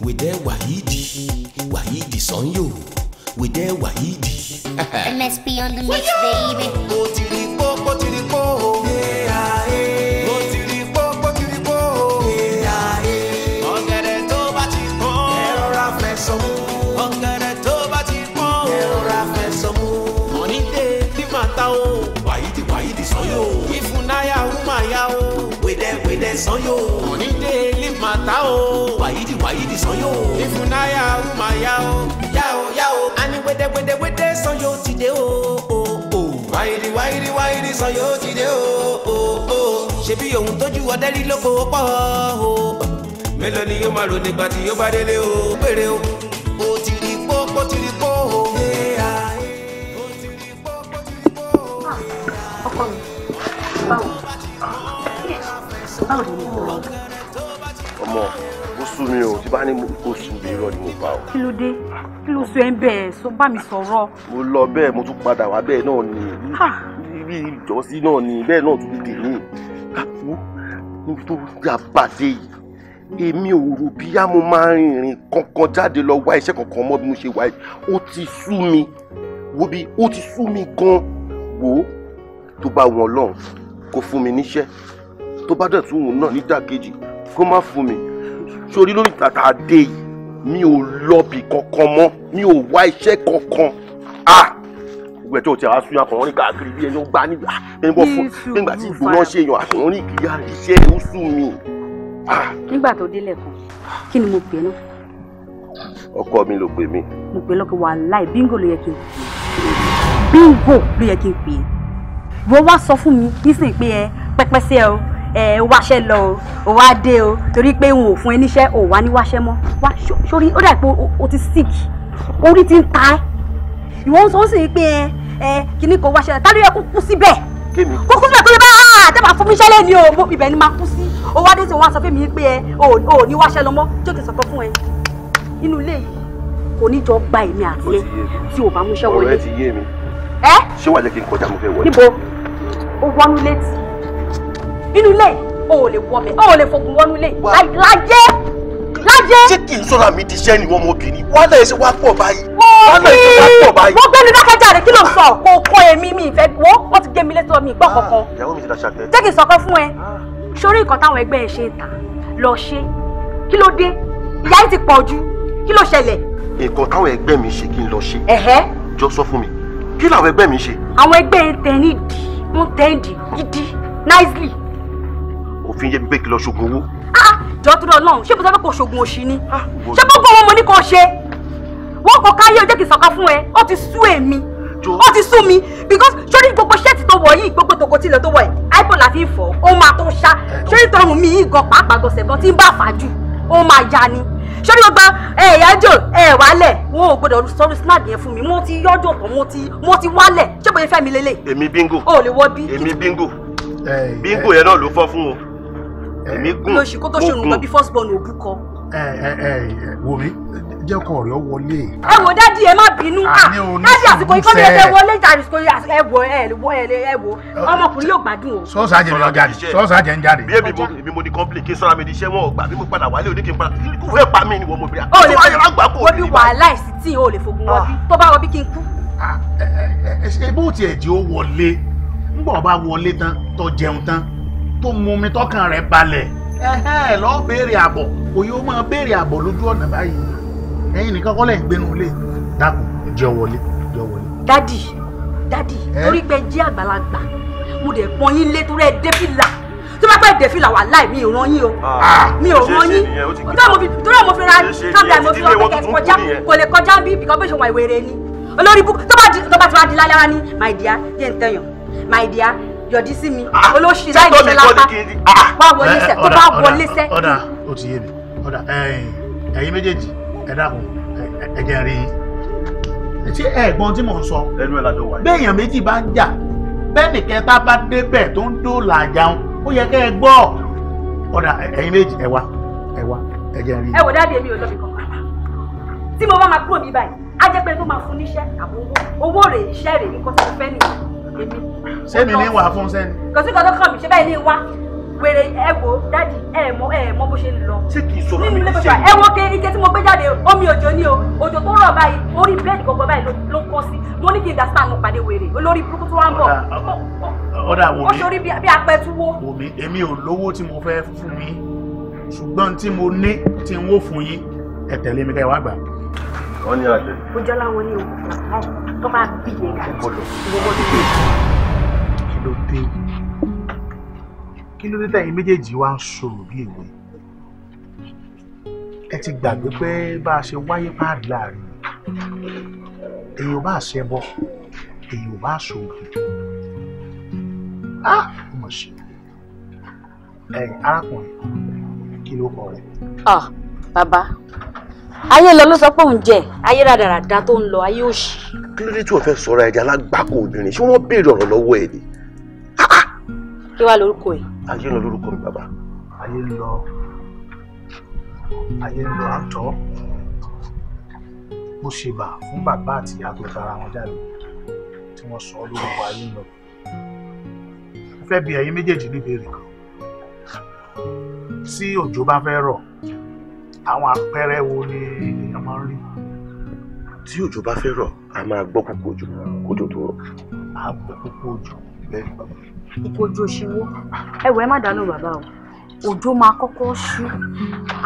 we there Wahidi, Wahidi yo. we there Wahidi. MSP on the mix, baby. yá o yá o yá o a ní wédéwédéwédé sàn yóò ti dé o o o wáyìrì wáyìrì wáyìrì sàn yóò ti dé o o o ṣebí òun tójú ọdẹ rí lóko pọ̀ o mélòó ni yóò máa rò nígbà tí yóò bá délé o péré o o ti rí pó pó ti rí pó o. ọkọ mi báwo báwo ni mo rọ ọmọ ó sú mi o tí bá ní oṣù irọ́ ni mo pa o. kí ló dé kí ló sọ ẹ bẹ́ẹ̀ sọ bá mi sọ̀rọ̀. mo lọ bẹ́ẹ̀ mo tún padà wá bẹ́ẹ̀ náà ni ibi ìjọsí náà ni bẹ́ẹ̀ náà tún dìde ní. káfó níbi tó yà pàdé yìí èmi ò rò bí yá mo máa rìnrìn kankan jáde lọ wá iṣẹ́ kankan mọ́ bí mo ṣe wá yìí ó ti sú mi wo bí ó ti sú mi gan wo tó bá wọn lọ́hùn kó fún mi níṣẹ́ tó bá dẹ̀ tún wọn náà nídàkejì kó má fún mi sórí lórí tàtà dé yìí mi ò lọ́bì kankan mọ́ mi ò wá iṣẹ́ kankan gbogbo ẹjọ tí a sún akọrin rìn káàkiri bí ẹni ó gbá nígbà ẹni bọ fún nígbà tí ìgbóná ṣe èèyàn akọrin rìn kiri àrùn iṣẹ́ ó sún mi. nígbà tó délẹ̀ kan kí ni mo pè é náà. ọkọ mi ló pè mí. mo pè é lọ́kọ̀ wà láì bíngò ló yẹ kí n pè é bíngò ló yẹ kí n pè é wọ́n wá sọ fún mi nísìnyí pé ẹ pẹ́pẹ́ sí ẹ o ẹ wáṣẹ́ lọ o wá dé o torí pé n ò fún ẹ níṣẹ́ o wá ní wáṣẹ́ mọ́ wá sórí ó dà pé o ti sick orí ti ń ta ẹ ìwọ sọ ó sì pé ẹ kíní kò wáṣẹ́ tá ló yẹ kó kú síbẹ̀ kó kú síbẹ̀ tó yẹ bá àtẹ̀bà ah, fún mi iṣẹ́ lẹ́ni o mo ibẹ̀ ni máa kú sí o wá dé tí wọ́n sọ fún mi pé ẹ o ò ní wáṣẹ́ lọ mọ́ tí o ti sọ̀tọ̀ fún ẹ inú ilé yìí kò ní jọ gba èmi àti ẹ tí o bá mú iṣẹ́ wọlé. ẹ ṣé wàá jẹ́ kí n kọjá mo fẹ́ wọlé. níbo o wọnú létí inú ilé o ò lè wọbẹ̀ o ò lè fògùn wọnú ilé lájẹ́ lájẹ́. ṣé kì í sọ́ra mi ti ṣẹ́ ni wọ́n mọ́bìnrin wàhálà ẹ̀ ṣe wá pọ̀ báyìí wàhálà ẹ̀ ṣe wá pọ̀ báyìí. wọ́n gbẹ́nu dákẹ́jà rẹ̀ kí ló ń sọ kó kọ́ èmi mi ìfẹ́ wo wọ́n ti gé mi létí ọmọ ìgbọ́ ah, kankan. ìyàwó mi ti da ṣàkẹ́. jẹ́ kí n sọ̀kan fún ẹ sórí ah. nǹkan táwọn ẹgbẹ́ ẹ ṣe ń ta lọ ṣe kí ló dé ìyá yìí ti pọ̀ jù kí ló ṣẹlẹ̀. nǹkan táwọn ẹgbẹ́ mi ṣe kí n lọ ṣe. ẹ̀hẹ́. jọ sọ fún mi kí làwọn ẹgbẹ́ mi ṣe. àwọn ẹgbẹ́ ń tẹ ní ìdí ń tẹ ìdí gidi nicely fi ń yé mi pé kí lọ ṣoògùn owó. Ah, ah, jọ tó lọ́run ṣé mo sọ pé kò ṣoògùn òṣì ni ah, ṣé gbogbo wọn mo ní kò ṣe wọn kò káyé ojú kì í sọ̀kan fún ẹ ó ti sú èmi ó ti sú mi because sórí gbogbo ṣẹ́ẹ̀tì tó wọ̀ yìí gbogbo tòkó tilẹ̀ tó wọ̀ yìí iphone la fi ń fọ̀ ó máa tó ṣá sórí tọrùn mi yìí gan pàápàá gọ̀sẹ̀ gan tí ń bá fà jù ó máa ya ni sórí gbogbo ẹ̀yájò ẹ̀ wálẹ̀ wọn ò gbọdọ̀ sọrí snap yẹn fún mi mo ti yọjọ pọ̀ mo ti mo ti wálẹ̀ ṣé bóyá fẹ́ mi lélẹ̀. èmi bingo o lè wọ bí. èmi bingo bingo yẹn náà ló fọ́ fún o èmi gùn mo gùn kó tó ṣe òrùngbà bí first born òbú kọ. ẹ ẹ ẹ wò mí jẹ́ kọ́ ọ̀rẹ́ wọlé. ẹ wò dádì ẹ má bínú à ah, dádì àsìkò yìí kọ́ni ẹ wọlé àsìkò yìí ẹ wọ ẹ wọ ẹ wọ ọmọkùnrin yóò gbádùn o. sọ́ọ̀sì àjẹ́ ló jáde sọ́ọ̀sì àjẹ́ ń jáde. bí èmi mo èmi mo ní complain kí sọ́ra mi ní iṣẹ́ wọn ò gbà bí mo padà wálé òní kí n padà kí wọ́n pa mí ni wọ́n mo bìrà. o lè wọ́n bí wàhálà ìsìn tí o lè fogun wọ́n ah. bí tó bá wọ́n bí kí n kú. ẹ ẹ ẹ bó tiẹ̀ di ó wọlé ńgbọ̀n bá wọlé tán tó jẹun tán tó mu omi tọkàn rẹ̀ balẹ̀ lọ́ọ́ béèrè àbọ̀ òye ó máa béèrè àbọ̀ lójú ọ̀nà báyìí ẹ̀yin nìkan kọ́lẹ̀ ń gbénu ilé dákun jẹ́ wọlé jẹ́ wọlé. dádì dádì torí pé jẹ́ àgbàlagbà mo dẹ̀ pọ́n yín lé torí ẹ dé fìlà tó bá pẹ́ dé fìlà wà láì mi ò rán yín o ah, mi ò rán yín torí ẹ mo fi ra kábíà mo fi ọkọ kẹ kọjá kò lè kọjá bí bìkan bẹ́ẹ̀ ṣe wà ìwéré ni olórí búkú tó bá ti wá di lálẹ́ ní my dear jẹ́ ń tẹ̀yàn my dear yọ̀dí sí mi ah, olóṣì láì níṣẹ́ lápá wá wọlé sẹ́ tó bá wọlé sẹ́. ọ̀dà ó ti yé mi ọ̀dà ẹ̀yin méjèèjì ẹ dákun ẹ jẹ́ rí i. ṣé ẹ̀gbọ́n tí mò ń sọ béèyàn méjì bá ń jà bẹ́ẹ̀ni kẹta bá débẹ̀ tó ń dóòlà àjàun ó yẹ kẹ́ ẹ gbọ́ ọ̀dà ẹ̀yin méjì ẹ wá ẹ wá ẹ jẹ́ rí i. ẹ wò dáàbì èmi ò lọ́bì kan tí mo bá máa kúrò ní báyìí á jẹ́ pé tó máa fún níṣẹ́ àbò owó owó rèé iṣẹ́ rèé nǹkan tó sẹ́mi ní wà fún sẹ́ni. kò sí kọ́tọ́ kàn mí ṣé báyìí ní wá wèrè ẹ wò dáàdì ẹ mọ ẹ mọ bó ṣe ń lọ. ṣé kì í sọ̀rọ̀ mi ní ṣe ẹ wọ ke ike tí mo gbé jáde omi òjò ni o òjò tó rọ̀ báyìí orí bírèdì gbogbo báyìí ló ń kọ́ sí mo ní kí n dàsí àánú pàdé wèrè olórí burúkú tó wá ń bọ̀. ọ̀dà wò mí ó ṣorí bí apẹ́túwó. wò mí èmi ò lówó tí mo fẹ́ fún yín ṣùgbọ́n tí mo ní tí n ó fún yín ẹ tẹ̀lé mi ká ẹ wá gbà wọ́n ní àṣẹ. ojú aláwọ̀ ni òkú náà tó bá bí yẹn ká gbọ́dọ̀ gbogbo tó dé. kí ló dé kí ló dé tẹ̀yin méjèèjì wá ń sọ̀rọ̀ bí èwe ẹ ti gbàgbé pé bá a ṣe wáyé páàdì láàrin èyí ò bá ṣẹbọ èyí ò bá ṣòògùn á mọ ṣe ẹ arákùnrin kí ló kọ rẹ. ah bàbá ayé lọ ló sọ pé òun jẹ ayé rádaràda tó ń lọ ayé òṣì. kí ló dé tí wọn fẹ́ sọra ẹdí alágbàkọ obìnrin ṣé wọn béèrè ọ̀rọ̀ lọ́wọ́ ẹ ni. kí wàá lórúkọ ẹ. ayé lọ lórúkọ mi bàbá ayé lọ ayé lọ àtọ mo ṣèbà fún bàbá àti ìyá tó fara wọn jáde tí wọn sọ lórúkọ ayé lọ mo fẹ́ bi ẹ̀yin méjèèjì níbèrè kan tí òjò bá fẹ́ rọ̀ àwọn àpẹẹrẹ wo ni èèyàn máa ń rí. tí òjò bá fẹ́ rọ̀ a máa gbọ́ kókó òjò kó tó tó rọ̀. a gbọ́ kókó òjò bẹ́ẹ̀. kókó òjò ṣíwó ẹ̀wẹ̀ má dànù bàbá o òjò máa kọ́kọ́ ṣú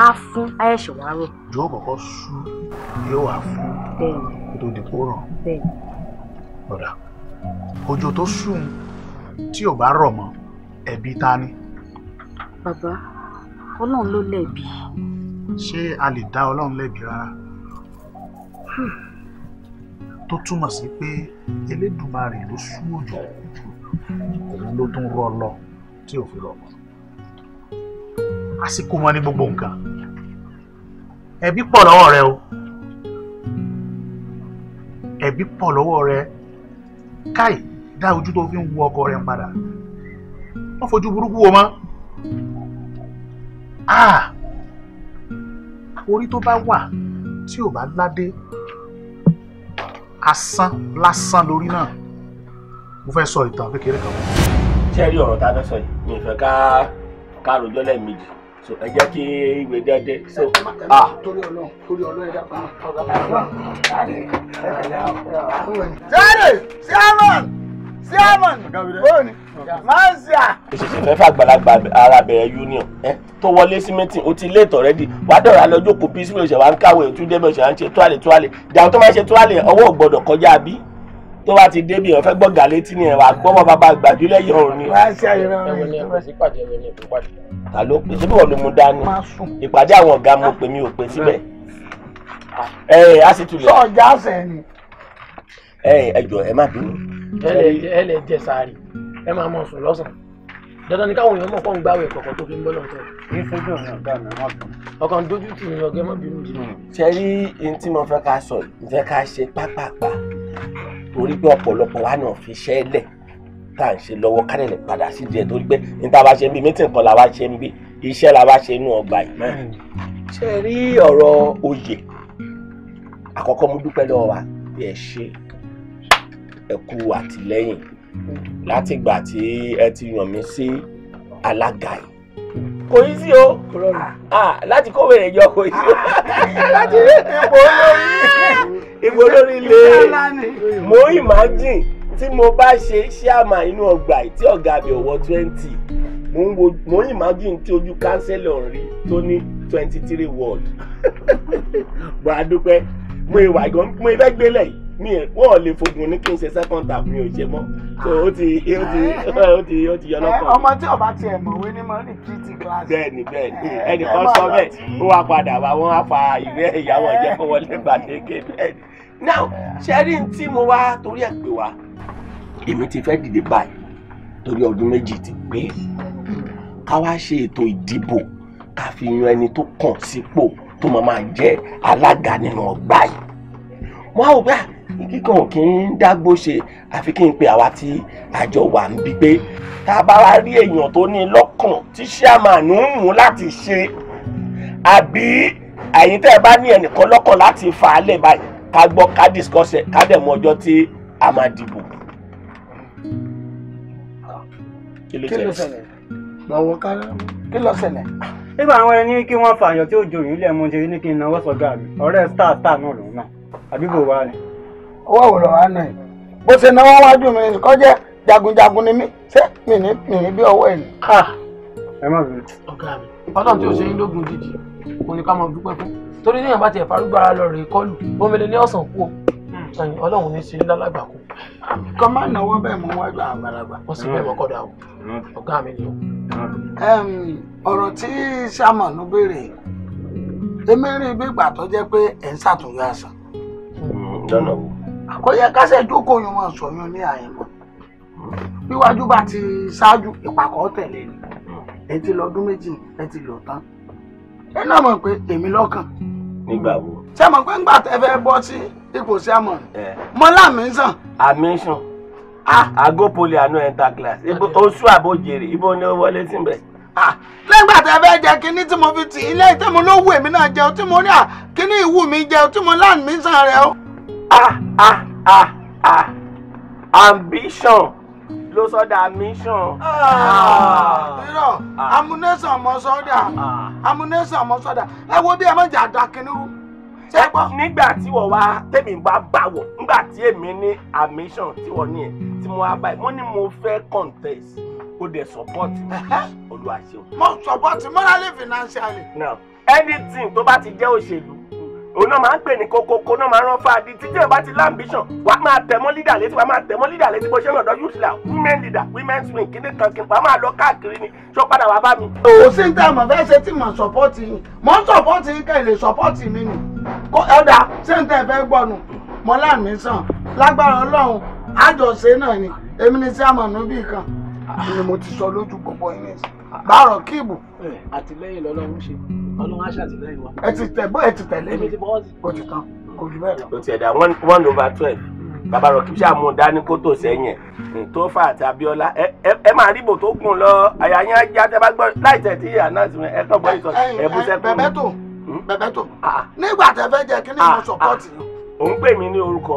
á fún ayẹ̀ṣẹ̀ wá rọ̀. òjò kọ́kọ́ ṣú yóò wá fún kó tó di kó rọ̀. ọ̀dà òjò tó ṣùn tí ò bá rọ̀ mọ́ ẹ̀bi ta ni. bàbá ọlọ́run ló lẹ̀bi ṣé a lè dá ọlọ́run lẹ́bi rárá tó túmọ̀ sí pé elédùnmarè ló sú òjò òun ló tún rọ lọ tí ò fi rọ mọ́ àsìkò wọn ní gbogbo nǹkan ẹbí pọ̀ lọ́wọ́ rẹ o ẹbí pọ̀ lọ́wọ́ rẹ káì dá ojú tó fi ń wo ọkọ rẹ padà wọ́n fojú burúkú wo mọ́ ah orí tó bá wà tí ò bá ládé asán lásán lórí náà mo fẹ́ sọ ìtàn kékeré kan. ṣé ẹ rí ọ̀rọ̀ tá a fẹ́ sọ yìí mi ò fẹ́ ká ká rojọ́ lẹ́ẹ̀mejì so ẹ jẹ́ kí ìwé dédé so ah. ah. torí Ọlọ́run torí Ọlọ́run ẹ dákun. sẹ́ẹ̀rì sẹ́ẹ̀rì chairman bóyá mansia. ìṣẹ̀ṣẹ̀ fẹ́ fàgbàlagbà ara bẹ̀rẹ̀ union tó wọlé sí meeting ó ti late already wàá dọ̀rọ̀ alẹ́ ojú kò bíi sílùú ìṣẹ̀wá ń kàwé òtún débẹ̀ ìṣẹ̀wá ń ṣe tuwálé tuwálé ìdààmú tó máa ń ṣe tuwálé ọwọ́ gbọ́dọ̀ kọjá bí tó bá ti débi ìyàn fẹ́ gbọ́ gàlétí ni ẹ̀wà gbọ́mọ bàbá gbàdú lẹ́yìn ọ̀run ni. ta ló pè síbí wọn ló mú dání ìpàdé àwọn ọ̀gá mo pè mí ò pè síbẹ̀. ẹ ẹ a sì tún lọ. sọ̀jà sẹ́ni. ẹ ẹ jọ ẹ má bínú ẹ lè jẹ sàárì ẹ máa mọ sùn lọ́sàn-án dandan ni káwọn èèyàn mọ̀ fọ́n gbáwé kọ̀ọ̀kan tó fi ń gbọ́dọ̀ tẹ̀. kí sójú mi ọ̀gá mi má kàn. ọkàn dojú tì mí ọgẹ́ má bínú jìnnà. Hmm. ṣe rí ohun tí mo fẹ́ ká sọ yìí fẹ́ ká ṣe pápápá torí pé ọ̀pọ̀lọpọ̀ wa náà fi ṣẹ́ lẹ̀ tá à ń ṣe lọ́wọ́ ká lè padà sí díẹ̀ torí pé ní tá a bá ṣe ń bí mítìn kan la wá ṣe ń bí iṣẹ́ la wá ṣe inú ọgbà ẹ kú àtìlẹ́yìn látìgbà tí ẹ ti yàn mí sí alága yìí kò yí sí o láti kó wèrè jọ kò yí o láti ipò olórí ipò olórí lè mo imagine tí mo bá ṣe ṣíàmà inú ọgbà tí ọ̀gá àbẹ̀ ọ̀wọ́ twenty mo imagine tí ojú kánsẹ́lọ̀ ń rí tó ní twenty three word bọ̀ adúpẹ́ mo ìwà ìgbọ́n mo ìfẹ́ gbélé yìí mi wọ́n lè fogun ní kí n ṣe second tap mi ò ṣe mọ́ so ó ti ó ti eh, eh, ó ti ó ti yọlọ́ eh, kan. ọmọ tí ọba tiẹ̀ mọ̀wé ní mọ́ ní pt class. bẹ́ẹ̀ni bẹ́ẹ̀ni ẹnì kan sọ bẹ́ẹ̀ ó wá padà wá wọn á fa ìwé ìyàwó ẹjẹ fún wọlé gbàdéke bẹ́ẹ̀ni. now ṣẹ́rí tí mo wá torí ẹ̀ pè wá èmi ti fẹ́ dìde báyìí torí ọdún méjì ti pé ká wá ṣe ètò ìdìbò ká fi yan ẹni tó kàn sípò tó máa máa jẹ alága nínú ọgbà yìí wọn ò bá kíkan ò kí ń dágbó ṣe àfi kí n pe àwa tí àjọ wà ń bí pé tá a bá wá rí èèyàn tó ní lọ́kàn tí ṣàmánù ń mú láti ṣe àbí àyín tẹ́ ẹ bá ní ẹnìkan lọ́kàn láti fà á lẹ̀ báyìí ká gbọ́ ká discuss ẹ̀ ká dẹ̀ mọ ọjọ́ tí a máa dìbò. kí ló ṣẹlẹ̀ lọ́wọ́ ká kí ló ṣẹlẹ̀. nígbà àwọn ẹni kí wọ́n fààyàn tí ó jòyìn ilé ẹ̀ mọ́ ṣe ní kí n náwó sọ̀gá rẹ̀ ọ̀rẹ́ star star náà lòun náà àbí bò wá ni owó àwòrán wa nà yìí bó ṣe náwó wájú mi kọ́ jẹ́ jagunjagun ni mí ṣé mi ní mi ní bí ọwọ́ ẹ̀ ni. ẹ má bẹ̀rẹ̀. ọ̀gá mi ọlọ́run tí o ṣe ń lógun dídì òun ni ká mọ dúpẹ́ fún torí níyàn bá tiẹ̀ farúgbó ara lọ rèé kọ́lù bómele ní ọ̀sán kú o hmm. ẹ̀yìn ọlọ́run ní ṣe lálàgbà kú. kọ́ máa náwó bẹ́ẹ̀ mú wájú àgbàlagbà. wọ́n sì bẹ́ẹ̀ mọ́kọ́dà o ọ̀gá mi ni o. ọ̀rọ̀ tí sàmọ̀nù béèrè èmi rí bí ìgbà tó jẹ́ pé ẹ̀ ń ṣàtúnyọ àṣà. dáná wo kò yẹ kásẹ̀ jókòó yín wọn sọ̀yún ní àyẹ̀mọ́ wíwájú bá ti ṣáájú ìpàkọ́ tẹ̀lé ni ẹ ti lọ ọdún méjì ẹ ti lọ tán ẹ náà mọ̀ pé èmi lọ́kàn. nígbà wo. ṣé mo pé ńgbà tẹ fẹ́ bọ́ sí ipò sí àmọ́ mọ́ láàmì ń sàn. àmì ń sàn ah. àgọ́ poli àánú ẹ̀ńtà class oṣù àbójèrè ibo ni ó wọlé síbẹ̀ ah. lẹ́gbà tẹ́ fẹ́ jẹ kínní tí mo fi tì í lẹ́yìn tí mo ló wù èmi náà jẹun tí mo ní à ah, kínní ìwù mi jẹun tí mo láàánú mi sàn rẹ o. ah ah ah ah ambition ló sọdá mission. Ah. Ah. irọ́ ah. amúnésàn mọ sọdá amúnésàn mọ sọdá ẹ wo bí ẹ má jà dá kínú. nígbà tí wọ́n wá tèmi bá bá wọ̀ nígbà tí èmi ní ambition tí wọ́n ní ẹ̀ tí mo wá báyìí mo ní mo fẹ́ contest ó dẹ̀ support mi olúwa ṣeun. mo support morally financially. no anything tó bá ti jẹ́ òṣèlú òun náà máa ń pè ní kokoko náà máa ń rán fáadì títí ẹ̀ bá ti lambition wàá máa tẹ̀mọ́ lídà létí wàá máa tẹ̀mọ́ lídà létí bó ṣe ń ọ̀dọ́ youth leader women leader women's wing kíní kan kí n pa máa lọ káàkiri ni ṣó padà wàá bá mi. òun sì ń tẹ àmọ̀ fẹ́ ṣe tí mò ń sọ́pọ́tì yín mò ń sọ́pọ́tì yín kẹ́ ẹ̀ lè sọ́pọ́tì mi nì kó ẹ̀dà ṣé ń tẹ́ ẹ fẹ́ gbọ́nu mọ́lá mi sàn lágbára ọlọ́run àjọṣe náà ni èmi ni sí àmọ̀nù bíi kan ni mo ti sọ lójú gbogbo ẹ̀yìn ah. báàrọ̀ kíìbù. àtìlẹ́yìn lọ́lọ́run ṣe ọlọ́run á wa. ẹ ti tẹ̀ bọ́ ẹ ti tẹ̀lé mi kò ti tán kò jù bẹ́ẹ̀ lọ. o ti ẹ̀dá one over twelve bàbá rọ̀ kíbi ṣàmú dání kó tò sẹ́yìn ẹ̀ tó fà àti Abíọ́lá ẹ máa rí ibò tó gùn lọ àyà yín ajá tẹ bá gbọ́ láì tẹ̀ tí ànáàtì rẹ̀ ẹ kàn bọ́ ìtọ́ ẹ bú sẹ́kùn. bẹ̀bẹ̀ tó bẹ̀bẹ̀ tó nígbà tẹ fẹ́ jẹ kí ni mo ah, sọ̀pọ̀tì. òun ah. pè mí ní orúkọ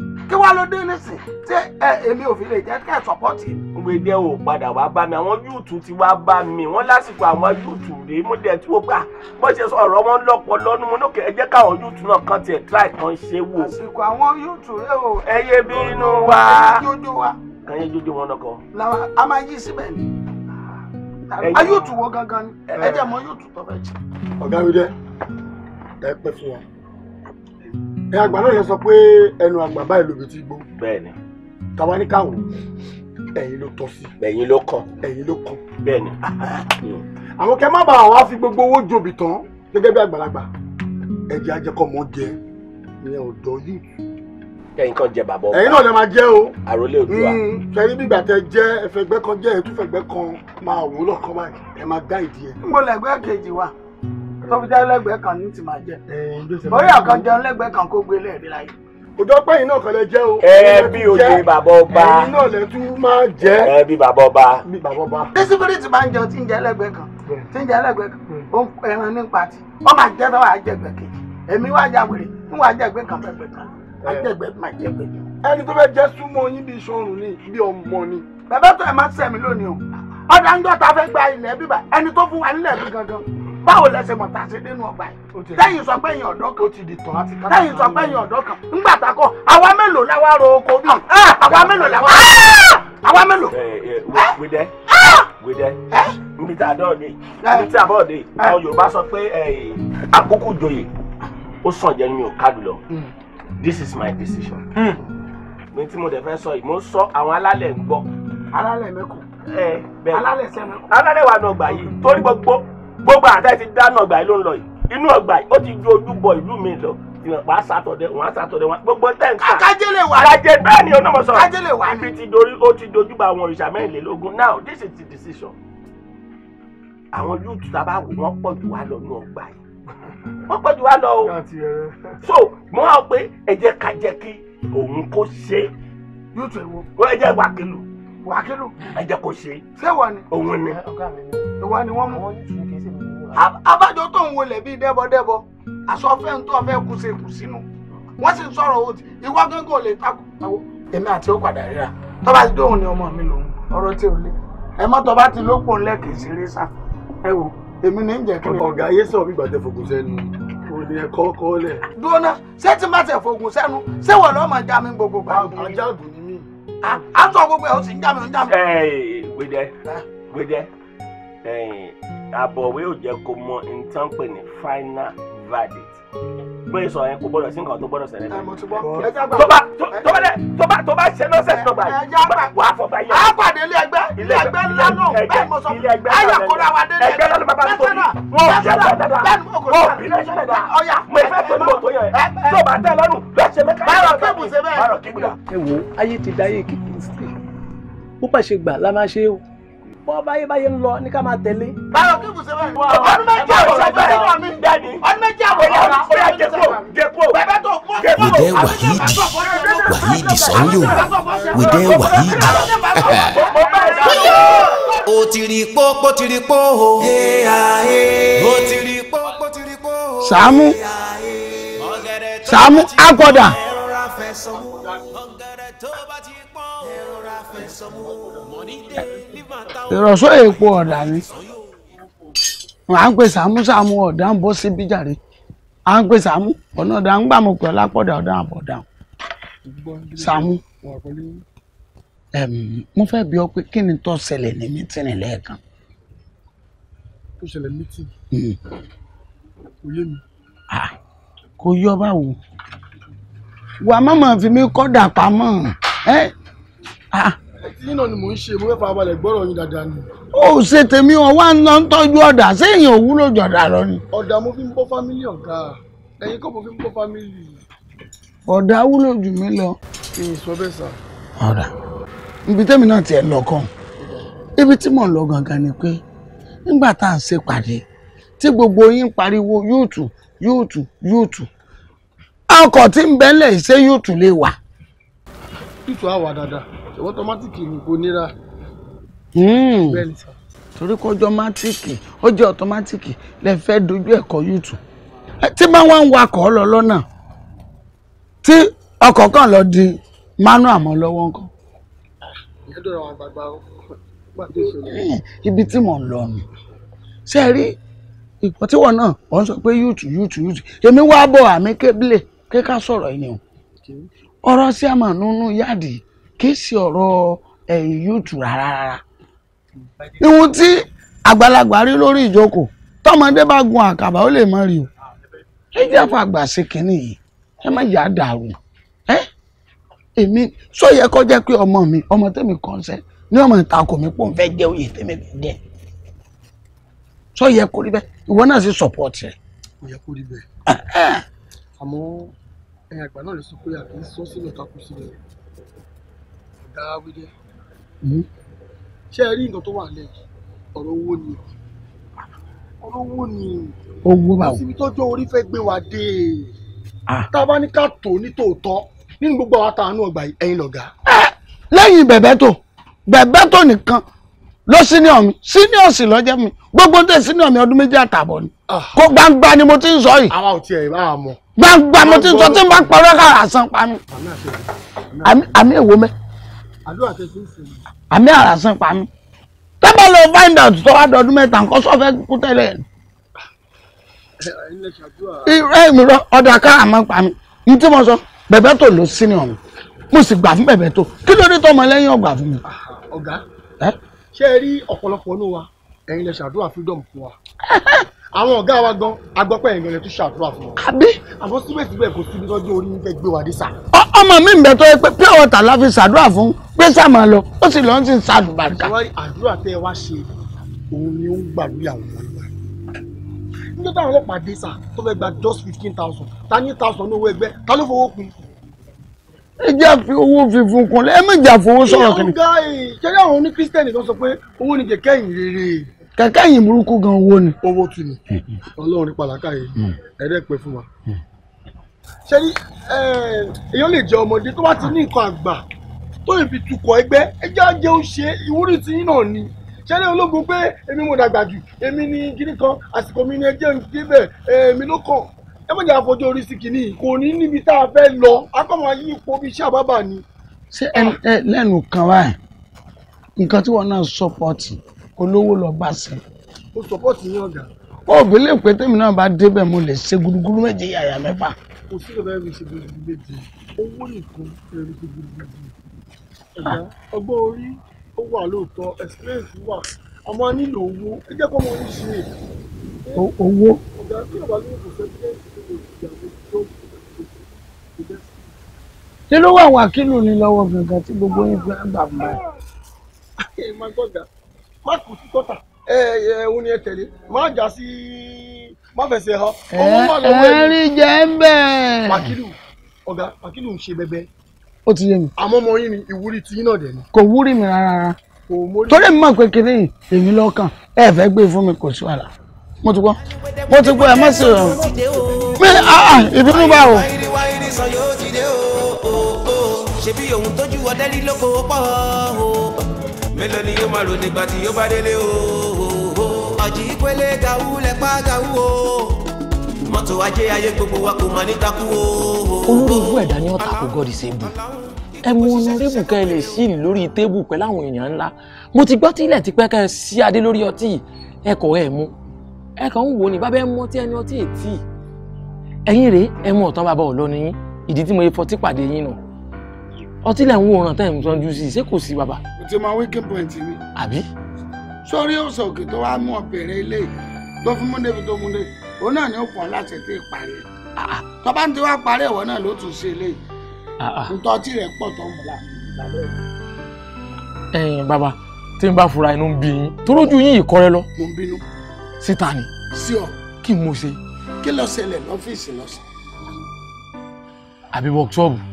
kí wàá ló dé nísìn tí èmi ò fi lè jẹ́ kẹ́ sọ́pọ́tì. mo dé o padà wá bá mi àwọn yúùtù ti wá bá mi wọn lásìkò àwọn yúùtù rèé mo dẹ̀ tí ó gbà bó ṣe sọ ọ̀rọ̀ wọn lọ́pọ̀ lọ́nu mo lókè ẹ káwọn yúùtù náà kan tiẹ̀ tíráì kan ṣe wò. àsìkò àwọn yúùtù rèé o. ẹ yé bínú wa. kàn yé jójó wọn lọkọ. làwọn a máa yí síbẹ̀ ni. Ah, a wọ gangan ẹ ẹ àgbà náà lọ sọ pé ẹnu àgbà báyìí lóbi ti gbó. bẹ́ẹ̀ni. tàwa ní káwọn ẹ̀yin ló tọ́ sí. ẹ̀yin ló kàn. ẹ̀yin ló kàn. bẹ́ẹ̀ni. àwọn kẹ má bàa wá fi gbogbo owó jòbì tán gẹ́gẹ́ bí àgbàlagbà ẹ̀jẹ̀ ajẹ́kọ̀ọ́mọ jẹ ìyẹn ọ̀dọ́ yìí. ẹ̀yin kan jẹ bàbá ọba ẹ̀yin náà lè máa jẹ o. àròlé òdua. sẹ́yìn bí gbàtẹ́ jẹ́ ẹ̀fẹ̀gbẹ́ kan jẹ́ ẹ̀túfẹ̀gbẹ́ kan máa wò lọ́kàn báyìí ẹ̀ máa gbá ìdí ẹ̀. ń tó fi jẹ́ lẹ́gbẹ̀ẹ́ kan ní ti máa jẹ bóyá kan jẹun lẹ́gbẹ̀ẹ́ kan kó gbé lẹ́ẹ̀rí láyé òjò pé iná kan lè jẹ o. ẹbí oje bàbá ọba ẹyin náà lè tún máa jẹ. ẹbí bàbá ọba. ẹbí bàbá ọba. disipiri ti máa ń jẹun tí ń jẹ lẹ́gbẹ̀ẹ́ kan tí ń jẹ lẹ́gbẹ̀ẹ́ kan ẹran ní pati wọn máa jẹ tọwọ àjẹgbẹ kejì èmi wá ya wèrè ń wá àjẹgbẹ kan pẹpẹ kan àjẹgbẹ máa jẹgbẹ. ẹni tó fẹ́ jẹ́ súnmọ́ yín bí sọ́run ni bí ọmọ ni. bàbá tó ẹ má sẹ́mi lónìí o ọ̀dà ń gbọ́ ta fẹ́ gba ilẹ̀ bíbà ẹni tó fún wa nílẹ̀ bí gangan báwo lẹsẹ̀ mọ̀ tá a ṣe dénú ọgbà yìí lẹ́yìn sọ pé èèyàn ọ̀dọ́ kan lẹ́yìn sọ pé èèyàn ọ̀dọ́ kan ńgbà tá a kọ́ àwa mélòó la wá ro oko bí ah! Ah! àwa mélòó la wá ah! àwa mélòó. wíjẹ wíjẹ omi tá a dọ̀ eh? ni omi tí a bọ̀ eh? àwọn Yorùbá sọ pé eh, àkókò joyè ó sàn jẹ́ mi ò kádùn lọ hmm. this is my decision. mi hmm. tí mo dẹ̀ fẹ́ sọ yìí mo sọ àwọn alálẹ̀ ń gbọ́. alálẹ̀ mẹ́kọ̀ọ́ alálẹ̀ sẹ́mẹ́kọ̀ọ́ alálẹ̀ wà nù ọgbà yìí torí gbogbo gbogbo àtẹ ti dáná ọgbà yìí ló ń lọ yìí inú ọgbà yìí ó ti ju ojúbọ ìlú mi lọ ìrànpá sátọdẹ wọn sátọdẹ wọn gbogbo tẹǹkan. akájẹlẹ wà akájẹ bẹ́ẹ̀ ni onímọ̀ sọ̀rọ̀ akájẹlẹ wà ibi ti dorí ó ti dojúbọ àwọn òrìṣà mẹ́rìnlélógún now this is the decision. àwọn yúùtù tábà wò wọ́n pọ̀ jù wá lọ ní ọgbà yìí wọ́n pọ̀ jù wá lọ o so mo hàn pé ẹ jẹ́ ká jẹ́ kí òun kó ṣe. yóò tẹ̀ wọ́n. ẹ jẹ́ wákìlù wàkìlù ẹjẹ kò ṣe. sẹ́wà ni òun ni ìwà ni wọ́n mú. abájọ tó ń wọlé bíi dẹ́bọ̀dẹ́bọ̀ àsọfẹ́ ń tó ọfẹ́ kù sí kù sínú wọ́n sì ń sọ̀rọ̀ o ti ìwà gángan ò lè takò. èmi àti ó padà ríra tọ́ba ti dóhùn ni ọmọ mi lòun ọ̀rọ̀ tí ò lé ẹ mọ́ tọ́ba ti lópò ńlẹ̀ kì í ṣeré sá ẹ wò èmi ní jẹ́ kí ni. ọ̀gá ayé sọ̀rọ̀ bí gbàdé fògùn sẹ́nu òní ẹ̀kọ́ kọ́ lẹ̀. dúró náà ṣé tí má tẹ̀ fògùn sẹ́nu ṣé wọ̀ lọ́mọ já mi gbogbo gbà. àjàdùn ni à ń sọ gbogbo ẹ̀ ó sì ń jà mí ń jà mí. gbẹdẹ gbẹdẹ ò jẹ́ kó mọ nǹkan pè ní final verdict bẹ́ẹ̀ sọ ẹ kò gbọ́dọ̀ sí nǹkan tó gbọ́dọ̀ ṣẹlẹ̀ tọ́ba tọ́ba dẹ tọ́ba tọ́ba ṣe náà ṣe tọ́ba wà á fọba yẹ. a pàdé ilé ẹgbẹ́ ilé ẹgbẹ́ ńlá náà bẹ́ẹ̀ mo sọ ayọ̀ kóra wa dé ẹgbẹ́ lọ́dún bàbá tó bí wọn ò ṣe bẹ́ẹ̀ dada wọn ò bí lè ṣe ọ̀yà mo fẹ́ tó ní mọ̀tò yẹn tọ́ba tẹ́ lọ́dún bẹ́ẹ̀ ṣe mẹ́ka báyọ̀ kébù ṣe bẹ́ẹ̀ báyọ̀ kébù bọ́ báyé báyé ń lọ ní ká máa tẹ̀lé. báyọ̀ kí kùsùn bẹ́ẹ̀. ọdún méjì àbọ̀ ṣẹ́gbẹ́ nínú mi. dẹ́ni ọdún méjì àbọ̀ yà wá ó yà jẹ́kó jẹ́kó. wìdẹ́ wàhídì wàhídì sanyo wìdẹ́ wàhídì. Ah. o ti rí pó pó ti rí pó o. o ti rí pó pó ti rí pó o. Sàámú Sàámú agbọ́dà ìrọ̀sọ́ èèpo ọ̀dà ni à ń pè sàmú sàmú ọ̀dà ń bọ́ síbí jàre à ń pè sàmú ọ̀nà ọ̀dà ń gbàmù pẹ̀lú apọ̀dà ọ̀dà àbọ̀dà sàmú mo fẹ́ pé kí ni ṣẹlẹ̀ ní mítìnì lẹ́ẹ̀kan. tó ṣẹlẹ̀ mítìnì hmm. kò yé mi. kò yé báwo tí yín náà ni mò ń ṣe mo fẹ́ farabalẹ̀ gbọ́rọ̀ yín dáadáa ni. ó ṣe tèmi wọn wá ń lọ ń tọ́jú ọ̀dà séèyàn òwúlò jọ̀dà lọ ni. ọ̀dà mo fi ń bọ́ fámílì ọ̀gá ẹ̀yin kọ́ mo fi ń bọ́ fámílì. ọ̀dà wúlò jù mí lọ. èyí sọ bẹ́ẹ̀ sà. ọ̀dà ibi tẹ́mi náà tiẹ̀ lọ kàn ibi tí mò ń lọ gangan ni pé nígbà tá à ń ṣèpàdé tí gbogbo yín pariwo yóòtù yóòtù yóòtù ọkọ̀ tí ń bẹ́lẹ̀ ṣé yóòtù lè tútù àwà dáadáa ṣùgbọ́n tọ́mátìkì ni kò nira. Hmm. torí kó jọ mátìkì ó jẹ́ ọ̀tọ́mátìkì lè fẹ́ dojú ẹ̀kọ́ yùtù tí máa wá ń wakọ̀ lọ lọ́nà tí ọkọ̀ kan lọ di manu àmọ́ lọ́wọ́ nǹkan. Hmm, ibi tí mò ń lọ nù ṣe rí ìpọ̀ tí wọ́n náà wọ́n sọ pé yùtù yùtù yùtù èmi wá bọ̀ àmì kébìlẹ̀ kí ká sọ̀rọ̀ ẹni o ọ̀rọ̀ sí àmà nínú yáàdì kì í ṣe ọ̀rọ̀ ẹ̀yìn yóò tù rárá rárá. ìwọ̀n tí àgbàlagbà rí lórí ìjókòó tọmọdé bá gun àkàbà ó lè mọ rí o ẹ jẹ́ fún àgbà ṣe kínní yìí ẹ má yà á dàrú ẹ èmi sọ yẹ kó jẹ́ pé ọmọ mi ọmọ tèmi kọ́ńsẹ́ ní ọmọ ìtakò mi pò ń fẹ́ jẹ́ oyè tèmi fẹ́ jẹ́ sọ yẹ kó rí bẹ́ẹ̀ ìwọ náà sì sọ̀pọ̀tì rẹ̀. ó yẹ kó rí bẹ́ẹ̀ ẹ̀yìn àgbà náà ló sọ pé àbí sọ sílẹ̀ ká kú sílẹ̀ hmm? ṣé ẹ rí nǹkan tó wà lẹ́yìn ọ̀rọ̀ owó ni ọ̀rọ̀ owó ni owó báwo síbi tọ́jú orí fẹ́ gbé wa dé ah. tá ní ká tó ní tòótọ́ nínú gbogbo àwọn àtàánú ọgbà ẹ̀yìn lọ̀gá. Eh, lẹ́yìn bẹ̀bẹ̀ tó bẹ̀bẹ̀ tó nìkan ló senior mi senior sì lọ́jẹ́ mi gbogbo tẹ̀ senior mi ọdún méjì àtààbọ̀ ni ah. kó gbangba ni mo ti ń sọ yìí. àwa ò tiẹ̀ máa mọ̀ gbangba mo ti sọ tí n bá parọ́ kára san pa mi àmì èwo mẹ́ àmì àrà san pa mi tẹ́bà lọ find out tó wá dọdún mẹ́ta nǹkan sọ fẹ́ kú tẹ́lẹ̀ ẹ̀ mi rọ ọ̀dà kára máa pa mi ní tí mo sọ bẹ̀bẹ̀ tó ló sí ni ọ̀hún mo sì gbà fún bẹ̀bẹ̀ tó kí ló dé tọmọ lẹ́yìn ọgbà fún mi. ọ̀gá ṣé ẹ rí ọ̀pọ̀lọpọ̀ ní wa ẹ̀yin lè ṣàdúrà freedom fún wa àwọn ọ̀gá wa gan agbọ́pẹ́ ẹ̀yìn lè tún ṣàdúrà fún wa. àbí. àmọ́ síbẹ̀síbẹ̀ kò síbi tọ́jú orí yín fẹ́ gbé wa dé sà. ọmọ mi ń bẹ tó yẹ pé pure water la fi ṣàdúrà fún pé sá máa lọ ó sì lọ ń sin ṣàdùbàdà. àdúrà tẹ ẹ wá ṣe òun ni ó ń gbà lórí àwọn ọmọ ìwà níjọ́ táwọn ọlọ́pàá dé sà tó fẹ́ gba just fifteen thousand ta ní thousand ní owó ẹgbẹ́ ta ló fowó kun ẹ jẹ́ àfi owó fífún kun ẹ má jà kìnnìkan. ìyá ọ̀gá ìṣẹ́yà òun ní kírísítẹ́nì kan sọ pé owó ni kẹ̀kẹ́ ìyìn kẹ̀kẹ́ yìí burúkú gan owó ni. owó tù ní hmm. ọlọ́run ní pàlàkà yìí hmm. ẹ̀rẹ́ pẹ́ fún wa. Hmm. ṣé ní èèyàn lè jẹ ọmọdé tó bá ti ní nǹkan àgbà tó lè fi tukọ̀ ẹgbẹ́ ẹjẹ́ ajẹ́ ó ṣe ìwúrí ti yín náà ni ṣé ní ológun pé èmi mo dàgbà jù èmi ni gíní kan àsìkò mi ni ẹjẹ́ ń débẹ̀ èmi ló kàn ẹ mọ̀jà àfọjọ́ orí sí kìíní kò ní níbi tá a fẹ́ lọ akọ́mọ ayé ipò bíi iṣẹ́ àbábà ni. ṣé ẹ lẹ́nu kan báyìí nǹkan tí wọ́n náà olówó lọ bá sí. mo sọpọ́ọ̀tì yín ọ̀gá. ó bí lè pé tèmi náà bá débẹ̀ mo lè ṣe gúdúgúdú méje yàyà mẹ́fà. kò sí ìrọ̀lẹ́ rí ṣe gúdúgúdú méje owó nìkan rí ṣe gúdúgúdú. ẹ̀dá ọgbọ́n orí ó wà lóòótọ́ experience wà àmọ́ a nílò owó ẹ jẹ́ kó mọ orí ṣe. owó. ọ̀gá kí ọ̀gá ló ń kò fẹ́ jẹ́ kí ló wà wákìlù ní lọ́wọ́ gangan tí gbogbo yín fi ń gbà fún báyìí má kù sí tọ́ta ẹ ẹ òun ni ẹ tẹ̀lé má jà sí má fẹsẹ̀ họ. ẹ rí jẹ́ ń bẹ̀. pàkìlù ọ̀gá pàkìlù ń ṣe bẹbẹ. ó ti yé mi. àmọ́ ọmọ yín ni ìwúrí ti yín náà dẹ̀ ni. kò wúrí mi rárá torí mi mọ̀ pé kinní èmi lọ́kàn ẹ fẹ́ gbé fún mi kò sí wàhálà mo ti gbọ́ mo ti gbọ́ ẹ má sì rọrùn mi ah, ah, ìbínú bá o. ṣebí òun tójú ọdẹ lílókòó pọ̀ o mélòó ni yóò máa rò nígbà tí yóò bá délé o. ọ̀jì ìpele gàwú lẹ́pà gàwú o mọ́tò ajé ayé gbogbo wa kò máa ní takú o. olórí ẹ̀dá ni wọ́n tako god is able ẹ mú ọ̀nàrẹ́bù kẹ́ ẹ lè sí ìlú lórí tébù pẹ̀lú àwọn èèyàn ńlá mo ti gbọ́ tí ilẹ̀ ti pẹ́ kẹ́ ẹ sí adé lórí ọtí ẹ kọ̀ ẹ mú ẹ kàn ń wò ní bábẹ́ mọ́ tí ẹni ọtí ètí ẹ̀yìn rèé ẹ mú ọ̀tán bàbá ọ̀lọ́ yín ìdí tí mo yẹ fọtí pàdé yín náà ọtí lẹ̀ ń wo ọ̀ràn táyà ń sanjú sí i ṣé kò sí bàbá. o ti máa wíkẹ́ pọ́ìntì ni. àbí. sórí ọ̀sẹ̀ òkè tó wàá mú ọ̀pẹ̀rẹ̀ ilé tó fún múndé fi tó múndé òun náà ni ó pọ̀ láti tẹ̀ parí. Ah, ah. tó bá ń ti wá parí ẹ̀wọ̀ náà ló tún ṣe ilé yìí. ntọ́tí ah, rẹ̀ pọ̀ tó ń bọ̀ láàbù. ẹ̀yin bàbá tí n bá fura inú ń bí yín tó lójú yín yìí kọ́rẹ́ lọ. mo ń bínú. síta ni. sí ọ. kí n mo ṣe. kí ló ṣẹlẹ̀ lọ́fíìsì lọ́sẹ̀. àbí wọ́ọ̀kṣọ́ọ̀bù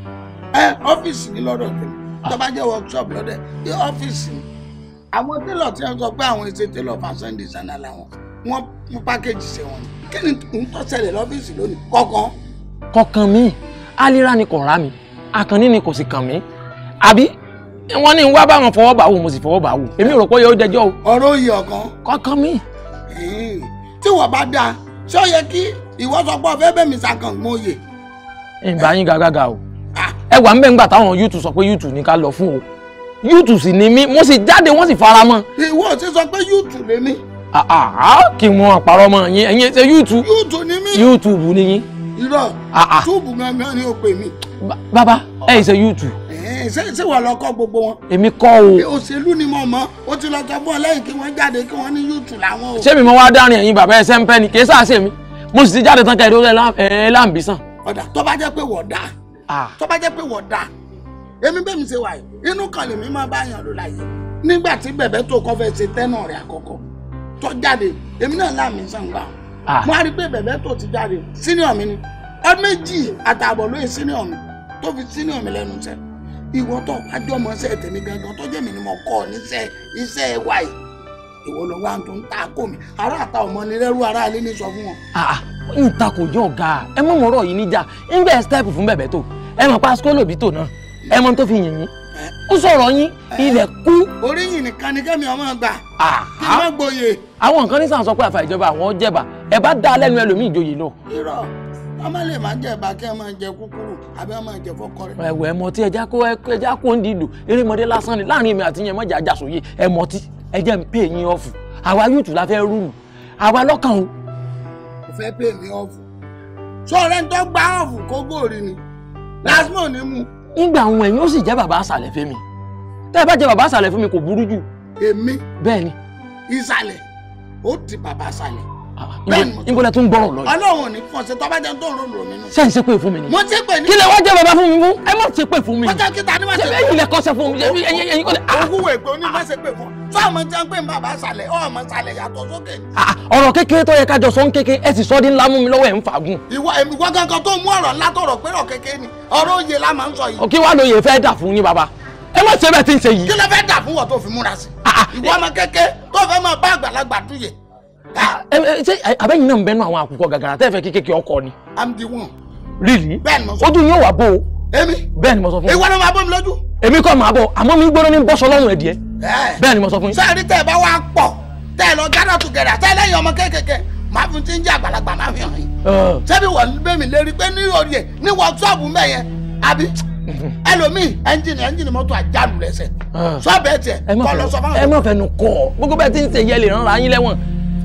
ẹ ọ́fíìsì ní lọ́dọ̀ tèmi tó bá jẹ́ workshop lọ́dẹ ní ọ́fíìsì ni àwọn télọ̀ tí wọ́n sọ pé àwọn èsè télọ̀ fashion designer làwọn wọ́n mú pákéjì sí wọn kí ni n tó ṣẹlẹ̀ lọ́fíìsì lónìí kọ̀ọ̀kan. kọ̀ọ̀kan mi alira ni kò rà mí akànnì ni kò sì kàn mí àbí wọn ní wá báwọn fọwọ́ bá wò mo sì fọwọ́ bá wò èmi rò pé yóò dẹjọ́ o. ọ̀rọ̀ oyè ọ̀kan. kọ̀ọ̀kan mi. tí wọ́n bá dáa ṣé ó yẹ kí ìwọ sọ pé ọ̀fẹ́ bẹ̀mí sàkàngún oyè. ìbáyín gàgàgà o ẹ wà ń bẹ̀ ńgbà táwọn YouTube sọ pé YouTube ní ká lọ fún o YouTube sì ni mí mo sì jáde wọ́n sì fara mọ́. ìwọ ti sọ pé YouTube lè mí. kí wọn àpárọ̀ mọ́ yín ẹ̀yin ṣe YouTube. YouTube ni mí. YouTube ni yín. irọ́ túùbù gangan ni o pè mí. bàbá ẹ ṣe YouTube. ṣé ṣé wà lọ kọ́ gbogbo wọn. èmi kọ́ o. òṣèlú ni mo mọ̀ ó ti lọ sọ fún ọ lẹ́yìn kí wọ́n jáde kí wọ́n ní YouTube làwọn o. ṣé mi mo wá dárin ẹ̀yin bàbá ẹ̀ sẹ́ńpẹ́ ni kì í sáà ṣèmi mo sì ti jáde tán kẹ́ẹ̀dọ́ ẹ̀ láǹbì sàn. Ah. tó bá jẹ́ pé wọ́n dà èmi bẹ́ẹ̀ mi ṣe wà yìí inú kan lèmi máa bá yàn lò láyé nígbà tí bẹ̀bẹ̀ tó kọ́ fẹ́ ṣe tẹ́nà rẹ̀ àkọ́kọ́ tó jáde èmi náà láàmì sàǹgbà ah. mo á rí i pé bẹ̀bẹ̀ tó ti jáde senior mi ni ọ méjì àtààbọ̀ lóye senior mi tó fi senior mi lẹ́nu iṣẹ́ ìwọ́tọ̀ ajọ́mọṣẹ́ tèmi gangan tó jẹ́ mi ni mo kọ́ níṣẹ́ iṣẹ́ wáyìí ìwọ lọ wá tó ń ta kò mí ará àta ọmọ ni rẹ́rú ará ilé ní sọ fún wọn. ìta ah, ah, kò jọ ọ̀gá ẹ mọ̀ mọ̀rọ̀ yìí níjà ńgbẹ́ ẹ stẹ́ẹ̀pù fún bẹ̀bẹ̀ tó ẹ mọ̀ pa sikolo bí tò náà ẹ mọ̀ tó fi yìn yín ó sọ̀rọ̀ yín ilẹ̀ kú. oríyìn nìkan ni kẹ́mi ọmọ gbà ah, kí n má gboyè. àwọn nǹkan nísàn sọ pé àfà ìjọba àwọn jẹba ẹ bá dá lẹ́nu ẹlòmíì ìjòyè náà. irọ́ ọmọ lè má jẹ ìbá kí ẹ máa jẹ kúkúrú àbí ẹ máa jẹ fọkọrẹ. ẹwẹ ẹmọ tí ẹja kó ẹja kó ń di ìlú erémọdé lásán ni láàrin èmi àti yẹn mọjà àjàsòye ẹmọ tí. ẹ jẹ́ ń pè yín ọ̀fù àwa yóòtù la fẹ́ rúùlù àwa lọ́kàn o. mo fẹ́ pè mí ọ̀fù sọ̀rẹ́ tó gbá ọ̀fù kó gbòòrì ni lásìmọ̀ ni mu. ìgbà àwọn ẹ̀yin ó sì jẹ́ bàbá àṣàlẹ̀ fẹ́mi tẹ́ ẹ bá jẹ́ bàbá àṣàlẹ̀ kò burú jù. èmi bẹ́ẹ̀ ni. ó ti bàbá àṣàlẹ̀ níbola tó ń gbọ́rọ̀ lọ. ọlọ́run ní kàn ṣe tọ́ba jẹun tó ń ròrò mi nù. ṣé ń ṣe pé fún mi ni. mo ṣe pé ní. kí lè wá jẹ bàbá fún mi fún. ẹ má ṣe pé fún mi. pátá kíta ni wọ́n ṣe pé. ẹ̀yin lè kọ́ṣẹ́ fún mi. ẹ̀yin ẹ̀yin kò lè. ògùwò ègbè oní má ṣe pé fún. fún àwọn tí wọ́n pè ń bàbá sàlẹ̀ ọmọ sàlẹ̀ yàtọ̀ sókè. Ah, ọ̀rọ̀ kékeré tó yẹ ká jọ sọ ń kéke ẹ sì sọ di ńlá mú mi lọ́wọ́ ẹ̀ ń fàgùn. ìwọ ìwọ gangan tó mú ọ̀rọ̀ ńlá tọ̀rọ̀ pé ọ̀rọ̀ kékeré ni ọ̀rọ̀ òye la máa ń sọ yìí. kí wàá lóye fẹ́ dà fún yín bàbá ẹ má ṣe bẹ́ẹ̀ tí ń ṣe yìí. kí ló fẹ́ dà fún wọn tó fi múra sí. Ah, ah. ìwọ ọmọ kékeré tó fẹ́ máa bá àgbàlagbà dúyè Ah, eh, eh, ṣé eh, abẹ́yìn náà ń bẹ́nu àwọn àkùkọ gàgàrà tẹ́ẹ̀fẹ́ kékeré ọkọ ni. i'm the one. really ojú yóò wà bó o. èmi bẹ́ẹ̀ ni mo sọ fún yín. ìwọ náà máa bọ́ mi lójú. èmi kọ́ máa bọ̀ àmọ́ mi gbọ́dọ̀ ní bọ́sọ̀ lọ́rùn ẹ̀dìẹ. bẹ́ẹ̀ ni mo sọ fún yín. sẹ́ẹ̀rí tẹ́ ẹ bá wá pọ̀ tẹ́ ẹ lọ gather together tẹ́ ẹ lẹ́yìn ọmọ kéékèèké máa fi ti ń jẹ́ àgbàlagbà máa fi hàn yín. ṣebí wọ́n bẹ́ẹ̀ mi lérí pé ní òye ní wọ́ọ̀tọ́ọ̀bù mẹ́yẹn àbí ẹlòmíì ẹnjìnì ẹnjìnì mọ́tò àjálù lẹ́sẹ̀ sọ ah. bẹ́ẹ̀ tiẹ̀ kọ́ lọ sọ fún mi. ẹ má fẹnu kọ gbogbo bẹ́ẹ̀ ti ń ṣe yẹlẹ rán ra yín lẹ́wọ̀n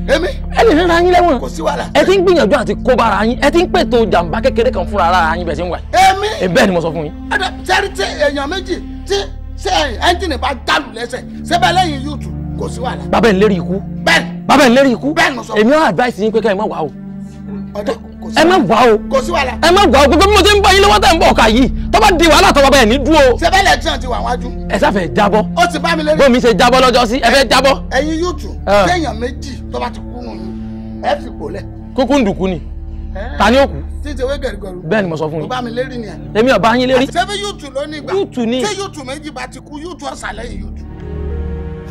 èmi. ẹ lè rẹ́ra yín lẹ́wọ̀n. kò sí wàhálà. ẹ ti ń gbìyànjú àti kó bára yín ẹ ti ń pètò jàǹbá kékeré kan fúnra ara yín bẹ́ẹ̀ ti ń wà. èmi. ẹ bẹ́ẹ̀ ni mo sọ fún yín. ọ̀dà sẹ́rí tí èèyàn méjì tí ṣe ẹ́ńjìnì bá dàlù lẹ́sẹ̀ sẹ́bẹ̀ lẹ́yìn yúùtù kò sí wàhálà. bàbá ẹ̀ ń lérí ikú. bẹ́ẹ̀. bàbá ẹ̀ ń lérí ikú. bẹ́ẹ̀ mo sọ. èmi á advice yín pé kẹ́ ẹ má wà o. ọ̀dà ẹ má wà o ẹ má wà o gbogbo bí mo ti ń bọ yín lọ́wọ́ tẹ̀ ń bọ̀ ọ̀ka yìí tó bá di wàhálà tó bá bẹ̀rẹ̀ ní dúró. sẹfẹ lẹtíọ̀n ti wà wájú. ẹ sáfẹ́ jábọ́. ó ti bá mi lórí. bómi ṣe jábọ́ lọ́jọ́ sí ẹ fẹ́ jábọ́. ẹ̀yin yóò tù kéèyàn méjì tó bá ti kú nù yín ẹ fi kò lẹ. kúkú ń dùkú ni eh, ta ni ó kú. títí ewé gẹ̀rùgẹ̀rù. bẹ́ẹ̀ ni mo sọ fún yín. ó bá mi lérí ni ẹ. èmi ò bá yín lérí. sẹfẹ yóòtù ló ní ìgbà yóòtù ni. tí yóòtù méjì bá ti kú yóòtù ọ̀sà lẹ́yìn yóòtù.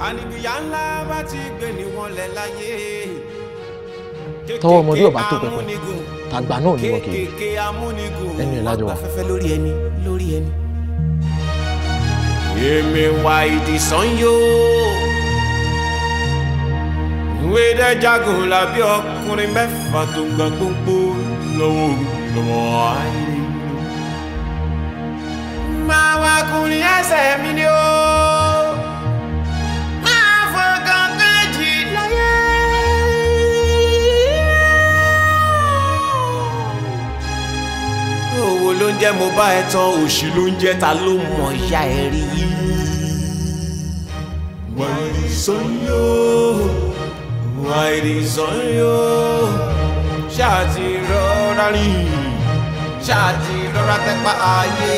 àníbìyà ńlá bá ti gbé ni wọn lẹ láyé. tọwọ́ ọmọdé ò bá tó pẹpẹ àgbà náà ni wọn kì í ẹnu ẹ̀ lájọ wa. èmi wà ìdìsán yóò ìwé dẹ́ jagun làbí ọkùnrin mẹ́fà tó gbà gbogbo lọ́wọ́ lọ́wọ́ àìní. máa wá kùnrin ẹsẹ̀ mi ni ó. ló ń jẹ́ mo bá ẹ tán òṣì ló ń jẹ́ ta ló mọ̀ ya ẹ rí. wàìrì sọ́yọ́ wàìrì sọ́yọ́ ṣáàtì rọra rìn ṣáàtì rọra tẹpá ayé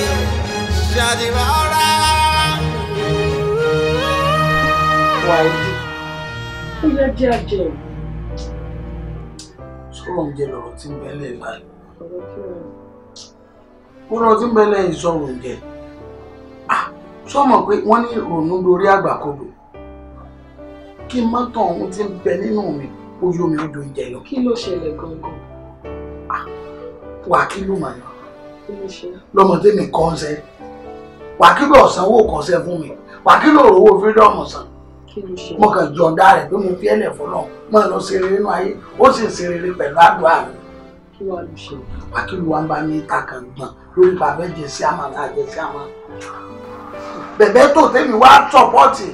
ṣáàtì rọra. wàìrì ó yẹ jẹ́ àjẹ́ o. sọ́wọ́n jẹ́ lọ́rọ̀ tí ń bẹ́ẹ̀ lè láì. ọ̀rọ̀ kí o ó rántí mẹ́lẹ̀ ìsọ̀rọ̀ jẹ́ sọmọ ah, pé wọ́n ní ìrònú lórí àgbàkodò kí mọ́tò ọ̀hún ti ń bẹ nínú mi ó yó mi odò ìjẹ lọ. kí ló ṣẹlẹ̀ gangan. Ah, wà á kí ló mà lọ. lọmọdé mi kọ́ ń sẹ́ wà á kí ló ọ̀sánwó kọ́ sẹ́ fún mi wà á kí ló rówó fírídọ́ọ̀mù san. mo kàn jọ̀dá rẹ̀ pé mo fi ẹ̀lẹ̀ fọlọ́ mọ́ ẹ lọ rere nínú ayé ó sì ṣe rere pẹ̀lú àdúrà mi kí wàá lè ṣe wákìlú wa ń bá mi ta kàn gbọ̀n lórí bàbá jẹ sí àmàlà àjẹ sí àmàlà. bẹ̀bẹ̀ tó tẹ́mi wá sọ̀pọ̀tì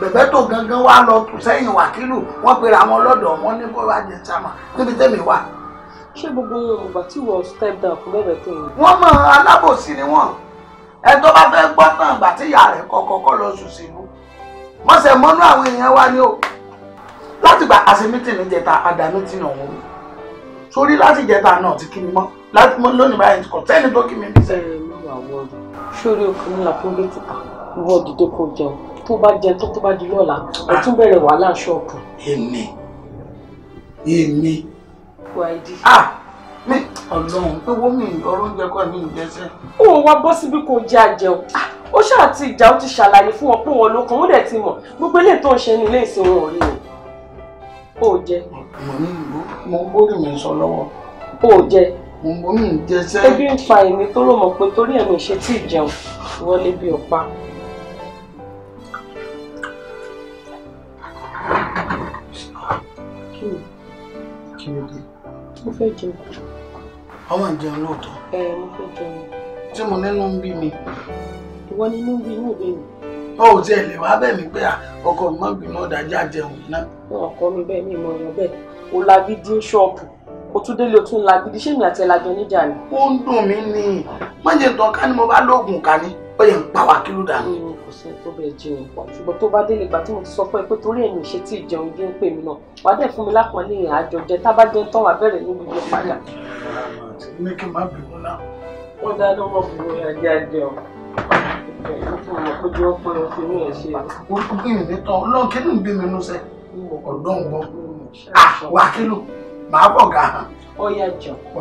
bẹ̀bẹ̀ tó gangan wá lọ tù sẹ́yìn wákìlú wọ́n pera àwọn ọlọ́dọ̀ wọn ní kó wá jẹ sí àmàlà níbi tẹ́mi wá. ṣé gbogbo ìgbà tí wọ́n step down fún bẹ́ẹ̀ tó yẹn. wọ́n mọ alábòsí ni wọ́n ẹ tó bá fẹ́ gbọ́ tán ìgbà tí ìyá rẹ̀ kọ̀ọ̀kan kọ́ lọ sùn sínú wọ́n sẹ̀ mọ́nú àwọn èèyàn wa ni o láti gba àṣemítì níjẹta àdàmítì náà wọ́n mú sórí láti ìjẹta náà ti kí mi mọ́ láti mọ́ lónìí báyìí kò tẹ́ni tó kí mi bí sẹ́yìn. ẹ ló wà wọ́ọ̀dù sórí okùn ńlá fún létí pa wọ́ọ̀ dìde kò jẹun tó bá jẹun tó tó bá di lọ́la ẹ tún bẹ̀rẹ̀ wàhálà ṣọ́ọ̀kù. èmi èmi. wáìdì. ah mi ọlọ́run owó mi ọ̀rọ̀ oúnjẹ kọ́ mi ìjẹsẹ́. ó wá bọ́ síbí kó jẹ́ o. Ah! ó ṣáà ti ìjà ó ti ṣàlàyé fún wọn pé wọn ló kàn ó dẹ̀ ti mọ̀ gbogbo eléyìí tó ń ṣe ní ilé ìsìn wọn ò rí o ó jẹ. mo ní ìlú mo ń bórí mi sọ lọ́wọ́. ó jẹ. mo ń bómi jẹsẹ́. ebi ń pa èmi tó rò mọ̀ pé torí ẹ̀mí ṣe tí ì jẹun wọlé bí ọ̀pá. kí ló dé. mo fẹ́ jẹun. ọmọ ìjẹun lóòótọ́. ẹ mo fẹ́ jẹun. tí mo nínú ń bí mi. ìwọ nínú ń bí inú ìbéèrè ọ ò tiẹ̀ lè wá bẹ̀ mí pé ọkọ mi má bínú ọ̀dájà jẹun náà. ọkọ mi bẹ́ẹ̀ ni ìmọ̀ ọ̀rọ̀ bẹ́ẹ̀ o lágídí ṣọ́ọ̀bù o tún délé o tún lágídí ṣé mi àti ẹ̀làjọ níjà ni. ó ń dùn mí ni má jẹ́ tán ká ní mo bá lóògùn ká ní ó yẹ ń pa wá kí ló dànù. Mm, kò sí tó bẹ jẹun pọ ṣùgbọ́n tó bá délé ìgbà tí mo ti sọ fún ẹ pé torí ẹ̀mí ṣe tí ìjẹun yé ń pè mí náà wà á dẹ̀ fún mi lápọ̀nlé ìhà àjọ jẹ tá bá jẹ tán wà bẹ̀rẹ̀ ní gbogbo padà. ní kí n má bínú náà. wọ́n dáná ọmọkùnrin ajá jẹun ọlọ́kínú bí mi nú sẹ́ ọ̀dọ́ǹgbọ́n wà kílò màá bọ̀ gà hàn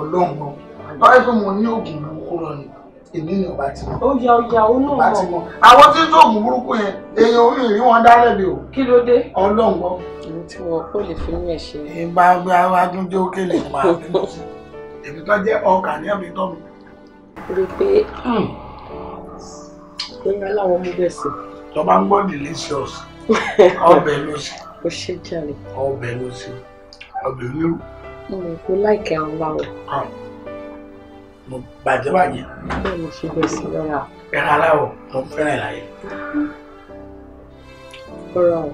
ọlọ́ǹgbọ́n báyìí pé mo ní oògùn mi kú lọ ni èmi ni ọba ti mọ. ó ya ọya onú mọ. àwọn tí ń sóògùn burúkú yẹn èèyàn omi ìrí wọn dálẹ̀ bi o. kí ló dé. ọlọ́ǹgbọ́n. èmi tí wọn kò lè fi mí ẹ̀ ṣe. ìgbà gbé ara dúdú ó kélé máa bí mo sí. èmi tó jẹ́ ọkàn ní ẹ̀mí tọ́ mi. rí i pé bóyá láwọn mú bẹ́ẹ̀ sí. tó bá ń gbọ́ delicious ọbẹ̀ ló sí. ó ṣe jàre. ọbẹ̀ ló sí ọbẹ̀ onírú. mo mọ̀ pé láìkẹ́ àwọn bá wọ̀. Ah. mo bàjẹ́ bàjẹ́. bẹ́ẹ̀ mo ṣe bẹ́ẹ̀ sí lọ́ra. ẹran aláwọ̀ mo fẹ́ràn ìlàyé. ọ̀rọ̀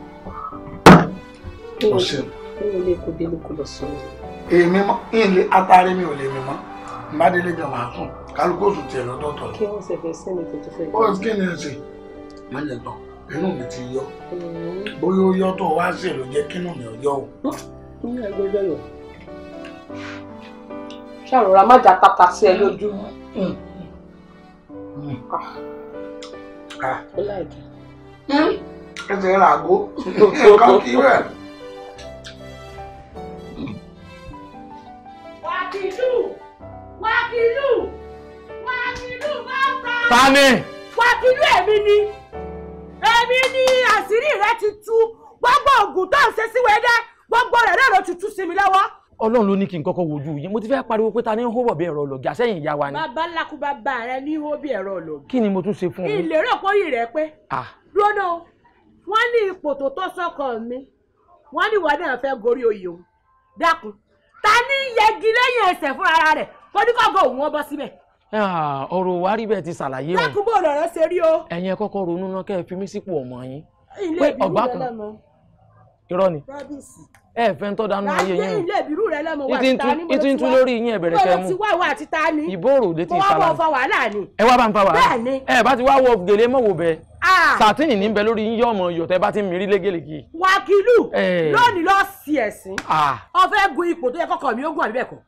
o ṣeun. mi ò lè kó délé kó lọ sọ́ọ́. èmi mọ́ ilé atare mi ò lè mi mọ́ ìbádélé jọ̀wọ́ àtún kálukú oṣù tiẹ̀ lọ́tọ̀ọ̀tọ̀. kí wọ́n ṣe fẹ́ sẹ́ni tó ti fẹ́. ó kí ni ẹ ṣe má yẹ tán inú mi ti yọ mm-hmm. bóyá ó yọ tó wá sí ló jẹ́ kínú mi ò yọ o. Hm. ní ẹgbẹ́jọ́ yọ ṣàròrà má jà tata sí ẹ lójú. Mm-hmm. Mm-hmm. Ah. Ah. ó láìdí. ẹsẹ̀ ràgó ẹ̀ka kí rẹ̀. Wakilu! Wakilu! Wàbílù bàbá. Ta ni? Wàbílù èmi ni. Èmi ni àṣírí rẹ ti tú. Gbogbo ògùn tó ń ṣe sí wẹ́dẹ́, gbogbo rẹ̀ náà ló ti tú sí mi lọ́wọ́. Ọlọ́run ló ní kí n kọ́kọ́ wojú yín. Mo ti fẹ́ pariwo pé ta ni ń hó bọ̀bí ẹ̀rọ ọ̀lọ́gì àṣẹ́yìn ìyá wa ni. Bàbá lakú bàbá rẹ ní hó bí ẹ̀rọ ọ̀lọ́gì. Kí ni mo tún ṣe fún yín? Ìlérò pọ́yì rẹ pé. Lọ́nà wọ́n ní ipò tó tọ́ sọ́kọ mi. Wọ́n ní ìwà náà fẹ́ gorí oyè òun. Dákun, ta ni yẹgi lẹ́yìn ẹsẹ̀ fúnra rẹ̀ kó ní kọ́gọ́ òun ọ bọ́ síbẹ̀. Ah, ọ̀rọ̀ wa rí bẹ́ẹ̀ ti ṣàlàyé o. lákùúgbò lọ̀rọ̀ ṣe rí o. ẹ̀yin ẹ kọ́kọ́ ronú náà kẹ́ ẹ fi mí sípò ọmọ yín. ilé ìbírú rẹ lọ́mọ. irọ́ ni ẹ fẹ́ ń tọ́da nù ayé yín. ilé ìbírú rẹ lọ́mọ wà ti ta ni mo ti wá. ìtúntún lórí yín ẹ̀bẹ̀rẹ̀ kẹ́ mú. mo ti wá wà ti ta ni. ìbòrò lè ti ìsàlà. mo wá wọ fa wàhálà ni. ẹ wá bá ń fa wàhálà. bẹ́ẹ̀ ni. ẹ bá ti wá wọ gèlè mọ́wò bẹ́ẹ̀ sàtìnì ní bẹ lórí yíyọ ọmọ yòtẹ bá ti ń mirí légelege. wákìlù lónìí lọ sí ẹ̀sìn. ọ̀fẹ́ gun ipò tó yẹ kọ́kọ́ mi ó gùn àbí bẹ́ẹ̀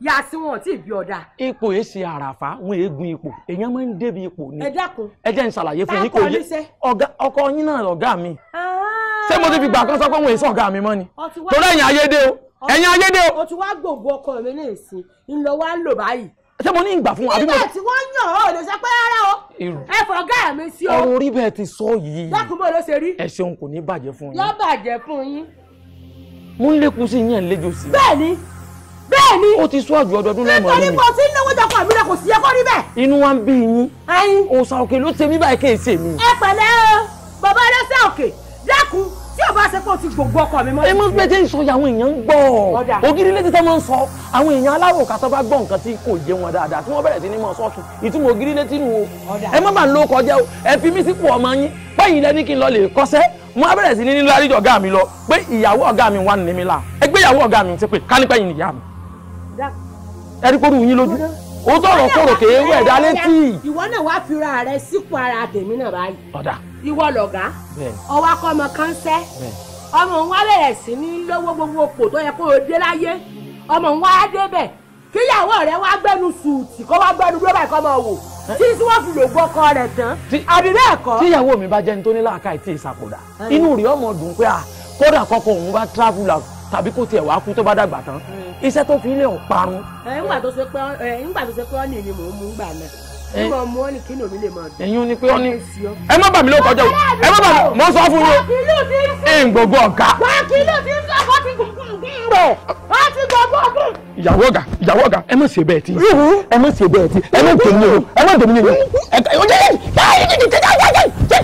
yà sí wọn tí ìbí ọ̀dà. ipò yìí ṣe àràfà wọn èègùn ipò èèyàn máa ń débi ipò ni. ẹ dákun ẹ jẹ́ n ṣàlàyé fún yín kò yé ọkọ yín náà ọ̀gá mi. Ah. ṣé mo ti fi gbà kan sọ pé wọn èèyàn sọ̀gá mi mọ́ ni. torí ẹ̀yin ayédè o ẹ̀yin ayédè o. o ti wá gbogbo ọkọ mi ní ìsìn ńlọ wá ń lò báyìí. ṣé mo ní ìgbà fún wa. nígbà tí wọ́n yàn ọ́ lè sọ pé rárá o ẹ fọ ọ̀gá mi sí o. ọ̀rọ̀ orí bẹ́ẹ̀ ti sọ yìí. lákùnbọ̀ ló ṣe rí. ẹ ṣeun kò ní bàjẹ́ fún yín. yọ bàjẹ́ fún yín. mo ń lékun sí yín ẹ̀ ń léjò sí. bẹ́ẹ̀ ni bẹ́ẹ̀ni ó ti sún àjù ọdọọdún náà mọ ẹni mi nítorí kò sí náwó jọkọ mi rẹ kò sí ẹkọ rí bẹ́ẹ̀. inú wa ń bí yín. ẹyin òòsà òkè ló ṣe mí báyìí kì í ṣe mí. ẹ pẹ̀lẹ́ o bàbá ẹlẹ́sẹ̀ òkè dákun tí o bá ṣe pé o ti gbogbo ọkọ mi mọ́. ẹ máa ń gbẹ́jẹ́ ìsọyà àwọn èèyàn ń gbọ́ ògiri létí tẹ́ máa ń sọ àwọn èèyàn aláwọ̀ kátó bá gbọ́ nǹkan tí kò yé wọn dáadáa tí wọ́n bẹ̀rẹ̀ sí ní máa sọ́ọ̀tún ìtumọ̀ ògiri létí nù o ẹ má bàa ń lo kọjá o ẹ fi mí sípò ọmọ yín báyìí lẹ́ni kí n lọ lè kọ́sẹ́ mo á bẹ̀rẹ̀ sí ní nílò àríjọ ọ̀gá mi lọ pé ìyàwó ọ̀gá mi wà ní mi là ẹgbẹ́ ìyàwó ọ̀gá mi ti pè kánípẹ́yìn ìyá mi ẹni kóró yín lójú ó sọ̀rọ̀ kọ̀rọ̀ kéé wẹ̀ dá létí. ìwọ náà wá fira rẹ sípò ara tèmi náà báyìí. ọ̀dà ìwọ lọ̀gá ọwọ́ akọ́mọ kan sẹ́ ọmọ òun wá bẹ̀rẹ̀ sí ní lówó gbogbo òpò tó yẹ kó o dé láyé ọmọ òun wá débẹ̀ kíyàwó rẹ wá gbẹnu sùùtì kó wá gbẹnu dúró báyìí kọ́ mọ wò tí tí wọ́n fi lè gbọ́kọ rẹ̀ tán àbí bẹ́ẹ̀ kọ́. tíyàwó mi bá jẹ́ ní tó ní láàká ẹ̀ tí ì sàkódà inú rí ọmọ dùn pé à ah, kódà kọ́kọ́ òun bá travel out tàbí kó tiẹ̀ wàá kú tó bá dàgbà tán iṣẹ́ tó fi ilé ọ̀ parun. ńgbà tó ṣe pé ńgbà tó ṣe pé ọ́nì ni mò ń mú gbà náà nígbà mú ọ́nì kí lòmí lè máa dùn. ẹ̀yin ni pé ọ́nì ẹ má bà mí ló kọjá o ẹ má bà mo sọ fún yín. ẹ̀ ń gbogbo ọ̀gá. ìyàwó ọ̀gá ìyàwó ọ̀gá ẹ má ṣe bẹ́ẹ̀ tí ẹ má ṣe bẹ́ẹ̀ tí ẹ má tèmi o ẹ má tèmi o ẹ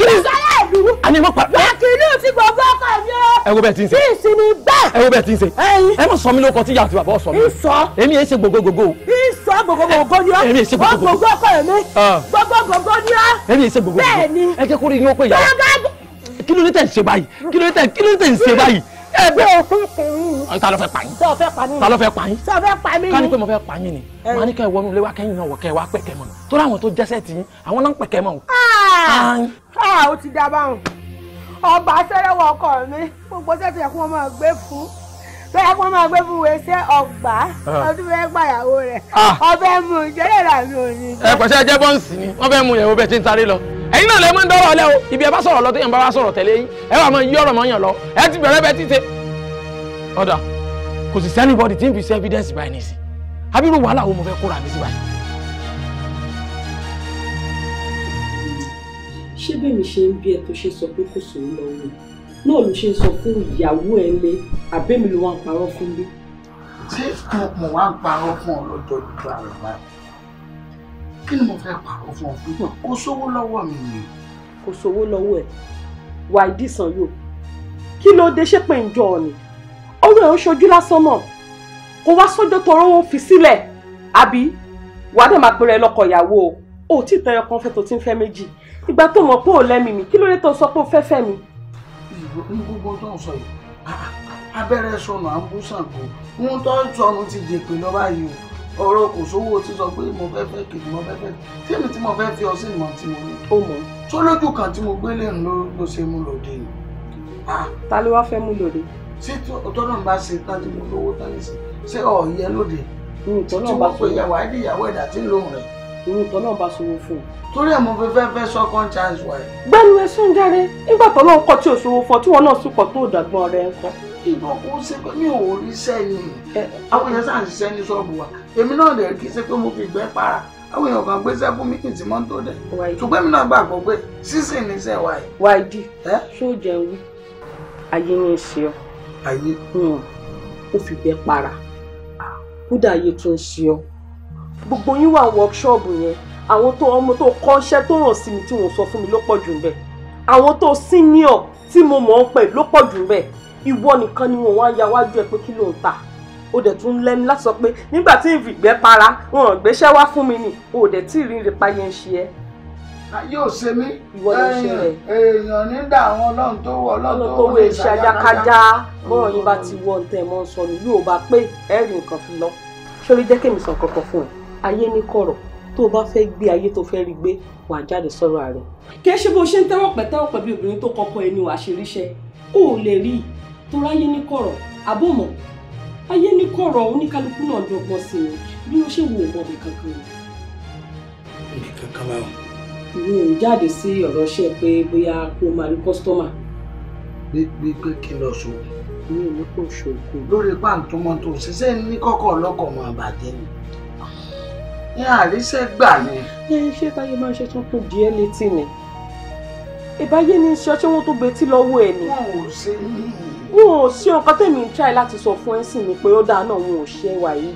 kiri sáyà ìlú. a ní ma pa. wákìlú ti gbogbo ọkọ mi o. ẹ wo bẹ́ẹ̀ ti ń ṣe. bí ìsinmi bẹ́ẹ̀. ẹ wo bẹ́ẹ̀ ti ń ṣe. ẹ má sọ mi lóko tí ìyá àti bàbá sọ mi. ìsọ. èmi yẹn ṣe gbogbogbò. ìsọ gbogbogbò ni ọ. èmi yẹn ṣe gbogbogbò. gbogbo ọkọ mi. Ah. gbogbogbò ni ọ. èmi yẹn ṣe gbogbogbò. bẹ́ẹ̀ ni. ẹ jẹ́ kó rí yín ó pé ìyá. kí ló ní tẹ̀ ń ṣe báyìí kí ló ní tẹ̀ ń ṣe báyìí ẹgbẹ́ òfin kìí. ta ló fẹ́ pa yín. ta ló fẹ́ pa yín. ta ló fẹ́ pa yín. ta ló fẹ́ pa mí ni. pé mo fẹ́ pa yín ni. màá ní kẹ́ wọnú ilé wa kẹ́yìn náà wọ̀ kẹ́ ẹ wá pẹ̀kẹ́ mọ̀. àwọn tó jẹ́sẹ̀ tì yín àwọn náà ń pẹ̀kẹ́ mọ̀. a ah! ah, ó ti dá báwọn. ọba sẹ́rẹ̀wọ̀ ọkọ mi gbogbo sẹ́tì ẹ̀kún ọmọ gbé fún bẹ́ẹ̀ kó máa gbé fún wẹsẹ̀ ọgbà ah. ọdún fẹ́ẹ́ gbàyàwó rẹ̀ ọbẹ̀ mú ìjẹ́lẹ̀ rà mí òní. ẹ pẹ̀sẹ̀ jẹ́ bọ́ǹsì ni wọ́n fẹ́ mú ìyàwó bẹ́ẹ̀ tí ń sáré lọ ẹ̀yin náà lẹ́mọ̀ ń dọ́rọ̀ ọ̀lẹ́ o ibi ẹ bá sọ̀rọ̀ lọ téèyàn bá wá sọ̀rọ̀ yín ẹ wà máa yí ọ̀rọ̀ mọ́ yàn lọ ẹ ti bẹ̀rẹ̀ bẹ́ẹ̀ títe. ọ̀dà kò sì sẹ́ni bọ́dì tí ń fi ṣe evidence báyìí nìsí abirú wàhálà wo mo fẹ́ kóra mi sí báyìí. ṣé bẹ́ẹ̀mi ṣe ń bí ẹ tó ṣe sọ pé kò sòrò lọ́wọ́ náà ló ṣe ń sọ fún ìyàwó ẹ lé àbẹ́mi ló wà ń parọ́ fún mi. ṣé mo wá ń parọ́ fún ọ lọ́jọ́ ìgbà rẹ̀ báyìí kí ni mo fẹ́ pàrọ̀ fún ọ kó sówó lọ́wọ́ mi ni. kò sówó lọ́wọ́ ẹ̀ wà á dìsàn yóò kí ló dé ṣépè ń jọ ọ̀nì ọwọ́ ẹ̀ ń ṣojú lásán mọ̀ kó wá sọ́jọ́ tọrọ wọn fi sílẹ̀ àbí wàá dẹ̀ máa pèrè lọ́kọ ìyàwó o ò tí ì tẹyọ kan fẹ́ tó ti ń fẹ́ méjì ìgbà tó mọ̀ pé ò lẹ́mìí mi kí ló dé tó sọ pé ò fẹ́ fẹ́ mi. ní gbogbo tó ń sọ yìí abẹ́rẹ́ sọnù àbúṣàǹkó wọn tó sọnù ti jèpè lọ báyìí ọ̀rọ̀ kò sówó tí sọ pé mo fẹ́ fẹ́ kejì mo fẹ́ fẹ́ tí èmi tí mo fẹ́ fi ọsìn ìmọ̀ tí mo ní. ó mọ. tó lójú kan tí mo gbélé ń ló ló ṣe mú lòdì ni. ta ló wá fẹ́ mú lòdì. sí tọ́nà bá ṣe tájú mo lówó tání sí ṣé ọ̀ọ́yẹ lòdì. tí mo pe ìyàwó àìdí ìyàwó ẹ̀dá tí ń lò rẹ̀. irun tọ́nà bá sowó fún un. torí ẹ̀ mo fi fẹ́ fẹ́ second chance wa ẹ̀. gbẹ́nu ẹ̀ sún jáde nígbà tọ́nà ń kọ́ tí ò sówó fún ọ tí wọ́n náà sùn kọ́ tó ìbọn kò ṣe pé mi ò rí sẹ́ni àwọn èèyàn sàn ṣiṣẹ́ ní ṣọ́ọ̀bù wa èmi náà lè kí ṣe pé mo fi gbẹ́ para àwọn èèyàn kan gbé sẹ́kún mi kì í ti mọ́ tó dẹ̀ ṣùgbọ́n èmi náà gbàgbọ́ pé sísìn ní sẹ́ wa yìí. wáìdì ṣó jẹun wí ayé ní í ọ ayé hmm. ó fi gbẹ́ para kódà ayé tún ń ṣe ọ gbogbo yín wà workshop yẹn àwọn tó ọmọ tó kọ́ṣẹ́ tó ràn sí mi tí wọ́n sọ fún mi ló pọ̀ jù ń bẹ̀ àwọn tó senior tí mo mọ̀ ọ́n pẹ̀ ló pọ̀ jù ń bẹ̀ ìwọ nìkan ni wọn wá ya wájú ẹ pé kí ló ń tà ó dẹ̀ tún lẹ́nu láti sọ pé nígbà tí ìfìgbẹ́ para wọn ò gbéṣẹ́ wá fún mi nì ó dẹ̀ tí ìrìn rẹ̀ payẹ́ ń ṣe ẹ́ yóò ṣe mí èèyàn nígbà àwọn ọlọ́run tó wọ ọlọ́run tó wọ ìṣe ajákájá bọ́ọ̀ yín bá ti wọ ntẹ̀ mọ́ sọ ni yóò bá pé ẹ̀rì nǹkan fi lọ. sórí jẹ́ kémi sọ kankan fún ẹ ayé ní kọ̀rọ̀ tó o bá fẹ́ gbé ayé tó fẹ́ rí gbé wà jáde sọ́rọ̀ rẹ̀. kì í ṣe bó ṣe ń tẹ́wọ̀pẹ́ tẹ́wọ̀pẹ́ bí obìnrin tó kọ́kọ́ ẹni wàá ṣe ríṣẹ́ kó o lè rí i tó ráyé ní kọ̀rọ̀ àbòmọ̀ ayé ní kọ̀rọ̀ oníkálukú náà dọ́gbọ́n sí i bí wọ́n ṣe wo ọmọbì kankan. ibì kankan báwo. ìwé òun jáde sí ọ̀rọ̀ ṣe pé bóyá kó o máa rí kọ́sítọ́mà. bí pé kí lọ sóògùn. mi ò ní kò sóògùn. lórí pàǹtọ́mọ́ tó ṣiṣẹ́ ní kọ́kọ́ ọlọ́kọ̀ máa bàjẹ́ ni ní àríṣẹ́ gbà ni. ẹ ṣé báyé máa ṣe tún kún díẹ̀ létí ni ìbáyé ní ṣọṣẹ́ wọn tó betí lọ́wọ́ ẹ̀ ni. wọn ò ṣe yìí wọn ò ṣe nǹkan tẹ̀mí ń try láti sọ fún ẹ sì ni pé ó dáa náà wọn ò ṣe wà yìí dì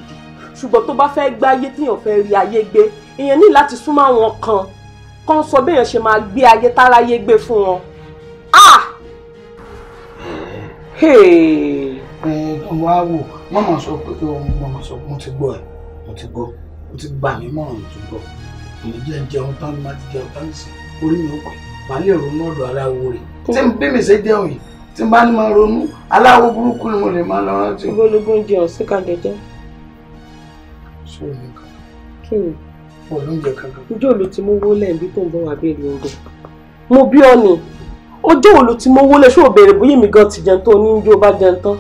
ṣùgbọ́n tó bá fẹ́ gbá ayé téèyàn fẹ́ rí ayé gbé èèyàn ní láti súnmọ́ àwọn kan kan sọ béèyàn ṣe máa gbé ayé táráyé gbé fún wọn. wá wò wọ́n mọ̀ sọ pé wọ́n mọ̀ sọ pé mo ti gbọ́ ẹ̀ mo ti gbọ́ mo ti gbà mí mọ̀ràn mo ti gbọ́ mo jẹ́ jẹun tán ni mo ti jẹun tán sí orí mi ò pẹ́ màá lè ronú ọ̀dọ̀ ara wo rẹ̀ tí bẹ́ẹ̀ mi ṣe jẹun yìí tí n bá ní máa ronú aláwo burúkú ni mo lè máa lọ rántí. gbólógún jẹ ọ̀sìn kàjẹjẹ. sóòlù kan. òòlù tí mo wọlé ẹ̀bí tó ń bọ̀ wá béèrè oúnjẹ. mo bí ọ ni ọjọ́ òòlù tí mo wọlé ṣó béèrè bóyá èmi gan ti jẹun tó ní jó bá jẹun tán.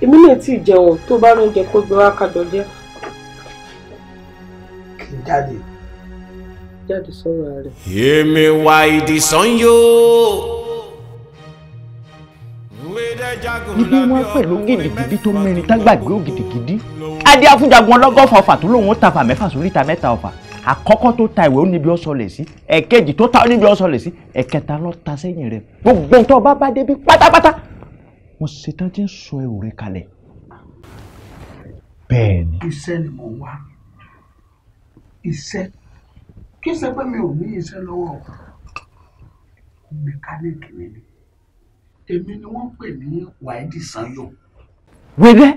èmi náà tí jẹun tó bá lóúnjẹ kó gbé wá kájọ jẹ. kì í jáde jáde sọ̀rọ̀ rẹ̀. èmi wà ìdìsán yóò ibi wọn pẹ̀lú gidigidi tó mẹ́rin tágbàgbé ó gidigidi adé afúnjagun ọlọ́gọ́fà ọfà tó lóun ó tafà mẹ́fà sórí ìta mẹ́ta ọfà àkọ́kọ́ tó ta ìwé ó níbi ọ̀sọ̀lẹ̀ sí ẹ̀kejì tó ta ó níbi ọ̀sọ̀lẹ̀ sí ẹ̀kẹta ló ta sẹ́yìn rẹ̀ gbogbo nǹkan ọba bá débi pátápátá wọn ṣetán tí ń sọ ẹrù rẹ̀ kalẹ̀. bẹ́ẹ̀ni. iṣẹ́ ni mo wá iṣẹ́ kí ṣe mi ò ní iṣẹ́ lọ́wọ́ mẹkáníìkì mi ni èmi ni wọ́n pè ní wáìdì sanyo. wẹ́rẹ́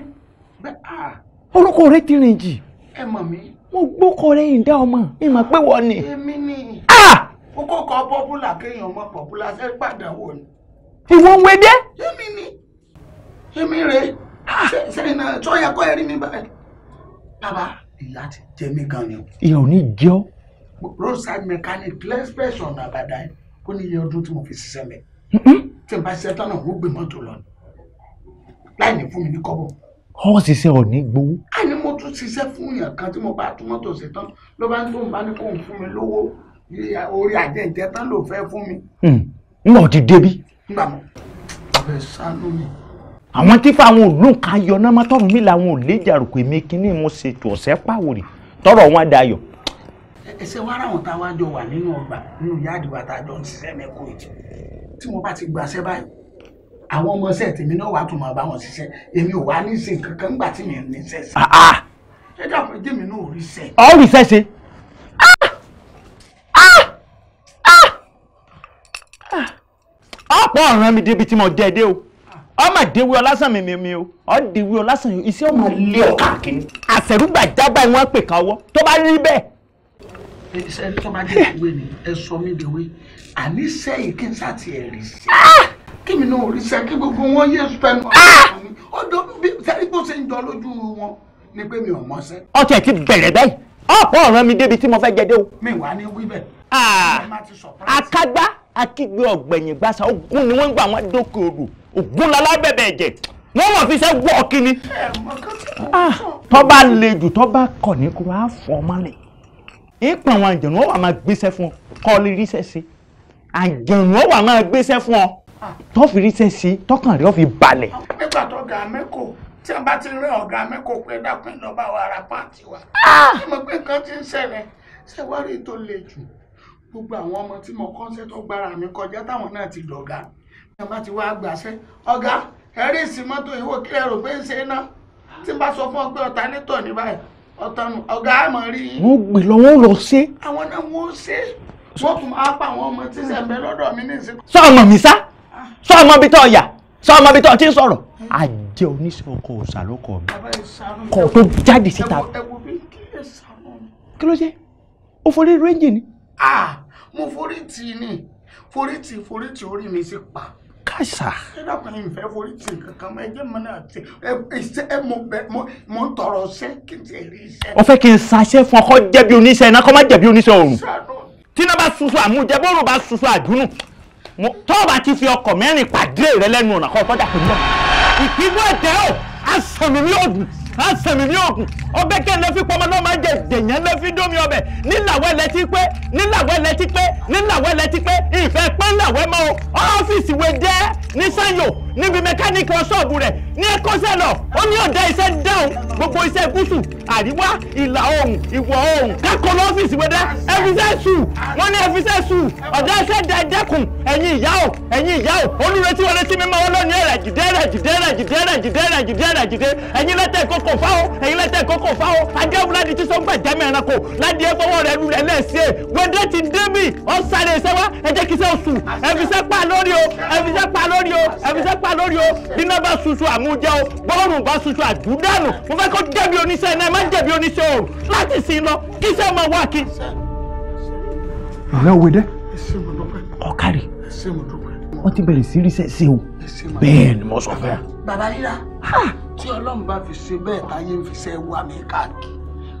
orúkọ rẹ ti rìn jì. ẹ mọ̀ mi. mo gbókọ rẹ yìí dá ọmọ mi mà pé wọ́n ni. èmi ni ó kọ́kọ́ pọ́pùlà kéèyàn mọ pọ́pùlà ṣe gbàdánwò ni. ìwọ̀n wẹ́dẹ́. èmi ni èmi rè sẹ́yìn náà tó yẹ kó ẹrí mi báyìí. bàbá ìyá ti jẹ mí gan ni. ìyá ò ní jẹ́ ọ́. roadside mechanic less pressure ọ̀nà àbàdà yìí kó ní iye ọdún tí mo fi ṣiṣẹ́ mẹ́ta tí n bá ṣe tán náà ó gbé mọ́tò lọ láì ní fún mi ní kọ́bọ̀. ọ ṣiṣẹ́ ò ní gbowó. a ní mo tún ṣiṣẹ́ fún èèyàn kan tí mo bá tún mọ́tò ṣe tán ló bá ń tó ń bá ní kóun fún mi lówó orí àjẹjẹ tán ló fẹ́ fún mi. n hmm. ò ti débi. nígbà mo ọbẹ̀ sánú mi àwọn tí fáwọn olóǹkà ayọ náà má tọrùn mi làwọn ò lè jàrùkọ èmi kínní mo ṣètò ọ̀sẹ̀ pàwòrì tọrọ wọn dayọ. ẹsẹ̀ wàrà àwọn táwa wà nínú ọgbà nínú yáàdì a jọ ń ṣiṣẹ́ mẹ́kọ̀ọ́ tí mo bá ti gbàṣẹ báyìí àwọn ọmọọṣẹ́ tèmi náà wàá tún máa bá wọn ṣiṣẹ́ èmi ò wá ní ṣe kankan ńgbà tí mi ní ṣe ṣe. Ah, ah. ẹ dàpọ̀ ẹjẹ́ mi náà rí ṣe. ọ̀ rí ṣe ṣe. Ah, ọ̀pọ̀ ọ̀ràn mi débi tí mo jẹ́ dé o ọmọ ìdíwé ọlásàn mi mi mi o ọ̀díwé ọlásàn iṣẹ́ ọmọ ilé ọ̀kà kìíní. àṣẹrúgbà jágbá ni wọ́n pè kan ọwọ́ tó bá rí bẹ́ẹ̀ ṣe tó bá jẹ́ ìwé ni ẹ sọ mí dèwé àní sẹ́yìn kí n sàtì ẹ̀ rí sí ah! kí náà rí sẹ́ kí gbogbo wọn yé spẹ́nu ọ̀dọ́ ah! mi sẹ́yìn bó ṣe ń jọ lójú wọn ni pé mi ò mọ sẹ́. ọtí ẹ ti bẹ̀rẹ̀ báyìí ọ̀pọ̀ ọ̀ràn mi débi tí mo fẹ́ jẹ o. mi wà ní wíbẹ̀. Ah! akágbá akígbe ọ̀gbẹ̀yìn gbàsá ogun ni wọ́n ń gbà wọ́n dókè odò ogun lalábẹ̀bẹ̀ ẹ̀jẹ̀ wọ́n mọ̀ fi ṣe wọ́ọ̀kì ni. tọ́ bá le jù tọ́ bá kọ̀ ní kó máa fọ́ ọmọ lẹ̀ ìpín àwọn àjẹ̀nù ọ̀wà máa gbéṣẹ́ fún ọ kọ́ lè ríṣẹ́ sí àjẹ̀nù ọ̀wà máa gbéṣẹ́ fún ọ tó fi ríṣẹ́ sí tọkàn rẹ̀ ó fi balẹ̀. nígbà tó ga mẹ́kò tí a bá ti rí ọ̀gá mẹ́kò pé dákun ìjọba wa ra pàǹtí wa ah! ṣé mo pé nǹkan ti ń ṣẹlẹ̀ ṣé wàá rí tó le jù gbogbo àwọn ọmọ tí mo kọ́ńṣẹ́ tó gbára mi kọjá táwọn náà ti dọ̀gá ẹ bá ti wá gbàṣẹ́ ọ̀gá ẹ̀rí ìsìn mọ́tò ìwò kílẹ̀ rò pé ń ṣe ná tí n bá sọ fún ọ ọ̀tá nítọ̀ báyìí ọ̀tọ̀nù ọ̀gá àmọ̀ rí yín. wọ́n gbè lọ wọ́n lọ ṣe. àwọn náà wọ́n ṣe wọ́n tún máa pa àwọn ọmọ tí sẹ̀mbẹ́ lọ́dọ̀ mi ní ìsìnkú. sọ ọmọ mi sá ah. sọ ọmọ bí tọ́ ọ̀yà sọ ọmọ bí tọ́ ti ń sọ̀rọ̀ àjẹ oníṣẹ́ ọkọ òòṣà ló kọ mi kọ tó jáde síta. kí ló ṣe o forí rẹ́ńjì ni. ah mo forí tì í ni forí tì forí tì orí mi sí pa kàṣà. ẹ dákun ní ìfẹ́ forí ti kankan mọ ẹjẹ́ mọ náà ti iṣẹ́ ẹ mọ bẹ mọ ń tọrọ ṣẹ́ kí n ti rí iṣẹ́. ọ̀fẹ́ kí n ṣaṣẹ́ fún ọkọ jẹ̀bi oníṣẹ́ iná kọ́ má jẹ̀bi oníṣẹ́ òrùn. tíná bá susu àmújẹ bóòrùn bá susu àdúnù tọ́ọ̀bà ti fi ọkọ̀ mẹ́rin pàdé rẹ lẹ́nu ọ̀nà kọ́ tọ́jà pẹ̀lú náà ìpínlẹ̀ àsẹ̀mí ní òkun ọbẹ̀ kẹ́ lẹ́fí pọ́nmọ́ náà máa jẹ jẹ̀yẹ́ lẹ́fí dómi ọbẹ̀ nílàwẹ́ lẹ́tí pé nílàwẹ́ lẹ́tí pé nílàwẹ́ lẹ́tí pé ìfẹ́ pé ńlàwẹ́ mọ́ o ọ́fíìsì wo jẹ́ ní sanyo níbi mẹkáníìkì ọ̀ṣọ́ọ̀bù rẹ̀ ní ẹ̀kọ́sẹ̀ lọ ó ní ọ̀dà iṣẹ́ dáhùn gbogbo iṣẹ́ gúúsù àríwá ìlà oòrùn ìwọ̀ oòrùn kákọ́ lọ ọ́fíìsì wẹ́dẹ́ ẹ̀fíṣẹ́ sù wọ́n ní ẹ̀fíṣẹ́ sù ọ̀dà iṣẹ́ da ẹ̀yin ìyá ẹ̀yin ìyá o wọlé tí mímọ́ wọn ẹ̀rẹ̀ jìdẹ́rẹ̀ jìdẹ́rẹ̀ jìdẹ́rẹ̀ jìdẹ́rẹ̀ jìdẹ́rẹ̀ jìdẹ́ ẹ̀yin lẹ́tẹ̀ẹ́kọ́ kò fá o ẹ̀yin lẹ́tẹ̀ kò kò fá o adéhùn láti tí sọ́ngbà jẹ́mi ẹranko láti ẹ fọwọ́ rẹ lulẹ̀ lẹ́sí ẹ̀ gbẹdẹ́ ti dé mi ọ sáré iṣẹ́ wa ẹ jẹ́ kí iṣẹ́ oṣù ẹ̀fisẹ́ pa lórí o ẹ̀fisẹ́ pa lórí o ẹ̀fisẹ́ pa lórí o bíná bá ṣuṣu àmújẹ́ o bọ́ọ̀rù bá ṣuṣu àdúdànù mo fẹ́ kó jẹ̀bi oníṣẹ́ iná ẹ má jẹ̀bi oníṣẹ́ òòrùn láti sìn lọ kí iṣẹ́ ọmọ wá kí. ìyá òwe dẹ́ ọ̀kárì wọ́n ti bẹ̀rẹ̀ sí ríṣẹ́ṣe o bẹ́ẹ̀ ni mo sọ fẹ́. bàbá rírà tí ọlọ́run bá fi ṣe bẹ́ẹ̀ táyé ń fi ṣe wá mi káàkiri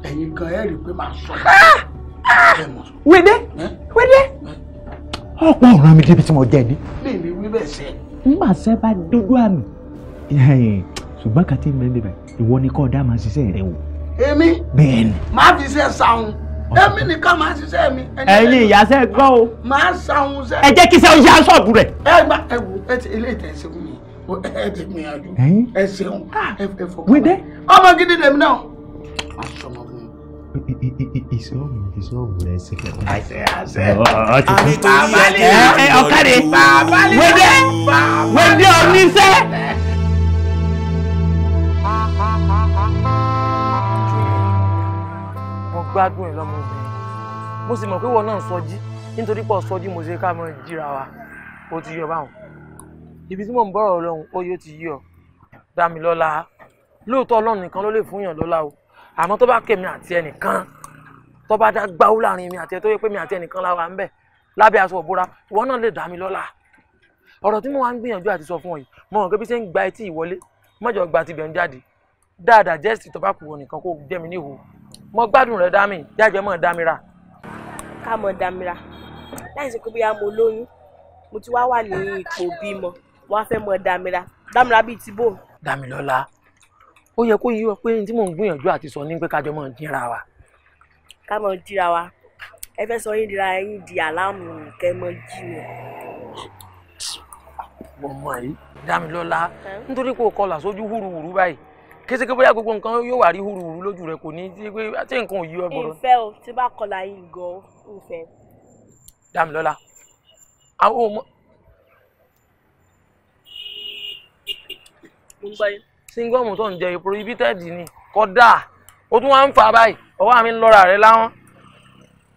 ẹ̀yin kan ẹ̀ rí i pé màá sọ wẹ́dẹ́ wẹ́dẹ́ ọ̀pọ̀ ọ̀ràn mi débi tí mo jẹ́ ni. mi ni wí bẹ́ẹ̀ sẹ́. nígbà sẹ́ bá dúdú àmì ṣùgbọ́n kàtí mi ń bẹ̀rẹ̀ ìwọ ni kọ́ ọ̀dà máa ṣiṣẹ́ rẹ o. èmi bẹ́ẹ̀ ni. máa fi ṣe sàún èmi nìkan máa ṣiṣẹ́ mi. ẹ̀yin ìyáṣẹ́ gbọ́ o. máa ṣàwọn ṣẹ́. ẹ jẹ́ kí sẹ́wọ́n yá sọ̀bù rẹ̀. ẹ má ẹ wo ẹ ti ilé ìtẹ̀sí mi ẹ ti gbìyànjú ẹ ṣeun ah, ẹ fọwọ́. wíńdẹ́. ọmọ gidi lèmi náà. Ìṣòwò ìṣòwò rẹ̀ ṣe kẹ́kọ̀ọ́. Àṣẹ àṣẹ. Ọtí tó. Bàbá lè. Ọ̀kadì. Bàbá lè. Wẹ́dẹ́. Wẹ́dẹ́ oníṣẹ́. gbádùn ẹ̀ lọ́mọbìnrin mo sì mọ̀ pé wọn náà sọjí nítorí pọ̀ sọjí mo ṣe ká mọ jíra wa ó ti yọ báwọn ibi tí mò ń bọ̀rọ̀ lọ́hùn ó yóò ti yí ọ dá mi lọ́lá nìkan ló lè fún yàn o àmọ́ tó bá kẹ̀mí àti ẹnìkan tó bá dá gbáwó láàrin mi àti ẹ tó yẹ pé mi àti ẹnìkan láwa ń bẹ̀ lábẹ́ aṣọ òbúra ìwọ náà lè dá mi lọ́lá tí mo wá ń gbìyànjú àti sọ fún ọ yìí mo hàn pé ṣe ń gba etí ìwọlé mọ́jọ gba tibẹ̀ ń jáde dáadáa jẹ́sì tó bá kù wọ nìkan kó jẹ́ níhòòhò mo gbádùn rẹ dami jáde mọ damira. ká mọ damira láì ṣe pé bóyá mo lóyún mo ti wá wà ní ipò bímọ mo wá fẹ́ mọ damira damira bíi ti bò. damilọla ó yẹ kó yí ọ pé ní tí mò ń gbìyànjú àti sọ ní pé kájọ mọ dínra wa. ká mọ dínra wa ẹ fẹ́ sọ yín dira yín di àlámù kẹ́ mọ jí mi. mo yìí damilọla nítorí kò kọlà sójú wúruwúru báyìí kése pé bóyá gbogbo nǹkan yóò wà rí húruhùru lójú rẹ kò ní tí pé àti ah, nǹkan ò yí ọ gbọdọ. ìfẹ́ o tí bá kọlà yìí gan ìfẹ́. Dámilọ́lá àwọn ọmọ. mo ń gbọ́ yín. síngọ́ọ̀mù tó ń jẹ prohibited ni kódà ó tún wá ń fà báyìí ọwọ́ mi ń lọ́ra rẹ láwọn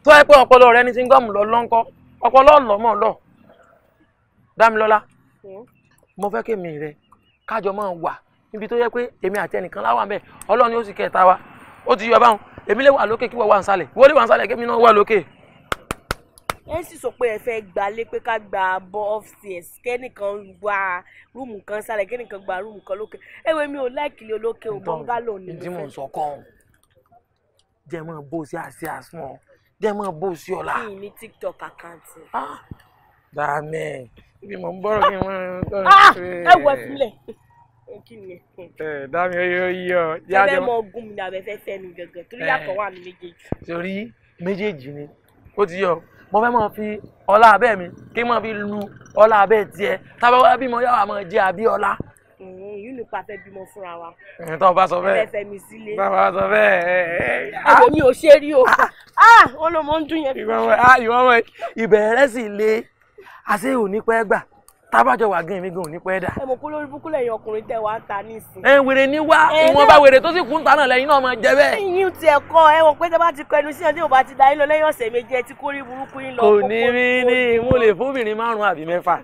tó ẹ pé ọpọlọ rẹ ní síngọ́ọ̀mù lọ lọ́ńkọ́ ọpọlọ ọlọ́mọ lọ Dámilọ́lá hmm? mo fẹ́ kémi rẹ kájọ máa wà níbi tó yẹ pé èmi àti ẹnìkan láwà ń bẹ ọlọ́run ni ó sì kẹta wa ó ti yọ báwọn èmi lè wà lókè kí wọ́n wà nsàlẹ̀ wọ́n lè wà nsàlẹ̀ kémi náà wà lókè. wọ́n sì sọ pé ẹ fẹ́ gbalé pé ká gba bọ́ upstairs kẹ́nìkan gba rúùmù kan sálẹ̀ kẹ́nìkan gba rúùmù kan lókè ewé mi ò láìkìlì olókè ò bọ́ngálò ní ìfẹ́. ìdímọ̀ sọ kàn jẹ́ mọ́ bó sí àṣẹ àsùn jẹ́ mọ́ bó sí ọ̀la. kí ni tiktok account. Ah! dàmẹ́ ibi ń bọ̀rọ̀ kí n máa ń tọ́ ẹ wọ ẹ fúnlẹ̀ kí ni. ẹ dámi oye oye ọ. mọ ogun mi làbẹ fẹ fẹ mi gẹ́gẹ́ torí yàtọ̀ wà ní méjèèjì. torí méjèèjì ni ó ti yọ mo fẹ́ máa fi ọlá abẹ́ mi kí n máa fi lu ọlá abẹ́ tiẹ̀ tábà wá bímọ yàrá máa jẹ àbí ọlá. yìí ni pa bímọ fúnra wa. tó o bá sọ bẹ́ẹ̀ fẹ́ mi sílé. tó o sọ bẹ́ẹ̀. ẹ̀wọ̀n mi ò ṣe rí o wọ́n ah, ah. ah, ló ń dún yẹn. ìwọ́n ìbẹ̀rẹ̀ sì le àṣé òní pẹ́ gbà tábàjọ wà gan mi ò ní pẹ́ dà. ẹ mọ̀ kó lórí búkú lẹ́yìn ọkùnrin tẹ wá ń ta nísìn. ẹ wèrè ní wá ìwọ̀nba wèrè tó sì kún ta náà lẹ́yìn náà máa jẹ bẹ́ẹ̀. ìyín ti ẹ̀kọ́ ẹ wọ pé tẹ bá ti kọ ẹnu sí ẹ tí bá ti da yín lọ lẹ́yìn ọ̀sẹ̀ méje ẹ ti kórí burúkú yín lọ. kò ní rí ní mo lè fóbìnrin márùn àbí mẹ́fà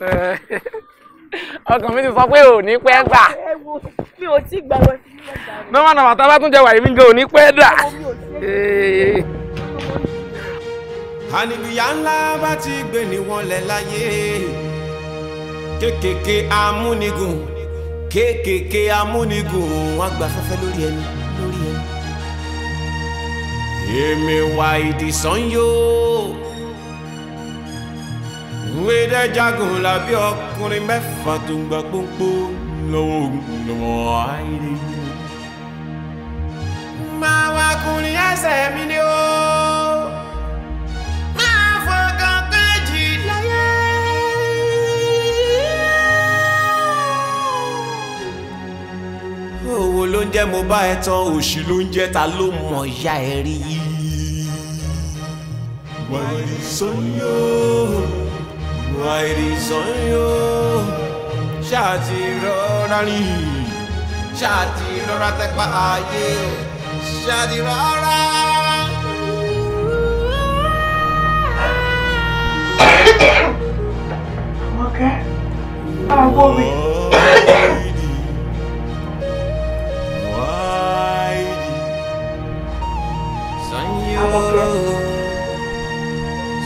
ọkàn mi ti sọ pé ò ní pẹ́ gbà. mi ò tí gbà wọ sí ńlá bá ti gbé ni wọ́n lẹ̀ láyé kékèké amúnigùn kékèké amúnigùn wọ́n gba afẹ́fẹ́ lórí ẹni lórí ẹni. èmi wà ìdìsán yóò wé dẹ́jagun làbí ọkùnrin mẹ́fà tó ń gba pónpó lọ́wọ́ lọ́wọ́ àìrí. máa wá kùnrin ẹsẹ̀ mi ni ó. ariwo ló ń jẹ́ mo bá ẹ tán òṣì ló ń jẹ́ ta ló mọ̀ ya ẹ rí. wàìrì sọ́yọ́ wàìrì sọ́yọ́ ṣáà rọra rìn ṣáà rọra tẹpá ayé ṣáà rọra. ọmọkẹ́ àwọn mi. I'm okay.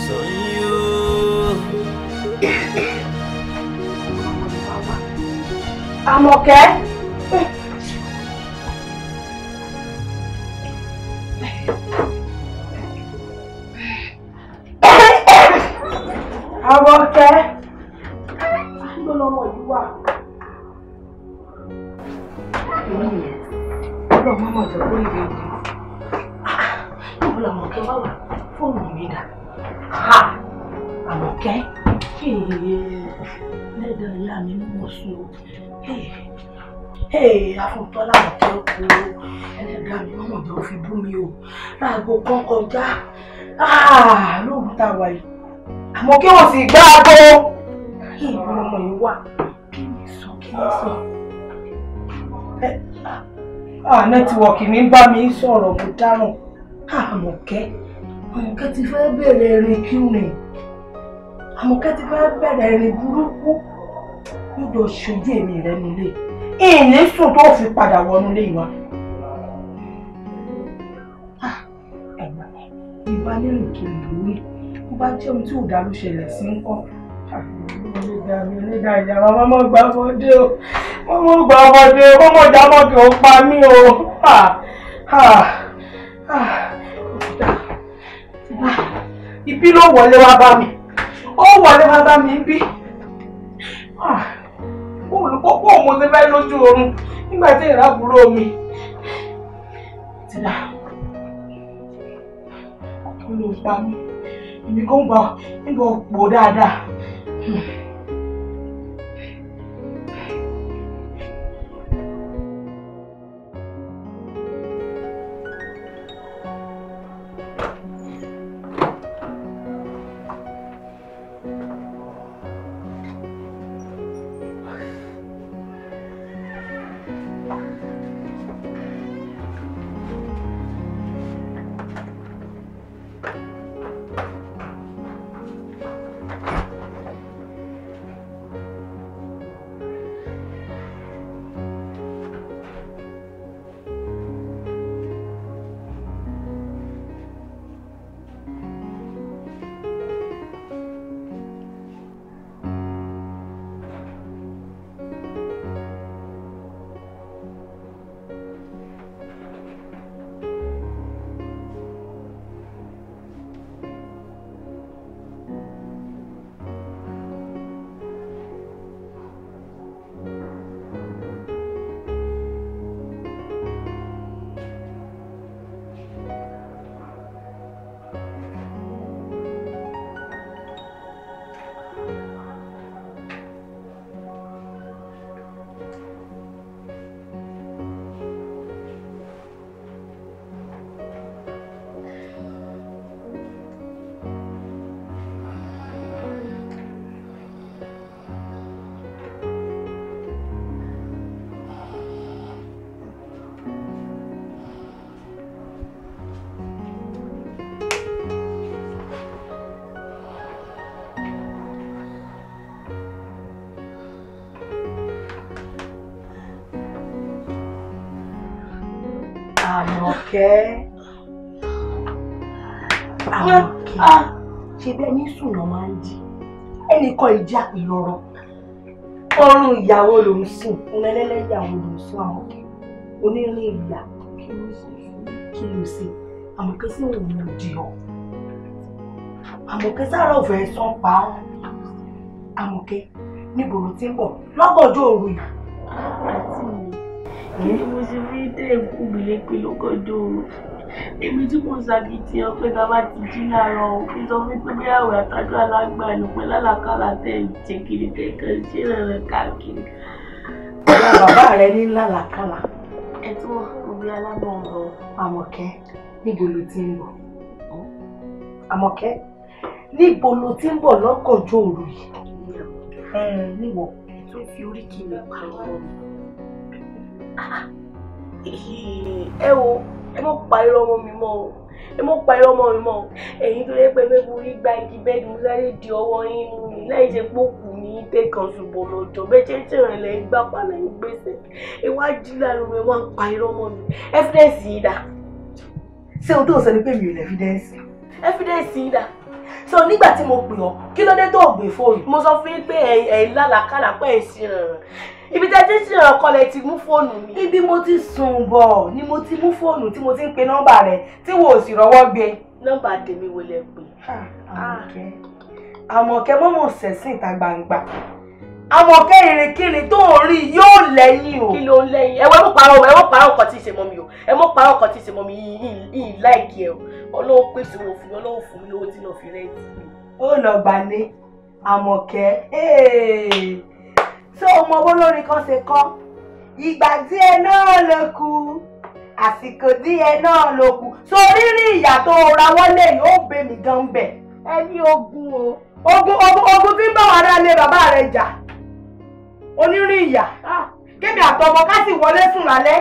So you. I'm okay. I'm okay. oṣù afúntọ́lá àti ọkọ̀ ẹlẹ́dàá mi wọ́n mọ̀jọ́ fi bú mi o láago kan kọjá ah, lóòrùn tá a wà yìí àmọ́ kí wọ́n sì gbá aago kí ìwọ ọmọ yìí wà kí ni sọ kí ni sọ. Ah, nẹ́tíwọ̀kì mi bá mi sọ̀rọ̀ kò dáràn ah, àmọ̀kẹ́ àmọ̀kẹ́ ti fẹ́ bẹ̀rẹ̀ ẹ̀rìn kí ni àmọ̀kẹ́ ti fẹ́ bẹ̀rẹ̀ ẹ̀rìn burúkú mo jọ ṣojú èmi rẹ nílé ìní sùn tó fi padà wọnú ilé wa. ìbálẹ̀rìn kiri lórí bó bá jẹ́ ohun tí ò dá ló sí ń kọ́. Ìyàrá ah, mọ́mọ́ gba ọmọdé o, mọ́mọ́ gba ọmọdé o, mọ́mọ́ jábọ̀ kí o pa mí o. Ah, ah, Ibi ló wọlé wá bá mi, ó wọlé wá bá mi bí olùkókó òun ti fẹ́ lójú oorun nígbà tí ìrábùrò mi ti dà kó ló ń pa mí èmi kò ń bọ̀ nígbà dáadáa. àmọ̀kẹ́ àmọ̀kẹ́ ah, ah. ṣe bẹ́ẹ̀ ní sùnà máa ń jí ẹnìkan ìjà ìrọ̀rọ̀ ọrùn ìyàwó ló ń sìn onẹlẹ́lẹ́ ìyàwó ló ń sún àmọ̀kẹ́ onírìn ìyà kí ló ṣe àmọ̀kẹ́ sí òun ló di ọ àmọ̀kẹ́ sára ọ̀fẹ́ sàn pa ọ́ àmọ̀kẹ́ níbo ló ti ń bọ̀ lọ́gọ̀ọ́jọ́ òru yìí. àti mi tẹ́ ń kú mi lépè lọ́gọ́dọ̀ èmi tí mo ṣàkìtì ọpẹ tá a bá ti jí láàárọ̀ òfin sọ fún pé bí àwẹ̀ àtàjọ alágbà ló pẹ́ lálàkàlà tẹ̀ ń jẹ kiri kẹ̀kẹ́ ṣé rẹ̀ káàkiri. ìyá bàbá rẹ ní lálàkàlà. ẹ tí wọn òbí alábọ̀nbọ̀. àmọ̀kẹ́ níbo ló ti ń bọ̀? àmọ̀kẹ́ níbo ló ti ń bọ̀ lọ́kànjọ́ òru yìí? níwọ̀ tó fi oríkì mi pààrọ̀ ẹ wo ẹ mọ̀ pa irọ́ ọmọ mi mọ́ o ẹ mọ̀ pa irọ́ ọmọ mi mọ́ o ẹ̀yin tó yẹ pé mẹ́bu gba igi bẹ́ẹ̀dì mo sáré di ọwọ́ yín mú mi láì ṣe pókù ní tẹ̀kàn ṣùgbọ́n lọ́jọ́ bẹ́ẹ̀ ṣe ń ṣèrìn lẹ́ gbá pálẹ̀ ń gbèsè ìwádìí lánàá mi wá ń pa irọ́ ọmọ mi evidence yìí dà. ṣé o tó sọ ni pé mi ò lè evidence. evidence yìí dà so nígbà tí mo pè ọ kí ló dé tó gbé fóònù. mo sọ fún yín pé ẹ̀yin lálàkàlà pé ẹ̀ sí rẹ̀ ibi tẹ́ ti ń ṣe ọkọ lẹ ti mú fóònù mi. ibi mo ti sùn bọ̀ ni mo ti mú fóònù tí mo ti ń pe nọ́mbà rẹ̀ tí wò ó sì rọ́wọ́ gbé. nọ́mbà tèmi wo lẹ pè. Ah. àmọ̀kẹ́ mọ́mọ́ sẹ̀sìn ìta gbangba àmọ̀kẹ́ ìrìnkìrìn tó ń rí yóò lẹ́yìn o. kí ló ń lẹ́yìn ẹ wọ́n mú parọ́ ẹ wọ́n parọ́ kan tí ì ṣe mọ́ mi o ẹ mọ́ parọ́ kan tí ì ṣe mọ́ mi yìí láìkí ẹ o ọlọ́wọ́ pèsè owó fún mi ọlọ́wọ́ fún mi lówó tí lọ́ọ́ fi rẹ́ẹ̀tì mi. ó lọ gbà ní àmọ̀kẹ́ tó o mọ owó lórin kan ṣe kọ́ ìgbà díẹ̀ náà ló kù àsìkò díẹ̀ náà ló kù sórí rí ìyà tó ra wọlé yìí ó bẹ mí gan bẹ. ẹbí ogun o. ogun ogun ogun tí ń bá wa dálé bàbá rẹ jà onírí ìyà ah. kébì àtọmọ ká sì wọlé sùn lálẹ́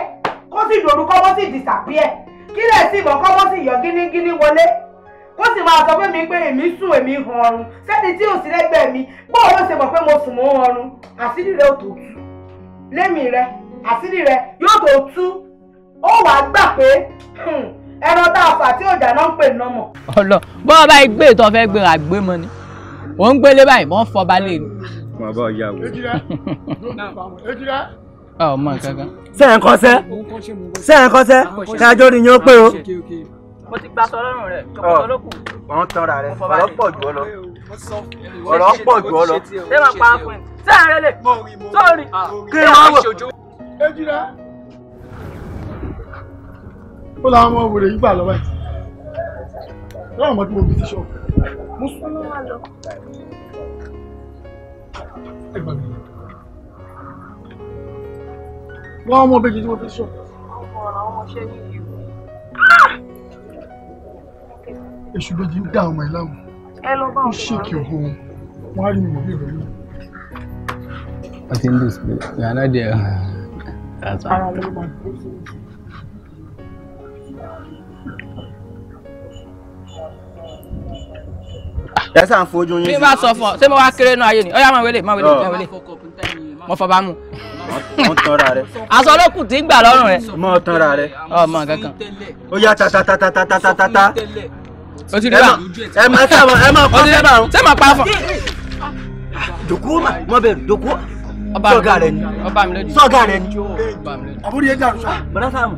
kó sì dòrú kọ́ bó sì dìsàpíẹ̀ kílẹ̀ sì mọ́ kọ́ bó sì yọ gínígíní wọlé kó sì máa sọ fún mi pé èmi sùn èmi hàn ọrùn sẹ́ni tí ò sí lẹ́gbẹ̀ẹ́ mi bóun ló ṣe mọ̀ pé mo sùn mò ń ọrùn àṣírí rẹ ò tó tú lẹ́mìí rẹ àṣírí rẹ yóò tó tú ó wàá gbà pé hmm, ẹran tá a fà tí òjà náà ń pè ní ọmọ. ọlọ bó o bá gbé ìtọ́ fẹ́ gbé àgbé mọ ni ò ń gbélé báyìí mọ́ fọ́ balẹ̀ ni. mo bá ọjà wò. ọmọ kankan. sẹ́yìn kọ́sẹ́ sẹ́yìn kọ́sẹ́ kájọ́ ni yóò pé o mo ti gbaṣọ lọ́rùn rẹ̀ ṣòkòtò ló kù. wọ́n tanra rẹ̀ ọ̀rọ̀ pọ̀ jù ọ lọ ọ̀rọ̀ pọ̀ jù ọ lọ. ṣé máa pa fún ẹ ṣé àárẹ̀ lè sórí kí ni wọ́n wò. ejira ó làwọn ọmọ wèrè yìí gbà lọ́wọ́ ẹ̀ lọ́wọ́ ọmọ tí mo fi ti ṣọ́ mo sún lọ́wọ́ lọ. wọ́n tí mo fi ṣọ́. ọmọ ọ̀rọ̀ àwọn ọmọ ṣẹ́ yìí èṣù lójì ń dá àwọn ọmọ ẹ láwọn ó ṣèkì òhun wọn wọn á rí mi ìwé rẹ. I think this you are not there. That's all. ẹ sà ń fojú yín. bí n bá sọ fún ọ ṣé mo wá kéré náà ayé ni ọyá máa wẹlé máa wẹlé oh. máa wẹlé mo fọba mu. mo tọra rẹ. aṣọ olókùn tí ń gbà lọ́rùn rẹ. mo tọra rẹ. ọmọ kankan. ó yá tatatatatatata o ti rí bá ẹ máa sábà ẹ máa kọ́ sábà o. ṣé màá pa fọ. ma mọ bẹ̀rù dòkú sọ̀gá rẹ ni sọ̀gá rẹ ni. àbúrò yẹn dàrú sá. bàdá Sáàmù.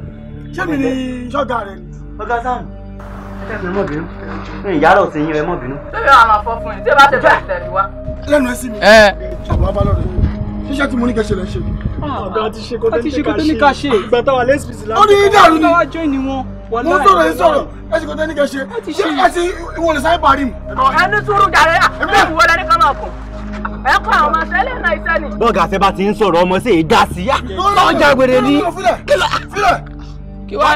ṣé mi ni sọ̀gá rẹ ni. ọ̀gá Sáàmù ẹ mọ̀ bínú ìyára ọ̀sẹ̀ yín ẹ mọ̀ bínú. sẹ́mi àwọn àfọ fún yín tí ẹ bá ṣe bẹ́ẹ̀ tẹ̀lé wa. lẹ́nu ẹ sí mi. ṣàbọ̀ abalọ̀ rẹ̀ ṣíṣẹ́ tí mo ní kẹ́ ṣe lẹ́ ṣe. Ah, ọ̀gá ti ṣe kó tẹ́lẹ̀ ká ṣe. àti ní dàrú ni. ó ní dàrú ni mo sọ̀rọ̀ yìí sọ̀rọ̀ ẹ ti kò tẹ́ni kẹ́ ṣe ṣé ẹ ti ìwọ lè sáré parí mi. ẹni túrú dàrẹ́ à bẹ́ẹ̀ wọlé ní kọ́mọ̀ kù ẹ kọ́ àwọn ọmọ ṣẹlẹ̀ náà iṣẹ́ ni. bọ́ọ̀gà ṣe bá ti ń sọ̀rọ̀ ọmọ sí ìdá sí yá lọ́jà gbèrè ni. kí wá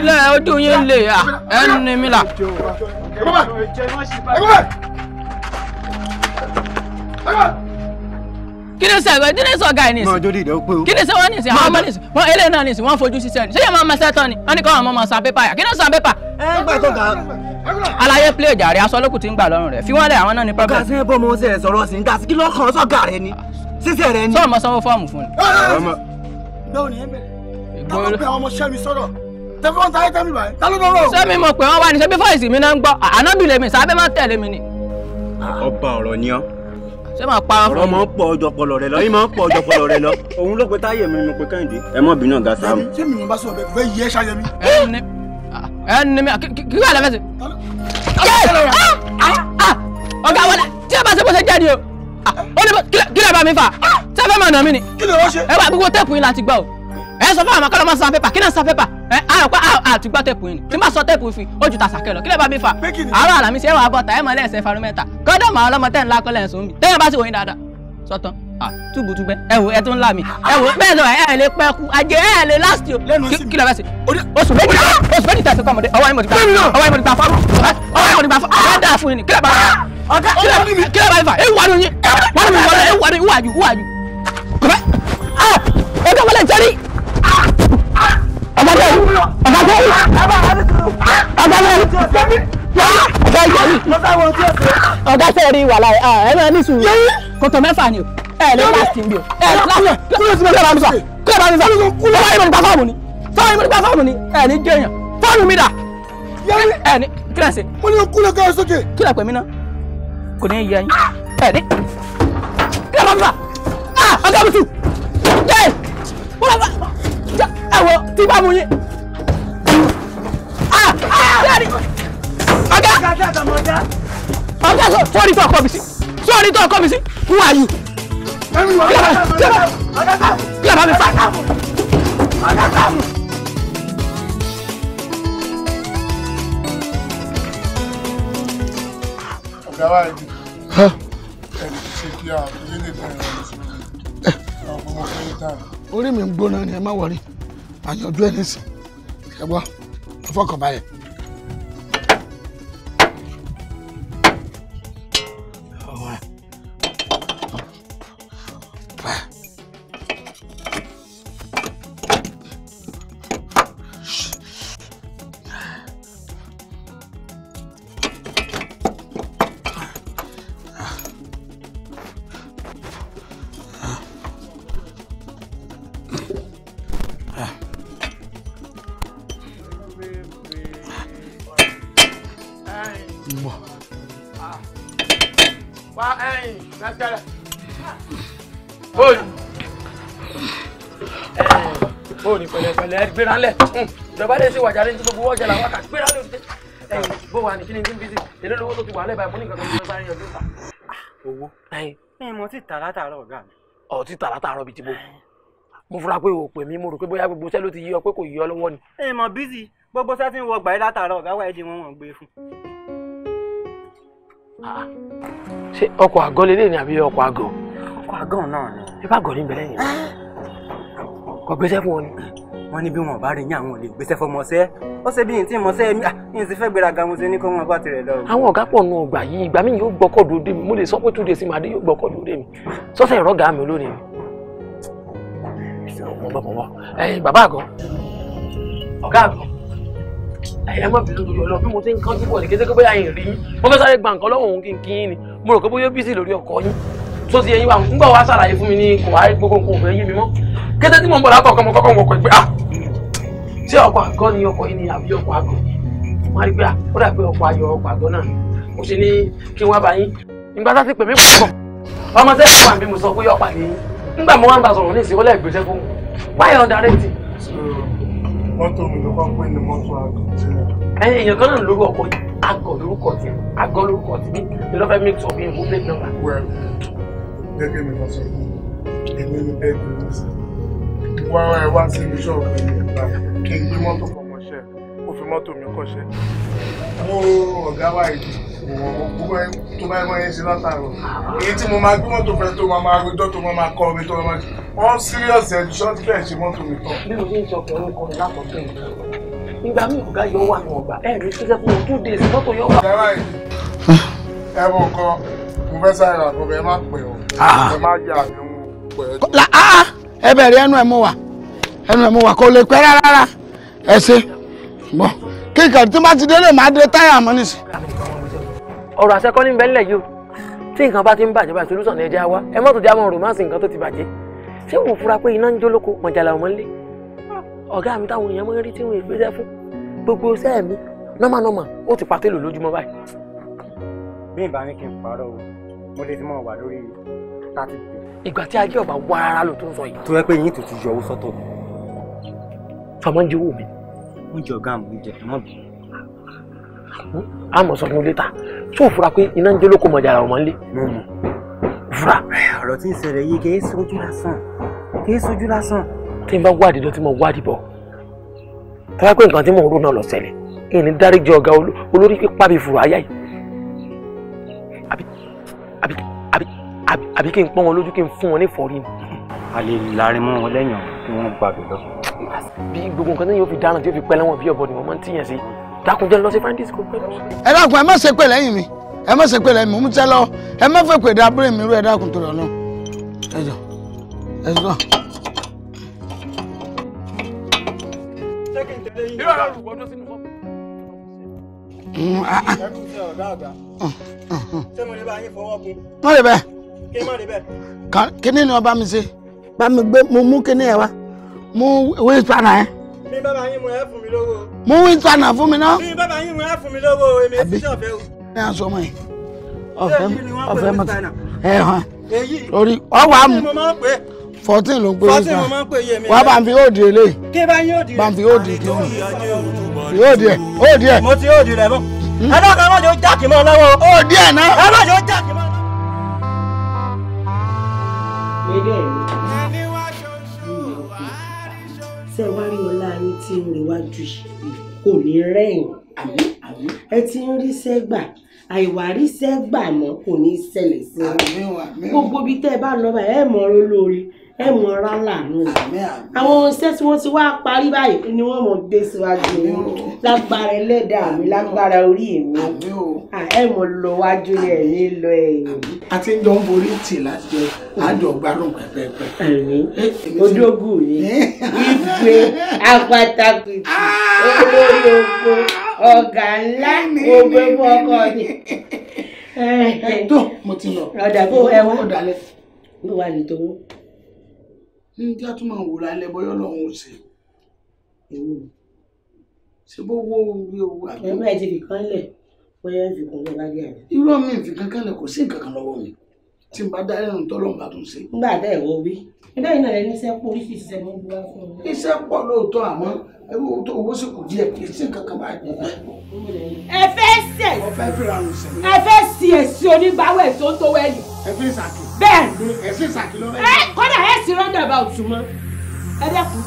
ilé ojú yín lè à ẹnu ni mí là. ẹ kọ́ bẹ́ẹ̀ ẹ kọ́ bẹ́ẹ̀ kí ni sẹ́wọ̀n kí ni sọ ọ̀gá ẹ̀ nìsín. náà jóde ìdẹ́wọ́ pé o. kí ni sẹ́wọ́n nìsín àwọn ọmọ nìsín wọn eléyìí náà nìsín wọn fojú sísẹ́ ni ṣé yẹn máa ma sẹ́tọ̀ ni wọn ní kọ́ àwọn ọmọ máa san pépà yà kí ni san pépà. ẹ gbà tó ga. aláyé play jàre aṣọ lókùn ti ń gbà lọ́rùn rẹ̀ fi wọ́n lẹ̀ àwọn náà ní problem. gàsí ẹ bọ́ mọ sí ẹ sọ̀rọ̀ sí gàsí kí lọ́kàn sọ̀gà rẹ ni sísẹ rẹ ni. sọ́ọ̀mọ sanwó fọ́ọ̀mù fún ni tẹfọn ta ayẹtẹ mi báyìí ta ló dọrọ. sẹ́mi mo pè wọ́n wá ní sẹ́mi fọ́ọ̀sì mi náà ń gbọ́ ànábìlẹ̀ mi sábẹ́ máa tẹ̀lé mi ni. ọba ọ̀rọ̀ ni ọ́ ṣé máa pa fún mi. ọmọ ń pọ ọjọ́ pọlọ rẹ lọ ìmọ̀ ń pọ ọjọ́ pọlọ rẹ lọ òun ló pe táyé mi ni mo pe kẹ́hìndé ẹ mọ̀ bínú ọ̀gá sáà mu. ṣé mi ò bá sọ bẹ́ẹ̀ kò fẹ́ yí ẹ ṣáyẹmí. ẹni ẹni mi kí wàá lẹ́fẹ̀ẹ́ sí. Ah, ah, ah! ọ̀gá wọlé tí ẹ bá ṣe bó ṣe jẹ́ o ó ní kí lè bá mi fà sẹ́fẹ̀ mọ̀ nà mí ni. kí lè wọ́n ṣe. ẹ bá gbogbo tẹ́ẹ̀pù yín láti gbọ́ o ẹ sọ fún àwọn akọ́lọ́ máa san pépà kí náà san pépà ẹ ayọ̀ pé àti gbọ́ tẹ̀pù yìí tí n bá sọ tẹ̀pù fi ó ju tàṣà kẹlọ kí lè bá mi fà àárọ̀ àlàmísì ẹwà bọ́ta ẹ mọ̀lẹ́ ẹsẹ̀ farú mẹ́ta kọ́dọ̀ màá ọlọ́mọ tẹ́ ń la kọ́lẹ̀ ẹ̀sùn mi tẹ́yìn bá sì wòyìn dáadáa sọ́tàn túbùtúbẹ́ ẹ wò ẹ tó ń là mí ẹ wò bẹ́ẹ̀ lọ ẹ lè pẹ́ kú ajé ẹ lè last year kí lè bá ṣe oṣù méjì oṣù méjì tẹ̀sí kọ́mọdé ọwọ́ yín mo ti gbà ọwọ́ yín mo ti gbà fọ́ọ̀mù ọwọ́ yín mo ti gbà fọ́ọ̀mù ẹ dáa fún yín ni kí lè bá ọ̀gá ọ̀gá tẹ́ rí wàhálà ẹ̀ ẹ̀ máa ní sùúrù kòtò mẹ́fà ni o ẹ̀ lè láti ń bí o ẹ̀ láti ń bí o kúlẹ̀ bá mi sà kúlẹ̀ bá mi sà kúlẹ̀ bá mi gba fọ́ọ̀mù ni sọ́wọ́n yìí mo gba fọ́ọ̀mù ni ẹ̀ ní jẹ́yàn fọ́ọ̀mù mi dà ẹ̀ ní kílẹ̀ ṣe. mo ní kúlẹ̀ kẹ́ ẹ sókè. kílẹ̀ pẹ̀ mí náà kò ní í yẹ yín ẹ̀ ní kílẹ̀ bá mi sà ọ̀gá mi sù ẹ wọ tí bá mú yín. Ah, ah, ọ̀gá ọ̀gá sọ sọ́ọ́rí tó ọkọ mi sí sọ́ọ́rí tó ọkọ mi sí who are you. kí ló bá mi fà á. ọ̀gá wa ni ẹni tí ṣe kí a fi lélẹ̀ tẹ̀lé ọ̀rọ̀ orí mi ń gbóná ni ẹ má wọrí àyànjú ẹ nísìn ẹ gbọ́ ẹ fọkànbalẹ̀. gbéra ńlẹ̀ hmm, ìjọba dẹ̀ ṣe wàjà lẹ́yìn tí gbogbo ọjà làwọn kà gbéra lórí tẹ ẹ̀yìn bó wà ní kí ni kí n bí sí èlé lówó tó ti wà lẹ́bàá mo ní nǹkan tó ń bá yẹn ọdún ta. Ah, owó ẹ mo ti tà látàárọ̀ ọ̀gá mi. ọ̀ ti tà látàárọ̀ bíi ti bó mo fura pé o pè mí mo rò pé bóyá gbogbo iṣẹ́ ti yí ọ pé kò yí ọ lọ́wọ́ ni. ẹ mọ bísí gbogbo iṣẹ́ tí ń wọ gbàyè látàárọ̀ ọ̀gá wa ẹ wọn wọn gbé e fún. Ah, ṣé ọkọ̀ àgọ́ lélẹ̀ ni àbí ọkọ̀ àgọ́. ọkọ̀ àgọ́ náà ni. ẹ bá gọ̀ ní bẹ̀rẹ̀ yẹn ah. kò gbéṣẹ́ fún ọ ni wọ́n ní bí wọn bá rí yín àwọn olè gbèsè fọmọṣẹ́ ó ṣe bí n tí mọṣẹ́ mi n sì fẹ́ gbéraga mo ti ní kó wọn bá tirẹ̀ lọ. àwọn ọ̀gá pọ̀ nù ọgbà yìí ìgbà mi yóò gbọ́kọ̀ dúró dé mi mo lè sọ pé two days máa dé yóò gbọ́kọ̀ dúró dé mi sọ́sẹ̀ ìrọ́gà mi lónìí. ẹyin bàbá àgọ́ ọ̀gá àgọ́ ẹ má bínú lórí ọlọ́ bí mo ti ń kánjú bọ̀ ní kété kó bóyá yín rí yín mo fẹ́ sáré gba nǹkan lọ́wọ́ òun kí n kí yín ni mo rò pé bóyá bísí lórí ọkọ yín tó ti yẹ yín wà ń gbọ́ wá sàlàyé fún mi ní kò wá gbogbo nǹkan òfin yín mi mọ́ kété tí mo ń bọ̀ látọ̀ kan mo kọ́kọ́ wọkọ̀ pé ah ṣé ọkọ̀ àgọ́ ni ọkọ̀ yìí ni àbí ọkọ̀ àgọ́ mo rí pé ah ó dà pé ọkọ̀ ayọ̀ ọkọ̀ àgọ́ náà mo ṣe ní kí wọ́n bá yín ìgbà tá ti pè mí pọ̀ ọmọ tẹ́ ẹ̀ pàmì mo sọ pé ọ̀pá yìí nígbà mo wá ń bá sọ̀rọ̀ ní ìsìn ó lẹ́ẹ̀ gbèsè fún wáyà ọ̀dà rẹ̀ ti. mọ́tò mi ló bá pè ní mọ́tò àgọ́ tiẹ̀. ẹyin èèyàn kan náà lórúkọ ọkọ àgọ́ lórúkọ tiẹ̀ àgọ́ lórúkọ tiẹ̀ ní lọ́fẹ́ mi sọ fún yẹn mo plate number. wẹ́ẹ̀ gẹ́gẹ́ mi lọ sọ fún mi èmi ni bẹ́ẹ̀ ni mo sọ wá ẹ wá sí ibi ṣọ́ọ̀bù kí n gbé mọ́tò kan mọ́ṣẹ́ kó fi mọ́tò mi kọ́ṣẹ́. mo ọ̀gá wa yìí gbogbo ẹ tó bá ẹmọ yẹn ṣe látàrọ èyí tí mo máa gbé mọ́tò fẹ́ tó máa máa rojọ́ tó máa máa kọ́ mi tó máa wọ́n serious ẹ̀ ṣọ́ọ́tì fẹ́ ṣe mọ́tò mi tán. bí mo ṣe ń sọ pé orúkọ mi lákọ̀ọ́kọ́ yìí ìgbà mi ọ̀gá yọ wà ní ọgbà ẹ̀ rí sílẹ̀ fún two days mọ́tò yọ wà. yàrá yìí ẹ kan mo fẹ́ sáré àgbọ̀bẹ̀ ẹ má pè ọ́ ah. ẹ má yà mí ẹ bẹ̀rẹ̀ ẹnu ẹ̀ mú wà ẹnu ẹ̀ mú wà kò lè pẹ́ rárá ẹ ṣe bọ̀ kíkà tí bá ti délé máa dé táyà mọ́ nísì. ọ̀rọ̀ àṣẹ kọ́ ní bẹ́ẹ̀ yìí o tí nǹkan bá ti ń bàjẹ́ báyìí solúsàn ẹ̀ já wa ẹ mọ́tò já mọ́ rọ̀mánsì nǹkan tó ti bàjẹ́ ṣé wò fura pé iná ń jó lóko mọ̀jàlá ọmọ ńlẹ̀ ọ̀gá mi táwọn èèyàn máa ń rí tí wọ́n èèyàn fún gbogbo iṣẹ́ mi nọ́mà nọ́mà ó ti pàtẹ́ lò lójúmọ́ báyìí. bí ìbá ní kí n parọ́ o mo lè ti mọ̀ wà lórí thirty ìgbà tí ajé ọba wá ara ló tó ń sọ yìí. tó yẹ pé yín tètè yọ owó sọ́tọ̀ mi. fọmọ ń jẹ́wọ́ mi. oúnjẹ ọ̀gá mi oúnjẹ ẹ má bìí. a mọ̀ sọ fún un létà tó o fura pé iná ń jẹ́ lóko mọ̀jà àwọn ọmọ ńlẹ̀. mo mọ̀ fura. ọ̀rọ̀ tí ń ṣẹlẹ̀ yìí kì í sojú lásán kì í sojú lásán. tí n bá wádìí lọ tí mo wádìí bọ̀ tó yẹ pé nǹkan tí mò ń rò náà lọ ṣẹlẹ̀ kí ni dáríjì ọ̀gá olórí pípa mi fura ayá yìí àbí kí n pọ́n wọn lójú kí n fún wọn ní ìfọ̀rí ni. a lè láre mọ́ wọn lẹ́yìn ọ̀hún kí wọ́n gbàgbé lọ. bí gbogbo nǹkan tẹ́yìn yóò fi dáràn tí yóò fi pẹ́ lẹ́wọ̀n bí ọ̀bọ ni wọ́n máa ń tíyàn sí dákunjẹ́ lọ sí fáńdísì kò pẹ́ lọ. ẹ dákun ẹ má ṣe pé lẹ́yìn mi ẹ má ṣe pé lẹ́yìn mi mo tẹ́ lọ ẹ má fẹ́ pé dábìrì mi rú ẹ dákun tó lọ náà ẹ jọ ẹ jọ kí n má débẹ̀. kíní ni ọba mi ṣe bá mi gbé mo mú kíní ẹ wá mú wíṣpánà ẹ. mi bàbá yín mú ẹ fún mi lówó. mú wíṣpánà fún mi náà. mi bàbá yín mú ẹ fún mi lówó èmi èsì tí ọ̀fẹ́ o. ní aṣọ ọmọ yìí ọ̀fẹ́ ọ̀fẹ́ mọ ẹ hàn lórí ọwọ́ àmú fourteen ló ń pè wíṣpánà wà bá ń fi òdì eléyìí bá ń fi òdì kíní fi òdì ẹ òdì ẹ. mo ti òdì rẹ mọ ẹ náà kàn mọ́jọ́ jákè mọ́ lọ́wọ́. òdì ẹ náà. ẹ mọ́jọ́ jákè mọ́ mẹ́lẹ̀ mi ṣe wá rí ọlá yín tí ń rewájú yìí kò ní rẹ́yìn àbí àbí ẹ ti ń rí sẹ́gbà àìwárí sẹ́gbà mọ́ kò ní ṣẹlẹ̀ sí i gbogbo ibi tẹ́ ẹ bá lọ bá ẹ mọ̀ ọ́ lórí ẹ mọ rálà náà àwọn iṣẹ́ tí wọ́n ti wá parí báyìí ni wọ́n mọ̀ gbé síwájú mi lágbára ẹlẹ́dàá mi lágbára orí mi ẹ mọ lọ wájú ni ẹ ní lọ ẹ̀yìn. a ti ń jọ ń borí tì láti àjọ gbádùn pẹpẹpẹ. odógùn ni ìgbé apátákìtì ah! olórí oko ọ̀gá ńlá gbogbo ẹ̀kọ́ ọkọ ni. tó mo ti lọ. ọ̀dà kó ẹ wá. ó dalẹ̀. ló wà ní tòun ní kí a tún máa wòrà ilẹ̀ bọ́yọ́ lọ́hùn sí. ṣé bó wo orí owó àgbẹ̀. ẹ̀rọ ẹ̀ ti fi kan lẹ̀ bóyá ẹ̀ fi kún lọ bá díẹ̀. irọ́ mi fi kankan lẹ̀ kò sí nǹkan kan lọ́wọ́ mi tí n bá dá ẹ̀rùn tọ́lọ́mùbá tún ṣe. nígbà tá ẹ̀ wọ́n wí ìdá yìí náà ẹni iṣẹ́ pọ̀ oríṣiríṣi iṣẹ́ ní ìlú wa fún mi. iṣẹ́ pọ̀ lóòótọ́ àmọ́ ẹbí owó tó owó sì kù díẹ̀ kì í sí nǹkan kan báyìí. ẹ fẹ́ sẹ̀ ẹ fẹ́ sí èsì onígbàwẹ̀ tó ń tó wẹ̀lì. ẹ fi sàkì. bẹ́ẹ̀ ẹ fi sàkì lọ́rẹ́. ẹ kọ́dà ẹ sì rọ́ndà bá òtù mọ́ ẹ dẹ́kun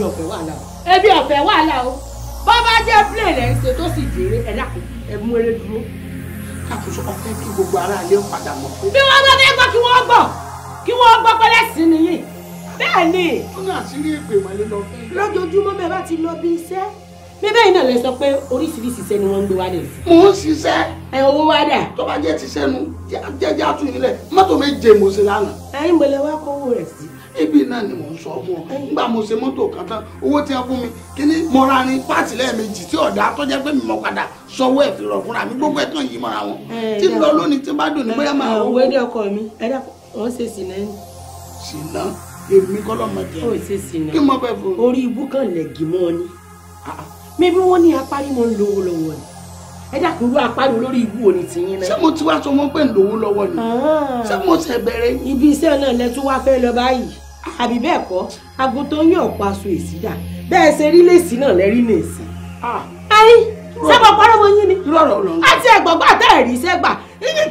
ebi ọ̀fẹ́ wàhálà o. ebi ọ̀fẹ́ wàhálà o bọ́ bá jẹ́ plẹ̀ lẹ́ ń ṣe tó sì jèrè ẹ dàkún ẹ mú eré dúró. kàkóso ọ̀fẹ́ kí gbogbo ara padà mọ̀ bí wọ́n bá fẹ́ gbọ́ kí wọ́n gbọ́ kí wọ́n gbọ́ pẹ́lẹ́ sí nìyí bẹ́ẹ̀ ni. ó ní àṣírí èpè mọ́lẹ́ lọ. lójoojúmọ́ bẹ́ẹ̀ bá ti lọ bí iṣẹ́ bíbẹ́ yìí náà lè sọ pé oríṣiríṣi iṣẹ́ ni wọ́n ń gbé wálé. mò ń ṣiṣẹ́. ẹ owó wá dà. tó bá jẹ́ tiṣẹ́ nu jẹ́jẹ́ àtún yìí lẹ̀ mọ́tò méje mo ṣe lánàá. ẹyin mo lè wá kówó rẹ̀ sí. ibi náà ni mò ń sọ fún ọ nígbà mo ṣe mọ́tò kan tán owó tí wọ́n fún mi kíní mo ra ní pààtì lẹ́ẹ̀mejì tí ọ̀dà tó jẹ́ pé mi mọ̀ padà sọwọ́ ẹ̀ fúnra mi gbogbo ẹ̀ kàn yí mọ́ra wọn. tí lọ lónìí tí bá dùn ní bóyá máa wọ wọ́n ṣe sìnà ni. sìnà èmi kọ́ lọ́mọ jẹ́. ó ṣe sìnà kí mo bẹ fún. orí ibú kan lẹ̀gì mọ́ ni. mẹ́bí wọ́n ní apárí mo ń lówó lọ́wọ́ ni ẹ dàkú irú apárí olórí ibú òní tìyín náà. ṣé mo ti wá sọ wọn pé ń lówó lọ́wọ́ ni. ṣé mo ṣe bẹ̀rẹ̀. ibi iṣẹ́ náà lẹ tún wá fẹ́ lọ báyìí àbí bẹ́ẹ̀ kọ́ aago tó ń yàn pa aṣọ èsì dà sẹ́gbọ̀n pọ́nrọ́mọ yín ni àti ẹ̀gbọ̀ngbà tẹ́ ẹ̀ rí sẹ́gbà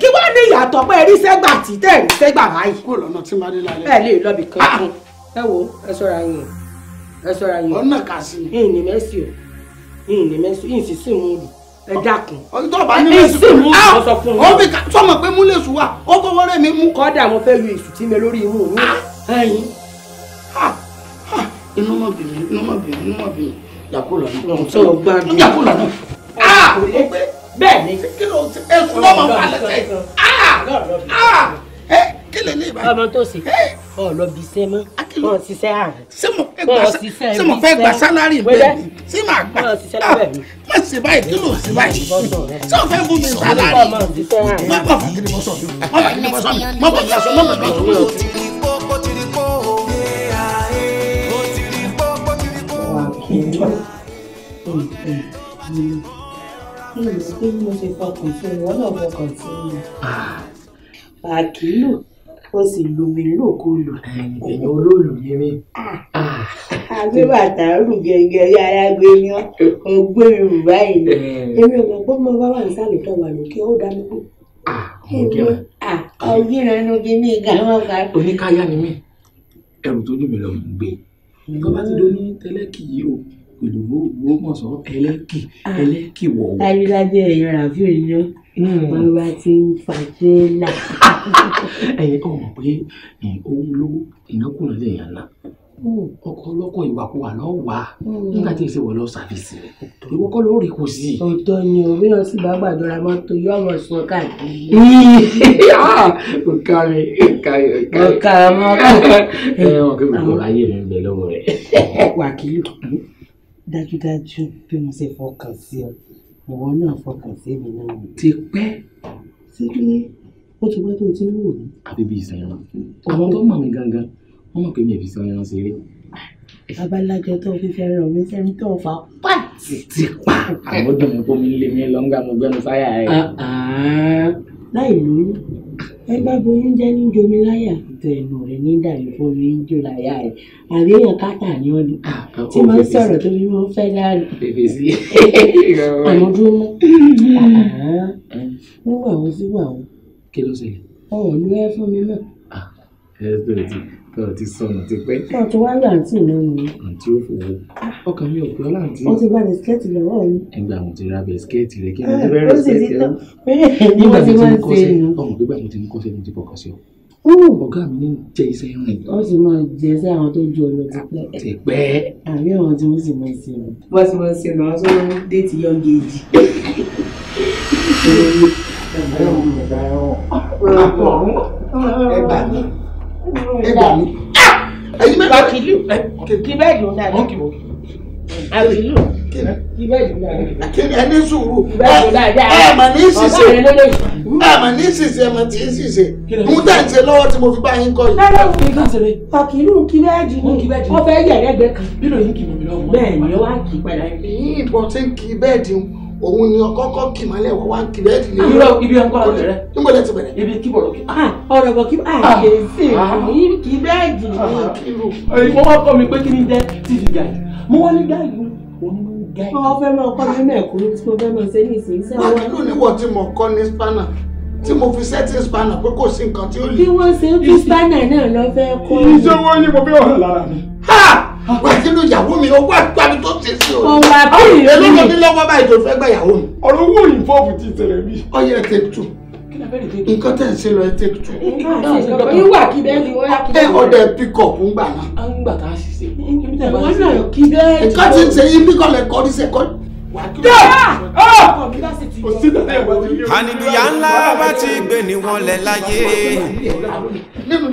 kí wọ́n ní ìyàtọ̀ pé rí sẹ́gbà tí tẹ́ ẹ̀ rí sẹ́gbà báyìí. kúrò lọ́nà tí máa dé lálẹ́. ẹ lè lọ bì kan ah, ah. ẹ wo ẹ sọ́ra yín ẹ sọ́ra yín. ọ̀nà kà sí i. mẹ́sì o ìyìn ní mẹ́sì ìyìn sì sí mú lù ẹ dákun. ọjọ́ bá ní mẹ́sì kò mú ọ sọ fún mi. ó fi sọmọ pé mú lè sùn wá ó fọwọ́ rẹ̀ mi mú. kọ́dà mo fẹ́ yọ èsù tí mi lórí imú mi. ẹyin inú mọ̀ inú mọ̀ bìmí inú mọ̀ bìmí yàkó lọ́nà. yàkó lọ́nà bẹ́ẹ̀ ni ẹ̀sùn lọ́mọ ń balẹ̀ tẹ̀ kílẹ̀ ní ìbáyìí. ọmọ tó sì ọ lọ bí iṣẹ́ mọ́ ọ ṣiṣẹ́ àrùn. ṣé mo fẹ́ gba sálárì bẹ́ẹ̀ ni ṣé màá gbà má ṣe báyìí kí ló ṣe báyìí ṣé o fẹ́ bú mi sálárì má bà fún kiri mọ́sọ̀ mi má bà kiri mọ́sọ̀ mi má bà kiri mọ́sọ̀ mi má bà kiri mọ́sọ̀ mi. Thank you èyí pé mo ṣe fọkàn fún wọn náà fọkàn sí mi. Ah. bàákì lò ó sì lù mí lòkulò. Ah, ẹ̀yin olóòlù ni mí. Ah. àgbẹ̀ bàtà rù gẹ́gẹ́ bí alágbé ni ó gbé mi rù báyìí. Eh. èmi ò mọ̀ pé mo bá wà nísàlẹ̀ tó wà lókè ó dá mi pọ̀. ọ̀gbìn rẹ̀ nu kí ní ìgbà wọn bá. oníkáyà ni mí ẹrù tó jù mí lọ gbé. tó bá ti dóní tẹ́lẹ̀ kì í o pẹ̀lú Ògbómọ̀ṣọ́ ẹlẹ́kì ah. ẹlẹ́kì wọ̀wọ̀. ayélujáde ẹ̀yàn ràfíù ni hmm. wọ́n bá ti ń fa tírélà. ẹ̀yin ọ̀ mọ̀ pé ohun lówó ìnákùnà lè yàn náà hmm. ọkọ ọlọ́kọ̀ ìwàkuwà lọ wà hmm. nígbà tí èsì wọ lọ sàfìsì rẹ ìwọ kọ́ ló rí kò sí. ọ̀tọ̀ ni òwe náà sì bá gbàdúrà mọ́tò yóò mọ̀ sún ọ káàkiri. ọ̀ka mi ọ̀ka mi ọ̀ka mi ọ̀ka mi ọ̀ka mi ọ̀ka mi ọ̀ka mi ọ̀ka mi ọ̀ka mi ọ̀ka mi ọ̀ka mi ọ̀ka mi ọ̀ka dájúdájú bí mo ṣe fọkàn sí ọ ìwọ náà fọkàn sí mi náà. ti pẹ́ sí pé ó ti pẹ́ tó ti ń wò ní. àbí bí ìsàn ẹran àwọn tó mọ̀ mí gangan wọ́n mọ̀ pé mi ò fi sọ ẹran ṣeré. babalájọ tó fi fẹ́ ràn mí sẹ́ni tó fà pàtì. ti pa àwọn dùn mí kó mi lé mi lọ́ngbà mo gbẹ́nu sáyà ẹ̀. Ah, ah. láì lóyún ẹ bá boyún jẹ́ ní jomi láyà tẹnu rẹ̀ ní dàbí fún mi ń jò láyà rẹ̀ àríyàn kátà ni wọ́n ah, ti máa ń sọ̀rọ̀ tó bí wọ́n fẹ́ láàrin. àmọ́ dúró mọ́ wọ́n wà wọ́n sí wà wọ́n. kí ló ṣe. ọ̀ọ́ ló ẹ fún mi náà. Ah, ẹ ẹ tó lè ti ọ ti sọnù ti pẹ́. ọ tó wá láǹtì náà ni. àǹtí ò fowó ọkàn mi ò pé ọ láǹtì. wọ́n ti gba bisikẹ́ẹ̀tì lọ́wọ́ mi. ẹgbẹ́ àwọn ti ra bisikẹ́ẹ̀tì rẹ kí ni wọ́n bẹ̀rẹ̀ bisikẹ́ẹ̀tì rẹ. ní wọ́n ti máa ń ṣe é. ọmọ gbígbà mo ti ní kọ́sẹ́ mo ti fọkàn sí ọ. ọ̀gá mi ń jẹ iṣẹ́ rìn. ó sì máa jẹ sí àwọn tó ju ọlọ ti pẹ́. ti pẹ́. àbí àwọn tí wọ́n sì máa ń ṣe rẹ̀. wọ́n sì máa ń ṣe náà sọ déètì yọ̀ngéèjì. ẹ bá mi egbò mi. Ah! ẹyin mẹ́ta kìlú kí bẹ́ẹ̀ ló dáa. mọ́kì mọ́kì. àkìlú kí bẹ́ẹ̀ ló dáa. kí ẹni sùúrù ẹ mà ní ìṣiṣẹ́ ẹ mà ní ìṣiṣẹ́ ẹ mà tí ń ṣiṣẹ́ mú tẹ̀ ń ṣe lọ́wọ́ tí mo fi bá yín kọ́ yìí. rárá òun kì í kàṣẹ̀rẹ̀. àkìlú kí bẹ́ẹ̀ jù ní ọ̀fẹ́ yẹ̀rẹ́gbẹ́ kan. bí lóyún kì í mi lọ́wọ́. bẹ́ẹ̀ ni wọ́n á kì í padà. ìyí ìbọn ti ń kì í bẹ́ẹ̀ dín òun ni ọkọ̀ọ̀kọ̀ kì máa lẹ̀ wá kì bẹ́ẹ̀ tì lé. ibi ọkọ̀ la bẹ̀rẹ̀. níbo lẹ ti bẹ̀rẹ̀. ibi kíbọ̀ lókè. Ah, ọ̀rọ̀ bọ̀ kíbọ̀ àkèésì ah. ah, kì bẹ́ẹ̀ jì mo wá kọ́ mi pé kí ni jẹ́ tv guy mo wá ní guy mi òun guy. wọ́n fẹ́ máa kọ́ mi mẹ́ẹ̀kúrú tí mo fẹ́ máa ṣe ní ìsìn iṣẹ́ wọn. wọ́n ní wọ́n ti mọ̀ kọ́ ní spanner tí mo fi setting spanner pé kò sí nǹkan tí ó lè. bí wọ́n ṣe ń fi spanner náà lọ fẹ́ kọ́. iṣẹ́ ni mo fẹ́ ọ̀rọ̀ lára mi. ha wà sínú ìyàwó mi owó àgbà mi tó ṣe sí o. ọwọ́ àbí mi. olóògbé mi lọ́wọ́ báyìí tó fẹ́ gba ìyàwó mi. ọ̀rọ̀ owó ìfọ́ọ̀fù ti tẹ̀lé mi. ọyẹ take two nǹkan tẹ̀ ń ṣe lọ ẹ take two. ìwà kí bẹ́ẹ̀ ni wọ́n ẹ ọdẹ pick up ń gbà náà. a ń gbà tá a sì ṣe. ìwọ náà kí bẹ́ẹ̀. nǹkan ti ṣe yín pick up kọ́ ní sẹ́kọ́ndì ànìdìyà ńlá bá ti gbé ni wọ́n lẹ̀ láyé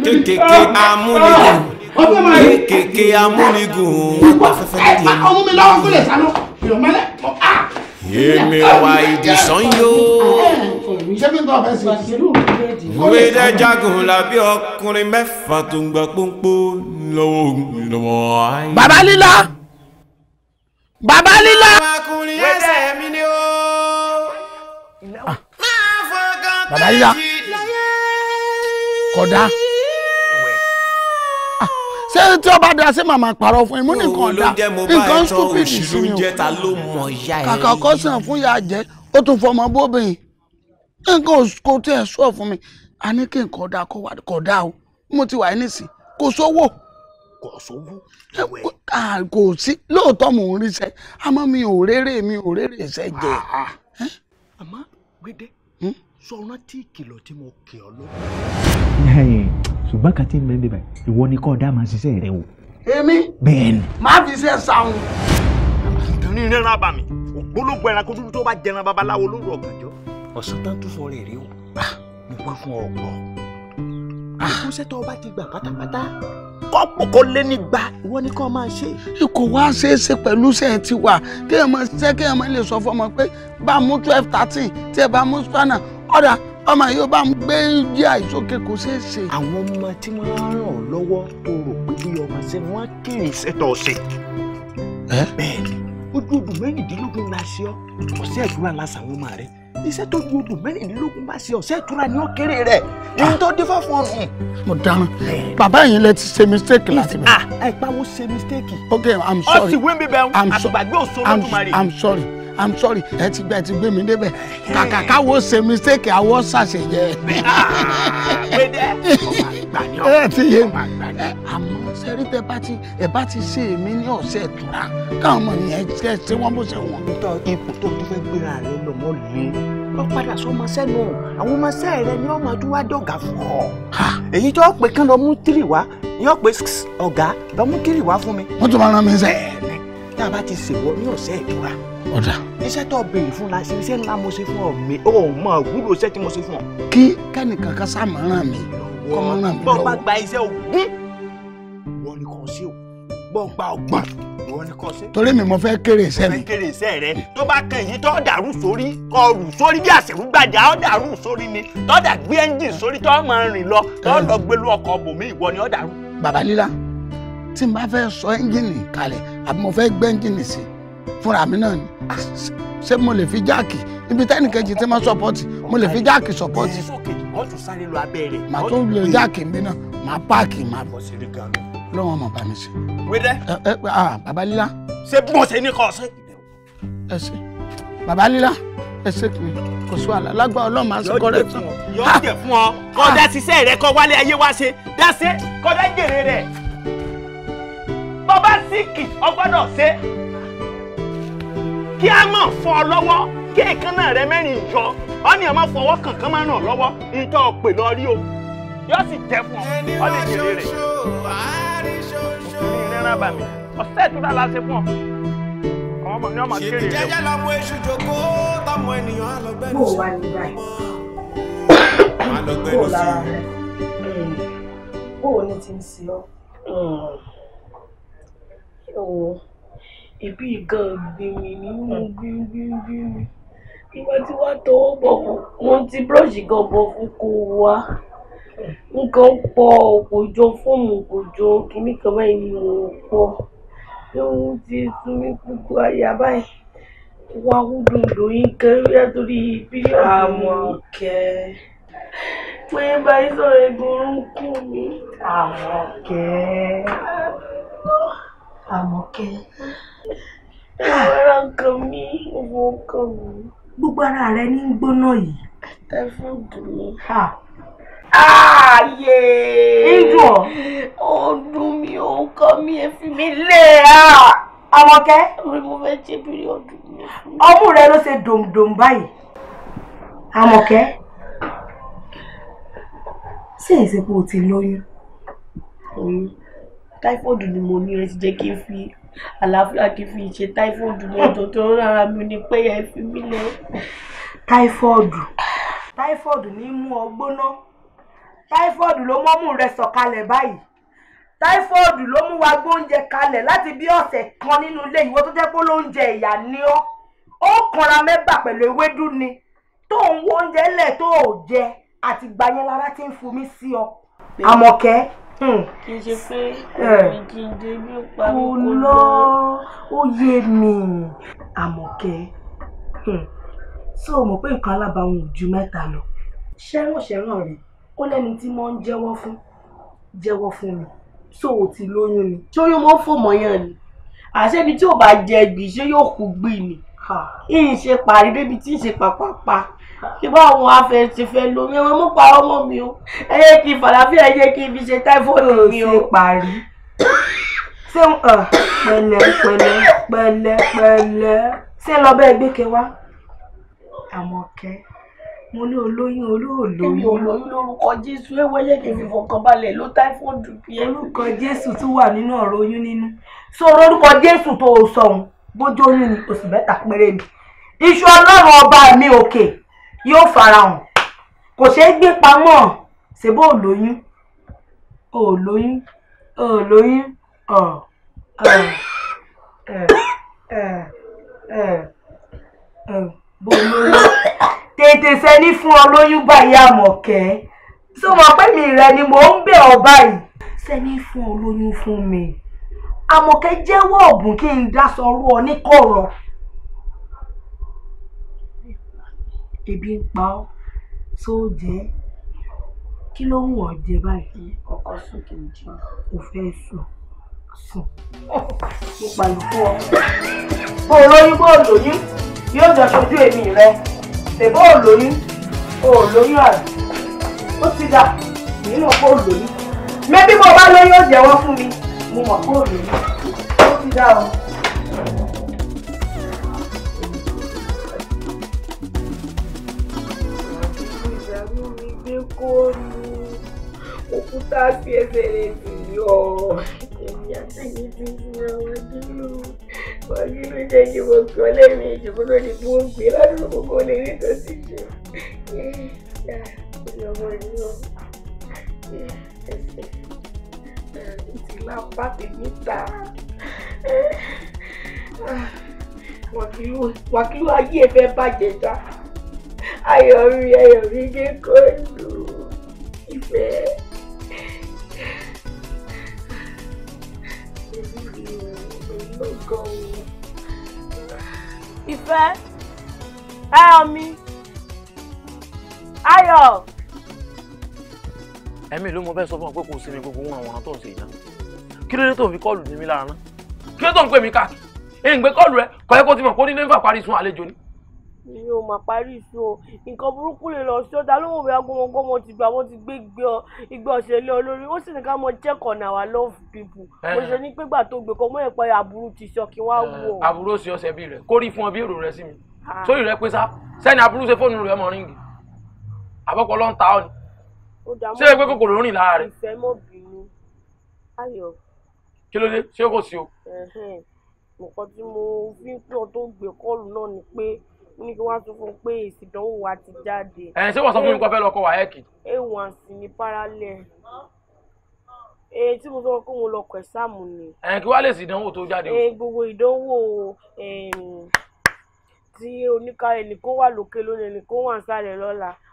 kékèké amúnilẹ̀ ọbẹ̀ máa rí. kéèké amúnigùn afẹ́fẹ́ díẹ̀. ẹ ọmú mi lọ́wọ́ kó lè sanu ìrọ̀ mọ́lẹ̀ mọ́ a. èmi wà yóò. ṣé mi gbọ́ fẹ́ sí i. ìwé jagun làbí ọkùnrin mẹ́fà tó ń gba pọ́npọ́ lọ́wọ́ ìrànwọ́ ayé. bàbá lílá bàbá lílá. ọmọkùnrin ẹsẹ̀ mi ni ó. Ah. máa fọkàn tó ṣé tí ọba dá sí màmá parọ́ fún imú nìkan dá nǹkan stupid sí mi o kàkà ọkọ sàn fún ya jẹ ó tún fọmọ bóbìnrin nǹkan kò tí ẹ sọ fún mi a ní kí n kọ dá kọ dá o mo ti wà nísìn kò sówó kò sówó ẹwẹ kò sí lóòótọ́ mò ń ríṣẹ́ àmọ́ mi ò réré mi ò réré iṣẹ́ jẹ. Ah, ah. àmọ́ gbédé sọ rántí ìkìlọ̀ tí mo kì ọ lọ. ṣùgbọ́n kan tí ń bẹ́ẹ̀ bẹ́ẹ̀ ìwọ ni kọ́ ọ̀dà máa ṣiṣẹ́ rẹ o. èmi bẹ́ẹ̀ni. máa fi ṣe sàrùn. àtúnú iná náà bá ògbólógbò ẹranko dúdú tó bá jẹran babaláwo lóru ọ̀gànjọ́. ọ̀sán tán tún sọ rẹ̀ rí o. mo gbé fún ọ̀pọ̀. ìkúnṣẹ́ tó o bá ti gbà pátápátá kọ́pọ̀ kó lé nígbà ìwọ ni kò máa ṣe. kò wá ṣe é ṣe pẹ̀lú ṣe ẹ ti wà kí máa ṣiṣẹ́ kí máa lè sọ fún ọmọ pé bá mú twelve thirteen tí ẹ bá mú spanner ọ̀dà ọmọ yóò bá ń gbé jẹ́ àìsókè kò ṣeé ṣe. àwọn ọmọ tí wọ́n á ràn ọ́ lọ́wọ́ tó rò pé bí ọmọ ṣe wọ́n á kéré iṣẹ́ tó ni ojú odùn mẹ́rìndínlógún la ṣe ọ́ ọ̀sẹ̀ ìtura la ṣàwọn ọmọ rẹ̀ iṣẹ́ tó ju odùn mẹ́rìndínlógún bá ṣe ọ̀sẹ̀ ìtura ni ó kéré rẹ̀ ní tó dé fún ọ̀fun ọ̀hún. mo dáná bàbá yìí lè ti ṣe mistake láti bẹ̀. Ah, ẹ pàwọ́ ṣe mistake. ok i'm sorry. ọ̀sìn wíńbí bẹ́ẹ̀ àtùgbàgbé òṣòro tó máa rí. i'm sorry i'm sorry ẹ ti gbẹ ti gbé mi débẹ̀ kàkà káwo ṣe mistake àwọ ṣàṣejẹ. Ah, ẹ ti yé àmọ́ sẹ́rí tẹ bá ti ẹ bá ti ṣe èmi ní ọ̀sẹ̀ ìtura káwọn ọmọ yẹn ṣe ṣe wọ́n bó ṣe wọ́n. nítorí ipò tó tún fẹ́ gbéra rẹ lọ mọ́ lé wọ́n padà sọmọ sẹ́nu àwọn ọmọ sẹ́ẹ̀ rẹ ni wọ́n máa dún wá dọ̀gà fún ọ. èyí tó pè kán lọ mú tírì wá ni wọ́n pè ọ̀gá lọ mú tírì wá fún mi. wọ́n tún máa rán mi sẹ́ẹ̀. tá a bá ti ṣèwọ ní ọ̀sẹ̀ ìtura ọ̀dà. iṣẹ́ tó béèrè fún la ṣe iṣẹ́ ńlá mo ṣe fún ọ mi ò mọ òwúlò iṣẹ́ tí mo ṣe fún ọ. kí kẹ́nìkan kan sáàmù ràn mí kọ́ mọ́ ràn mí lọ́wọ́. bọ́ọ̀ bá gba iṣẹ́ ògún wọ́n ní kàn sí o bọ́ọ̀ gba ọgbọ̀n wọ́n ní kàn sí. torí mi mo fẹ́ kéré iṣẹ́ mi. mo fẹ́ kéré iṣẹ́ rẹ tó bá kan èyí tó dàrú sórí kọ rù sórí bí àṣẹrúgbàjà ó dàrú sórí ni tó dà gbé ẹ́ńjìn sórí tó máa rìn lọ tó eh. lọ gbélú ọkọ̀ bòmí ìwọ ni ó dàrú. bàbá líla tí n bá fẹ́ sọ ẹ́ńjìnì kalẹ̀ àbí mo fẹ́ gbé ẹ́ńjìnì sí i fúnra mi náà ni ṣé mo lè fi jáàkì ibi tẹ́nìkejì tí mo sọ́pọ́tì mo lè fi jáàkì sọ́pọ́tì. màá tún lo jáàkì mi náà màá páàkì màá bọ̀ lọ́wọ́ ọmọ bá mi ṣe. wíjẹ́. ẹ ẹ ah, baba lílá. ṣé bí mo ṣe ní kọ́ ọ sí. ẹ ṣe baba lílá ẹ ṣe kì í kò sí wàhálà lágbà ọlọ́run máa ń ṣe kọ́rẹ́ tán. yóò jẹ fún ọ ah. kó ṣiṣẹ́ rẹ kó wálé ayé wá ṣe dá ṣe kó dá rẹ bọ́ síkì ọgbọ́dọ̀ ṣe kí a mọ̀ fọ́ ọ lọ́wọ́ kí èékánná rẹ mẹ́rin yọ ọ ní ọmọ fọwọ́ kankan máa ràn lọ́wọ́ nǹkan ọ̀pẹ lọ rí o yóò sì jẹ́ fún ọ lè jèrè rẹ̀ òfin rẹ̀ rábà mi ọ̀sẹ̀ ìtura la ṣe fún ọ àwọn ọmọ ní ọmọ kéré rẹ. jẹjẹ lọmọ èṣù jòkó tọmọ ènìyàn alọgbẹnu sí. bó o wá ní báyìí bó o lára rẹ hmm. bó o ní ti ń ṣe ọ ìbí gan gbìmì nínú gbìngbìngbìmì ìgbà tí wàá tọwọ́ bọ̀ fún wọn ti búrọ́ọ̀ṣì gan bọ̀ fún kó wá nǹkan pọ̀ kò jọ fóònù kò jọ kínní kan báyìí ni mo pọ̀ ohun ti sún mí gbogbo àyà báyìí wá wúdùndù yín kẹrí àtòrí bílíọ̀nù. Àmọ̀kẹ́ pé báyìí sọ̀rọ̀ egun orúnkún mi. Àmọ̀kẹ́ àmọ̀kẹ́. ara kan mi ìwọ kan mi. gbogbo ara rẹ ní ń gbóná yìí. ẹ fún dùn mí. ààyè. ìdùn ọ. ó dùn mí ó mi ẹ mi lé a. àmọ̀kẹ́. orí mo fẹ́ jẹ́ bírí ọdún mi. ọmú rẹ ló ṣe dòǹdòǹ báyìí. àmọ̀kẹ́. ṣé èsì ti lóyún. oyún táífọ́ọ̀dù ni mo ní ẹ ti jẹ́ kí n fi àlàáfíà kí n fi ṣe táífọ́ọ̀dù ní ọ̀dọ̀ tó rárá mi ni pé ẹ fi mí lẹ. táífọ́ọ̀dù táífọ́ọ̀dù ní mú ọ gbóná táífọ́ọ̀dù ló mọ́mú rẹ sọ̀kalẹ̀ báyìí táífọ́ọ̀dù ló mú wa gbóúnjẹ kalẹ̀ láti bí ọ̀sẹ̀ kan nínú ilé ìwọ tó jẹ́ pé lóúnjẹ ìyà ni ọ́ ó kanra mẹ́bà pẹ̀lú ewédú ni tó ń wo oúnjẹ lẹ̀ tó ò jẹ àtìgbà yẹn lára ti ń fumi sí ọ. àmọ̀kẹ́ Hmm. kì í ṣe pé omi eh. jíǹde bí ó pa mí kò lọ. ó yé mi àmọ̀kẹ́ hmm. ṣé o mọ̀ pé nǹkan alábàáhùn ò ju mẹ́ta lọ. ṣẹ́ràn ṣẹ́ràn rẹ̀ ó lẹ́ni tí mo ń jẹ́wọ́ fún jẹ́wọ́ fún mi ṣó o ti lóyún ni. ṣóyún mọ́ fòmọ́ yàn ni àṣẹ ibi tí ò bá jẹ gbì ṣé yóò kú gbì ni. ìṣe parí débi tí ìṣe pàpàpà kí bá àwọn afẹ ti fẹ lo mi wọn mú pa ọmọ mi o ẹ yẹ kí fàlàfíà ẹ yẹ kí ibi ṣe táífọ́ọ̀nù mi o. ṣe parí ṣé pẹ̀lẹ́ pẹ̀lẹ́ pẹ̀lẹ́ pẹ̀lẹ́ ṣé lọ bẹ gbé ke wá Àmọ̀kẹ́ mo ní olóyún olóòlóyún. èmi olóyún lórúkọ Jésù ewé yẹ kí n fi fọkàn balẹ̀ ló táífọ́ọ̀dù bí ẹ. orúkọ Jésù tún wà nínú ọ̀rọ̀ oyún nínú. sọ orúkọ Jésù tó o sọ̀hún bójú oyún ni oṣù mẹ́ta péré ni. iṣu ọlọ́run ọba mi òkè. Okay yóò farahàn kò ṣeé gbé pamọ́ ṣèbó ò lóyún ò lóyún ò lóyún ọ̀ bó lóyún tètè sẹ́ni fún ọ lóyún báyìí àmọ̀kẹ́ sọ mọ̀ pé mi rẹ ni mò ń bẹ̀ ọ́ báyìí sẹ́ni fún ọ lóyún fún mi àmọ̀kẹ́ jẹ́wọ́ ọ̀bùn kí n dá sọ̀rọ̀ ọ ní kọ̀rọ̀. ebi ń pa ọ́ tó jẹ́ kí ló ń wọ̀ jẹ báyìí. kọ́kọ́ sùn kì í jẹun. kò fẹ́ sùn sùn mo pàlù fún ọ. bó o lóyún bó o lóyún yóò jọ ṣojú èmi rẹ tèbó o lóyún o ò lóyún àrùn ó ti dà nínú kó o lóyún mẹ́bí mo bá lóyún ó jẹ́wọ́ fún mi mo mọ̀ kó o lóyún ó ti dà o. ooru òkúta fi ẹsẹ̀ rẹ̀ tì yọ èmi àtẹ̀yẹ ti fura wọn dúró wọn kí jẹ́ kí mo kí ọ lẹ́mìí ìjọba náà ni mo ń gbé ládùúgbò kókó lè rí nǹkan sí jù ìyọ̀wọ̀ ìyọ̀ ẹsẹ̀ ìtìlá pàtẹ níta wàkíwá ayé fẹ́ bàjẹ́ ta ayọ̀ rí ayọ̀ rí gé kó lù ìfẹ́. Ìfẹ́ ayọ̀ mi ayọ̀. Ẹ̀mí ló mọ bẹ́ẹ̀ sọ fún ọ pé kò sí ní gbogbo ohun àwòrán tó ń ṣe ìyá. Kí ló dé tó ń fi kọ́ọ̀lù ní mi lára ná? Kí ló tó ń pè mí káàkiri? Èyí ń gbé kọ́ọ̀lù rẹ kọ́ ẹ́ kó ti mọ̀ kó ní ló ń sun àlejò ni mi ò mà parí ìṣó o nǹkan burúkú lè lọ ṣó ta ló mọ̀ bóyá gbọmọgbọmọ ti gbà wọ́n ti gbé igbá ọ̀sẹ̀ lé ọ lórí ó sì ní ká mọ check on our love people eh. mo ṣe ní pégbà tó gbé kọ́ mọ́ ẹ̀pọ̀ àbúrò ti sọ kí wọ́n á eh, wò ó. àbúrò sí ọsẹ bí rẹ kórìí fún ọ bí èrò rẹ sí mi sórí rẹ pé sá sẹ́ni àbúrò ṣe fóònù rẹ mọ́ ríngì àbọ̀pọ̀ ló ń ta ọ ni ṣé ẹ pé kòkòrò ń rìn lára rẹ. ìfẹ́ mọ́ bínú ayọ̀. kí ló dé ṣé kò sí o. nǹkan tí mo fi ń pọ̀ tó gbé kọ́ọ̀lù náà ni pé ní kí wọ́n sọ fún un pé èsì ìdánwò wa ti jáde. ẹ ṣé wọ́n sọ fún mi kó fẹ́ lọ kọ wáyẹ́ẹ̀kì. a1 sì ni parallel èyí tí mo sọ pé mo lọ kọ ẹ̀sáàmù ni. ẹ kí wàá lè sí ìdánwò tó jáde. ẹ gbogbo ìdánwò tí oníkàlẹ̀ nìkan wà lókè lónìí nìkan wà ń sàlẹ̀ lọ́la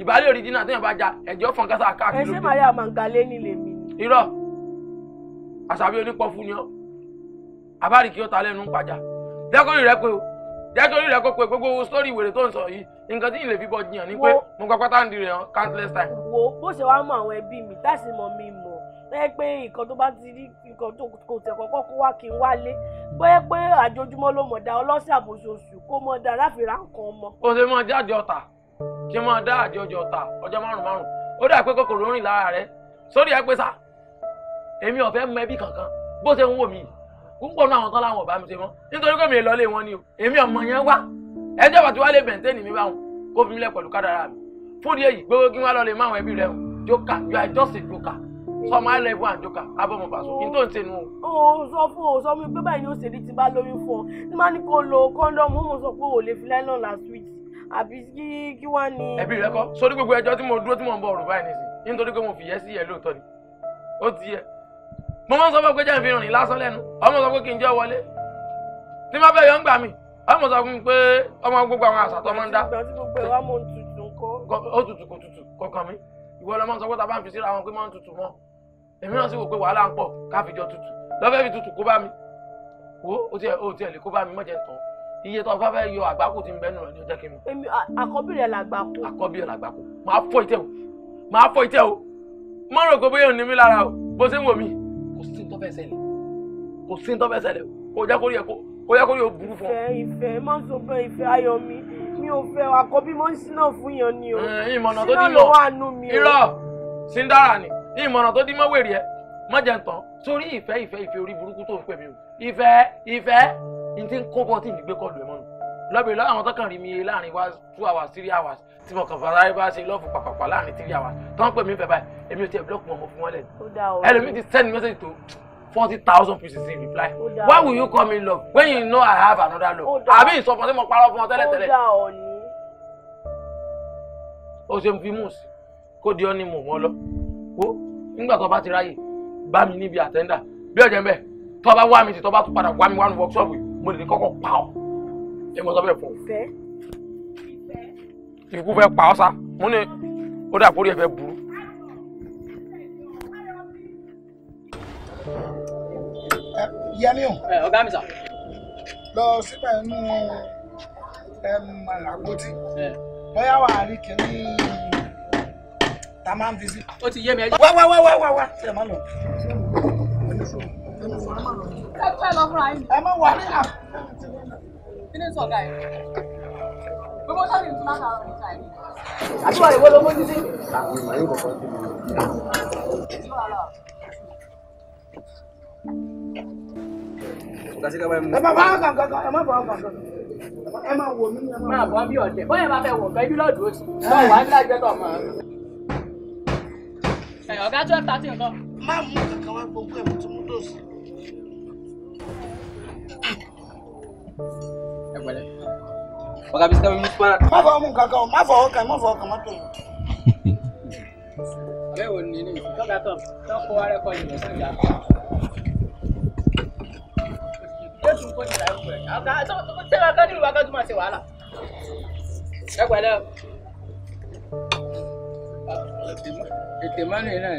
ìbálẹ̀ òrìdí náà téèyàn bá ja ẹ̀jẹ̀ ó fọn kásá káàkiri lóde. ẹ ṣé Maria Magdalene ní lè mi. irọ́ àṣàbí onípọ̀fù ni ọ́ àbárí kí ó ta lẹ́nu ń pàjá jẹ́kọ́rì rẹ pé o jẹ́kọ́rì rẹ kó pe gbogbo sórí ìwèrè tó ń sọ yìí nǹkan tí ìlè fi bọ́ jiyàn ni pé mo gbọ́ pátá ń di rẹ̀ hàn countless time. wo bó ṣe wá mọ àwọn ẹbí mi tá sì mọ mi mọ ẹ pé nǹkan tó bá ti rí nǹkan tó kò tẹ̀ kọ́kọ́ kó wá kí n wálé bóyá pé àjojúmọ́ ló mọ̀ dá ọlọ́sẹ̀ àbòṣoṣù kó mọ̀ dá láfi ra nǹkan ọmọ. o ṣe mọ jáde ọ̀tà kí n máa dá àjọjọ ta ọjọ́ márùn márùn ó dà pé kòkòrò rìn lára rẹ sórí ẹ pé sá èmi ọ̀fẹ́ mọ ẹbí kankan bó ṣe ń wò mí púpọ̀ náà àwọn kan láwọn ọ̀bá mi ṣe mọ́ nítorí pé mi ì lọlé wọn ni o èmi ọmọ yẹn wá ẹjọ́ bàtí wàá lè bẹ̀ǹtẹ́ẹ̀nì mi báwọn kó fi mi lẹ̀ pẹ̀lú kádàrá mi fún di èyí gbogbo kí wọ́n lọ lè máwọn ẹbí rẹ o joka you are just sọmọ alẹ́ àjọkà abọ́mọ bàṣọ kí n tó ń ṣe nu o. o sọ fún o sọ fún mi pé báyìí ni ó ṣe ní ti bá lóyún fún ọ ní má ní kó lo kọ́ńdọ̀mù ó mọ̀ sọ pé ò lè fi àbí kí kí wá ni. ẹbí rẹ kọ sórí gbogbo ẹjọ́ tí mo dúró tí mo ń bọ ọ̀rọ̀ báyìí nísìnyí nítorí pé mo fìyẹ́ sí ẹ lóòótọ́ ni ó ti yẹ mo máa ń sọ fún pé jẹ́ ìfihàn rìn lásán lẹ́nu ọmọ sọ pé kí n jẹ́ wọlé tí má bẹ́ẹ̀ yọ ń gbà mí ọmọ sọ fún mi pé ọmọ gbogbo àwọn àṣà tó máa ń dá. ìgbà tí gbogbo ẹ wá mo ń tutù nǹkan. ó tutù kò tutù kọkàn mi ìwọ lọmọ sọ pé tá a bá ń fi síra wọn pé máa ń tutù mọ èmi náà sì wò pé wàhálà ń pọ̀ káfíjọ tutù lọ́fẹ́ fi tutù kó bá mi wo ó tiẹ̀ ó tiẹ̀ lè kó bá mi mọ̀jẹ̀ tán iye tó bá fẹ́ yọ àgbákò tí ń bẹ́nu rẹ̀ ni ó jẹ́ kí n mọ̀. èmi àkọ́bí rẹ̀ làgbákò. àkọ́bí rẹ̀ làgbákò máa fọ́ ìtẹ́ o máa fọ́ ìtẹ́ o má rò pé bóyá ò ní lára o bó ṣe ń wò mí kò sí tó fẹ́ ṣẹlẹ̀ kò sí tó fẹ́ ṣẹlẹ̀ kò jẹ́ kórìí ẹ̀kọ́ kò jẹ́ kórìí òbúrú fún ọ. ìfẹ́ ìfẹ́ má sọ pé ìfẹ́ ayọ̀ mi mi ò fẹ́ àkọ́bí mọ́ sínà fún yàn ni o ìmọ̀nà tó dín mọ́ irọ́ síndárà ni ìmọ̀nà tó dín mọ́ mí n ti ń kó bọ́ tí n gbé kọlù ẹ̀ mọ́nu lọ́bìnrin lọ́wọ́ àwọn tọ́kàn rí mi láàrin wa two hours three hours tí mo kàn fara ẹ bá ṣe lọ́ọ̀fù pàpàpà láàrin three hours tó ń pè mí fẹ́ báyìí èmi ò tiẹ̀ búlọ́ọ̀kù wọn mo fún wọn lẹ́nu ẹlòmíì ti send message to forty thousand pieces in reply why will you call me love when you know I have another love àbí ìsọfún tí mo parọ́ fún ọ tẹ́lẹ̀ tẹ́lẹ̀ o ṣe fi mú sí kó di ọ́ ní mò wọ́n lọ wo nígbà tó bá ti ráyè bá mi níbi àtẹ́ndà bí ọ̀jẹ̀ ń bẹ̀ tó bá wá mi sí tó bá tún padà wá mi wá nu workshop yìí mo lè ní kọ́kọ́ pa ọ́ ẹ mọ sọ bẹ́ẹ̀ fún un ikú fẹ́ pa ọ́ sá mo ní ó dà kórìí ẹ fẹ́ burú. yẹmi o. ọ̀gá mi sà. lọ síbẹ̀ nínú àgọ́tì bóyá wà á rí kìíní tá a máa ń fi sí. ó ti yé mi. wá wá wá wá wá ṣe é má lọ pẹ́ lọ tó mọ̀ ọ̀gá twelve thirteen kan. má mú kankan wá gbogbo ẹ̀ mú tó mú ọ̀gá bí sẹ́wọ́n mú fún ẹ. má fọwọ́ mú nǹkan kan má fọwọ́ kan má fọwọ́ ni ní tọ́ka tán tán kó wá rẹ́kọ̀ ìlú sàgbà. yóò tún kó ìlà ẹ̀kọ́ rẹ̀ ọ̀gá sẹ́wọ́n kan nílùú akẹ́kọ̀ọ́ máa ṣe wàhálà. ẹ pẹ̀lẹ́ o. ètè mọ́nì ni.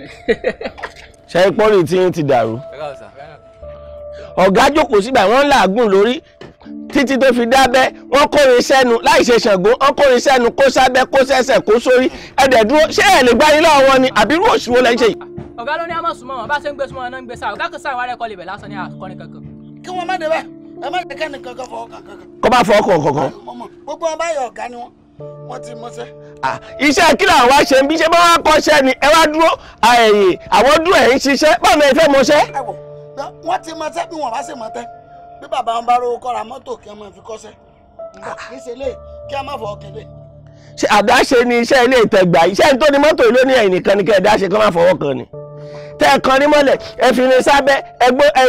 ṣe é pọ́lì tí yín ti dàrú. ẹ káàsà ọ̀gá jókòó síbà wọ́n ń làágùn lórí títí tó fi dábẹ́ wọ́n kórin sẹ́nu láì ṣe ṣàngó wọ́n kórin sẹ́nu kó sábẹ́ kó sẹ́sẹ̀ kó sórí ẹ̀dẹ̀ dúró ṣé ẹ̀ lè gbáyé lọ́wọ́ wọn ni àbí irú òṣùwò lẹ́ ń ṣe yìí. ọ̀gá ló ní àmọ̀ súnmọ́ wọn bá ṣe ń gbé súnmọ́ wọn náà ń gbé sáà ọ̀gá kan sáà wà rẹ́kọ̀ọ́ lè bẹ̀ lásán ní àkọ́rin kankan. kí wọ́n má dé bẹ́ẹ̀ ẹ má jẹ́ kẹ́ni kankan fọwọ́ kankan. kọ́ bá fọwọ́ kọ̀ọ̀kan. gbogbo ọba yọ ọ̀gá ni wọ́n wọ́n ti mọ́ṣẹ́. iṣẹ́ kí làwọn wá ṣe ń bí ṣe bá wá kọ́ṣẹ́ ni ẹ wá dúró àyè àwọn dúró ẹ̀ ń ṣiṣẹ́ báwo ni ẹ fẹ́ mọ́ṣẹ́ tán wọ́n ti mọtẹ́ bí wọ́n bá sì mọtẹ́ bí bàbá wọn bá rówó kọ́ra mọ́tò kí wọ́n máa fi kọ́sẹ́ ah. kí ṣe lè kí wọ́n máa fọ ọkẹ́lẹ̀. ṣé àdáṣe ni iṣẹ́ ilé ìtẹ̀gbà iṣẹ́ tó ní mọ́tò ìlú ní ẹ̀yìn nìkan ni kẹ́ ẹ̀ dáṣe kí wọ́n máa fọwọ́ kan ni tẹ́ ẹ̀ kan ní mọ́lẹ̀ ẹ fi ní sábẹ́ ẹ gbó ẹ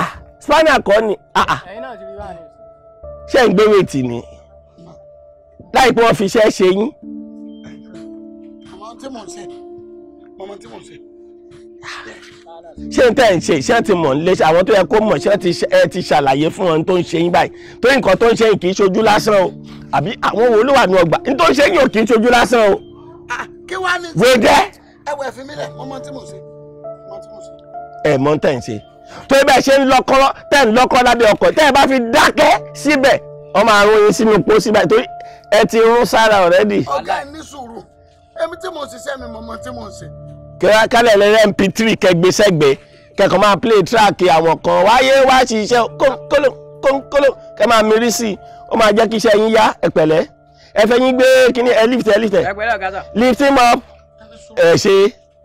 à ah, spaniel kọ́ ni ah, ṣé ń gbé wèètì ni láìpẹ́ wọ́n fi iṣẹ́ ṣe yín. àmọ́ tí mò ń ṣe mọ́mọ́ tí mò ń ṣe ṣé n tẹ́ ń ṣe iṣẹ́ ti mọ̀ ń lé àwọn tó yẹ kó mọ̀ ṣé ẹ ti ṣàlàyé fún wọn tó ń ṣe yín báyìí tó nǹkan tó ń ṣe yín kì í ṣojú lásán o àbí àwọn wo ló wà ní ọgbà ní tó ń ṣe yín ò kì í ṣojú lásán o. kí wàá ní. wéde. ẹ wọ ẹfin mi lẹ mo mọ tí mo ṣe. ẹ mọ tẹ́ ń ṣe tó bẹ́ẹ̀ ṣe ń lọ́kọ́ tẹ́ ń lọ́kọ́ lábẹ́ ọkọ̀ tẹ́ ẹ bá fi dákẹ́ síbẹ̀ wọ́n máa yín sínú pọ́ síbẹ̀ kálẹ̀ lẹ́rẹ́ mp3 kẹgbẹ́sẹ́gbẹ́ kẹkọ̀ọ́ máa play track àwọn kan wáyé wá ṣiṣẹ́ kólókóló kẹ máa mirí sí i ó máa jẹ́ kí iṣẹ́ yín yá ẹ̀pẹ̀lẹ́ ẹ fẹ́ yín gbé kíní ẹ lift ẹ lift ẹ lift him up ẹ ṣe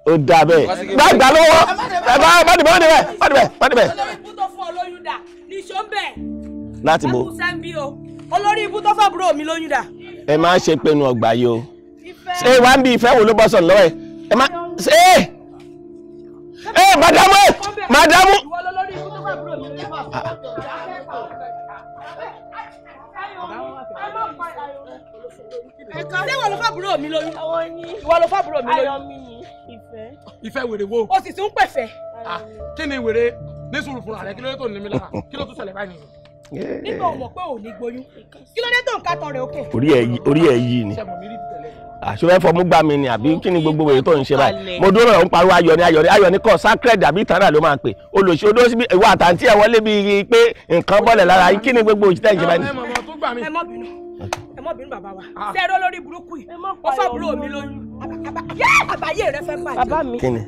ó dà bẹ́ẹ̀ gbàgbà lọ́wọ́ ẹ bá bá dìbò bá dìbò bá dìbò bá dìbò. láti bo olórí ibú tó fọ́ bùrọ̀ mi lóyún dà. ẹ máa ṣe pinnu ọgbà yìí o ṣé wàá ń bí ìfẹ́ wo ló bọ́ sọ̀rọ̀ lọ́wọ́ ẹ ẹ máa ṣe eh! ẹ eh, madamu eh, madamu. ṣé wọ́n lọ fábùrò mi lóyún. wọ́n lọ fábùrò mi lóyún. ìfẹ́. ìfẹ́ wèrè wo. o sì ti ń pẹ̀fẹ̀. kí ni wèrè ní sùúrù fúnra rẹ kí ló dé tó ní mi lára kí ló tún ṣẹlẹ̀ báyìí nígbà ọmọ pé ò ní gboyún kí ló dé tó ń kàtọ rẹ òkè. orí ẹ yí àṣewẹ́ ah, fọmú gbà mí ni àbí kí ni gbogbo wèrè tó ń ṣe báyìí mo dúró ọ̀hún pariwo ayọ̀ ni ayọ̀ ni ayọ̀ ni kọ́ sacred àbí ìtànà ló máa pè olùṣe odó síbi ìwà àtàntí ẹ̀ wọlé bíi pé nǹkan bọ́lẹ̀ lára yín kí ni gbogbo òṣìṣẹ́ ìṣẹ́ báyìí. ẹ mọ bínú ẹ mọ bínú bàbá wa ah. ṣe eré olórí burúkú yìí ó fàbúrò mi lóyún àbáyé rẹ fẹ́ pàdé kí ni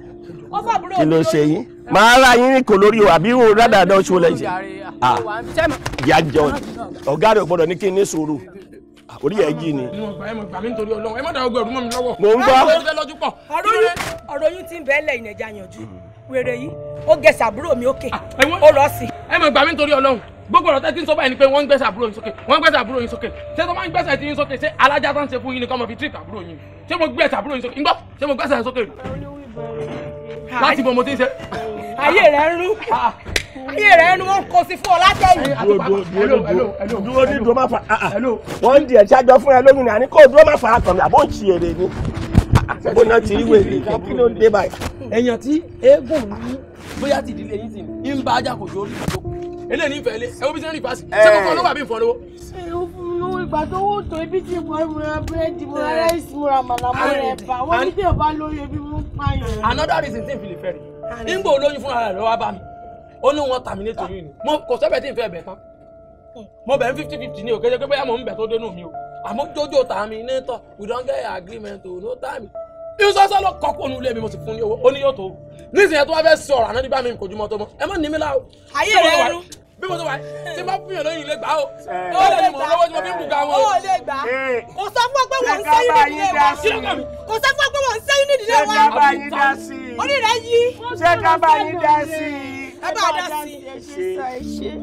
kí ló ṣe yín máa ra yín ní kò lórí o àbí o rádàdà oṣù lẹ́yìn ah ìyá jẹun ọ̀gá rẹ̀ gbọ́dọ̀ ní kí n ní sùúrù orí ẹ̀ jí ni. ẹ ń bá ọ̀rọ̀ yín ti ń bẹ́ẹ̀ lẹ̀ ìnẹ̀jà yànjú wèrè yìí ó gẹ sàbúrò mi òkè ah, ó lọ sí. ẹ mọ̀ gbà nítorí ọlọ́run gbogbo ọ̀rọ̀ tẹ́tí ń sọ báyìí ni pé wọ́n ń gbẹ́sẹ̀ àbúrò yín sókè wọ́n ń gbẹ́sẹ̀ àbúrò yín sókè ṣé tó máa ń gbẹ́sẹ̀ yín sókè ṣé alájà tó ń ṣe fún yín ni mọ̀ fi tírì àbúrò yín ṣé mo gbẹ́sẹ̀ àbúrò yín sókè ńgbọ́ ṣé mo gbẹ́sẹ̀ sókè láti bọ̀ mo ti ń ṣe. ayé rẹ̀ ń rú ah, ah ayé rẹ ẹnu wọn kò sí fún ọ látẹ̀yìn. dúró ní dúró má fà á ah, ah. wọ́n ń di ẹ̀jẹ̀ àjọ fún ẹ lóyún ni àní kó dúró má fà á kàn mí àbó ń ṣi èrè ni bóná ti rí wèrè kí ló dé báyìí. èèyàn tí eégún ní bóyá ti ìdílé yín sì ní ń bá ajá kò jó orí ìdókòwò eléyìí nífẹ̀ẹ́ ilé ẹ wo bí sẹ́ni ìfàsí ṣé mo fọ́ lówó àbí ìfọ́nlówó. ìgbà tó wò tó ibi tí mo ra búrẹ́dì mo ra ráìsì mo ra màlàmọ́ rẹ̀ bá wọ́n ní tí ò bá lórí ebi mú pààyàn. another reason tí n fi lè fẹ́ rè é nígbà olóyún fúnra rẹ̀ lọ́wọ́ bá mi ó ní wọn terminate oyún ni mo kò sẹ́bẹ̀ tí n fẹ́ bẹ̀ tán mo bẹ̀ ń fifty fifty ní òkèjẹ́ pé bóyá mo ń bẹ̀ tó dénú mi o àmọ́ jójó terminator we don get agreement o no time ìsọsọ ló kọ pọnú ilé mi mo sì fún ní owó ó ní yóò tó nísìnyẹn tó wá fẹ́ sọ ọ̀rọ̀ àná nígbà mi kò jùmọ̀ tó mọ́ ẹ má ní mi lá o. ayé rẹ rú bí mo sọ wáyé tí bá fún yàn lóyún ilé gbà ó ó lè mọ lọ́wọ́ tí mo fi ń bù ga wọn. ó lè gbà kò sọ fún ọ pé wọ́n ń sẹ́yìn nídìí wa kò sọ fún ọ pé wọ́n ń sẹ́yìn nídìí wa. ṣé bá yí. dá sí i ẹ bá dá sí i.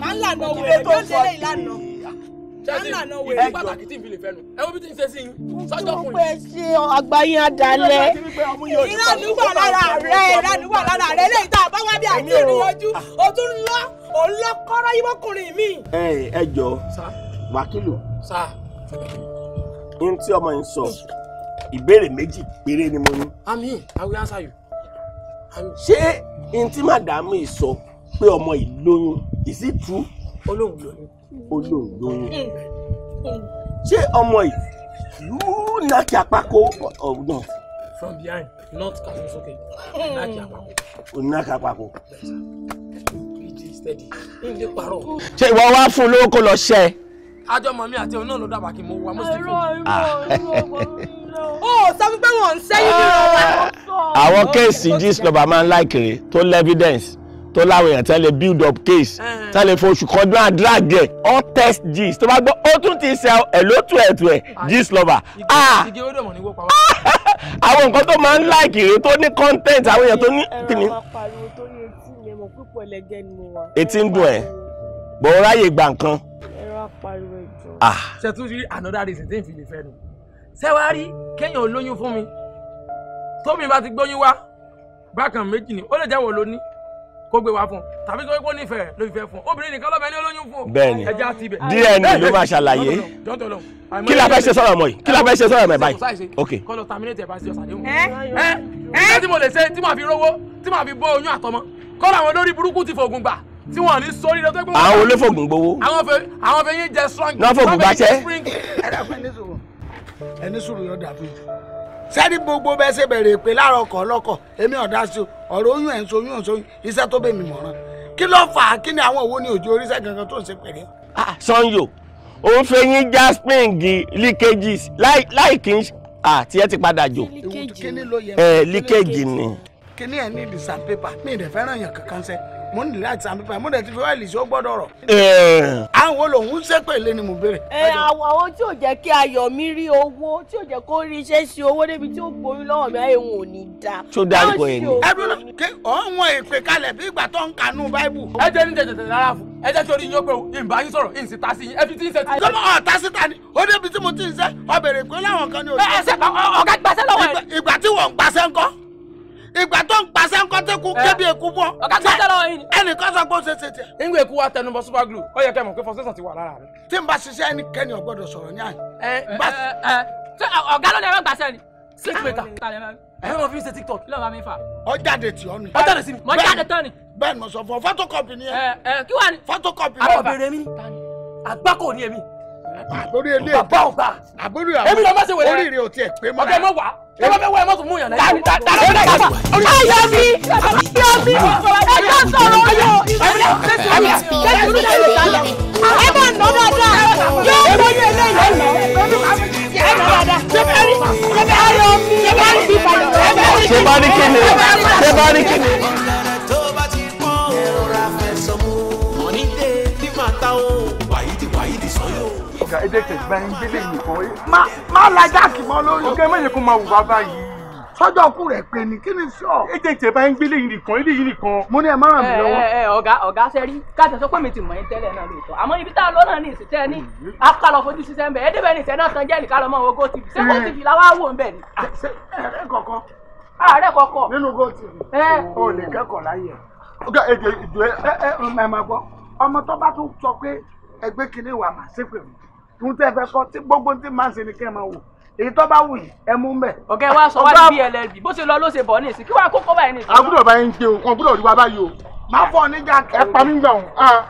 má ń lànà wèrè bí ó ń délé ìlànà má ń lànà wèrè. ẹ pàtàkì tí n fi fẹnu ẹ wo bí tí n ṣe sí i sọjọ fún mi. mo pè ṣe àgbáyé adalẹ ìrànú wà lára rẹ ìrànú wà lára rẹ lẹ́yìn tá a bá wá bí àti ìrìnàjò o tún ń lọ o ń lọ kọ́rọ́ yíwọ́kùnrin mi. ẹ ẹ jọ wákìlù n tí ọmọ yìí sọ ìbéèrè méjì péré ni mo ní. àmín i will answer you. ṣé n tí màdàmú yìí sọ pé ọmọ yìí lóyún is it true? olóhùn lóyún. olóhùn lóyún. ṣé ọmọ yìí lóò nàkì àpapọ̀ ọ̀gbọ̀n. from behind not kàtó sókè nàkì àpapọ̀. onínàkì àpapọ̀. ṣé ìwọ wá fún olówó kó lọ ṣe. ajọ́ mọ̀ mi àti òun náà ló dábàá kí n mọ wa mo sì fi. Oh, sọ fún pé wọn ń sẹ́yìn nínú ọ̀rọ̀ ah, àwọn kéèsì gist lọ́ba máa ń láìkiri tó lẹ́vidẹ́ǹsì tó láwọn èèyàn tẹ́lẹ̀ build up case ah. tẹ́lẹ̀ fọṣù kan náà drag ẹ̀ all test gist tó bá gbọ́ ó tún ti ṣe ẹ̀ lótú ẹ̀tù ẹ̀ ah, gist lọ́ba àwọn nǹkan tó man like láìkiri tó ní content àwọn èèyàn tó ní kìnnì. etí ń dùn ẹ̀ bọ̀ ráyè gbà nǹkan. ẹ̀rọ apariwo ìjọ. another reason tí n fi lè fẹ́ ṣẹ́wá rí kéèyàn lóyún fún mi tómi bá ti gbóyún wá bákan méjì ni ó lè jẹ́wọ́ lóní kó gbé wá fún un tàbí kó kó nífẹ̀ẹ́ ló fi fẹ́ fún un obìnrin nìkan lọ́mọ ẹni olóyún fún un bẹ́ẹ̀ni DNA ló máa ṣàlàyé kí la fẹ́ ṣe sọ̀rọ̀ ọmọ yìí kí la fẹ́ ṣe sọ̀rọ̀ ọmọ yìí báyìí ok. kọ́lọ̀ terminate ẹ̀ bá ṣe ọ̀sàdéhùn. ẹ ẹ ẹ tí mo lè ṣe tí màá fi rówó tí màá fi bọ́ oyún àtọmọ kọ́lọ̀ àwọn olórí burúkú ti fògùn gbà tí wọn ní sórí rẹ tó gbé wọn. àwọn olófògùn gbowó. àwọn fẹ àwọn fẹ yín jẹ strong. náà fògùn gbàṣẹ ẹni sùúrù yọ̀ọ́ dàbí jù sẹ́ni gbogbo bẹ́ẹ̀ ṣe bẹ̀rẹ̀ pé láàárọ̀ ọkọ̀ ọlọ́kọ̀ èmi ọ̀dá sí o ọ̀rọ̀ oyún ẹ̀ ń soyún ẹ̀ iṣẹ́ tó bẹ̀ mí mọ̀ràn kí ló fà á kí ni àwọn òwò ni òjò oríṣẹ́ gangan tó ń ṣe pẹ̀lẹ́. Ah, sanyo òun fẹ́ yín jasping leakages láì kí àti ah, ẹ ti padà jò leakage eh, ni. kí ni ẹ ní ìdìsàn pépà mi ì mo ní láti sàn pípa mo dẹ̀ ti fi wáìlì sí ó gbọ́dọ̀ àwọn olóhùn ṣépè lé ni mo béèrè. ẹ àwọn tí ò jẹ́ kí ayọ̀ mi rí owó tí ò jẹ́ kó rí iṣẹ́ ṣe owó débi tí ó gboyún lọ́wọ́ mi ayé wọn ò ní da. tó dárúkọ yẹn ni. ẹ dúró ké ọ̀hún ìpè kalẹ̀ bí ìgbà tó ń kanú báíbù. ẹ jẹ́ ní tẹ̀tẹ̀tẹ̀ rárá fún ẹ jẹ́ torí yín ó pé ìbá yín sọ̀rọ̀ ìsìn ta sí yín ẹ fi tí ń ṣe ti. sọ́mọ ọ̀tá síta ni ó débi tí mo ti ń ṣe ọbẹ̀rẹ̀ pé láwọn kan ni ò. ẹ ẹ ṣe ọ̀gá gbàṣẹ́ lọ́wọ́ ẹ. ìgbà tí wọ́n gbàṣẹ́ ńkọ́ ìgbà tó ń pàṣẹ nǹkan tí kú eh. kébì èkú bọ́. ọ̀gá tó tẹ́lẹ̀ wọ̀nyí ni. ẹnìkan sọ pé ó ṣe ṣe tiẹ̀. ìgbà èkú wa tẹnubọ super glue ó yẹ kẹ́ mọ̀ pé frustration ti wà lára rẹ̀. tí n bá ṣiṣẹ́ ẹnikẹ́ni ò gbọ́dọ̀ sọ̀rọ̀ ní àyè. Eh, eh, ọ̀gá ló ní ẹgbẹ́ gbàṣẹ ni. six ah, meter. ẹ̀rọ mo fi ṣe tiktok. lọ́wọ́ mi fà. ó jáde tì ọ́ ni. ó jáde sí mi. mo jáde tán ni. bẹ́ẹ̀ ni mo sọ fún ọ photocopy ni ẹ. ẹ kí wàá ni. photocopy ni. àwọn obìnrin mi àgbákò ni èmi. àbórí ilé ìgbà àbórí àwọn oríire ò tiẹ̀ pé mọ́ra. ọ̀gá ẹ mọ̀ wá ẹ bá bẹ́ẹ̀ wọ ẹ mọ́tò mú yàn náà. dàdà dàdà dàdà ayọ̀ mi ayọ̀ mi ẹ jọ sọ̀rọ̀ ayọ̀ ẹ̀mí ẹ bá nọ dáadáa yóò wọ ní eléyìí ẹ nọ dáadáa ayọ̀ mi ẹ bá ní kíni ẹ ọ̀gá ẹ̀dẹ́ kẹgbẹ́ ń gbélé nìkan. má la jáàkì mọ́ lórí. ọ̀gá ẹ má yẹ kó máa wù wá báyìí. sọ́jọ́ ọkùn rẹ̀ pé ni kí ni sọ. ẹ̀dẹ́ tẹ bá ń gbélé yìí nìkan ilé yìí nìkan. mo ní ẹ má ràn mí eh, lọ́wọ́. ẹ eh, ẹ eh, ọ̀gá ọ̀gá ṣe rí káàtì sọ pé mi ti mọ̀ ẹ́ tẹ́lẹ̀ náà lóòótọ́ àmọ́ ibi tá a lọ náà ní ìsìtẹ́ ní akálọ̀ fojú ṣiṣẹ́ ń bẹ̀ ẹ́ débẹ̀ ní ìṣẹ́ náà tán jẹ́ nìkan lọ́mọ owó GoTv ṣé GoTv la wá wò ń bẹ̀ ni. Ah, ẹ̀rẹ́ kọ̀ọ̀kan. ààrẹ kọ̀ọ̀kan. nínú GoTv. o lè kẹ́kọ̀ọ́ láyè. ọ̀gá èdè ìjọ ẹ ẹ ẹ máa gbọ́ ọmọ tó bá tún sọ pé ẹgbẹ́ kìnìún wà máa ṣépè fún tún tẹ́ fẹ́ kọ́ tí gbogbo tí máa ń ṣe ni kẹ́ ẹ máa wò èyí tó bá wù yìí ẹ mú mbẹ. ọ̀gá wa sọ wá bí llb bó ṣe lọ ló ṣe bọ̀ ní ìsìn kí wàá kókó báyìí ní ìsìn. àbúrò bá yín jẹun kan àbúrò rí wa báyìí o. máa fọ níjà kẹ. ẹ pa mí gbà wọn. Ah.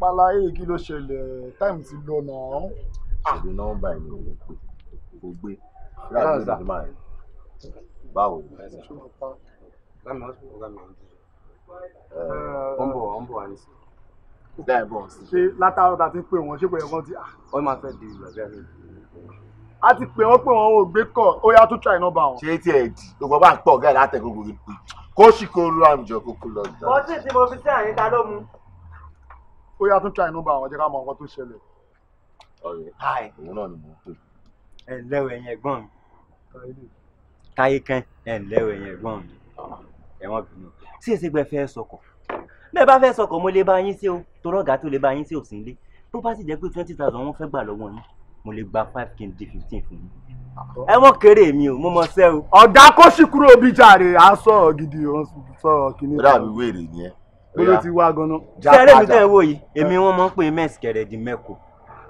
pala èyí kí ló ṣẹlẹ̀ táìmù ti lọ náà. Ah. ṣèlú nọ́mbà yìí ló ń pè kó gbé láti lè máa báwo ni. ọ̀nbọ̀ ọ̀nbọ̀ àníṣe lẹ́ẹ̀bọ̀ sí. ṣé látàárọ̀ ta ti ń pè wọ́n ṣé pé ẹ̀kan ti. wọ́n ah. máa fẹ́ di ìgbà bẹ́ẹ̀ ni. a ti pè wọ́n pé wọ́n ò gbé kọ̀ ó yá tún try nọ́mbà wọn. ṣé tí ẹ di gbogbo bá ń pọ̀ gáì látẹ̀ gbogbo rẹ̀ pé kó sì kó lu àmìjọ kókó lọ. ọtí tí mo fi sí àyíká ló mu. ó yá tún try nọ́mbà wọn jẹ́ ká mọ nǹkan tó ṣẹlẹ̀. ọ̀rẹ́ òun náà ni mò ń pè. ẹ lẹ́wọ̀ ẹ̀yìn ẹ̀gbọ́n mi táyé kan ẹ lẹ́wọ̀ ẹ̀yìn ẹ̀gbọ́n mi ah. ẹ̀wọ̀n bínú sí èsì gbẹ fẹ́ sọkọ̀ bẹ́ẹ̀ bá fẹ́ sọkọ̀ mo lè bá yín sí o torọ́ ọ̀gá tó lè bá yín sí ò sí nílé tó bá sì jẹ́ pé twenty thousand wọ́n fẹ́ gbà lọ́wọ́ yín mo lè gba five kí n di fifteen fún yín ẹ wọ́n kéré mi o mo mọ sẹ́ o. ọ̀dà kó sì kúrò bí jàre à ń sọ̀rọ̀ gidi ò ń sọ̀rọ̀ kíní. ó dàbí wèrè ni ẹ. bóló ti wá ganan. sẹ́rẹ̀ mi tẹ́ ẹ wò yìí èmi wọ́n mọ̀ ń pè mẹ́sì kẹrẹ̀ di mẹ́kọ̀ọ́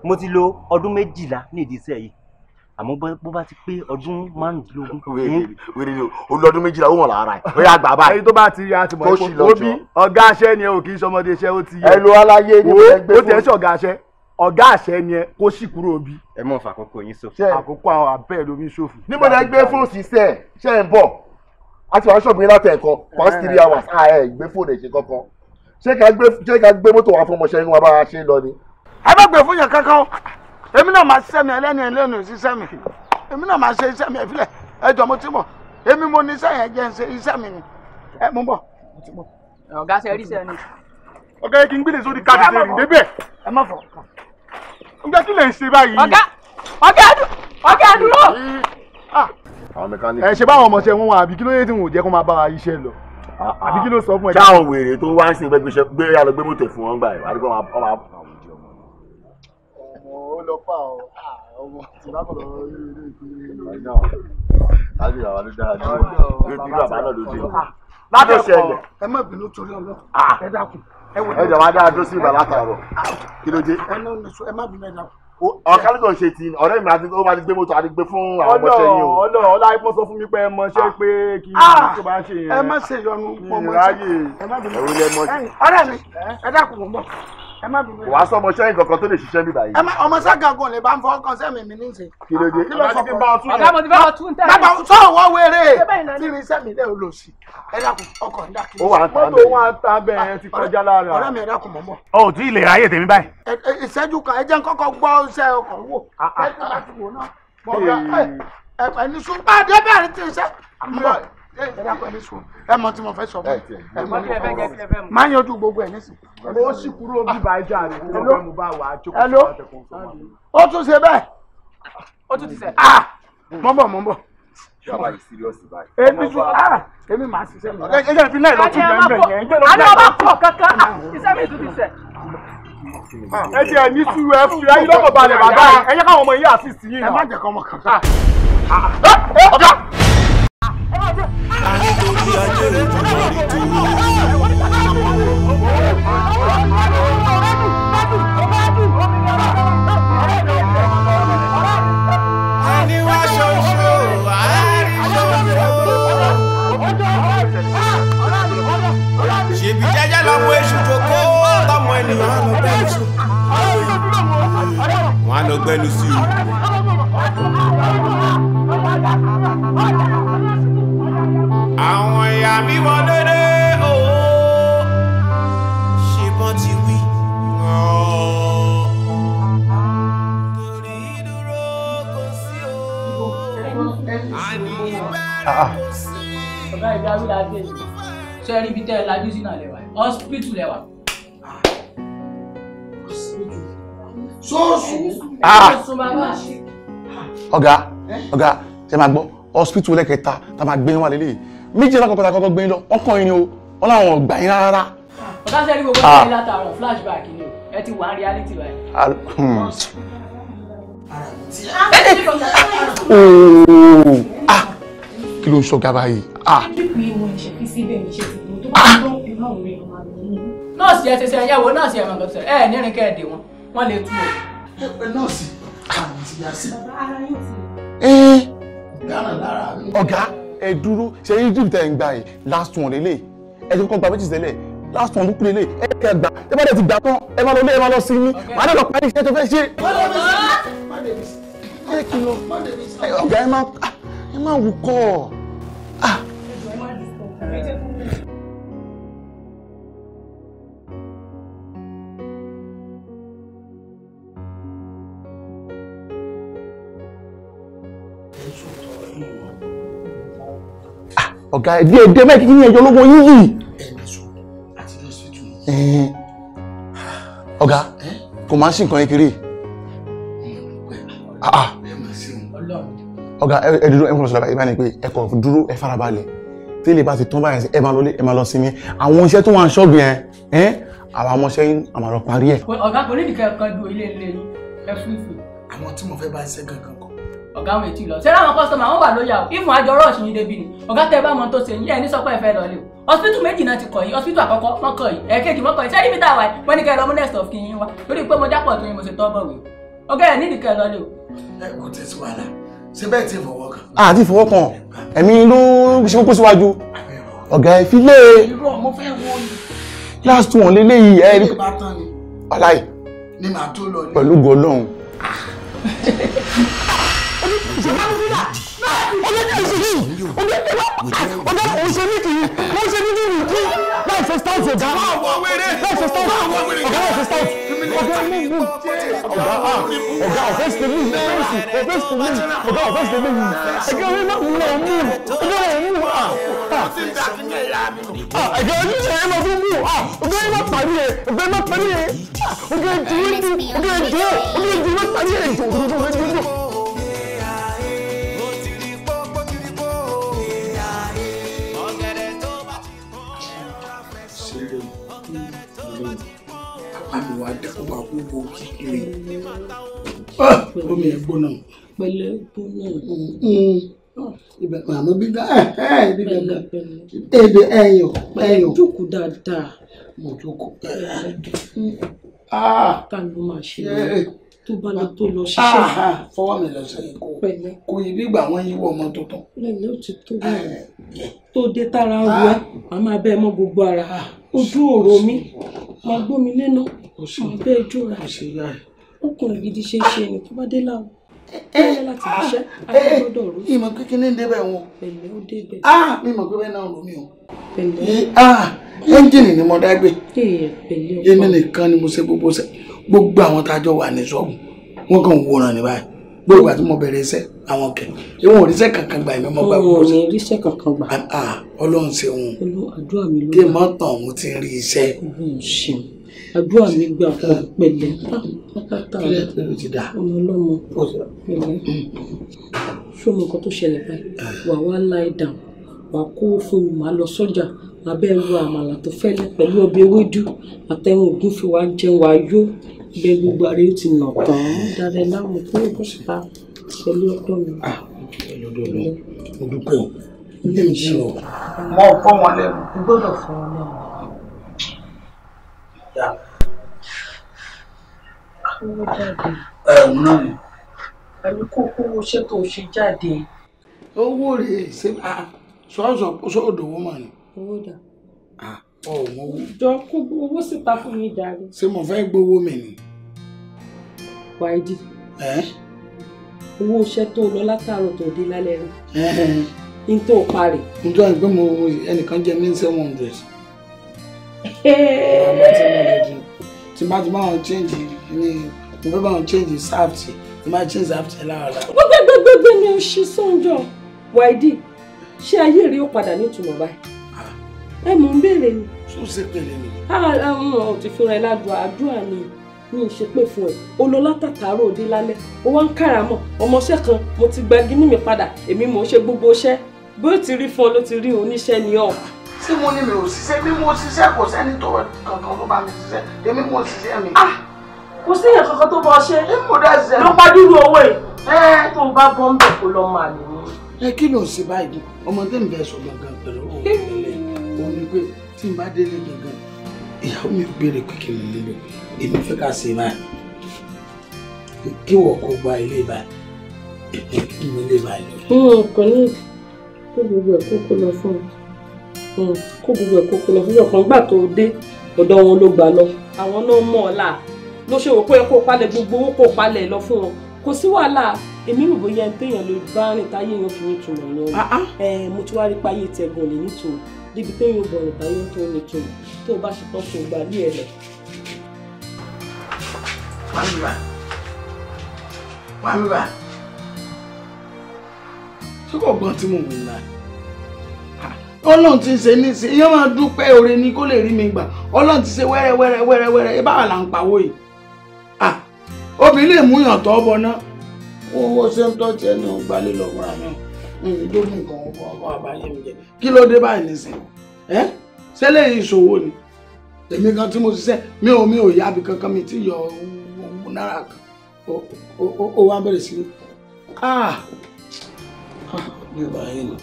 mo ti lò ọdún méjìlá nídìí iṣẹ́ yìí àmọ́ bó bá ti pé ọdún márùndínlógún. wèrè ni o lọ́dún méjìlá ó wọ̀n lára ẹ̀ bóyá àgbà báyìí. ẹni tó bá ti ya ti mọ̀ ẹ́ o bí ọ̀gá aṣẹ́ ni ẹ ò kì í ṣọmọdé iṣẹ́ ó ti yẹ. ẹ lo aláyé ní bẹ́ẹ̀ gbé fún. ó tẹ̀ ẹ́ ṣọ̀gá aṣẹ́ ọ̀gá àṣẹ ni ẹ kó sì kúrò bí. ẹ mọ̀ fàkókò yín ṣòfò. àkókò àwọn abẹ́ lómi ṣòfò. níbo ni ẹ gbé fóònù sísẹ ṣe ń bọ̀ àti wàá ṣọ̀gbìn láti ẹ̀kọ́ past three hours a ẹ̀ gbé fóònù ẹ̀ kankan ṣé ká gbé mọ́tò wa fún ọmọọṣẹ́ yín wa bá a ṣe lọ ni. ẹ bá gbé fún yàn kankan èmi náà máa ṣiṣẹ́ mi ẹlẹ́ni ẹlẹ́ni ò ṣiṣẹ́ mi èmi náà máa ṣe iṣẹ́ mi ẹ̀fílẹ̀ ẹjọ́ mo ti mọ̀ èmi mo ní iṣẹ́ yẹn jẹ́ ń ṣe iṣẹ́ mi ni ẹ mú bọ̀. ọ̀gá ṣe rí sẹ́ni. ọ̀gá yẹ kí n gbé lè sórí káàdì tẹ̀ ní débẹ̀. ẹ má fọ. ǹjẹ́ kí lè ṣe báyìí. ọ̀gá ọ̀gá dúró. Ah. àwọn mẹkáníkì. ẹ ṣe báwọn ọmọ ṣe wọn wà àbí kí ló yẹ tí wọn ò jẹ́ kó máa bá iṣẹ́ lọ ah, ah. àbí kí ló sọ fún ẹ. táwọn wèrè tó wá ń sìn gbẹgbẹ gbé yàrá gbé mọ́tò fún wọn gbà yìí lọ pa ọ ọmọ tìbákọ̀ lọ rí ilé láti bàbá ẹ má bínú torí ọlọ́pàá ẹ dákun. ẹ jọ wá dára dúró sí bàbá kan kí ló dé. ẹ má bínú ẹ dákun ọ̀kan tó ń ṣe ti ọ̀rẹ́ mi àti ó máa ti gbé mọ́tò àti gbé fún àwọn ọmọọṣẹ́ yìí o. ọlọ ọlọ ayé sọ fún mi pé ẹ mọṣẹ́ pé kí tó bá ṣe yẹn. ẹ má ṣe yọnu pọ́n mọ́ṣẹ́ ẹ má bínú. ọ̀rẹ́ mi ẹ dákun mọ́ ẹ má bínú. wàá sọ ọmọ sẹ́yìn kankan tó lè ṣiṣẹ́ mi báyìí. ẹ má ọmọ sága kan lè bá ń fọwọ́ kan sẹ́mi mi níṣe. kí ló dé kí ló fọkàn bàbá mo ti bá tún tẹ́lẹ̀. bàbá sọ wọ́n wéré tí sẹ́mi lè lò sí. ẹ ọkọ̀ ń dákun. ó wà á ta bẹ́ẹ̀ mọ́tò ti kọjá lára. ọ̀rẹ́ mi ẹ dákun mọ́ mọ́. o ò ẹ mọ tí mo fẹ́ sọ fún ẹ mọ tí mo fẹ́ sọ fún máa yanjú gbogbo ẹ nísìn. ó sì kúrò bí bàjá rẹ kí ló mú bá wà á jókòó sí àtẹkùn fún wa. ó tún ṣe bẹ́ẹ̀. ó tún ti ṣe. mọ bọ mọ bọ. èmi tún ah! èmi máa ṣiṣẹ́ mi. ẹ jẹ́ ìpínlẹ̀ ìlọ́tún yẹn bẹ̀rẹ̀ yẹn. àná ọba kọ̀ kankan iṣẹ́ mi tún ti ṣe ẹ ti ẹ ní sùúrù ẹ fún ayé lọ́kọ̀ balẹ̀ bàbá ẹ yẹ káwọn ọmọ yìí àfíìsì nítorí ajé òkú lórí tú. ẹni wá ṣoṣo àárín ṣoṣo. ṣèbí jẹ́jẹ́ lọ́mọ èṣù jòkó tọmọ ènìyàn lọ gbẹ́nu sí. wọ́n á lọ gbẹ́nu sí i àwọn ìyá mi wọ dédé o ṣe bọ́n ti wí. ọ̀gá ìjà wíwá dé ṣe rí ibi tẹ́ ẹ lajú sínú àlẹ́ wa hospital lẹ́wà. sọ́ọ̀sù. ọ̀gá ọ̀gá ṣe máa gbọ́ hospital lẹ́kẹta tá a máa gbé wá lélẹ́yìí méjì lákọ̀ọ́ pátá kọ́kọ́ gbé lọ ọkàn yín ni o wọn làwọn ọgbà yín rárá. ọ̀gá sẹ́ni gbogbo ṣe ah. látàrọ̀ flashback ni o ẹ ti wà á reality báyìí. Hmm. ah kí ló ń ṣọ́gá báyìí. Ah. nọ́ọ̀sì ẹ ti ṣe nọ́ọ̀sì ẹ̀ máa lọ sọ ẹ̀ ní irin kẹ́ẹ̀dẹ̀ wọn wọ́n lè tú o. nọ́ọ̀sì àmì ti yá sí. Eh. ọ̀gá ẹ dúró ṣe yí drip tẹ̀ ń gbà yìí last one lélẹ̀ ẹ ti kọ́ gba méjì tẹ́lẹ̀ last one lókùn lélẹ̀ ẹ kẹ́ gbà ẹ bá dẹ̀ ti gbà tán ẹ má lọ lé ẹ má lọ sí mi màá dẹ̀ lọ parí iṣẹ́ tó fẹ́ ṣe. ẹ kì lọ ọ̀gá ẹ má wù kọ́ ọ. ọ̀gá ẹ̀dí ẹ̀dẹ́ bẹ́ẹ̀ kí ni ẹjọ́ lógo yíyí. ọ̀gá kò máa ń sìn kan kiri. ọ̀gá ẹ dúró ẹ fọwọ́ sọ̀rọ̀ ẹ bá ní pé ẹ kọ̀ dúró ẹ farabalẹ̀ tí ilé bá ti tán báyìí ẹ máa lọ ẹ máa lọ sinmi àwọn iṣẹ́ tó wà ń ṣọ́ọ̀bù yẹn àwọn ọmọọṣẹ́ yín àmàlọ́ parí ẹ̀. ọ̀gá kò ní ìdíkẹ́ kan ju ilé ilé yín ẹ fún ìfẹ́. àwọn tí mo fẹ́ bá ṣe gangan ọ̀gá àwọn ètí lọ ṣé láwọn kọ́sọ́mà wọn wà lóyà o ìfún àjọ rọ́ọ̀ṣì yín débi ni ọ̀gá tẹ bá mọ tó ṣe yín ẹ̀ ní sọ pé ẹ fẹ́ lọ lé o hospital méjì náà ti kọ̀ yìí hospital àkọ́kọ́ wọ́n kọ̀ yìí ẹ̀ẹ́kejì wọ́n kọ̀ yìí sẹ́yìn mítà wáyé wọ́n ní kẹ́ ẹ lọ mú next of kin yín wá torí pé mo jápọ̀ tó yín mo ṣe tọ́ bọ̀wé ọ̀gá ẹ̀ nídìí kẹ́ ẹ lọ lé o. ẹ kò tẹ sí wàhálà ṣé bẹ́ẹ̀ ti fọwọ́ kan. a ti fọwọ́ kan ẹ̀mí ló ṣe kókó síwájú ọ̀gá ẹ̀ fi lé e last one lélẹ́yìí ẹ̀ẹ́dì ọ̀láì pẹ̀lú gọ́ọ̀lọ́hún. òṣèlú kì í wọ́n ṣe nínú ìlú kí láì ṣe stout ọ̀gá láì ṣe stout ọ̀gá láì ṣe stout ọ̀gá mú mú ọ̀gá ọ̀gá ọ̀fẹ́sì tó mú yìí ọ̀fẹ́sì tó mú yìí ọ̀gá ọ̀fẹ́sì tó mú yìí ẹgbẹ́ orí náà wúlò mú ọ̀gá rẹ̀ mú à ẹgbẹ́ orí rẹ̀ mọ̀ fún mú à ọ̀gá rẹ̀ mọ̀ parí ẹ̀ ọ̀gá rẹ̀ mọ̀ parí ẹ̀ ọ̀gá rẹ̀ dúró ọ̀gá rẹ̀ dúró ọ̀gá rẹ̀ dúró parí ẹ̀ àdàrúwà gbogbo kíkiri omi ẹ̀gbọ́n náà. pẹ̀lẹ́ ẹ̀gbọ́n náà. Mm. ibẹ̀ kan àmọ́ bí gá ibi gangan ebi ẹyọ ẹyọ. jókòó dáadáa. mo jókòó. ká ah. ló máa ṣe é eh. tó bá lọ tó lọ ṣiṣẹ́. Ah, ah, fọwọ́ mi lọ sẹ́yìn kó kó ibi gbà wọ́n yíwọ́ ọmọ tuntun. lẹ́yìn ó ti tó báyìí eh, eh. tó dé tára wọ ẹ́ màmá bẹ́ẹ̀ mọ́ gbogbo ara ojú ọ̀rọ̀ mi máa gbómi lé náà àwọn bẹ́ẹ̀ jóra ó kùnrin gidi ṣe ṣe ni tó bá dé láwọn bẹ́ẹ̀ láti ṣiṣẹ́ àgbẹ̀dọ̀ ah, eh, rú. ìmọ̀ kékeré ń débẹ̀ wọn. pẹ̀lẹ́ ó débẹ̀. ah mi mọ̀ pé bẹ́ẹ̀ náà rò mí o. pẹ̀lẹ́ eh, ah ẹ́ńjìnì ni mo dágbé. Eh, èmi nìkan ni mo ṣe gbogbo ṣe gbogbo àwọn tá a jọ wà ní ṣọ́ọ̀bù wọn kàn ń wòran ní báyìí gbogbo àti mo bẹ̀rẹ̀ iṣẹ́ àwọn kẹ̀ ìwọ̀n òrìṣẹ́ kankan gbà èmi gbà gbogbo ṣe. òrìṣẹ́ kankan gbà. Ah, ọlọ́run ṣeun kí n má ti rí iṣẹ́. ọlọ́run ṣeun àdúrà mi gbà fún pẹ̀lẹ́ pátápátá ọmọ ọlọ́mọ pẹ̀lẹ́ ṣọmọ nǹkan tó ṣẹlẹ̀ báyìí eh. wà wá láì dàn wà kó fún mi màá lọ sọ́jà màá bẹ́ẹ̀ lu àmàlà tó fẹ́lẹ́ pẹ̀lú ọbẹ̀ ewédú àtẹ̀wọ̀n ògùn fi wá jẹun wá yó bẹ́ẹ̀ gbogbo ààrẹ ti nà tán dáadáa láwọn tó ń bọ̀ síta pẹ̀lú ọkọ mi. Ah, mo dúpẹ́ o ilé ìṣe o. wọn ò fọ́ wọn lẹ́nu. gbọ́dọ̀ fọ́ wọn lẹ́nu. Yeah. Kówó jáde. Ẹ eh, ò náà ni. Àbí kó kówó ṣé tó ṣe jáde. Owó rèé ṣé sọ́ọ̀sọ̀ sóòdòwó mà ni. Owó dà. Ọ̀ mọ owó. Jọ kó owó síta fún mi jàre. Ṣé mo fẹ́ gbowó mi ni? Wáìdì. Ẹ́. Owó iṣẹ́ tó lọ látàárọ̀ tó dé lálẹ́ rẹ̀. Ẹ́hẹ́n. N tó parí. N tó àgbẹ̀ mo ẹnìkan jẹ mí seven hundred àmọ́ tí mo lè di tí bá ti bá wọn change ní mo fẹ́ bá wọn change sáft mo máa change sáft lára. gbẹgbẹgbẹgbẹ ni o ṣe sọ́njọ́ wáìdì ṣé ayé rí ó padà nítumọ̀ báyìí ah. ẹ mò ń béèrè ni. sọ ṣe pèlè ni. àwọn ò ti fi ra ẹ ládùá àdúrà ni mi ì ṣe pé fún ẹ o lọ látàtàárọ̀ òde lálẹ́ o wá ń káràmọ̀ ọmọọṣẹ́ kan mo ti gba gíní mi padà èmi mò ń ṣe gbogbo iṣẹ́ bó ti rí fún ọ ló ti rí oníṣẹ́ ni ọ tí mo ní mi ò ṣiṣẹ́ bí mo ṣiṣẹ́ kò sẹ́ni tó kankan tó bá mi ṣiṣẹ́ èmi mo ṣiṣẹ́ mi. Ah! kò sí èèyàn kankan tó bọ́ ṣe ló bá dúró owó ẹ̀ tó bá bọ́ ń bẹ̀ kó lọ́ máa lè mú. ẹ kí ló ń ṣe báyìí ọmọ tẹ́mi bẹ́ẹ̀ sọ gangan pẹ̀lú òun lẹ́lẹ̀ òun ni pé tí n bá délé gangan ìyàwó mi béèrè pé kí n nílò èmi fẹ́ ká ṣe báyìí kí wọ́n kó gba ilé báyìí kí n ilé báyìí. kò ní kó gbogbo ẹ̀ kó lọ fún un. Hmm, kó gbogbo ẹ̀ kó lọ fún ọkàn gbà tó dé ọ̀dọ̀ wọn ló gbà lọ àwọn náà mọ̀ ọ́ là ló ṣe wò pé kó palẹ̀ gbogbo owó kó palẹ̀ lọ fún wọn kò sí wàhálà èmi rò bóyá ẹni téèyàn lè bá rìn táyé yẹn fi nítumọ̀ yẹn ah, ah. mo ti wá rí páyé tẹ̀gùn lè nítumọ̀ débi téèyàn bọ̀ rìn táyé tó nítumọ̀ tó o bá ṣe tán kò gbà bí ẹ lọ. wàá mi ṣé kò gbọ́n tí mò ń wí ọlọ́run ti ṣe ní ṣe èèyàn máa dúpẹ́ oore ni kó lè rí mi gbà ọlọ́run ti ṣe wẹ́rẹ́ wẹ́rẹ́ wẹ́rẹ́ wẹ́rẹ́ ẹ bá wà là ń pawó yìí ah obìnrin lè mú yàn tọ́ bọ ná owó ṣe ń tọ́jú ẹni òun gbalẹ̀ lọ wúra mi ìdógún nǹkan ọkọ̀ ọkọ̀ àbáyé mi jẹ kí ló dé báyìí nìsín ẹ ṣé lẹ́yìn ìṣòwò ni èmi kan tí mo ṣiṣẹ́ mi ò mi ò yábi kankan mi ti yọ òun náírà kan ó wá bẹ̀rẹ̀ sí ah ah bí o bá yé ni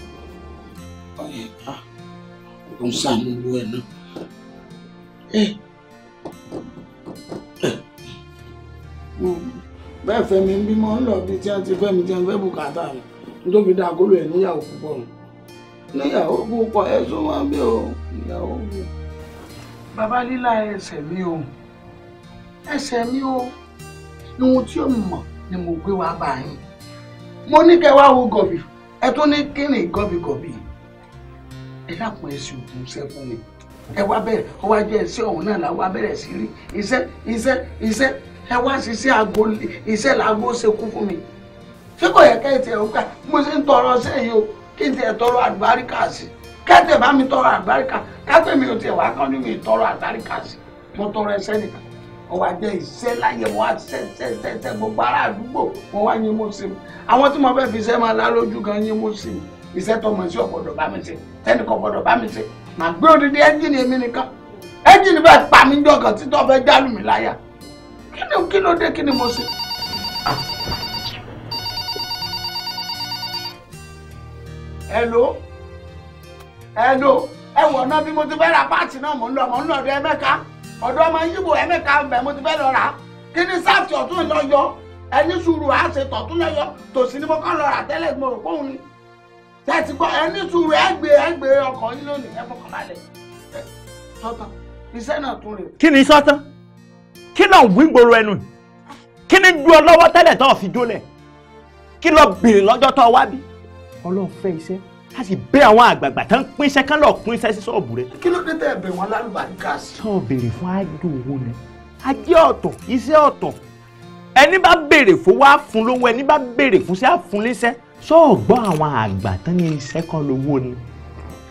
bàbá yẹn ló ah. ń sàánú owó ẹ̀ náà. bẹ́ẹ̀ fẹ́mi ń bímọ ń lọ bí tí a ti fẹ́mi tí wọ́n fẹ́ bùkátà mi nítorí dáa kó lè níyàwó púpọ̀ níyàwó púpọ̀ ẹ sún wọn bí o níyàwó púpọ̀. bàbá lílá ẹsẹ̀ mi o ẹsẹ̀ mi o ohun tí ó mọ̀ ni mo gbé wá bá yín mo ní kẹ́ wo gọ̀bì ẹ tún ní kíni gọ̀bìgọ̀bì ẹ dàpọ̀ ẹsẹ̀ òkú iṣẹ́ fún mi ẹ wá bẹ̀rẹ̀ ọ wá jẹ́ iṣẹ́ ọ̀hún náà la wá bẹ̀rẹ̀ sí rí iṣẹ́ iṣẹ́ iṣẹ́ ẹ wá ṣiṣẹ́ aago iṣẹ́ laago ṣe kú fún mi ṣé kò yẹ kẹ́ẹ̀tì ẹ̀ ọ̀gá mo ṣe ń tọrọ sẹ́yìn o kí n tiẹ̀ tọrọ àgbáríkà sí kẹ́ẹ̀tì bá mi tọrọ àgbáríkà kápẹ́ mi ò tiẹ̀ wá kán ní mi tọrọ àgbáríkà sí mo tọrọ ẹsẹ́ nìkan ọwọ́ àjẹ́ ìṣẹ́ láyé wọn á gbogbo ará àdúgbò wọn wá yín mú sí mi àwọn tí mo fẹ́ fi ṣẹ́ máa lá lójú gan yín mú sí mi iṣẹ́ tó mọ̀ sí ọ̀gbọ̀dọ̀ bá mi ṣe ẹnì kan ọ̀gbọ̀dọ̀ bá mi ṣe màá gbé odidi ẹ́ńjìnì èmi nìkan ẹ́ńjìnì bẹ́ẹ̀ pa mí jọ̀kan tí tọ́ fẹ́ jálù mí láyà kí ni kí ló dé kí ni mo ṣe. Ah. hello hello ẹ wọ̀ náà bí mo ti fẹ́ ra páàtì náà mò ń lọ mò ń lọ ọ̀dọ̀ ẹ̀mẹ́ka ọ̀dọ̀ ọmọ yíbo ẹ̀mẹ́ka bẹ̀ mo ti fẹ́ lọ rà kí ni sáàtì ọ̀tún ìlọyọ ẹni sùúrù àṣetọ̀ tún lọ́yọ tòsí ni mo kọ́ lọ rà tẹ́lẹ̀ mo rò òun ni tẹ́tí gbọ́ ẹni sùúrù ẹgbẹ́ ẹgbẹ́ ọkọ̀ yín lónìí ẹ fọkàn balẹ̀ sọ́tàn iṣẹ́ náà tún rè. kí ni sọ́tàn kí ló wí gbòòrò ẹnu kí ni ju ọlọ́wọ́ tẹ́lẹ̀ tó fi jólẹ̀ kí ló bèrè lọ́jọ́ tó wá bí ọlọ́run fẹ́ iṣẹ́ a sì bẹ àwọn àgbààgbà tán pín iṣẹ́ kán lọ pín iṣẹ́ sí ṣọ́ọ̀bù rẹ. kí ló dé tẹ́ bẹ̀ wọ́n lálùbáríkà sí. sọ béèrè fún àjò owó ni ajé ọ̀tọ̀ iṣẹ́ ọ̀tọ̀ ẹni bá béèrè fún wá fún lówó ẹni bá béèrè fún sí àfúnléṣẹ́ sọ́ọ̀gbọ́ àwọn àgbà tán ní iṣẹ́ kan lówó ni.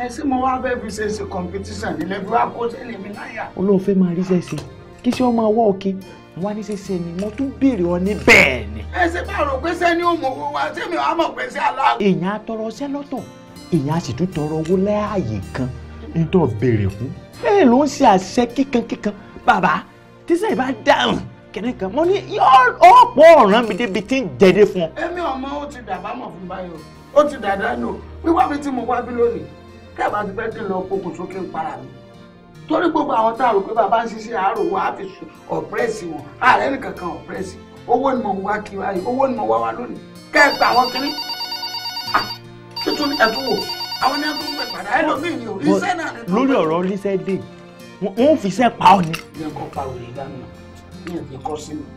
ẹ ṣé mo wá bẹ́ẹ̀ fi ṣe ṣe competition nílẹ̀ bí wàá kó tẹ́lẹ̀ mi láyà. olóòfẹ́ máa ríṣẹ́ sí kí ṣé ó máa wọ́ òkè wá ní ṣíṣe ni mo tún béèrè ọ ní bẹ́ẹ̀ ni. ẹ ṣe bá rò pé sẹ́ni ò mọ̀ wá sẹ́mi ò á mọ̀ pé sí aláwọ̀. èèyàn á tọrọ ọṣẹ́ lọ́tọ̀ èèyàn á sì tún tọrọ owó láàyè kan nítorí béèrè fún. bẹ́ẹ̀ ló ń ṣe àṣẹ kíkankíkan bàbá tíṣẹ́ ìbá dáhùn kìnìún kan mo ní yóò pọ̀ ọ̀ràn mi débi tí ń jẹ́dé fún ọ. èmi ọmọ ó ti dàbá mọ̀ fún báyìí ó ti dàdá nù wíwá mi tí mo wá bí lónìí kẹ́ẹ̀bá ti fẹ́ kí n lọ pokùn sókè ń para mi torí gbogbo àwọn tá a rò pé bàbá ń ṣiṣẹ́ àárò wa á fi ọ̀pẹ́ẹ̀sì wọn ààrẹ nìkan kan ọ̀pẹ́ẹ̀sì owó ni mo wá kí wáyé owó ni mo wá wá lónìí kẹ́ẹ̀gbà àwọn kiri tuntun ẹ̀tún wò àwọn ẹni ẹ̀tún gbẹ̀gbàdà ẹ̀ lómi ni ò ríṣẹ́ náà. lórí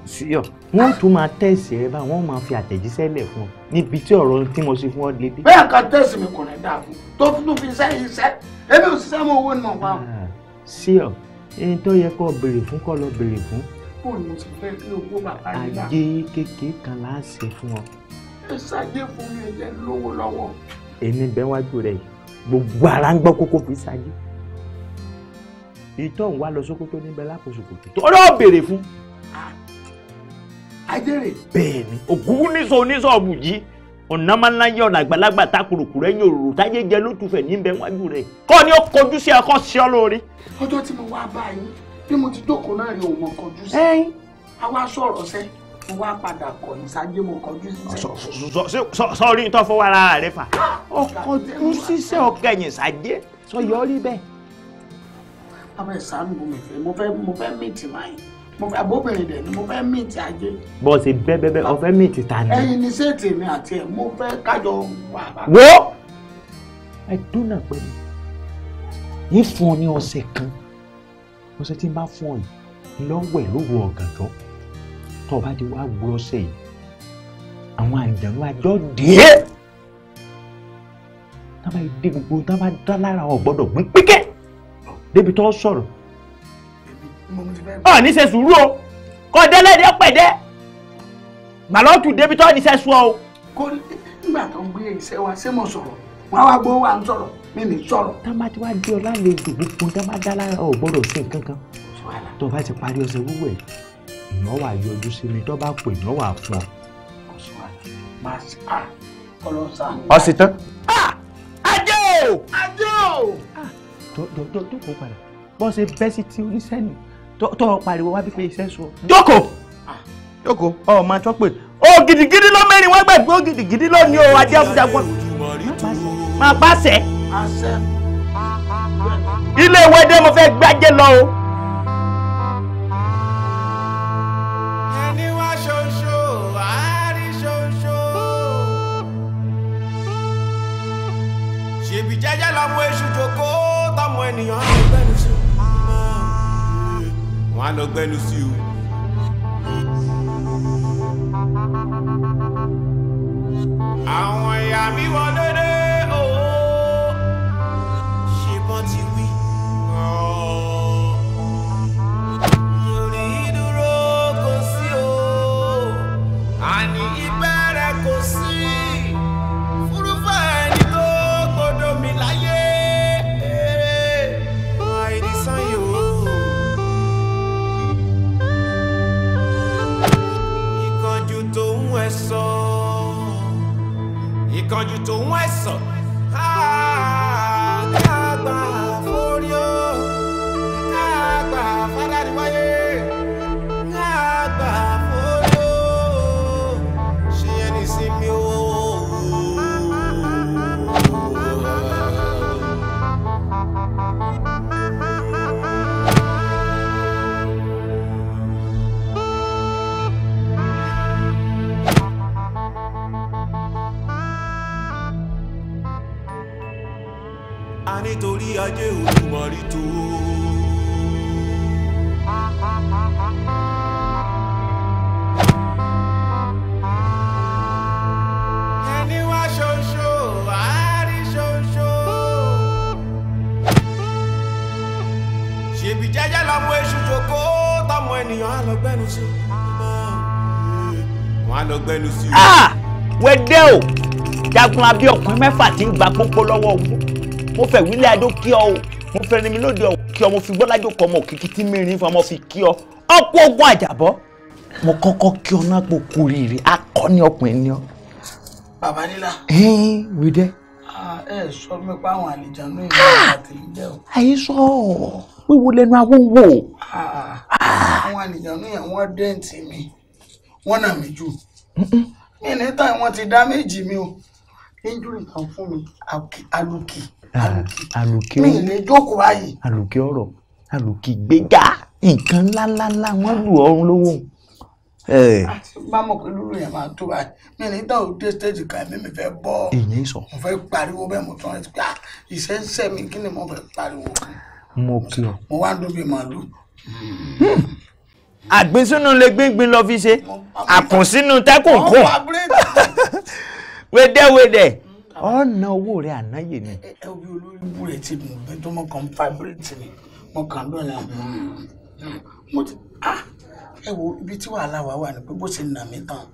síyọ wọn tún máa tẹ̀sí ẹ báyìí wọn máa fi àtẹ̀jíṣẹ́ lẹ̀ fún ọ níbi tí ọ̀rọ̀ tí mo ṣe fún ọ lè dé. bẹ́ẹ̀ kan tẹ̀sí mi kò ní dáa fún tó tún fi iṣẹ́ yìí ṣẹ́ ebi ò ṣiṣẹ́ mọ owó ni mo pa. Ah, síyọ ẹni tó yẹ kó béèrè fún kó lọ béèrè fún. kò ní mo sì fẹ́ kí owó bàbá yìí dà. ajé kékeré kan là á ṣe fún ọ. ẹ ṣàjẹ́ fún mi ẹ jẹ́ lówó lọ́wọ́. èmi bẹ́ẹ̀ wájú rẹ̀ gbogbo ìtọ́ òun wá lọ sókótó níbẹ̀ lápò ṣòkòtò tó rọ́ béèrè fún. ajẹ́rè. bẹ́ẹ̀ni ògún níṣọ oníṣọ́ọ̀bù jí ọ̀nàmánáyé ọ̀nà àgbàlagbà tá kùrùkù rẹ̀ yín òróró táyé jẹ lótùfẹ̀ níbẹ̀ wájú rẹ̀ kọ́ ni ó kojú sí ẹ̀kọ́ sí ọ lórí. ọjọ́ tí mo wá bá yín bí mo ti dókòó náà rí òun mo kojú sí. àwa sọ̀rọ̀ sẹ́ mo wá padà kọ̀ ní sáyé mo kojú sí. sọ́ọ́rí tó fọwọ́ ara rẹ̀ fà ọkọ̀ ojú sísẹ́ ọ̀gẹ̀yìn sáyé sọ yọ ọ rí bẹ́ẹ̀ abẹ́ ìsánú mo fẹ́ mo fẹ́ mo fẹ́ mìtì láyìn mo fẹ́ abóbìnrin dẹ̀ ni mo fẹ́ mìtì ajé. bọ́ọ̀sì bẹ́ẹ̀bẹ́ẹ́ o fẹ́ mìtì ta ni. ẹyin ni séètì mi àti ẹ mo fẹ́ kájọ wà bá. wo ẹ dúnà pẹ̀lú yìí fún ọ ní ọ̀sẹ̀ kan ọ̀sẹ̀ tí n bá fún ọ yìí lọ́wọ́ ẹ̀ lóru tó o bá di wá gbọ́ ọ̀sẹ̀ yìí àwọn àjẹ̀nú àjọ dìé tá a bá dé gbogbo tá a bá dá lára ọ̀ gbọ́dọ̀ gbé píkẹ́ débi tó sọ̀rọ̀. ọ ní ṣe sùúrù o kò délẹ́dẹ́ pẹ̀dẹ́ màlọ́tù débi tó ní ṣe sùn o. kò nígbà tó ń gbé iṣẹ́ wa ṣé mo sọ̀rọ̀ wọn wá gbowó à ń sọ̀rọ̀ mi ní sọ̀rọ̀. tá a bá ti wá di ọlá lè dùn gbogbo tá a bá dá lára ò gbọ́dọ̀ sí nǹkan kan tó bá ti parí ọ̀sẹ̀ wíwọ ẹ ìyàn wà yọjú sí mi tó bá pè ìyàn wà fún ọ. Ah, ọ̀sìn tán. Ah! ajé o. ajé o. Ah! jókòó padà bọ́n ṣe bẹ́ sí ti oníṣẹ́ni tó ọ pariwo wá bí pé iṣẹ́ sọ. jókòó jókòó ah. ọmọ tó pè ó gidigidi ló mẹ́rin wọ́n gbàgbé ó gidigidi ló ní o ajé ọ̀gbọ̀n máa bá sẹ́ ilé ìwọ́dé mo fẹ́ gbájé lọ o. ṣèbí jẹ́jẹ́ lọ́mọ èṣù àwọn ènìyàn á lọ gbẹ́nu sí o wọ́n á lọ gbẹ́nu want o. àwọn ìyá mi you do wise up. orí ajé olùmọ̀rí tó. ẹni wá ṣoṣo àárí ṣoṣo. tọmọ ènìyàn á lọ gbẹ́nu sí i. wọ́n á lọ gbẹ́nu sí i. Ah! wẹ́dẹ́ o jagun abẹ́ ọkùnrin mẹ́fà ti ń gba pópó lọ́wọ́ ogun mo fẹ́ wílé adó kí ọ o mo fẹ́ rinmi lóde ọ̀hún kí ọ mo fi gbọ́lájò kọ́ ọmọ òkìkí tí mi rìn fún ọmọ fi kí ọ ọ̀pọ̀ ogun àjàbọ́ mo kọ́kọ́ kí ọ náà pòkú rírì akọni ọkùnrin ni ọ. bàbá nílá. ẹ̀ẹ́n wídẹ́. ẹ sọ mi pa àwọn àlejànú ìlú àtẹlẹjẹ o. àyíṣọ wíwo lẹnu awó ń wò. àwọn àlejànú yẹn wọ́n dẹ́ǹtì mi wọ́n nà mí jù mi níta wọ́n ti dá méjì mi o injúri kan fún mi àlùkì àlùkí ọ̀rọ̀ mi ní jókòó ayé àlùkí ọ̀rọ̀ àlùkí gbéga nǹkan ńláńláńlá wọ́n lù ọrùn lówó. bá mọ̀ pé lóru yẹn máa tó báyìí mi ní tàn ó dé stéèjì kan mi mi fẹ́ bọ́ ìyẹn sọ mo fẹ́ pariwo bẹ́ẹ̀ mo tún ẹ ti pé ìṣe ah, ń sẹ́ mi kí ni mo fẹ́ pariwo. mo kí ọ. mo wá ń dóbi màálù hmm. àgbésínú lè gbíngbín lọ fi ṣe àkùnsínú tẹkùn kùn wédéwédé ọ̀nà owó rẹ̀ ànáyè ni. ẹ ẹ bí olórí wúrẹ̀ tí mo bẹ tó mọ kàn fáibúrẹ́tì ni mo kàn dọ̀la mo ti ah, ẹ wo ibi tí wàhálà wà wà ní pé bó ṣe nà mí tán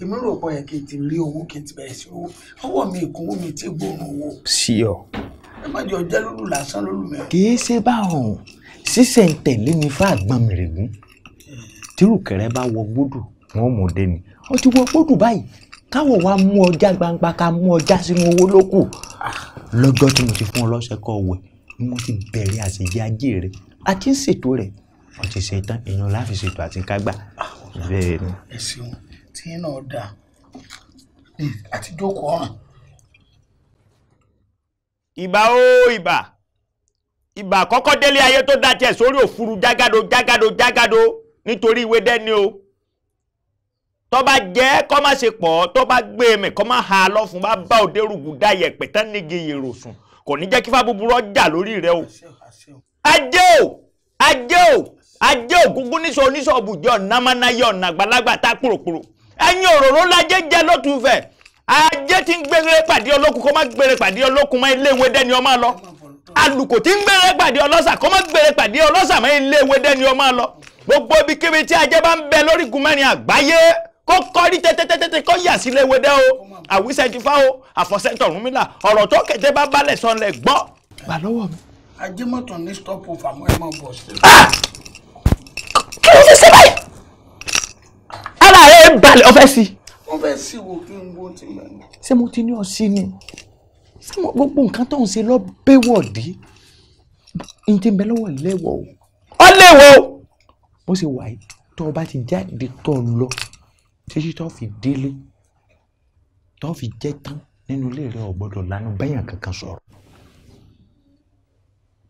èmi rò pọ̀ yẹ kí n ti rí owó kí n ti bẹ̀rẹ̀ sí owó ọwọ́ mi ìkúnwó mi ti gbóòórùn owó. sí ọ. ẹ má jọ jẹ́ lólu lásán lólu mẹ́rin. kì í ṣe báwọn ṣíṣe ń tẹ̀lé ni fún àgbọn mèrègún tírùkẹ̀rẹ̀ bá wọ gbódù wọn mọ̀ dé ni ó ti wọ gbódù báyìí káwọ wa mú ọjà gbangba ká mú ọjà sínú owó ló kù ah, lọ́jọ́ tí mo ti fún ọ lọ́sẹ̀ kọ wẹ ni mo ti bẹ̀rẹ̀ àṣejẹ ajé rẹ a ti ń ṣètò rẹ wọn ti ṣe tán èèyàn láfi ṣètò àti kágbà ah, bẹ́ẹ̀ ni. ẹ ṣeun tí iná dà hmm, àti jókòó ọ̀ràn. ìbà o ìbà ìbà kọ́kọ́ délé ayé tó dájẹ́ sórí òfuru jágàdo jágàdo jágàdo nítorí ìwé dẹ́ni o tó bá jẹ́ kó má ṣe pọ̀ tó bá gbé e mì kó má ha lọ́fun bá bá òde rúgùn dá yẹ̀pẹ̀ tán nígi yèrò sùn kò ní jẹ́ kí fá búburú ọjà lórí rẹ o. ajé o ajé o ajé o gúngún níṣọ oníṣọ́ọ̀bù jọ námánáyé ọ̀nà àgbàlagbà tá kúròkúrò ẹ̀yin òróró lajé jẹ́ lọ́tùfẹ̀ ajé tí ń gbére pàdé olókun kó má gbére pàdé olókun má ilé ìwé dẹ́ni ọmọ lọ alùkò tí ń gbére pàdé ọlọ́ṣà kó má gbére pàdé ọlọ́ṣà má ilé ìwé dẹ́ni ọmọ lọ gbogbo ibikíbi tí ajé bá ń bẹ lórí gùnmẹ́rin àgbáyé kó kọrí tẹ́tẹ́tẹ́tẹ́ kó yà sílẹ̀ wẹ́dẹ́ o àwísẹ́ ti fá o àfọ̀sẹ́tọ̀ Ọ̀rúnmìlà ọ̀rọ̀ tó kẹ̀tẹ́ bá balẹ̀ sọ̀nlẹ̀ gbọ́ gbà lọ́wọ́ mi. ajimoto ní stop of àmọ́ ẹ̀ máa bọ̀ sí. Ah! kí ló ṣe ṣe báyìí ara rẹ̀ ń balẹ̀ ọ̀fẹ́ sí. wọ́n fẹ́ sí wo kí n bó ti mẹ́rin. ṣé mo ti ní ọ sí ni ṣé mo gbogbo nǹkan tó ń ṣe lọ bẹ́wọ̀dì n ti bẹ lọ́wọ́ lẹ́wọ̀ o ọ lẹ́wọ̀ o mo ṣe wà tó o bá ti jáde títí tó fi délé tó fi jẹ́ tán nínú ilé rẹ ò gbọ́dọ̀ lánàá bẹ́yàn kankan sọ̀rọ̀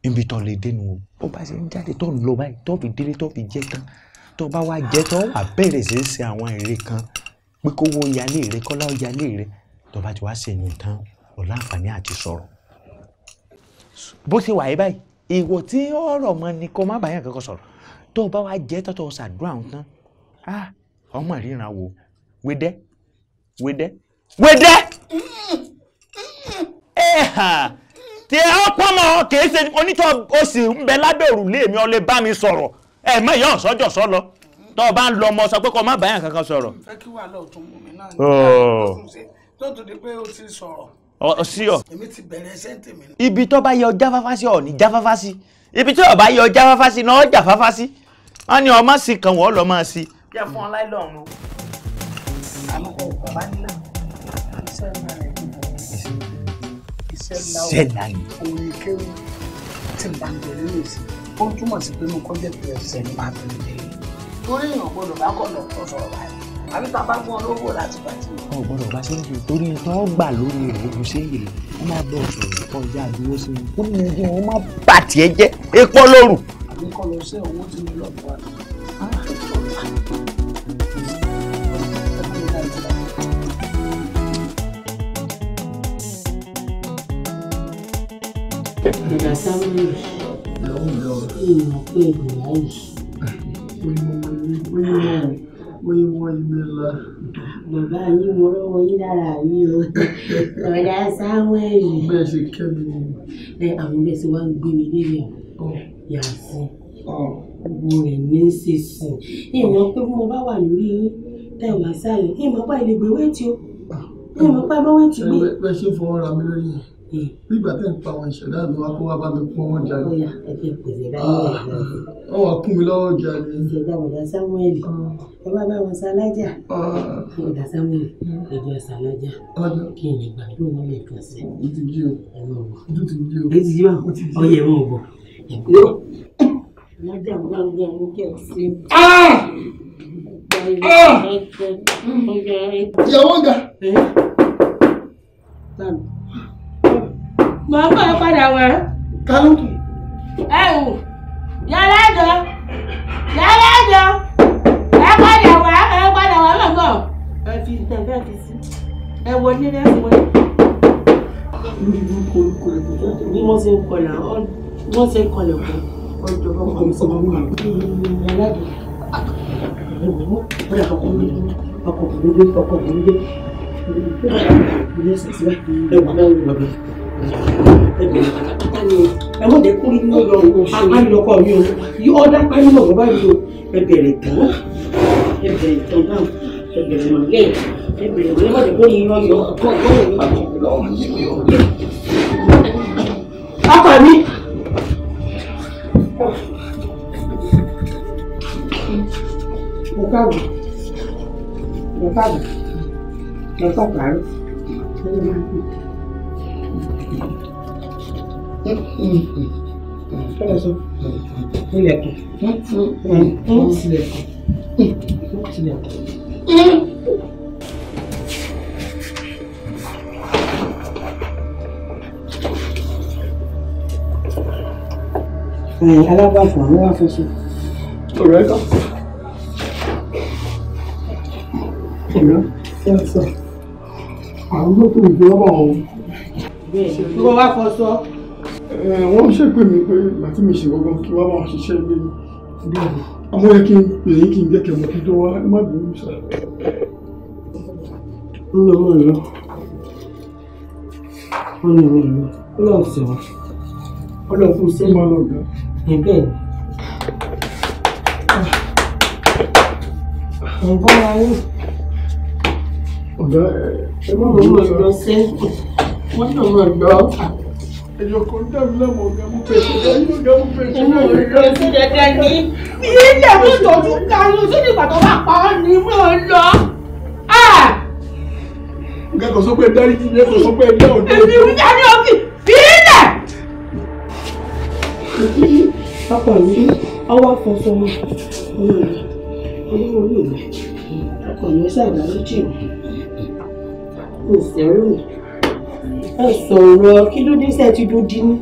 ibi tó lè dénú o bó bá ṣe ń jáde tó ń lọ báyìí tó fi délé tó fi jẹ́ tán tó bá wá jẹ́ tó wà bẹ̀rẹ̀ sí í ṣe àwọn èrè kan pé kó wo yálé rẹ kọ́lá yálé rẹ tó bá ti wá ṣèyàn tán ò láǹfààní àti sọ̀rọ̀ bó ṣe wà yí báyìí ìwọ tí ọ̀rọ̀ mọ ni kó má bàyàn kankan sọ̀rọ̀ tó bá wá jẹ́ tó tó ṣàdúrà ń tán ah ọmọ ìríran wo wedẹ́ wedẹ́ wedẹ́ tí ẹ pọ́nmọ́ kìí ṣe onítọ̀ o sì ń bẹ lábẹ́ òrùlé mi ọ lè bá mi sọ̀rọ̀ ẹ mọ ìyá ọ̀sọ́jọ́ sọ lọ tó o bá ń lọ ọmọ sọ pé kó o má báyà kankan sọ̀rọ̀. fẹ́ kí wàá lọ tún mú mi náà ní lọ́tọ̀ di pé o ti sọ̀rọ̀. ọ sí ọ. èmi ti bẹ̀rẹ̀ ẹsẹ̀ tèmi. ibi tó bá yẹ ọjà fáfá sí ọ ní jáfáfá sí ibi tí ọba yẹ ọjà fáfá sí náà ọjà fáfá sí wọn ni ọmọ sí kan wọ́n lọ máa sí jẹ́ fún ọláì lọ́run o. bàbá nílò iṣẹ́ ńlá rẹ̀ iṣẹ́ ńlá orin kéwì tí n bá ń bẹ̀rẹ̀ lè sí ó túmọ̀ sí pé mo kọ́ jẹ́ pé ọ̀sẹ̀ ni màá bẹ̀rẹ̀ lè torí èèyàn gbọ́dọ̀ bá kọ̀ lọ kọ́ sọ̀rọ̀ báyìí àbí bàbá fún ọ láti bá ti. ọ gbọ́dọ̀ bá ṣe ń ṣe torí tó gbà lórí ìròyìn ṣe yìí wọn máa bọ ọsọrọ kọjá àdúró sí i kó ní kí wọn má bàtì ẹ jẹ é pọ lóru. àbíkọ lọ sí owó tí mo lọ bọ àná. ìgbà táwọn èèyàn pé ìgbà yìí. mo yí wọ́n ilé lọ. bàbá yín mo rọ́wọ́ yín lára mi o ọ̀dà sáwẹ́ẹ̀lì. bẹ́ẹ̀ ṣe kẹ́mi ni. ẹ àwọn bẹ́ẹ̀ ṣe wá ń gbé mi nílẹ̀ yàtọ̀ gbogbo rẹ̀ ní sísìn ìmọ̀ pé mo bá wà lórí yín tẹ̀ wá sáyọ̀ ìmọ̀ pa ìlẹ̀gbẹ̀wé tí o ìmọ̀ pa ìbọ̀wé tí o. ẹ bẹ ṣe fọwọ́ ra mi lórí yìí nígbà tẹ́ ń pa àwọn ìṣẹ̀dá mi wá kó wá bá mi pọ́n wọn jalè. bóyá ẹ fi pèsè láyé ẹ̀ lọ. wọ́n kún mi lọ́wọ́ jalè. ìṣẹ̀dá bọ̀dá samuel ah. ẹ bá bá wọn ṣalájà. bọ̀dá ah. samuel hmm. ìjọ ṣalájà kí ni ìgbà tó wọn lè kàn sí. o ti jí o o ti jí o. o ti jí o ọyẹ ẹ mọ̀ bọ̀. alájà ń gbàgbé ẹni kẹ́ ẹ sí. Ah! ìyàwó ń ga mọ̀ ń bọ̀ padà wá. kálukì. ẹ wò yàrá ẹjọ yàrá ẹjọ ẹ padà wá ẹ padà wá mọ̀ bọ̀. ẹ fi tẹ̀fẹ́ ti sí ẹ wọ ní ẹ wọ. lórí ìlú koríko rẹ̀ bí wọ́n ṣe ń kọlà wọ́n ṣe ń kọlà kọ́ ọjọ́ bá wọn sọ wọn wà. yàrá ẹjọ ọ̀rẹ́ àkọ́kọ́ mi ọkọ̀ òdòdó ọkọ̀ òdòdó. Yes, yes, ẹgbẹ̀rún pátápátá ni ẹ wọ́n dẹ́ kúrú inú lọ alọ́kọ̀ mi o yí ọ́dá parí mọ̀ bọ́bá yìí o ẹ bẹ̀rẹ̀ tán ẹ bẹ̀rẹ̀ tán náà ẹ bẹ̀rẹ̀ mọ̀ lẹ́yìn ẹ bẹ̀rẹ̀ mọ̀ lẹ́yìn wọ́n dẹ́ kúrú inú lọ ọkọ̀ mi. mo káàbọ̀ mo káàbọ̀ mo káàbọ̀ àárọ̀. Fẹ́lẹ̀ Alábàfọ̀ àwọn wá Ọ̀rẹ́ kan. Ọ̀rẹ́ fẹ́ sọ. Àwọn mọ́tò ìgbéyàwó àwọn. Bẹ́ẹ̀ ni. Gbogbo wa fọ sọ. Eh, wọ́n ṣe pé mi pé màtí mi ṣe gbọ́gbọ́n kí wọ́n máa ṣiṣẹ́ ilé mi àmọ́ yẹ kí n pè é kí n jẹ́ kẹ̀mọ́ kí n tó wá ẹ má bínú sọ. ń lọ mọ ìlú ń lọ mọ ìlú ó lọ sí wa ó lọ fún sí ma lọgà ẹgbẹ́ rẹ. nǹkan máa ń. ọ̀gá ẹ má bínú sọ. wọ́n lọ mọ ìlú èèyàn kan dá mi láwọn ọ̀gá mú pèsè lẹ́yìn ọ̀gá mú pèsè lẹ́yìn ọ̀gá mú pèsè lẹ́yìn. ilé ìdẹ̀rù ìtọ́jú karùn-ún sí ìgbà tó bá pa ọ́ ni mò ń lọ. nǹkan kan sọ pé dárí ti yẹ kó sọ pé ẹgbẹ́ òde. èmi ń jẹ́ ní ọ́fì fílẹ̀. pápá mi ọwọ́ afọ́fọ́ mi ọlọ́run mi ọkọ̀ mi sábà ló jì mí. mi ò fẹ́ràn mi ẹ sọ̀rọ̀ kí ló dé sẹ́ ti dó dínú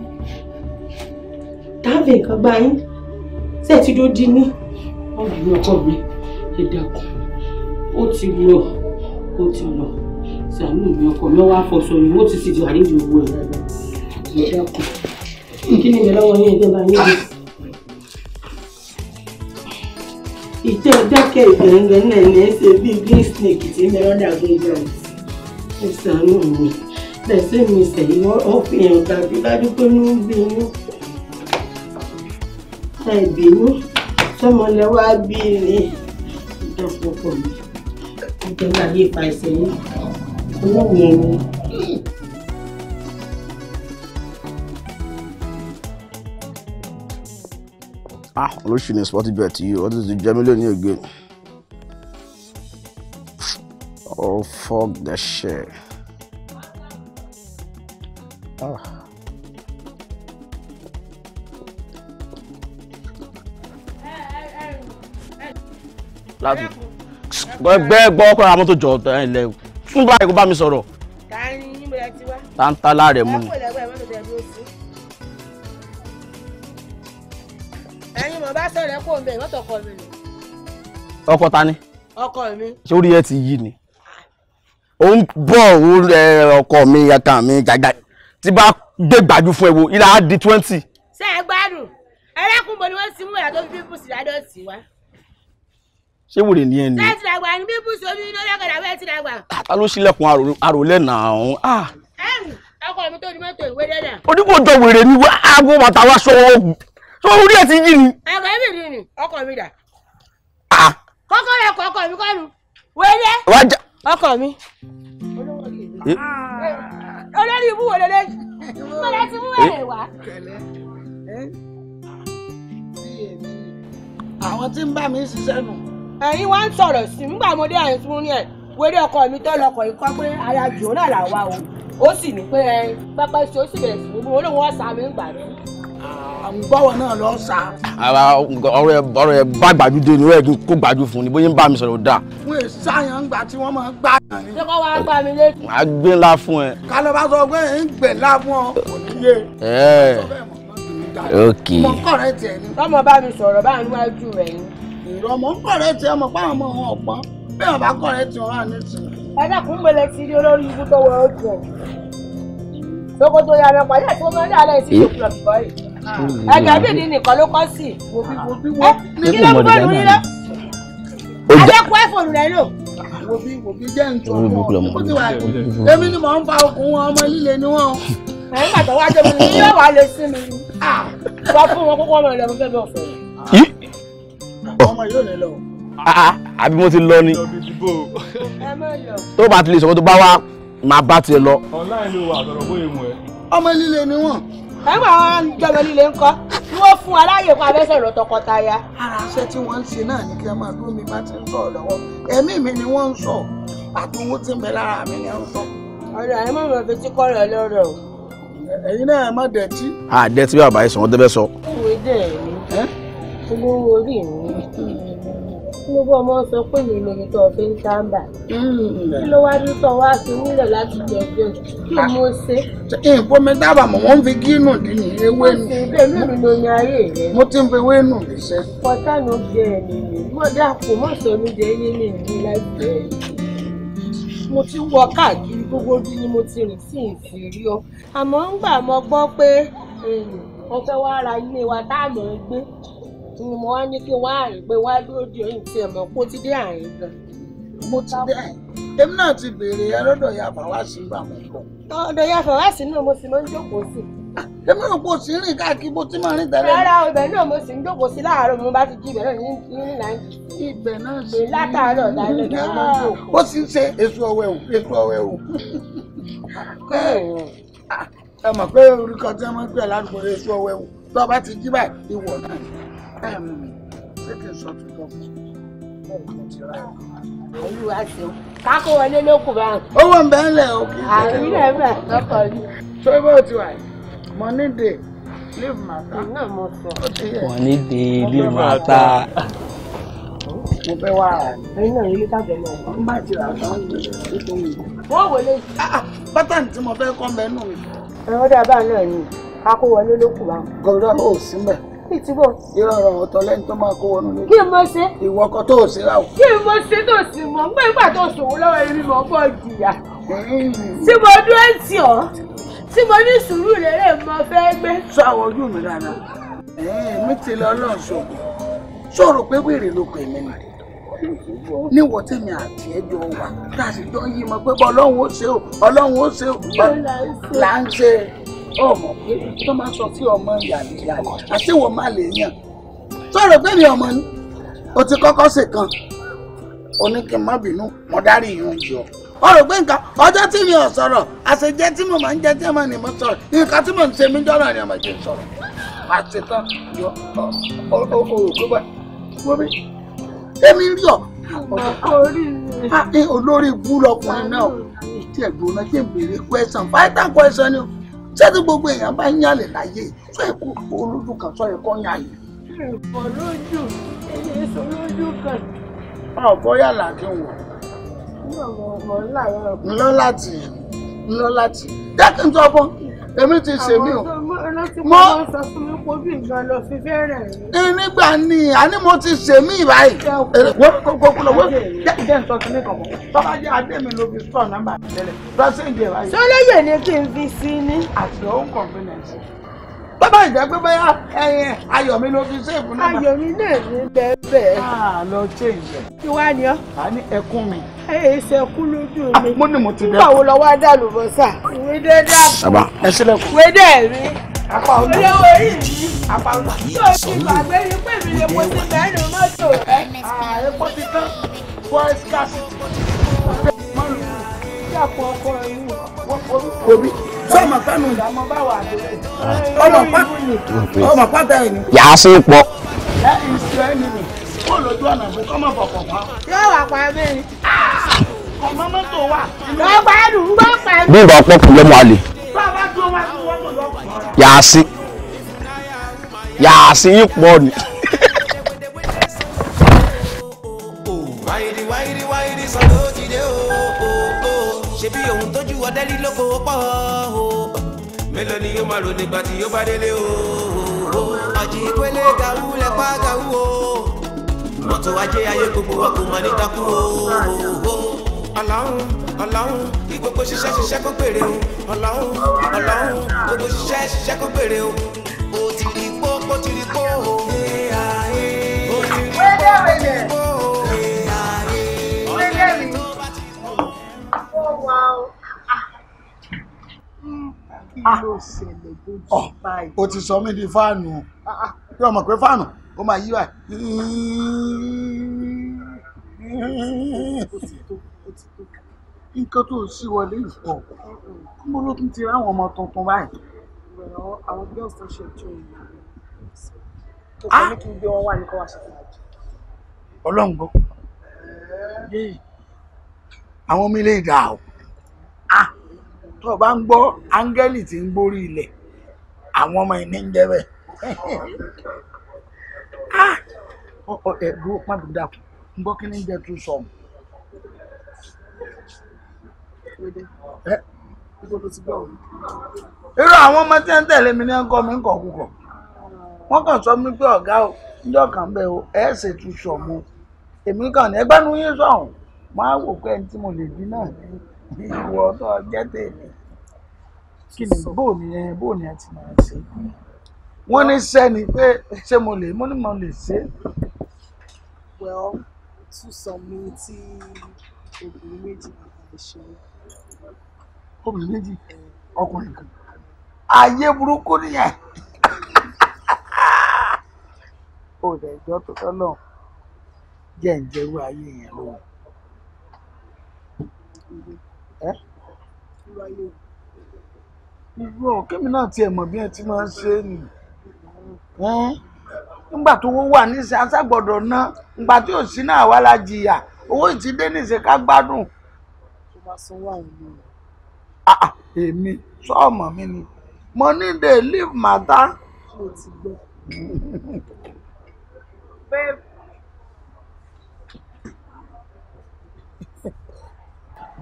dáàbì nǹkan gba yín sẹ́ ti dó dínú ọ̀gbìn ọkọ mi ẹ dákun ó ti lọ ó ti lọ sàánú mi ọkọ mi wá fọṣọ mi ó ti ti di àrídì owó ẹ ẹ dákun kí ni ìrẹ̀lọ́wọ́ yín ẹgbẹ́ bá yín ìtẹ́ dákẹ́ ìgbẹ̀ngbẹ̀ náà ní ṣe bíi green snake tí mẹ́rọ́dà gbé jọ ẹ sàánú mi lẹ́sẹ̀ mi sẹ́yìn wọ́n fi hàn dájúdájú pé inú ń bí inú ẹ̀ bínú sọmọlẹ wá bí rè ìdánpọ̀pọ̀ mi ìjọba yìí pa ẹsẹ̀ yìí ọlọ́run mi. ah olóṣù ni sporty bet yìí wọ́n ti ti jẹ́ mílíọ̀nù ní ògbé oh fuck that shit. Oh. láti gbẹ́ gbọ́ ọkọ̀ àwọn tó jọ ilẹ̀ tún báyìí kó bá mi sọ̀rọ̀. ta ń ta láàrẹ̀ mú ni. ẹyin mo bá sọ̀rọ̀ ẹ kó o bẹ̀ ọkọ mi ni. ọkọ ta ni. ọkọ mi. ṣé orí ẹ ti yí ni. ó ń bọ̀ ọkọ mi yàtọ̀ mi gàgà tí bá gbé gbàjú fún ẹ wo ilà á di twenty. ṣé ẹ gbádùn ẹlẹ́kùnbọ̀ ni wọ́n ti mú ẹ̀rọ tó fi bíbù sí ládọ́ sí wa. ṣé wòlé ní ẹni. láti dàgbà ní bíbù sí omi inú lọ́kọ̀dà bẹ́ẹ̀ ti dàgbà. ta ló ṣílẹ̀kùn àròlẹ̀ náà ọ̀hún. Ah. ẹ̀rù ọkọ mi tó ní mọ́tò ìwé dẹ́dà. onígbò jọ wèrè ni aago bàtà wa sọ oògùn sọ orí ẹ ti yí ni. ẹ̀kọ́ mi ni ni ọkọ mi dà. Ah. kọ́kọ́ rẹ̀ kọ́ ọkọ mi kọ́ nu wẹ́rẹ́ ọkọ mi. olówó eh. kìí olórí ibú wo lélẹ́ yìí ti mú èrè wá. àwọn tí ń bá mi ṣiṣẹ́ nù. ẹ̀yin wá ń sọ̀rọ̀ sí nígbà mo dé àìsùn ní ẹ̀ wéré ọkọ mi tó lọkọ̀ ikọ́ pé ara jòó náà là wá o ó sì ní pé pápá ìṣó sì bẹ̀rẹ̀ sí gbogbo olóhùn ọ̀sán mi ń gbà mí àmúgbáwọ̀ náà lọ sá. ara ọ̀rọ̀ ẹ bá gbàjú dé ni ó yẹ kí n kó gbàjú fún ni bóyá ń bá mi sọ̀rọ̀ dáa. wọn è sáyàn gbà tí wọn máa gbà ṣé kó wàá gbà mí létí. màá gbé ńlá fún ẹ. kálọ̀ bá sọ pé ń gbẹ̀ ńlá fún ọ kò níye. ok. mọ̀ bá mi sọ̀rọ̀ bá ń wájú rẹ̀ ni. ìrọ̀mọ̀ ń kọ̀rẹ́ tiẹ̀ mọ̀ pé àwọn ọmọ ọ̀pọ̀ bẹ́ẹ̀ ọba kọ̀rẹ́ tiẹ̀ wà ti. ẹ dákun gbẹlẹ ti rí olórí ibú tó máa ń dà á lẹ́yìn sí ìlú ìlọ̀kọ̀ Ah. ẹ̀jẹ̀ bíbí nìkan ló kọ́ sí i eh, kí ló ń bọ̀lù yín lọ adékun ẹ̀fọ̀nù rẹ̀ lò. wòbí wòbí jẹ́ nítorí ọmọ kó ti wà kú èmi ni mò ń fa okun wọn ọmọ líle ni wọn ẹ̀ ń bàtà wájú mi ni yóò wà lè sí mi ni ah. wọ́n fún wọn kókó ọmọ ìlẹ̀ mo fẹ́ bẹ̀ ọ̀fẹ́. ọmọ yóò lè lọ ah, àbí mo ti lọ ni tó bá ti lè sọ pé tó bá wá máa bá tiẹ̀ lọ. ọmọ líle ni wọn nígbà wọn jọmọ líle ń kọ́ ni wọ́n fún aláyè fún abẹ́sẹ̀rọ̀ tọkọtaya. ara aṣẹ tí wọ́n ń ṣe náà ni kí wọ́n máa dún mi bá ti ń sọ lọ́wọ́ ẹ̀mí mi ni wọ́n ń sọ àtúwò tí ń bẹ lára mi ni wọ́n ń sọ. ọ̀rọ̀ àyè mọ̀ mọ̀ fi tí kọ́ rẹ̀ lọ́rọ̀ o. ẹ̀yin náà ẹ má dẹ̀tí. àdẹ́tí bàbá yìí sàn ó débẹ̀ sọ. ìwé dẹ̀ mi olówó orí mi. Hmm. Tinubu ọmọ sọ pé mi ni tó fi ń sáńbà hmm. kí ló wá ní tọ́ wá fi nílẹ̀ láti jẹ bí o kí mo ṣe. nǹkan mi dábàá mọ̀ wọ́n fi gínú dín ewé nù. mo mi ló ní ayé rẹ. mo ti ń fi ewé nù lè ṣe. pọtánù jẹ ẹni mi mo dàpọ̀ mọ́ sọnù jẹ yé mi ní láìpẹ́ mo ti wọ káàkiri gbogbo bí ni mo ti rìn sí ìfìrí ọ àmọ́ ń gbà mọ́ gbọ́ pé ọ̀fẹ́ hmm, wa ara ilé wa tá a lọ gbé ni mo wá ní kí wá àrìn pé wá dúró di oyin tí ẹ mọ̀ kó ti dé àrìn gan. mo ti dé èmi náà ti béèrè ẹ lọ́dọ̀ ìyá fàwáṣí gbà mọ́ kọ́. ọ̀dọ̀ ìyá fàwáṣí náà mo sì máa ń jókòó sí. Ah, èmi náà kò sí rìn káàkiri bó ti máa rìn tẹ́lẹ̀. rárá ibẹ̀ náà mo sì ń jókòó sí láàárọ̀ mo bá ti jí ibẹ̀ náà ní ní nàìjíríà. ibẹ̀ náà sì ń látàárọ̀ lálẹ́ ah, ó sì ń ṣe èso ọ̀wẹ́ o èso ọ̀wẹ́ o. Ah, ẹ mọ̀ pé orí kan tí wọ́n máa ń pè ládùúgbò èso ọ̀wẹ́ o tó o bá ti jí báyìí ìwọ náà táàmù Owó ń bẹ́ẹ̀ lẹ̀ o. Àrùn Ṣé bó ti wà yìí? Money day, leave matter. Iná mo sọ. Mo fẹ́ wá ara mi. Ẹyin náà ilé kájọ lọ. Wọ́n bá ti rà Wọ́n wọlé. Bátànì tí mo fẹ́ kọ́ mẹ́nu mi. Ẹ̀rọ dábàá náà ni. Kákó wọlé ló kù báyìí. sí mbẹ̀ bíi ti bò. ìrọ̀rọ̀ ọ̀tọ̀ lẹ́ni tó máa kó wọnú lé. kí n mọ ṣe. ìwọ kan tó ṣe rà o. kí n mọ ṣe tó sì mọ pé ìgbà tó ṣòwò lọ́wọ́ ẹni mọ̀ bọ́ jìyà. Hmm. tí mo dúró tì ọ́ tí mo ní sùúrù lérè mo fẹ́ gbé. sọ àwọn ojú mi dáadáa. mi ti lọ lọ́n ṣògùn sọ̀rọ̀ pé wèrè ló pè mí nìyẹn níwọ̀ tèmi àti ẹjọ́ wa tá a sì jọ yí mọ pé ọlọ́run ó ṣe o ọlọ́run ó ṣe o ọmọ pé tó máa sọ sí ọmọ yàlẹ̀yàlẹ̀ àti wò má lè yàn sọ̀rọ̀ pé mi ọmọ ni o ti kọ́kọ́ ṣe kan oní kí n má bínú mo dárí ìyún jù ọ ọ̀rọ̀ pé nǹkan ọjọ́ tí mi ò sọ̀rọ̀ àṣejẹ tí mo máa ń jẹ tí mo ní mo sọ̀rọ̀ nǹkan tí mo ń ṣe mí jọ́rọ̀ ni ọmọ jẹ sọ̀rọ̀ àti tán yọ ọ ọ òkú bá wọ́n mi èmi rí ọ olórí ibú lọkùnrin náà ìtí ẹ̀gbọ́n náà ṣe ń béèrè question vital question ni o sẹ́ni gbogbo èèyàn bá ń yàlè láyé sọ ẹ̀ kó olójú kan sọ ẹ̀ kọ́ yàlè. ọ̀pọ̀ lójú èyí sọ lójú kan. ọ̀pọ̀ yàrá kí n wọ̀. ńlọ láti ńlọ láti dákìntọ́bọ̀n èmi ti ṣe mí o. mo nígbà ni àní mo ti ṣe mí báyìí. wọ́n kókó kúlọ̀ wọ́n jẹ́ ǹtọ́ sí mi kàn tọ́ba jẹ́ adé mi ló fi sọ nọ́mbà tẹ́lẹ̀ lọ́sẹ̀ ìjẹ́ báyìí. sọlẹ́yẹ̀ ni kí n fi sí ní. àti your own convenience bàbá ìjà pé bóyá ẹyin ayọ̀ mi ló fi ṣéèfù náà. ayọ̀ mi náà ní bẹ́ẹ̀. a ah, lọ ṣe ìyẹn. kí wàá ní ọ. a ní ẹkún mi. ẹ ṣe ẹkún lójú mi. mo ní mo ti dẹ. báwo lọ wá dà lùbọ́sà. wédè dà. bàbá ẹ sílẹ̀ kù. wédè mi. apá ọ̀nà. olówó orí mi. apá ọ̀nà. yóò ti gbàgbé ní pèmí lè mo ti mẹ́rin mọ́tò rẹ̀. Ah, ààrẹ pọ́titán voice cast dàpọ̀ ọkọ ìwọ orí sọmọ pẹnu ọmọ pátá ọmọ pátá ẹ ní. yà á sí pọ. ẹ ìṣe ẹni nì bí ìgbà ọ̀pọ̀ kù lọ́mọ àlè. yà á sí yà á sí pọ̀ ni. bọ́dẹ́lì lóko pọ̀ o. mélòó ni yóò máa rò nígbà tí yóò bá délé o. ọ̀jì ìpele gàwú lẹ́pà gàwú o. mọ́tò ajé ayé gbogbo wọn kò mọ nítakú o. ọ̀làhún ọ̀làhún kí gbogbo ṣiṣẹ́ ṣiṣẹ́ kó gbèrè o. ọ̀làhún ọ̀làhún gbogbo ṣiṣẹ́ ṣiṣẹ́ kó gbèrè o. o ti rí pó o ti rí pó o. ó ti kí ah. ṣẹlẹ̀ lójú oh, báyìí. o ti sọ mí di fáànù kí ah, ọmọ ah. pé fáànù ó máa yí báyìí. nǹkan tó ṣí wọlé ìfọ̀ mo ló tún ti ráwọn ọmọ tuntun báyìí. àwọn girls tó ṣe tó yìí tó kọ́ ní kí n gbé wọn wá ní kó wá ọlọ́run gbọ́ àwọn ọmọ ilé ìdá o tó bá ń gbọ́ áńgẹ́lì tí ń gbórí ilẹ̀ àwọn ọmọ ìní ń jẹ́ bẹ́ẹ̀. ọkọ ah! ẹ dúró pàbí dàkú ń gbọ́ kí ni ń jẹ́ tún sọ mu. irú àwọn ọmọ tí ń tẹ̀lé mi ní ń kọ́ mi ń kọ̀ kúkọ̀ wọ́n kàn sọ mí pé ọ̀gá o níjọ́ kan bẹ́ẹ̀ o ẹ̀ ṣètú sọ mu èmi kàn ní ẹgbẹ́ nu yín sọ̀hún máa wò pé ẹni tí mo lè bí náà ní ìwọ ọ̀tọ̀ jẹ́ tèmi kí ni bóò ni ẹ bóò ni ẹ ti máa ṣe wọ́n ní sẹ́ni pé ṣé mo lè mo ní mo lè ṣe. well tún sọ tí obìnrin méjì lè ṣe. obìnrin méjì ọkùnrin kan ayé burúkú nìyẹn. o rẹ̀ jọ́ tó tọ́ náà jẹ́ ìjẹ́rú ayé yẹn lóhùn. ẹ. irú ayé yẹn irú kémi náà tiẹ̀ mọ̀ bí ẹ ti máa ń ṣe nì nígbà tó owó wà ní aṣàgbọ̀dọ̀ ná nígbà tí ò sí náà wá la jìyà owó ìtìdé nìṣe ká gbádùn. tó bá ah, ah, ọmọ mi ni money dey leave matter.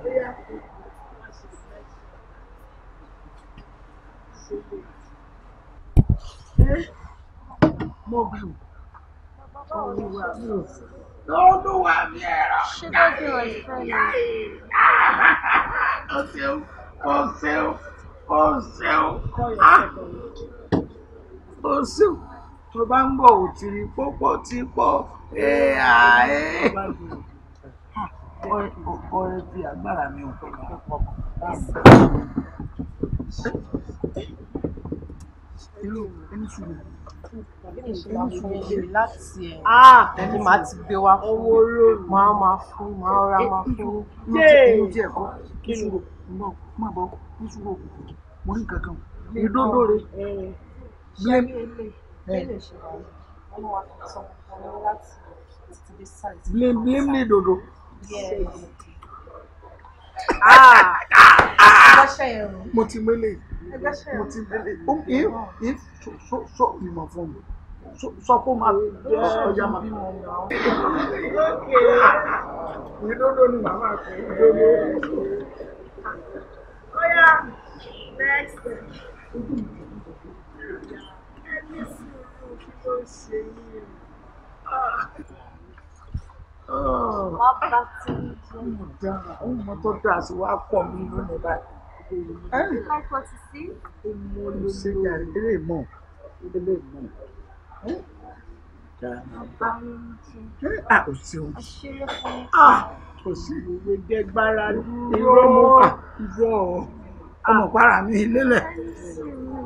Yeah. mo gbà ọ olúwa mi ẹ̀rọ yáyé o seu, o ṣeun o ṣeun o ṣeun tó bá ń bọ̀ òtìrí pọ́pọ́ tí pọ̀ ẹ̀ẹ́à ẹ̀ẹ́ ọ̀rẹ́ fi agbára mi ò kọ́kọ́ irú ẹni sùn ẹni sùn ìbéèrè láti ẹ ah! ẹni máa ti gbé wa fún máa máa eh, fún máa ra máa fún ní ti ẹ̀kọ́ kí mo rí nǹkan kan ìdodo eh, blame blame ní ìdodo. Ah. mo ti mélé mo ti mélé if if so so ìmọ̀ fún mi sọ fún ma jẹ ọjà ma. ìdodo ni màmá kò ìdodo. oya next. ẹni má bá ti jẹ́ ọmọ tó dáa sí wàá pọ̀ mí lónìí báyìí. five forty six. mo lè ṣe yàrá eré mọ́ eré mọ́ o ṣeun kò sí ìwé dẹgbára irọ́ mọ́ irọ́ ọmọkpara mi lélẹ̀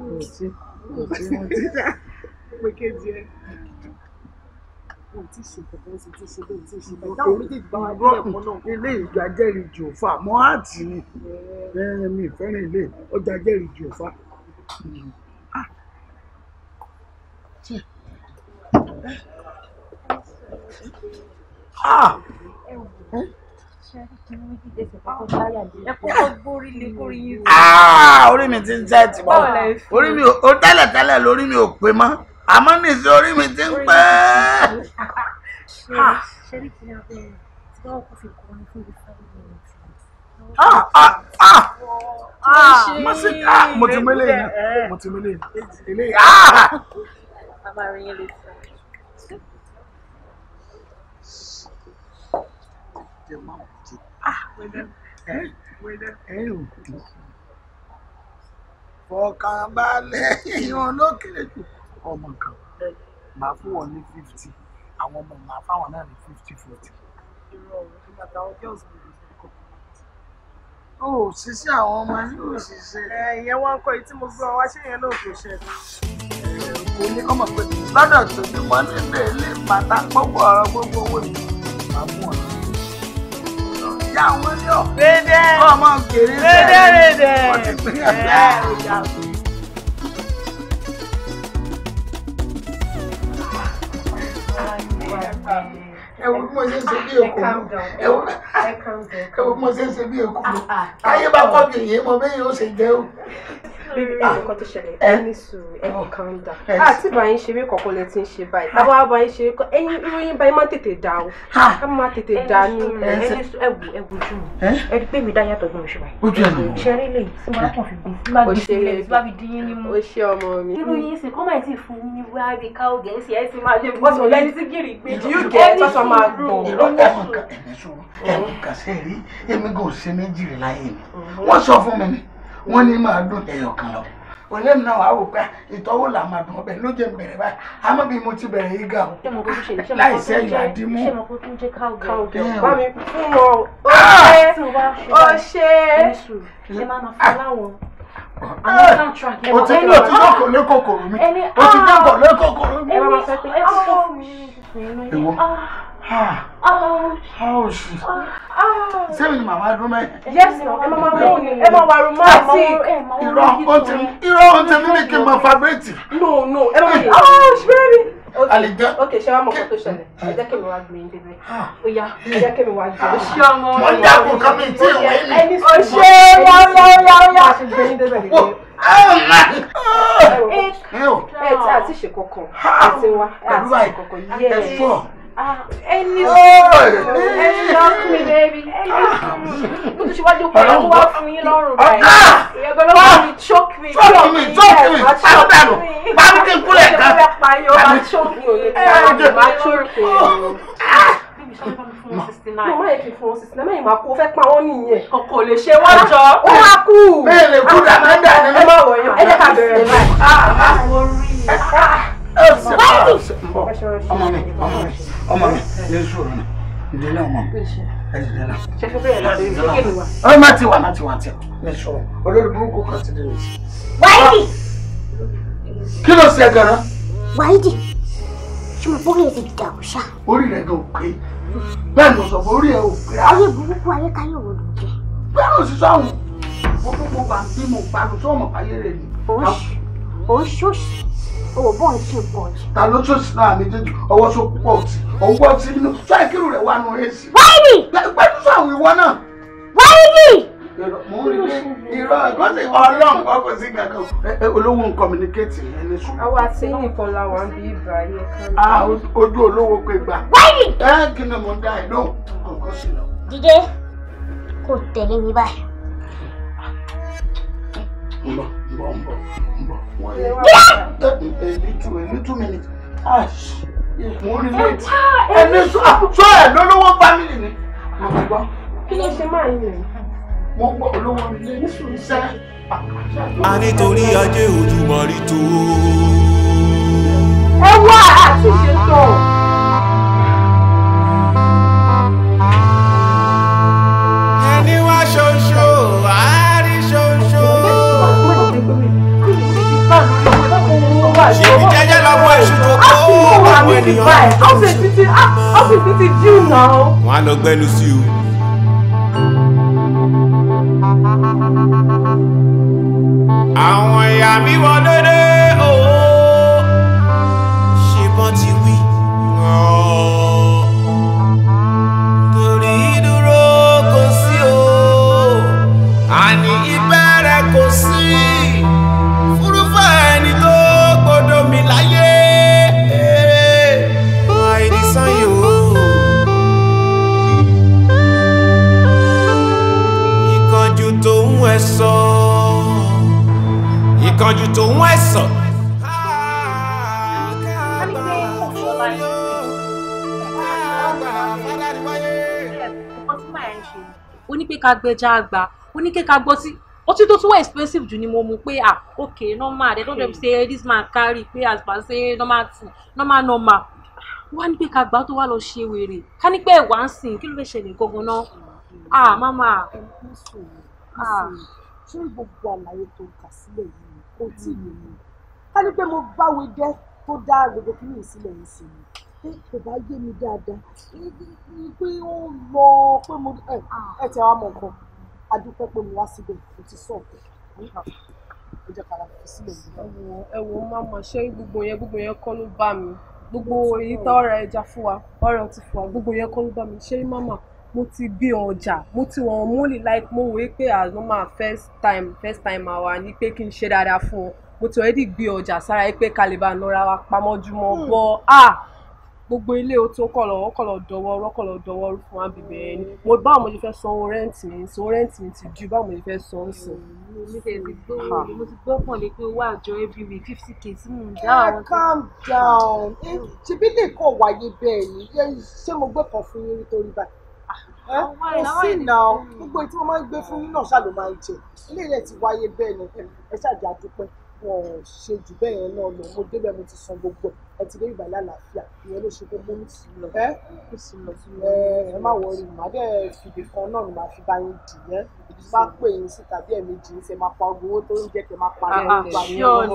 kò sí kò sí wọn ti pé kéde ẹ ilé ìjọ ajẹ́rìí jòfà ah. Ah. Ah, orí mi ti ń jẹ́ tìbọ̀ orí mi ò tẹ́lẹ̀ tẹ́lẹ̀ lórí mi ò pé mọ́ àmọ́ nìsí orí mi ti ń pẹ́. mo sì ká mo ti mélé yẹn mo ti mélé yẹn. Fọkànbalẹ̀ ìyọ̀n lókè jù ọmọ kan màá fún wọn ní fifty àwọn ọmọ màá fáwọn náà ní fifty forty. o ò ṣiṣẹ́ àwọn ọmọ yìí ò ṣiṣẹ́. ẹ ìyẹn wọn kọ èyí tí mo gbọ́ wá ṣé yẹn náà kò ṣe. kò ní ọmọ pé lọ́dọ̀ tó ní wọ́n nílé ilé pátá gbogbo ọ̀rọ̀ gbogbo owó mi màá fún wọn ìyá wọn ní ọ̀fẹ́ ọmọ gèrè bẹ́ẹ̀ ọtí pé ẹ̀fẹ́ ọjà. ẹwọ bí mo ṣe ṣe bí èkó ẹwọ ẹwọ bí mo ṣe ṣe bí èkó ayé ah, ah, ah. bá kọ́ bí èyí mo bẹ́ẹ̀ yóò ṣe jẹ́ o. Ah, ah, nǹkan tó ṣẹlẹ̀ eh. ẹ ní sùúrù ẹ kò kàn dà àti báyìí ṣeré kọ̀ọ̀kan lẹ ti ń ṣe báyìí tábà báyìí ṣeré kọ ẹyin ìròyìn báyìí máa tètè dà o ká máa tètè dà ní ẹwù ẹwù ojú mi eh? ẹ rí pé mi dá yàtọ̀ bí mo ṣe wà ojú ẹ̀ mọ̀ ṣe rí lè tí máa kàn fi gbé tí máa gbé sílẹ̀ tí máa fi dín yín nímú. o ṣe ọmọ mi. ìròyìn sì kọ́ máa ti fún yín ní wá bí káwọ́ gẹ̀ẹ́sì ẹ̀ ti máa dé bọ́sùn lẹ́ni sí gírì pé ẹni sùúrù ẹ̀mí sùúrù ẹ̀mí kà sẹ́ẹ̀rí èmi gò ṣe méjì rẹ̀ láyé mi mm-hmm. wọ́n sọ fún mi ni wọ́n ní máa dùn tẹ̀yọ̀ kan lọ olóyìn náà wàá wò pé ah, ìtọ́wò là máa dùn ọbẹ̀ ló jẹ́ bẹ̀rẹ̀ báyìí àmọ́ bí mo ti bẹ̀rẹ̀ yìí ga o láìsẹ́ ìyàdímú. ṣé o ah! ah! ti ní o ti dọ̀kọ̀ lẹ́kọ̀ọ̀kọ̀ mi o ti dọ̀kọ̀ lẹ́kọ̀ọ̀kọ̀ mi sẹ́mi ni màmá dún mẹ́yìn. yẹ́sì ẹ máa wọ ẹ máa wà romantic. irọ́ ọ̀tẹ̀ irọ́ ọ̀tẹ̀ mi ni kí n máa fabrẹ́tì. no no ẹ máa wọ ọ ṣẹ́mi. àlejò ok ṣé wàá mọ̀ kó tó ṣẹlẹ̀ ẹ jẹ́ kí mi wá gbé yín débẹ̀ ó yá ẹ jẹ́ kí mi wá gbé. ṣé ọmọ wọn wọ́n dà kó kọ́mí tí ìwé mi. ẹni sọ ṣé wà á lọ yá yá. ẹ ti àti ṣe kọ̀ọ̀kan ẹ ti wá ẹ àti ṣe kọ̀ọ̀kan yẹ́ẹ̀ ẹni ẹni lọ́kùn mi bẹ́ẹ̀bi ẹni lọ́kùn mi mo tún ṣe wájú pé ó wá fún yín lọ́rùn báyìí ìyàgbẹ́ ló wà ní chok mi chok mi chok mi pàrọ̀ dànù pàrọ̀ kí n kúrẹ̀ kan pàrọ̀ yóò máa chok mi òye pàrọ̀ máa chok mi mama yẹ kí fún sísè mẹ́yìn máa kó fẹ́ pa wọ́n nìyẹn. kò lè ṣe wọ́n ah, jọ. ó máa kú. bẹ́ẹ̀ lè kú ah, dàmẹ́dà ni. ẹ ah, má wọ̀ yàn ẹ jẹ́ ká bẹ̀rẹ̀ báyìí ọmọ mi ọmọ mi ọmọ mi ní sùúrù náà ìdílé ọmọ mi ẹ̀dílé náà. ọmọ mi ti wà láti wà tí ní sùúrù olórí burúkú kan ti dé ní. wáyé. kí ló ṣe gan-an. wáyé ṣùgbọ́n bóyá èdè ìdá kò ṣá. orí rẹ̀ gan pé bẹ́ẹ̀ ló sọ fún orí ẹ̀ ò pé. ayé burúkú ayé káyọ̀ wò ló jẹ. bẹ́ẹ̀ ló sì sọ àwọn mo tó mo oṣù o bọ̀ ń ṣe pọ̀ jù. ta ló tó sí náà méjèèjì ọwọ́ tó pọ̀ tì ọwọ́ tí nínú tó àìkírù rẹ̀ wà nù èsì. wáyé pẹ̀lú sọ àwọn ìwọ náà. mo ń rí i irọ́ ẹ̀gbọ́n sì wọ́n ọlọ́run kọ́ kò sí kankan. olówó ń communicate ní ní sùn. àwa àti nìkan la wà ń bí ibà kan. a ojú olówó pé gbà. wáyé. ẹ kí ni mo dá ẹ lóhùn kò kọ́ sí lọ. mi báyìí ń bọ̀ ń bọ̀ ń bọ̀ ń bọ̀ wọ́n yẹ a little a little minute ah, mo rí family ni mo ti gbọ́. kí ló ṣe máa yìn mo gbọ́ olówó ilé nítorí ajé ojúmọ́ rí tó. ẹ wá àtúnṣe tó. ṣèbí jẹjẹ lọ́wọ́ èṣù tó kó ah, àwọn ènìyàn lọ́sùn. Ah, ọ́fíìsì ti á lọ gbẹ́nu sí o. àwọn ìyá mi wọ dédé o ṣe ti wí. torí dúró kò ẹ̀sọ́ ìkánjú tó ń ẹ̀sọ́. ó ní pé ká gbẹja àgbà ó ní pé ká gbọ́ sí ọtí tó tún wà expensive jù ni mo mú pé ah ok normal they don say this man carry pé as per say normal thing normal normal wá ní pé ká gbà tó wá lọ ṣe wèrè ká ní pé ẹ̀wà ń sìn kí ló fẹ́ ṣẹlẹ̀ gangan náà ah mama. Ah. ṣé gbogbo àlàyé tó kà sílẹ̀ yìí kò tí ì yé ká ní pé mo báwo dé tó dá gbogbo kí nìyí sílẹ̀ yìí sí mi pé kò bá yé mi dáadáa ní pé ó lọ pé mo ẹ ah. ẹ tẹ wá mọ nǹkan adúpẹ́ pé mo wá síbẹ̀ mo ti sọ ọ̀pẹ ẹ jẹ́ kára fi sílẹ̀ yìí. ẹ wò ẹ wò ó é mọ ṣé gbogbo yẹn gbogbo yẹn kọ́ ló bá mi gbogbo èyí tó ọ̀rọ̀ ẹja fún wa ọ̀rọ̀ ti fún wa gbogbo yẹn kọ́ ló bá mi ṣé má mọ̀ mo ti bí wọn jà mo ti wọn múlì like mo wòye pé as normal first time first time àwa ni pé kí n ṣe dáadáa fún wọn mo ti already gbé ọjà sára yìí pé kálíbà nọra wa pamọ́júmọ́ hmm. bọ́ ah gbogbo ilé o tó kọ̀ lọ́wọ́ kọ̀ lọ́ dọ̀wọ́ ọ̀rọ̀ kọ̀ lọ́ dọ̀wọ́ ọ̀rọ̀ fún abìbẹ̀ ẹni mo báwo mo ṣe fẹ́ san owó rẹ́ǹtì mi san owó rẹ́ǹtì mi ti ju báwo mo ṣe fẹ́ san ó sìn. mo ti gbọ́ pọ̀ lé pé owó àjọ every week fifty k sí mi dá àwọn. Ah, calm down ṣebí lè kọ́ wáyé bẹ́ẹ̀ ni ṣé mo gbé kan fún yín nítorí báyìí ẹ oh sí ìnà gbogbo tí wọ́n máa ń gbé fún yín náà ṣáà máa ń jẹ ilé ilẹ̀ ti wáyé bẹ́ẹ̀ ni ẹ ṣáàjì àdúpẹ́ wọn ò ṣe jù bẹ́ẹ̀ yẹn náà lọ mo débẹ̀ mo ti san gbogbo ẹ ti dé ìgbà lálàáfíà ìyẹn ló ṣe gbogbo ní sílọ ẹ ní ẹ ẹ má wọrí màá dẹ̀ fìdí kan náà ni màá fi bá yín dì yẹn bá pè yín sí tàbí ẹ̀mejì yín ṣe máa pa ogun owó tó ń jẹ́ kẹ́ máa pa ní ìgbà yẹn ẹ ẹ nǹkan tí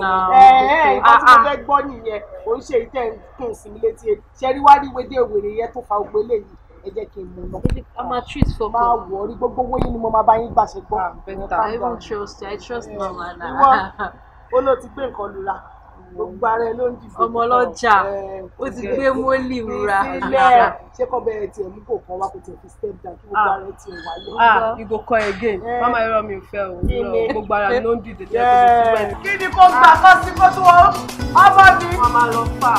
mo ah, fẹ́ ah. gbọ́ nìyẹn òun ṣe ìtẹ́ kí n létí ṣẹ́rí wá wedé òwèrè yẹn tó fa gbogbo eléyìí ẹ jẹ́ kí n mú lọ. a máa treat for me. máa wọ̀ rí gbogbo owó yín ni mo máa bá yín gbàṣẹ gbọ́. Ah, I even trust you I trust you mama. ìwọ ó ló ti gbé nǹkan lura gbogbo ara ẹ ló ń dìbò. ọmọ ọlọ́jà ó ti gbé mólì wura. ìsílẹ̀ ṣé kọ́ bẹ̀rẹ̀ tiẹ̀ mú kò kàn wá kò tiẹ̀ fi step down kí gbogbo ah. ara ẹ tiẹ̀ wá lọ. ah you go call again mama irọ́ mi ò fẹ́ o gbogbo ara ló ń dìde tẹ́lẹ̀ kí ni kò gbà kọ́ sí kó tó ọmọ mi. mama lọ fà.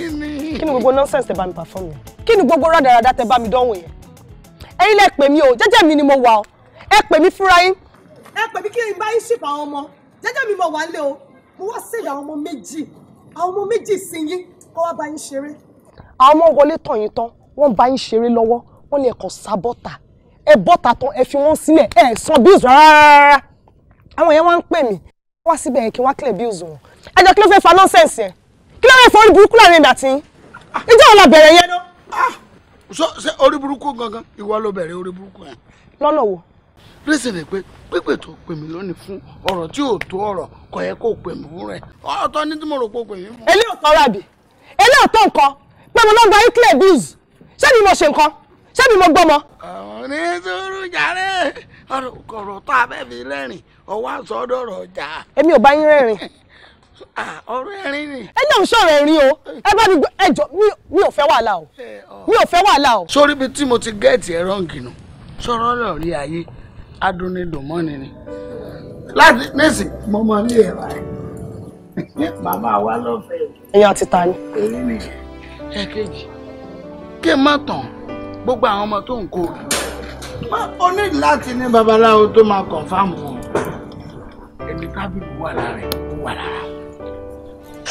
ni. kí ni gbogbo nonsense tẹ bá mi perform yẹn kí ni gbogbo rádaràda tẹ bá mi dánwò yẹn ẹ̀yin lẹ pè mí o jẹ́jẹ́ mi ni mo wà o ẹ pè mí fúnra yín. ẹ pè mí kí n bá yín ṣìpà àwọn ọmọ jẹ́jẹ́ mi mo wà nílé o mo wá sí àwọn ọmọ méjì àwọn ọmọ méjì sí yín kó wá bá yín ṣeré. àwọn ọmọ wọlé tàn yín tán wọ́n bá yín ṣeré lọ́wọ́ wọ́n ní ẹkọ sá bọta ẹ bọta tán ẹ fi wọ́n sílẹ̀ ẹ san bills rárá àwọn yẹn wá ń pè mí wá síbẹ̀ yẹn kí wọ́n á clear bills wọn ẹ jẹ́ kí ló fẹ́ fa nonsense yẹn kí ló rẹ̀ fọ́ orí burúkú láàrin ìgbà tí ìjọ wọn la bẹ̀rẹ̀ yẹn náà. Ah! sọ ṣe orí burúkú gangan ìwọ ló bẹ̀rẹ̀ orí burúkú yẹn. lọ́nà wo. rẹ́sì rẹ̀ pé pípẹ́ tó pè mí lónìí fún ọ̀rọ̀ tí ò tó ọ̀rọ̀ kò yẹ kó pè mí fún rẹ̀ ọ̀tọ̀ ní tí mo rò pé o pè mí fún. elé ò tọrọ àbí elé ò tó nǹkan pé mo lọ gba euclid bills ṣé ni mo ṣe nǹkan ṣé ni mo gbọ́mọ. àwọn ní sùúrù jàre ọ̀rọ̀ tá a fẹ́ fi rẹ́rìn ọwọ́ àsọdọ̀rọ̀ jà. èmi ò bá yín rẹ́rìn Ah, ọ̀rọ̀ ẹ̀rín ni. ẹ náà ń sọ̀rọ̀ ẹ̀rín o ẹ bá mi gbọ́ ẹ jọ mi ò fẹ́ wàhálà o mi ò fẹ́ wàhálà o. sórí ibi tí mo ti gẹ́ẹ̀tì ẹ̀rọ ǹkìnà sọ̀rọ̀ ọ̀rọ̀ rí ayé adúnidùnmọ́ni ni láti nísì mo mọ ní ẹ̀rọ rẹ̀ màmá wa lọ́fẹ̀ẹ́. ẹ̀yin àti ta ni. èyí ni ẹ̀kejì kí n má tàn gbogbo àwọn ọmọ tó ń kó o ní láti ní babaláwo tó máa kọ̀ǹfàmù wọn ẹ̀mí tábìlì wà lára ẹ̀ wà lára wọn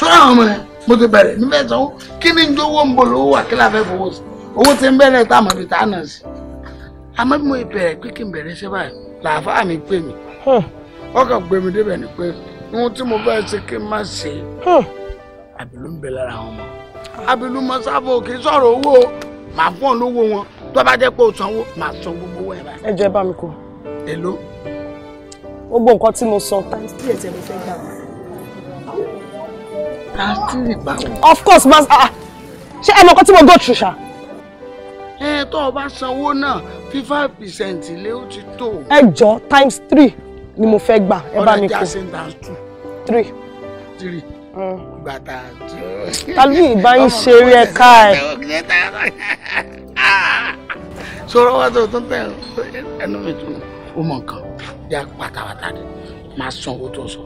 sọ́ra àwọn ọmọ rẹ̀ mo ti bẹ̀rẹ̀ níbẹ̀ sọ kí ni njó owó ń bọ̀ lówó wà kí la fẹ́ fowó sí owó ti ń bẹ̀rẹ̀ tá àmọ́ ibi tá a nà sí. àmọ́ bí mo o pé kí n bẹ̀rẹ̀ ṣe báyìí làáfà mi pè mí ọkọ̀ gbé mi débẹ̀ ni pé ohun tí mo bá ṣe kí n má ṣe àbílú ń bẹ lára àwọn ọmọ àbílú mọ sábà kì í sọ̀rọ̀ owó màá fún ọ lówó wọn tó bá jẹ́ pé o sanwó màá san gbogbo owó ẹ̀ báyìí. ẹ jẹ́ mi kọ. èló. gbogbo nǹkan tí mo sọ. times díẹ̀ tí mo fẹ́ gbà of course ma ah, ah. ṣe ẹ mọ nǹkan tí mo go through ṣá. ẹ tó o bá sanwó náà fifty five percent ilé ó ti tó. ẹ jọ times three ni mo fẹ́ gbà ẹ bá mi kú. ọ̀rẹ́ jásí times two. three. three. Mm. gbàtà jù. tàbí ìbáyín ṣeré ẹ̀ka ẹ̀. sọ̀rọ̀ wá tó tó tẹ̀ ẹnu mi tún ó mọ̀ nǹkan bí a pátápátá máa sanwó tó sọ.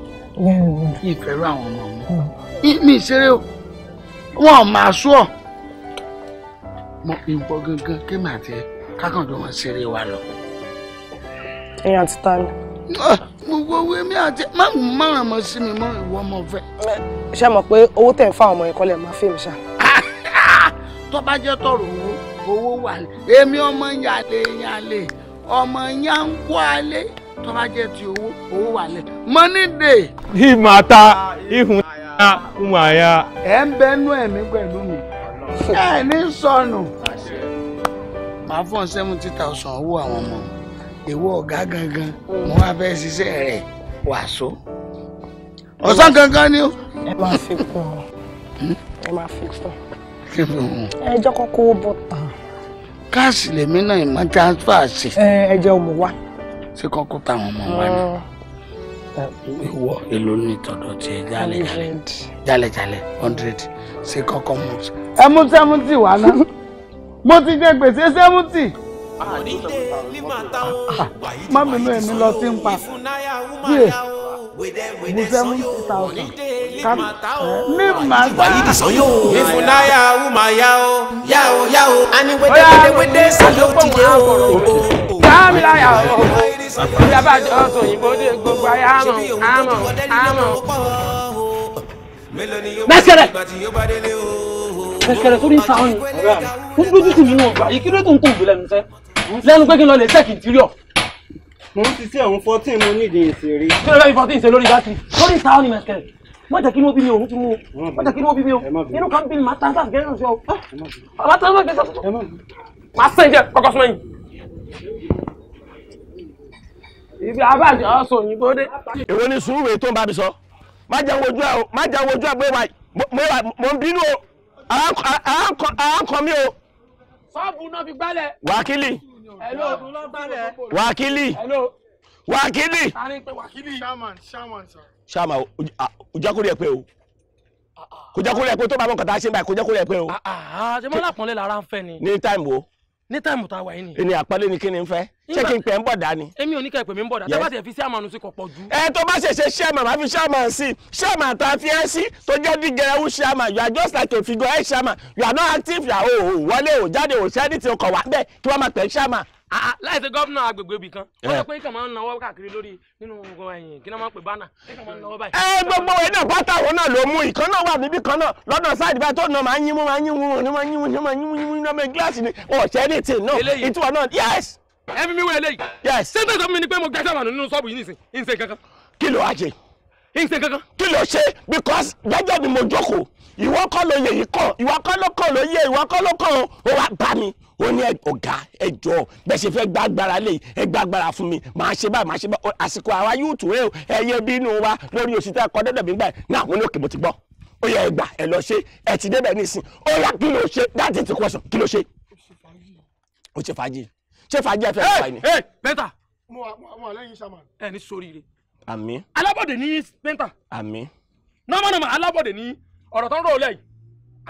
ìfẹ́rù àwọn ọmọ mi. Mm mi ìṣeré o wọn máa sú ọ mọ ìbọ gangan kémi àti ẹ kákàndó wọn ṣeré wa lọ. ẹyin àti ta ni. Ah, gbogbo owó èmi àti márùn márùn mọ sí mi mọ ìwọ ọmọ fẹ. ṣé mọ̀ pé owó tẹ̀ ń fáwọn ọmọ yẹn kọ́lẹ̀ máa fẹ́ mi ṣá. tó bá jẹ́ tọ̀rọ̀ owó owó wà lé èmi ọmọ yàlé yàlé ọmọ yankó alé tó bá jẹ́ ti owó owó wà lé money ìmọ̀ ta ihun ọmọ àyà. ẹ ń bẹ nú ẹ̀mí pẹ̀lú mi ẹ ní sọnù. màá fọ́n seventy thousand owó àwọn ọmọ ìwọ ọ̀gá gangan mo wá fẹ́ ṣiṣẹ́ rẹ̀ wàásù ọ̀sán gangan ni o. ẹ máa fi kún ọ hmm? ẹ máa fi kún ẹ jẹ́ kọ́kọ́ ó bọ̀ tán. káàsì lèmi náà ìmọ̀ transfer sí. ẹ ẹ jẹ́ ọmọ wa. ṣé kọ́kọ́ táwọn ọmọ wa ni ìwọ èlò ní tọ̀dọ̀ ẹ jálẹ̀ jálẹ̀ jálẹ̀ jálẹ̀ hundred ṣe kọ́kọ́ mú. ẹ mú sẹ́mùtì wá ná mo ti jẹ gbèsè sẹ́mùtì. Ah, ah. má mi nú èmi lọ sí ń pa díẹ̀ mo sẹ́mùtì thousand kan ní màtá. ìfúnnáyà wùmáyà o yá o yá o àní wédéwédéwédé sàlẹ̀ òtítẹ́ o dámi láyà o bí a bá jọ sọ òyìnbó dé gbogbo ayé àmọ́ àmọ́ àmọ́. mẹsẹrẹ mẹsẹrẹ sórí nǹkan ọ̀hún ó ń dójú tì mí yìí kí ló tó ń tó òbílẹ̀ nù lẹ́nu pé kí n lọ lè sẹ́ẹ̀kì ìtìrìọ̀. mo ń ṣiṣẹ́ òun fourteen mo nídìí ìṣeré. kí ló fẹ́ fi fourteen ṣe lórí bátìrì lórí nǹkan ọ̀hún mẹsẹrẹ wọ́n jẹ́ kí ni ó bí mi òun ti mú o wọ́n jẹ́ kí ni ó bí mi o inú kan bí mi máa tansan gẹ́gẹ́ náà ṣe o máa tansan gẹ́gẹ́ náà ṣe o máa sẹ́yìn jẹ́ kọ́kọ́ súnmọ́ ibi abájọ ọsọ òyìnbó dé. èwo ni sùúrù tó ń bá mi sọ má jẹ́ wojú ẹ má jẹ́ wojú ẹ pé mo ń bínú o àákọ mi o. sọ́ọ̀bù náà fi gbálẹ̀. wákìlì. hello. wákìlì. hello. wákìlì. tani pé shaman shaman sir. shaman o jẹ́ kó rí ẹ pé o kò jẹ́ kó rí ẹ pé tó bá mọ̀ kọ́ta ṣe báyìí kò jẹ́ kó rí ẹ pé o. Ah, ah, ah, ṣé mo lápọ̀nlé lára ń fẹ́ ni. ní táìmù o ní táìmù tá a wà yìí ni. èmi àpọ́nlé ni kí ni n fẹ́ ṣé kí n pè ń bọ̀ dání. èmi ò ní kẹ́ ẹ pè mí ń bọ̀ dání tábàtì ẹ̀ fi sẹ́ẹ̀mà nù sí kò pọ̀ jù. ẹ tó bá ṣẹ̀ṣẹ̀ sẹ́ẹ̀mà máa fi sẹ́ẹ̀mà sí sẹ́ẹ̀mà tá a fi ẹ́ sí tó jẹ́ díjẹ ẹ̀wù sẹ́ẹ̀mà you are just like a figure ẹ̀ sẹ́ẹ̀mà you are not active yà o oh, oh, wọlé o oh, jáde o ṣẹ́ni tí o kọ̀ wá bẹ́ẹ̀ kí wọ́n máa pè sẹ́ẹ̀mà Ah, ah, láìsí gómìnà agbègbè ibì kan ó yẹ eh. pé kí àwọn náwó káàkiri lórí nínú ẹ̀yìn eh, kí wọ́n máa ń pè bánà kí àwọn náwó báyìí. ẹ eh, gbogbo ẹ náà pátá òun náà ló mú ìkan náà wà níbí kan náà lọ́dọ̀ sáàdì báyìí tó náà máa ń yín mú máa ń yín mú ní máa ń yín mú ní máa ń yín mú ní máa ń gíláàsì ni ọ̀sẹ̀ ní tì náà ìtura náà yes. ẹ fi mi wọ eléyìí. yes. ṣé tẹ̀sán mi ni pé mo gẹ́sẹ̀ wà nínú ṣọ́ọ̀bù yìí nìsín ìǹsẹ̀ kankan. kí ló ṣe because jẹ́jọ́ ni mo jókòó ìwọ kọ́ ló yẹ yìí kàn ìwọ kọ́ ló kàn ló yẹ ìwọ kọ́ ló kàn ó wá bá mi ó ní ọ̀gá ẹjọ́ bẹ́sẹ̀ fẹ́ gba agbára lè ẹ gba agbára fún mi màá ṣe báyìí màá ṣe báyìí àsìkò àwa yóò tù rẹ o ẹyẹ bínú wa lórí oṣù tí a kọ dẹ́dọ̀ mi gbà náà mo ní òkè mo ti gbọ́ ó yẹ ẹgbà ẹ lọ ṣe ẹ ti débẹ̀ nísìn ó yá kí ló ṣe láti ti kọsàn kí ló ṣe. ó ṣe fàájì ṣe fàájì ẹ fẹ́ ẹ fà ní. ẹ pẹ́ntà. mo wà lẹ́yìn sàmà. ẹ ní sórí rẹ. àmín. alábọ̀dé ní pẹ́ntà. àmín. nọ́mọ̀nọ́mọ̀ alábọ̀dé ní ọ̀rọ̀ tó ń rò lẹ́yìn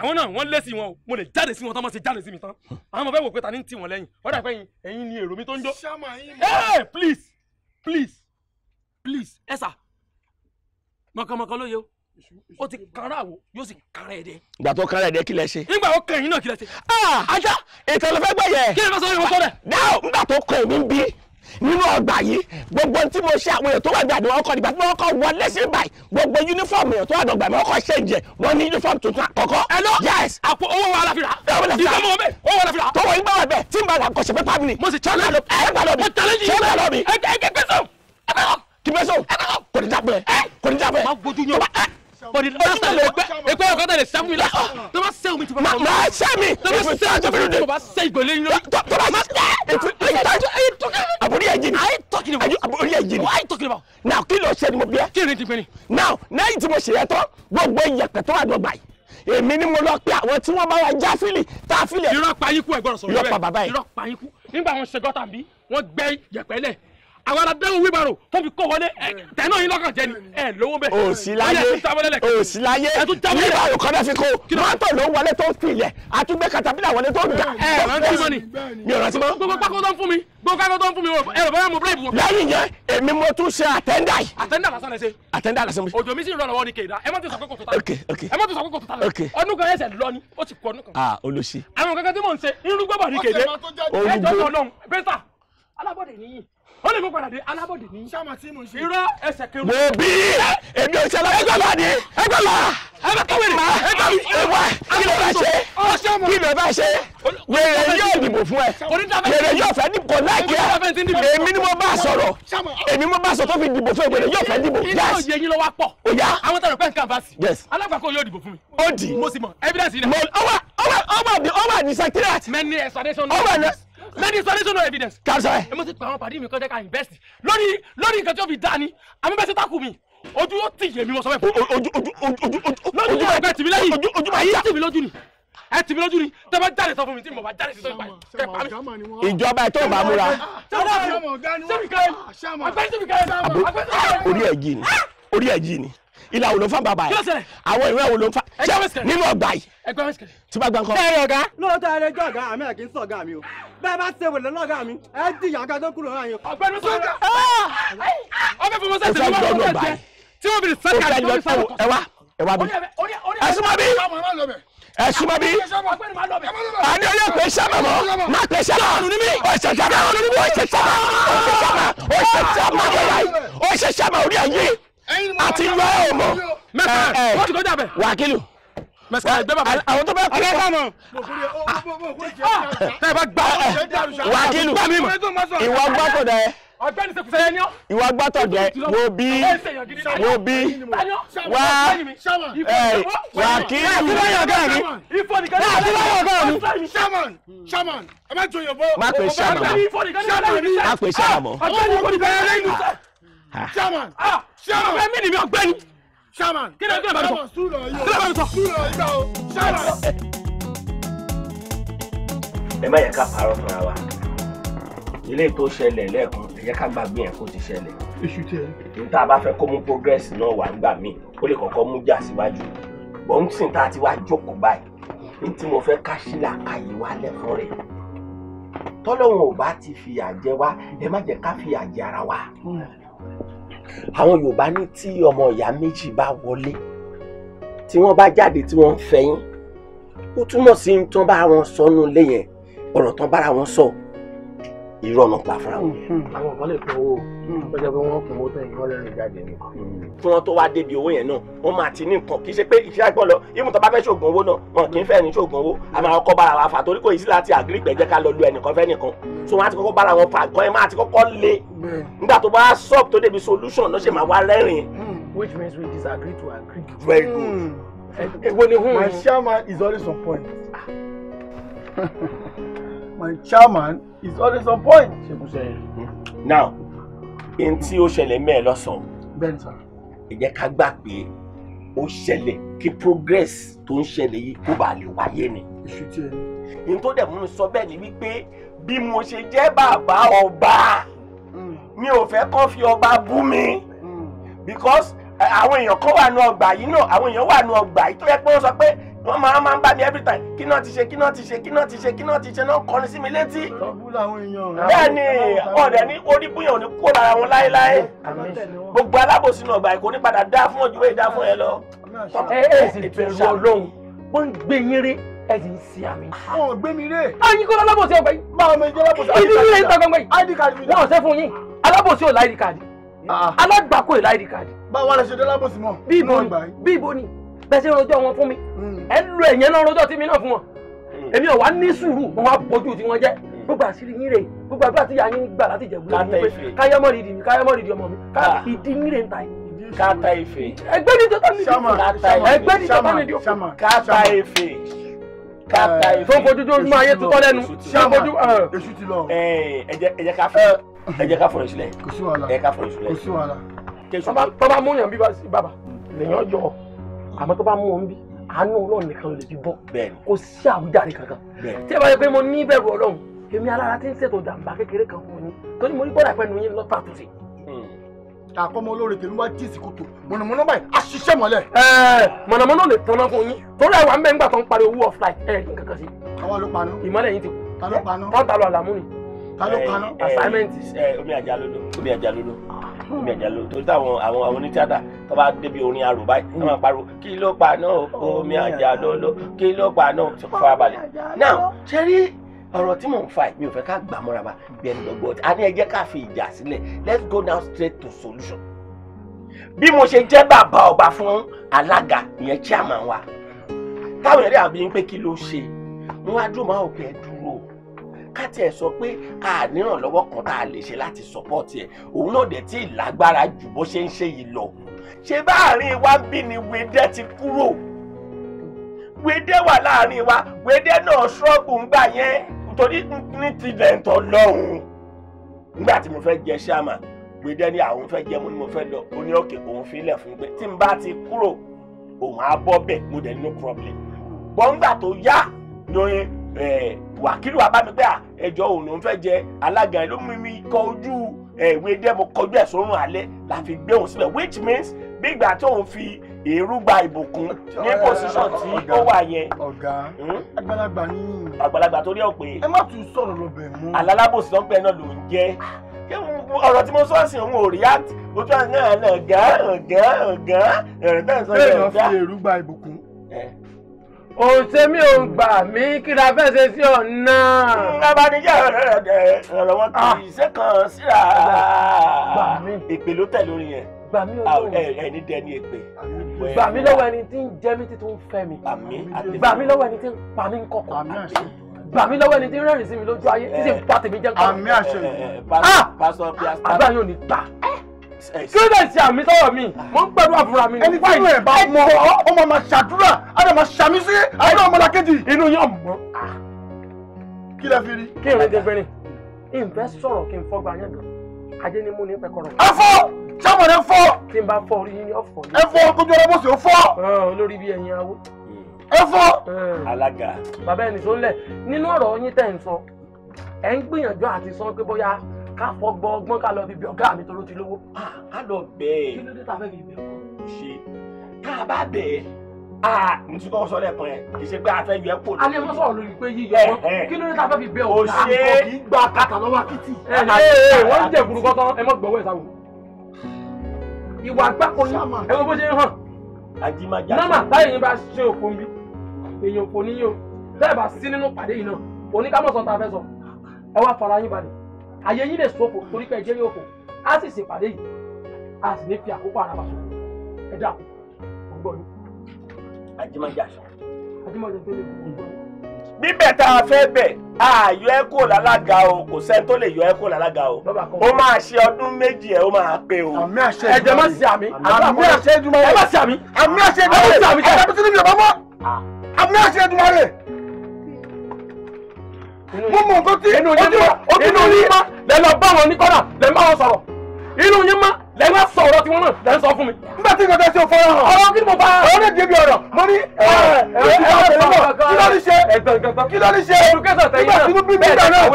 àwọn náà wọ́n lé sí wọn o mo lè jáde sí wọn tán mo ṣe jáde sí mi tán àwọn ọmọ fẹ́ wò pé ta ni ń tì wọ́n lẹ́yìn ọ̀dà pẹ́yìn ẹ̀yin ni èrò mi tó ń jó. ṣáàmà yín mọ. ẹ please please please ẹ sà mọ̀kànmọ̀kàn ló yẹ o ó ti kára àwò yóò sì kára ẹ̀dẹ. ìgbà tó kára ẹ̀dẹ kí lẹ ṣe. nígbà tó kàn yín náà kí lẹ ṣe. Ah, ajá ètò ọ̀lọ́fẹ́ gbẹ̀yẹ. kí lè fẹ́ sọ nínú ọgbà yìí gbogbo tí mo ṣe àwọn èèyàn tó wà ní àdéhùn ọkọ nígbà tí wọn kọ wọlé sí báyìí gbogbo yunifọọmù èèyàn tó wà dọgba mi ọkọ ṣe jẹ wọn ní yunifọọmù tuntun àkọ́kọ́. ẹ lọ yes àpò owó wa aláfíà ìgbàmọ wọn bẹ owó wa aláfíà. tọwọ ìgbà wà bẹ tí n bá la kọsẹ pépà mi ni. mo sì tí a lọ ẹ gbà mi ṣé gbà mi. ẹ kẹ pẹsọ ẹ bẹ lọ. kí pẹsọ kò ní dàgbẹ kò ní bọ̀dì ọlọ́sà lè gbẹ ẹgbẹ́ ọ̀gá tẹ̀lé sẹ́mu yìí lọ́sọ̀ tó bá sẹ́wọ̀n mi ti bá sẹ́wọ̀n. máa sẹ́ mi tó bá sẹ́ àjọpẹ̀lú de. tó bá sẹ́ ìgbòlè yín lórí. tó bá sẹ́ àbúrí ẹ̀jẹ̀ ni. ayi tọ́kì ni bọ̀. àbúrí ẹ̀jẹ̀ ni. ayi tọ́kì ni bọ̀. now kí ló ṣe ni mo bí ẹ. kí ni ti gbẹ ni. now lẹ́yìn tí mo ṣe yẹtọ́ gbogbo iyẹ̀pẹ̀ tó wà dọ̀gba yìí èmi ni mo lọ pé àwọn tí wọ́n bá wa já fílì tá a fílẹ̀. irọ́ pa yín kú ẹ̀gbọ́n sọ̀rọ̀ bẹ́ẹ̀ irọ́ pa bàbá yìí. irọ́ pa yín kú nígbà wọn ṣe gọ́tà bí wọ́n gbẹ́ yẹ̀pẹ̀ lẹ̀ àwọn ará dẹ́rù wíbarò tó fi kó wọlé tẹ̀nà yín lọ́kàn jẹ ni ẹ lówó bẹ́ẹ̀. òsìláyé òsìláyé wíbarò kan náà fi kó mọ́tò ló wọlé tó filẹ̀ àtúgbẹ́ katapila wọlé tó ga. ẹ ẹ rántí mọ́ ni mi ò rántí mọ́. gbogbo pákó tó ń fún mi gbogbo pákó tó ń fún mi ẹ rẹ bọ́yá mo bẹ́ẹ̀ bù. lẹ́yìn yẹn èmi mo tún ṣe àtẹ́ndà yìí. àtẹ́ndà lásán lẹ́sẹ̀. àtẹ́ndà lásán mi. òjò mi sì ń rọrùn ó lè mú padà dé alábọ̀dé ní. sáwọn tí mo ṣe. irọ́ ẹsẹ̀ kẹrù. mo bí èmi ò ṣe lọ ẹgbẹ́ bá ní ẹgbẹ́ bá ẹgbẹ́ káwé rè ẹgbẹ́ mi ìwà kí ló bá ṣe kí ló bá ṣe wèrè yóò dìbò fún ẹ wèrè yóò fẹ́ dìbò láìkí ẹ èmi ni mo bá sọ̀rọ̀ èmi mo bá sọ tó fi dìbò fún wèrè yóò fẹ́ dìbò. ilé òye yín ló wá pọ̀. ó yá àwọn tẹ̀rọ pẹ́ nǹkan bá sí. alákọ̀ọ́kọ́ yóò dìbò fún mi. ó dì. mo sì mọ evidence yìí. ọwọ́ ọwọ́ ọwọ́ àdì sẹ́kítírẹ́tì. mẹ́ni ẹ̀sán that is why there is no evidence. káàsọ ẹ. èmi ti pa àwọn pàdé mi kan jẹ́ ká invest lórí lórí nǹkan tí ó fi dá ni àmì bẹ́ẹ̀ ṣe takù mi ojú ó tì yé mi mo sọ fẹ́. ojú ojú ojú ojú lójú ẹ bẹ tìmí lẹ́yìn ojú ojú máa yá tìmí lójú ni ẹ tìmí lójú ni tẹ bá jáde sọ fún mi tí mo bá jáde sọ fún mi. ìjọba ẹ tó bá múra. orí ẹ jí ni ah! orí ẹ jí ni ìlà wo ló ń fa bàbá yẹn àwọn ìran wo ló ń fa nínú ọgbà yìí tí bá gbà ń kọ. bẹ́ẹ̀ ni ọ̀gá. lóòótọ́ ẹni jọ ọ̀gá àmì ẹ̀kí ń sọ ọ̀gá mi o bẹ́ẹ̀ bá ṣe wòlé lọ́gà mi ẹ di ìyàgá tó kúrò láàyè. ọ̀gbẹ́ni sọgá ọbẹ fọmọ sẹsẹ ló máa ń bọ ọjẹ tí wọn bìrì sákà ní wọn sáré. ẹ wá ẹ wá bí ẹ súnmọ́ bí ẹ súnmọ́ bí àní oyè pè sábà mọ́ má pè sábà ọ̀sẹ̀ sábà ọ̀sẹ̀ sábà ọ̀sẹ̀ sábà ọ̀sẹ̀ sábà ọ̀sẹ̀ sábà orí ẹ̀yìn àti ìwà ẹ̀ mọ̀ ẹ̀ ẹ̀ wàkìlù àwọn tó bá kú ẹ kàmọ. tẹ́ ẹ bá gbà wàkìlù ìwà gbàtọ̀dà ẹ ìwà gbàtọ̀dà wo bí wo bí wá wàkìlù. láti lọ́yọ̀ gan mi láti lọ́yọ̀ gan mi. shaman shaman ẹ má jòyè bó. má pè shaman má pè shaman mọ́. shaman ṣáàmù ẹ̀mí ni mi ọ̀gbẹ́ni. ṣáàmù kí ló dé bá mi sọ. kí ló bá mi sọ. ẹ má yẹ ká parọ́ fúnra wa ilé tó ṣẹlẹ̀ lẹ́ẹ̀kan ẹ jẹ́ ká gbàgbé yẹn kó ti ṣẹlẹ̀. iṣu tẹ. níta bá fẹ́ kó mú progress náà wà nígbà míì ó lè kọ́kọ́ mú jà síwájú bọ́n sì ta ti wá jókòó báyìí ní tí mo fẹ́ ká sílà káyé wá lẹ́fọ́ rẹ̀ tọ́lọ́hún ò bá ti fìyà jẹ wá ẹ má jẹ́ ká fìyà jẹ ara wa. Hmm àwọn Yorùbá ní tí ọmọ ìyá méjì bá wọlé tí wọ́n bá jáde tí wọ́n ń fẹ́yìn ó túmọ̀ sí ní tán bá wọn sọnù lé yẹn ọ̀rọ̀ tán bára wọn sọ. So irú ọ̀nà pa fúnra wọn. Hmm. àwọn kan lè fún owó ọjọ́ hmm. pé wọ́n kún mọ́tò yìí wọ́n lẹ́nu ìjáde ni. kí hmm. wọ́n tó wá débi owó yẹn náà wọ́n máa ti ní nǹkan kì í ṣe pé iṣẹ́ àgbọ̀n lọ ìmú tó bá fẹ́ ṣoògùn owó náà wọn kì í fẹ́ ní ṣoògùn owó àmọ́ àwọn kọ́ bára wa fà torí kò yìí sí láti àgírí pẹ̀jẹ́ ká lọ lu ẹnìkan fẹ́ nìkan so wọ́n á ti kọ́kọ́ bára wọn fà gan ẹ máa ti kọ́kọ́ lé nígbà tó bá sọ́ọ̀bù tó débi solution náà máa wá rẹ́rìn. which means we disagree to agree. very good. èwo ni hun. my chairman is always on point. my chairman is always on point. ṣe kò now in tí ó ṣẹlẹ̀ mẹ́ẹ̀ lọ́sàn-án. bẹ́ẹ̀ni sọ. ẹ jẹ́ ká gbà pé ó ṣẹlẹ̀ kí progress tó ń ṣẹlẹ̀ yìí kó bàa lè wáyé ni. èṣù tí ẹ ní. n tó dẹ̀ mú un sọ bẹ́ẹ̀ ni wípé bí mo ṣe jẹ́ bàbá ọba hmm. mi ò fẹ́ kọ́ fi ọba bú mi hmm. because eh, àwọn èèyàn kan wà nù ọgbà yìí náà àwọn èèyàn wà nù ọgbà yìí tó yẹ pé wọ́n sọ pé wọ́n máa máa ń bá mi every time kí náà ti ṣe kí náà ti ṣe kí náà ti ṣe kí náà ti ṣe náà kọrin sí mi létí. lọ́bù làwọn èèyàn. bẹ́ẹ̀ ni ọ̀dẹ̀ ní orí búyàn ò ní kó lára wọn láéláé gbogbo alábòsí náà gbà èkó ní padà dá fún ọjọ́ ìdá fún ẹ lọ. ẹ ẹ sì bẹ̀rù ọlọ́run wọ́n ń gbé yín rí ẹ sì ń si àmì. wọn ò gbé mi rè. ayin ah, kọ́lá alábòsí ọgbà yìí. máa mi jẹ́ alábòsí. ìdí nílé ìta gbangba yìí. id card mi dá. wọn ò sẹ́ fún yín alábòsí ò láìdí káàdì. Ah, ah. alágbàkó ò láìdí káàdì. báwo la ṣe dé alábòsí mọ́. bí ni bí ni bẹ́sẹ̀ rojọ́ wọn fún mi hmm. ẹ lu náà rojọ́ tí mi náà fún wọn hmm. èmi ò wá ní sùúrù wọn wá bójú tí wọn jẹ́ hmm. gbogbo àṣírí yín rè gbogbo àgbà tí yà yín gbà láti jẹ gbúdọ̀ wípé káyọ́mọ́ rìdì mi káyọ́mọ́ rìdì ọmọ mi ah. ìdí yín rè ń ta yìí. Kata Ife. Ẹgbẹ́ tọ́tà mi dìbò. Ẹgbẹ́ ni tọ́tà mi dìbò. Kata Ife. Kata Ife. Tó ń máa yé tutọ́ lẹ́nu. Ṣáàmù èṣù ti lọ. Ẹ jẹ́ ká fún ẹ jẹ́ ká fọ̀rọ̀ sílẹ̀. Kò sí wàhálà. Kò sí wàhálà. Tọ́ba múyàn bí bàbá lèyàn yọ àmọ́ tó bá mú wọn bí àánú ọlọ́run nìkan ló lè fi bọ́ kò sí àwíjàre kankan tí ẹ bá yẹ pé mo ní ìbẹ̀rù ọlọ́run èmi alára ti ń ṣètò jàǹbá kékeré kan fún yín torí mo ní bọ́dà pẹ̀lú yín lọ́tà tó ṣe. Hmm. àkọ́mọ olóore tèmi wá jíìsì kòtò mọ̀nàmọ́ná báyìí a ṣiṣẹ́ mọ́lẹ̀. mọ̀nàmọ́ná lè tanná fún yín torí àwọn àmì ẹ̀ńgbà tó ń parí owó ọ̀fláì ẹ̀ ẹ̀ kankan sí. àwa ló paná. ìmọ̀lẹ̀ yín ti kú. ta ló paná. tọ́ta lọ àlàmú ni. ta ló paná. assignment. omi àjà lódò. omi àjà lódò èmi ẹ̀dá ló torí táwọn àwọn àwọn onítìátà tó bá débi orin arò báyìí wọ́n máa pariwo kí ló pa náà omi àjà lọ́lọ́ kí ló pa náà farabalẹ̀ now ṣe rí ọ̀rọ̀ tí mò ń fa mi ò fẹ́ ká gbà mọ́ra bá bí ẹni lọ́gbọ́ ọtí a ní ẹ ká fi ìjà sílẹ̀ let's go now straight to solution. bí mo ṣe jẹ́ bàbá ọba fún alága ìyẹn chairman wa táwọn ẹ̀rí àbí ń pé kí ló ṣe mo wá dùn káti ẹ̀ sọ pé a nírànlọ́wọ́ kan tá a lè ṣe láti sọ́pọ́ọ̀tì ẹ̀ òun náà dẹ̀ tí ìlágbára jù bó ṣe ń ṣe yìí lọ ṣe báàrin wa ń bí ni wedẹ́ ti kúrò wedẹ́ wà láàrin wa wedẹ́ náà ṣọ́ọ̀bù ńgbà yẹn nítorí ní tilẹ̀ ń tọ́ lọ́hùn-ún nígbà tí mo fẹ́ jẹ ṣáàmà wedẹ́ ní àwọn fẹ́ jẹ mo ni mo fẹ́ lọ ó ní òkè òun fílẹ̀ fún pé tí n bá ti kúrò òun á bọ́ bẹ̀ mo dẹ̀ no problem gbọ̀ngbà tó yá lóyún wàkìlù wa à ẹjọ́ òun ló ń fẹ́ jẹ alága ẹ̀ ló mú mi kọ ojú ẹ̀wé dẹ́ kọjú ẹ̀ sórun alẹ́ la gbé òun sílẹ̀ which means bí ìgbà tó òun fi èrú gba ìbùkún ní position tí ó wà yẹn. ọ̀gá hmm? àgbàlagbà ni. àgbàlagbà torí ọ̀ pé. ẹ má tún sọ̀rọ̀ lọ́bẹ̀ mú. àlàlábòsí lọ́pẹ́ náà ló ń jẹ́ ọ̀rọ̀ tí mo sọ sí òun ò react ojú àná àná ọ̀gá ọ̀gá ọ̀gá ẹ̀rọ tẹ̀sán ọ̀gá. bẹ́ẹ̀ fi èrú gba ìbùkún òṣè mi ò ń gbà mí kí la fẹ́ ṣe sí ọ̀nà. abanijẹ́ ọ̀rọ̀ wọn kì í ṣe kan síra èpè ló tẹ̀ lórí yẹn gbà mí lọ́wọ́ ẹni dẹni èpè. gbà mí lọ́wọ́ ẹni tí ń jẹ mí títún ń fẹ́ mi. gbà mí lọ́wọ́ ẹni tí ń pa mí ń kọ̀kọ̀. gbà mí lọ́wọ́ ẹni tí ń rẹ́rìn sí mi lójú ayé tí sì ń pa tèmi jẹ́ kọ́. àmì àṣẹ ah! àgbà yóò ní ta kí ló dé sí àmì sọ̀rọ̀ mi mo ń gbàdúrà fúnra mi. ẹni tí ìwé bá mọ ọmọ máa ṣàdúrà á lè máa ṣàmì sí àdúrà ọmọdàkejì. inú yóò mọ. kí lẹ fi rí. kí ìrìn gbẹgbẹrin ìfẹ́ sọ̀rọ̀ kí n fọ́gbà yẹn gan ajé ni mú ní pẹ́kọ̀rọ̀. ẹ fọ́ sábà rẹ fọ́. tí n bá fọ́ orí yín ni ó fọ́. ẹ fọ́ kójú ọ̀rọ̀ bó ṣe ó fọ́. olórí bíi ẹ̀yin awó. ẹ fọ́. alága. bàbá ẹnì tó ń lẹ̀ nínú ọ̀rọ̀ yín ká fọgbọ́n ọgbọ́n ká lọ fi bẹ̀ ọ̀gá mi tó ló ti lówó. a lọ bẹ́ẹ̀ kí ló dé tá a fẹ́ fi bẹ̀ ọkọ. ṣe tá a bá bẹ́ẹ̀ a mo ti kọ́kọ́ sọ lẹ́ẹ̀kan ẹ̀ kì í ṣe pé a fẹ́ yọ ẹ́ pò lórí. alẹ́ mọ́ sọ̀rọ̀ lórí pé yíyọ ẹ̀ kí ló dé tá a fẹ́ fi bẹ̀ ọ̀gá mi kọ́ kì í gba kàtà lọ́wọ́ akitì. ẹ ẹ wọ́n ń jẹ burúkọ tán ẹ mọ́ gbọ́wọ́ ẹ̀ sáwọn. ìwà àgbákò ni ẹ ayé yín lè sọ́fò torí pé ẹ jẹ́rìí òfò á sì ṣèpàdé yìí á sì ní fi àkókò ara wa sọ ẹ dà kó ń gbọ́ yín. àjẹmọ́jà sọ. àjẹmọ́jà tó lè kú ń bíbẹ̀ tá a fẹ́ bẹ̀ a yọ ẹ́ kó lálága o kò sẹ́ni tó lè yọ ẹ́ kó lálága o ó máa ṣe ọdún méjì ẹ̀ ó máa pé o. àmì àṣẹ ẹ̀jẹ̀ má ṣe àmì àmì àṣẹ ẹ̀dùnmọ̀ ẹ̀ má ṣe àmì ah. àmì àṣẹ ẹ̀dùnmọ̀ ẹ̀ àmì àṣẹ ẹ̀dùnmọ̀ ẹ̀ mo mọ nǹkan tí inú yín má inú lẹ lọ bá wọn ní kọ́nà lẹ má wọn sọ̀rọ̀ inú yín má lẹ má sọ ọ̀rọ̀ tiwọn náà lẹ ń sọ fún mi. nígbà tí nǹkan tẹ ṣe òfò hàn. ọ̀rọ̀ kí ni mo bá a. ọ̀rọ̀ náà débi ọ̀rọ̀ mo ní ẹ ẹ ah, kí ló ní ṣe kí ló ní ṣe nígbà tí mo bí mi gbà náà.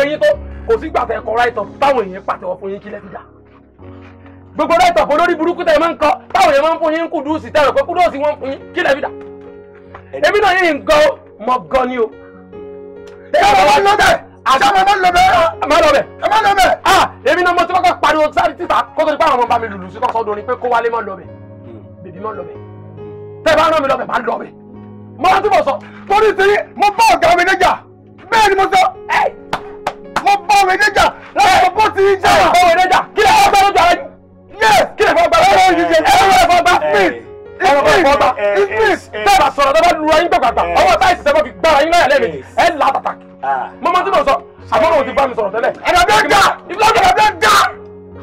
kò sí gbàtà ẹ̀kọ́ ráìtọ̀ táwọn èèyàn pàtẹ́wọ́ gbogbo ráìtọ̀ kò lórí burúkú tẹ̀ máa ń kọ táwọn èèyàn máa ń fún yín kùdùsì tẹ̀ rẹ̀ pé kùdùsì wọn fún yín kí lẹ́ dà. èmi náà yín nǹkan mọ̀ gan ni o sábà máa ń lọ bẹ́ẹ̀ sábà máa ń lọ bẹ́ẹ̀. máa lọ bẹ́ẹ̀. ẹ máa lọ bẹ́ẹ̀. ah èmi náà mo ti kọ́kọ́ pariwo sáré títà kó tó di pé àwọn ọmọ bá mi lùlù sí kọ́sọ́ dorin pé kó wálé máa lọ bẹ́ẹ̀ bèbí máa lọ bẹ́ẹ̀ tẹ́ bá rán mi lọ bẹ́ẹ̀ bá lọ bẹ́ẹ̀. mo rántí mo sọ torí ti mo bá ọ̀gá mi níjà bẹ́ẹ̀ ni mo sọ mo bá ọ̀gá mi níjà láti bó ti ń jà. bá ọ̀gá mi níjà kí lè fọ́ gbà lójú ara yín. yes kí lè fọ́ gbà lójú ara yín. ẹ ẹran kan kọ́ bá bẹ́ẹ̀ bá sọ̀rọ̀ dábàá lu ayé gbàgbàgbà ọwọ́ táyì sì sẹ́fọ́ fi gbára yín náà lẹ́ẹ̀mejì ẹ̀ ń la tàtà mọ́mọ́ tí mo sọ àmọ́ mo ti bá mi sọ̀rọ̀ tẹ́lẹ̀. àdàbí ẹ̀dá ìfúnná àdàbí ẹ̀dá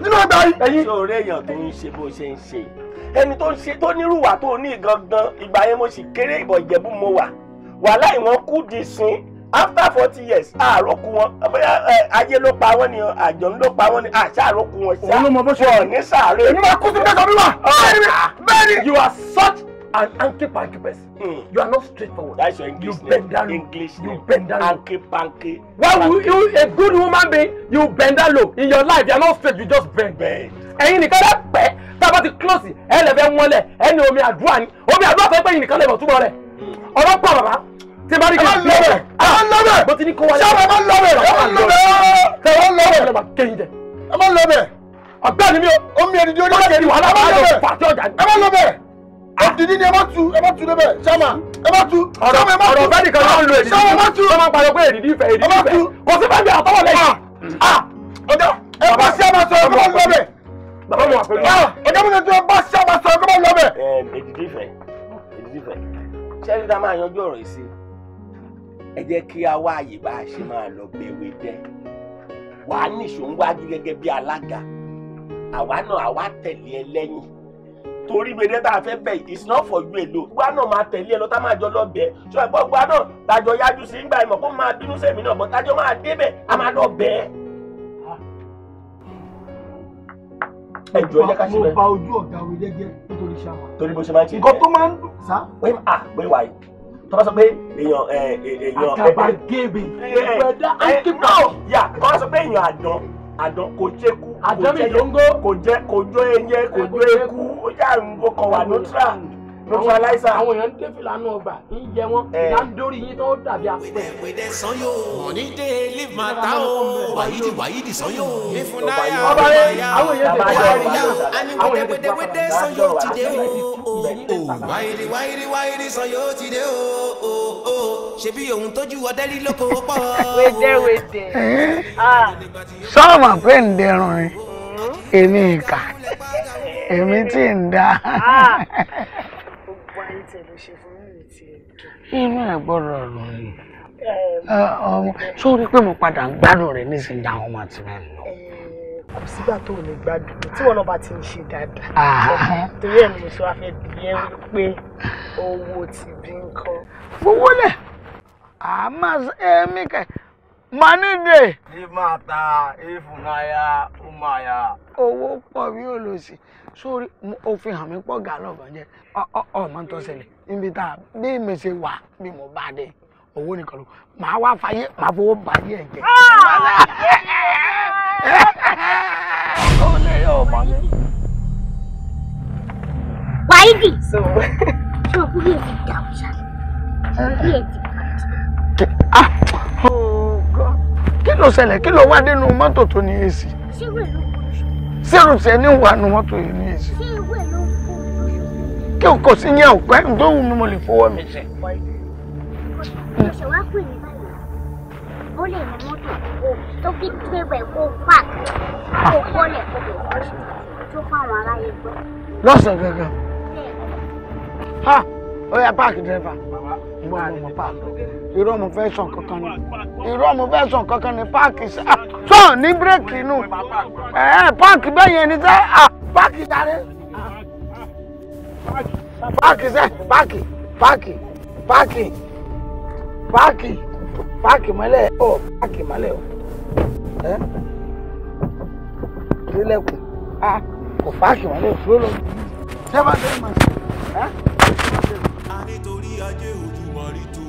nínú ọgbà yìí. sọ̀rọ̀ èèyàn tó ń ṣe bó ṣe ń ṣe ẹni tó ń ṣe tó nírùwà tó ní gangan ìgbà yẹn mo sì kéré ìbọ̀ ìjẹ̀bú mo wà wàhálà ìwọ̀n kú di sin after forty years àròkù wọn ayé ló pa wọn ni àjọ̀nú ló pa wọn ni àṣàròkù wọn ṣá òun ló wọn ní sàárè. èmi máa kú sí pẹ́sọ̀ mi wá. bẹ́ẹ̀ni ah. you are such an ankipanki person. Mm. you are not straightforward. that's your english you name english name you bend down low. ankipanki. why would you a good woman be you bend down low in your life you are not straight you just bend. bend. ẹ̀yin nìkan lẹ pẹ́ tábà ti close ẹ lẹfẹ mọlẹ ẹni omi àdúrà ni omi àdúrà sọ pé ẹ̀yin nìkan lẹ mọ túbọ rẹ hmm. ọlọpàá bàbá tí bá rí kí n lọ́wẹ̀ a lọ́wẹ̀ bó ti ní kó wáyé sábà máa lọ́wẹ̀ ẹ máa lọ́wẹ̀ tẹ ọ lọ́wẹ̀ ẹ máa kẹ́yìn jẹ ẹ máa lọ́wẹ̀ ọgbẹ́ ni mi o mi èdìdì oníkẹ́yìn wà lábẹ́ lọ́wẹ̀ ẹ máa lọ́wẹ̀ èdìdì ni ẹ máa tu ẹ máa tu débẹ̀ sábà ẹ máa tu sábà ẹ máa tu ọ̀rọ̀ bẹ́ẹ̀ nìkan ló ń lo èdìdì sábà ẹ máa tu ọmọ àgbàdo pé èdìdì ìfẹ́ èdìdì ìfẹ́ kò sí fẹ́ mi àtọwọ́ lẹ́yìn ọjọ́ ẹ bá sí àmà sọ ẹ máa lọ́wẹ̀ ọjọ́ mi tuntun ẹ bá sí àmà sọ ẹ máa lọ́wẹ̀. èdìdì ìfẹ́ èdìdì ìfẹ́ ṣẹ́ni dá máa yanjú ọ̀rọ̀ yìí sí i ẹ jẹ́ kí a wá àyè bá a ṣe máa lọ gbẹ̀wé dẹ́ wàá nìṣó ń wájú gẹ́gẹ́ bí alága àwa náà àwa tẹ̀lé ẹ lẹ́yìn torí gbèdé tá a fẹ́ bẹ̀ it's not for you alone wa náà máa tẹ̀lé ẹ lọ tá máa lọ bẹ̀ ṣọ ẹ̀gbọ́n wa náà tàjọ yájú sí gbà ìmọ̀ kó máa bínú sẹ́mi náà bọ́ máa débẹ̀ a máa lọ bẹ̀ ẹ́. ẹjọ ẹjẹ ká mo ba ojú ọ̀gá wo jẹ́jẹ́ nítorí ṣáà. torí bó ṣe máa ń ṣe bẹ́ẹ̀. nǹkan tó máa ń dùn sá. wẹ́n tó bá sọ pé èèyàn èèyàn àtàbàgébè ẹgbẹ̀dá àkíkà yà tó bá sọ pé èèyàn àdán àdán kò jẹ́ kú àdán mi ló ń gó kò jẹ́ kò jó eyín kò jó eku ó yà ń bọkọ̀ wà lótìrà gbogbo aláìsàn. àwọn èèyàn ń dé fìlànà ọgbà ń jẹ wọn ìlà ń dórí yín tó dàbí apẹ. wẹ̀dẹ̀ sanyo mọ̀ní dé live ma ta o wàyídì wàyídì sanyo ìfúnnáyà ọba yẹ àwọn èèyàn tẹ̀ wá rí yá ani wẹ̀dẹ̀ wẹ̀dẹ̀ sanyo ti dé o wàyídì wàyídì wàyídì sanyo ti dé o ṣebí ohun tójú ọdẹ rí lóko pọ̀. wẹ̀dẹ̀ wẹ̀dẹ̀ ah. pé ń dẹrùn èmi ìkà èmi tí ń dá. Ah ṣe fún mi ti dùn. inú ẹ gbọ́dọ̀ rò ní. Ah, sórí pé mo padà ń gbádùn rẹ nísìnyí àwọn ọmọ àti rẹ lọ. kò sígbà tó o lè gbádùn tí wọn náà bá ti ń ṣe dáadáa. Ah. torí ẹ̀ ni mo sọ afẹ́ bìyẹn wípé owó ti bí ń kọ́. fowó lẹ̀ àmọ́ ẹ̀mí kẹ́ manide. ní máa ta ìfúnnáyà ó máa yà. owó pọ̀ bí olùsìn sórí òfin hàn mí pọ̀ gà lọ́gàn jẹ́ ọmọ tó ṣẹlẹ̀ níbi tá a bí mi ṣe wà bí mo bá dé owó nìkan ló máa wá fàyè máa fowó bàyè ẹ̀ jẹ́. ó lè o bí ah, oh kí ló ṣẹlẹ̀ kí ló wá dénú mọ́tò tó ní èsì. ṣé wẹ́ẹ́ ló sẹ́rù tiẹ̀ ní wà ní mọ́tò yìí ní èsì. kí o kò sí yẹn òpẹ́ ǹdóhùn ni mo lè fọwọ́ mi ṣe. ó lè mú lọ́sàn-án gangan ó yá páàkì dẹ́fà ìwọ ọmọ ọmọ páàkì irú ọmọ fẹ́ sàn kankan ni irú ọmọ fẹ́ sàn kankan ni páàkì ah, sàn ní bírèkì inú eh, páàkì bẹ́ẹ̀ yẹn ni sẹ́ ah, páàkì dáre páàkì sẹ́ páàkì páàkì páàkì páàkì páàkì mọ́lẹ̀ ọ oh mọ́lẹ̀ ọ ẹ́ eh? ìrẹ́lẹ̀kùn ah páàkì mọ́lẹ̀ ọ lọ́lọ́ sẹ́fà sẹ́fà ẹ́ nítorí ajé Òjùmàrè tó.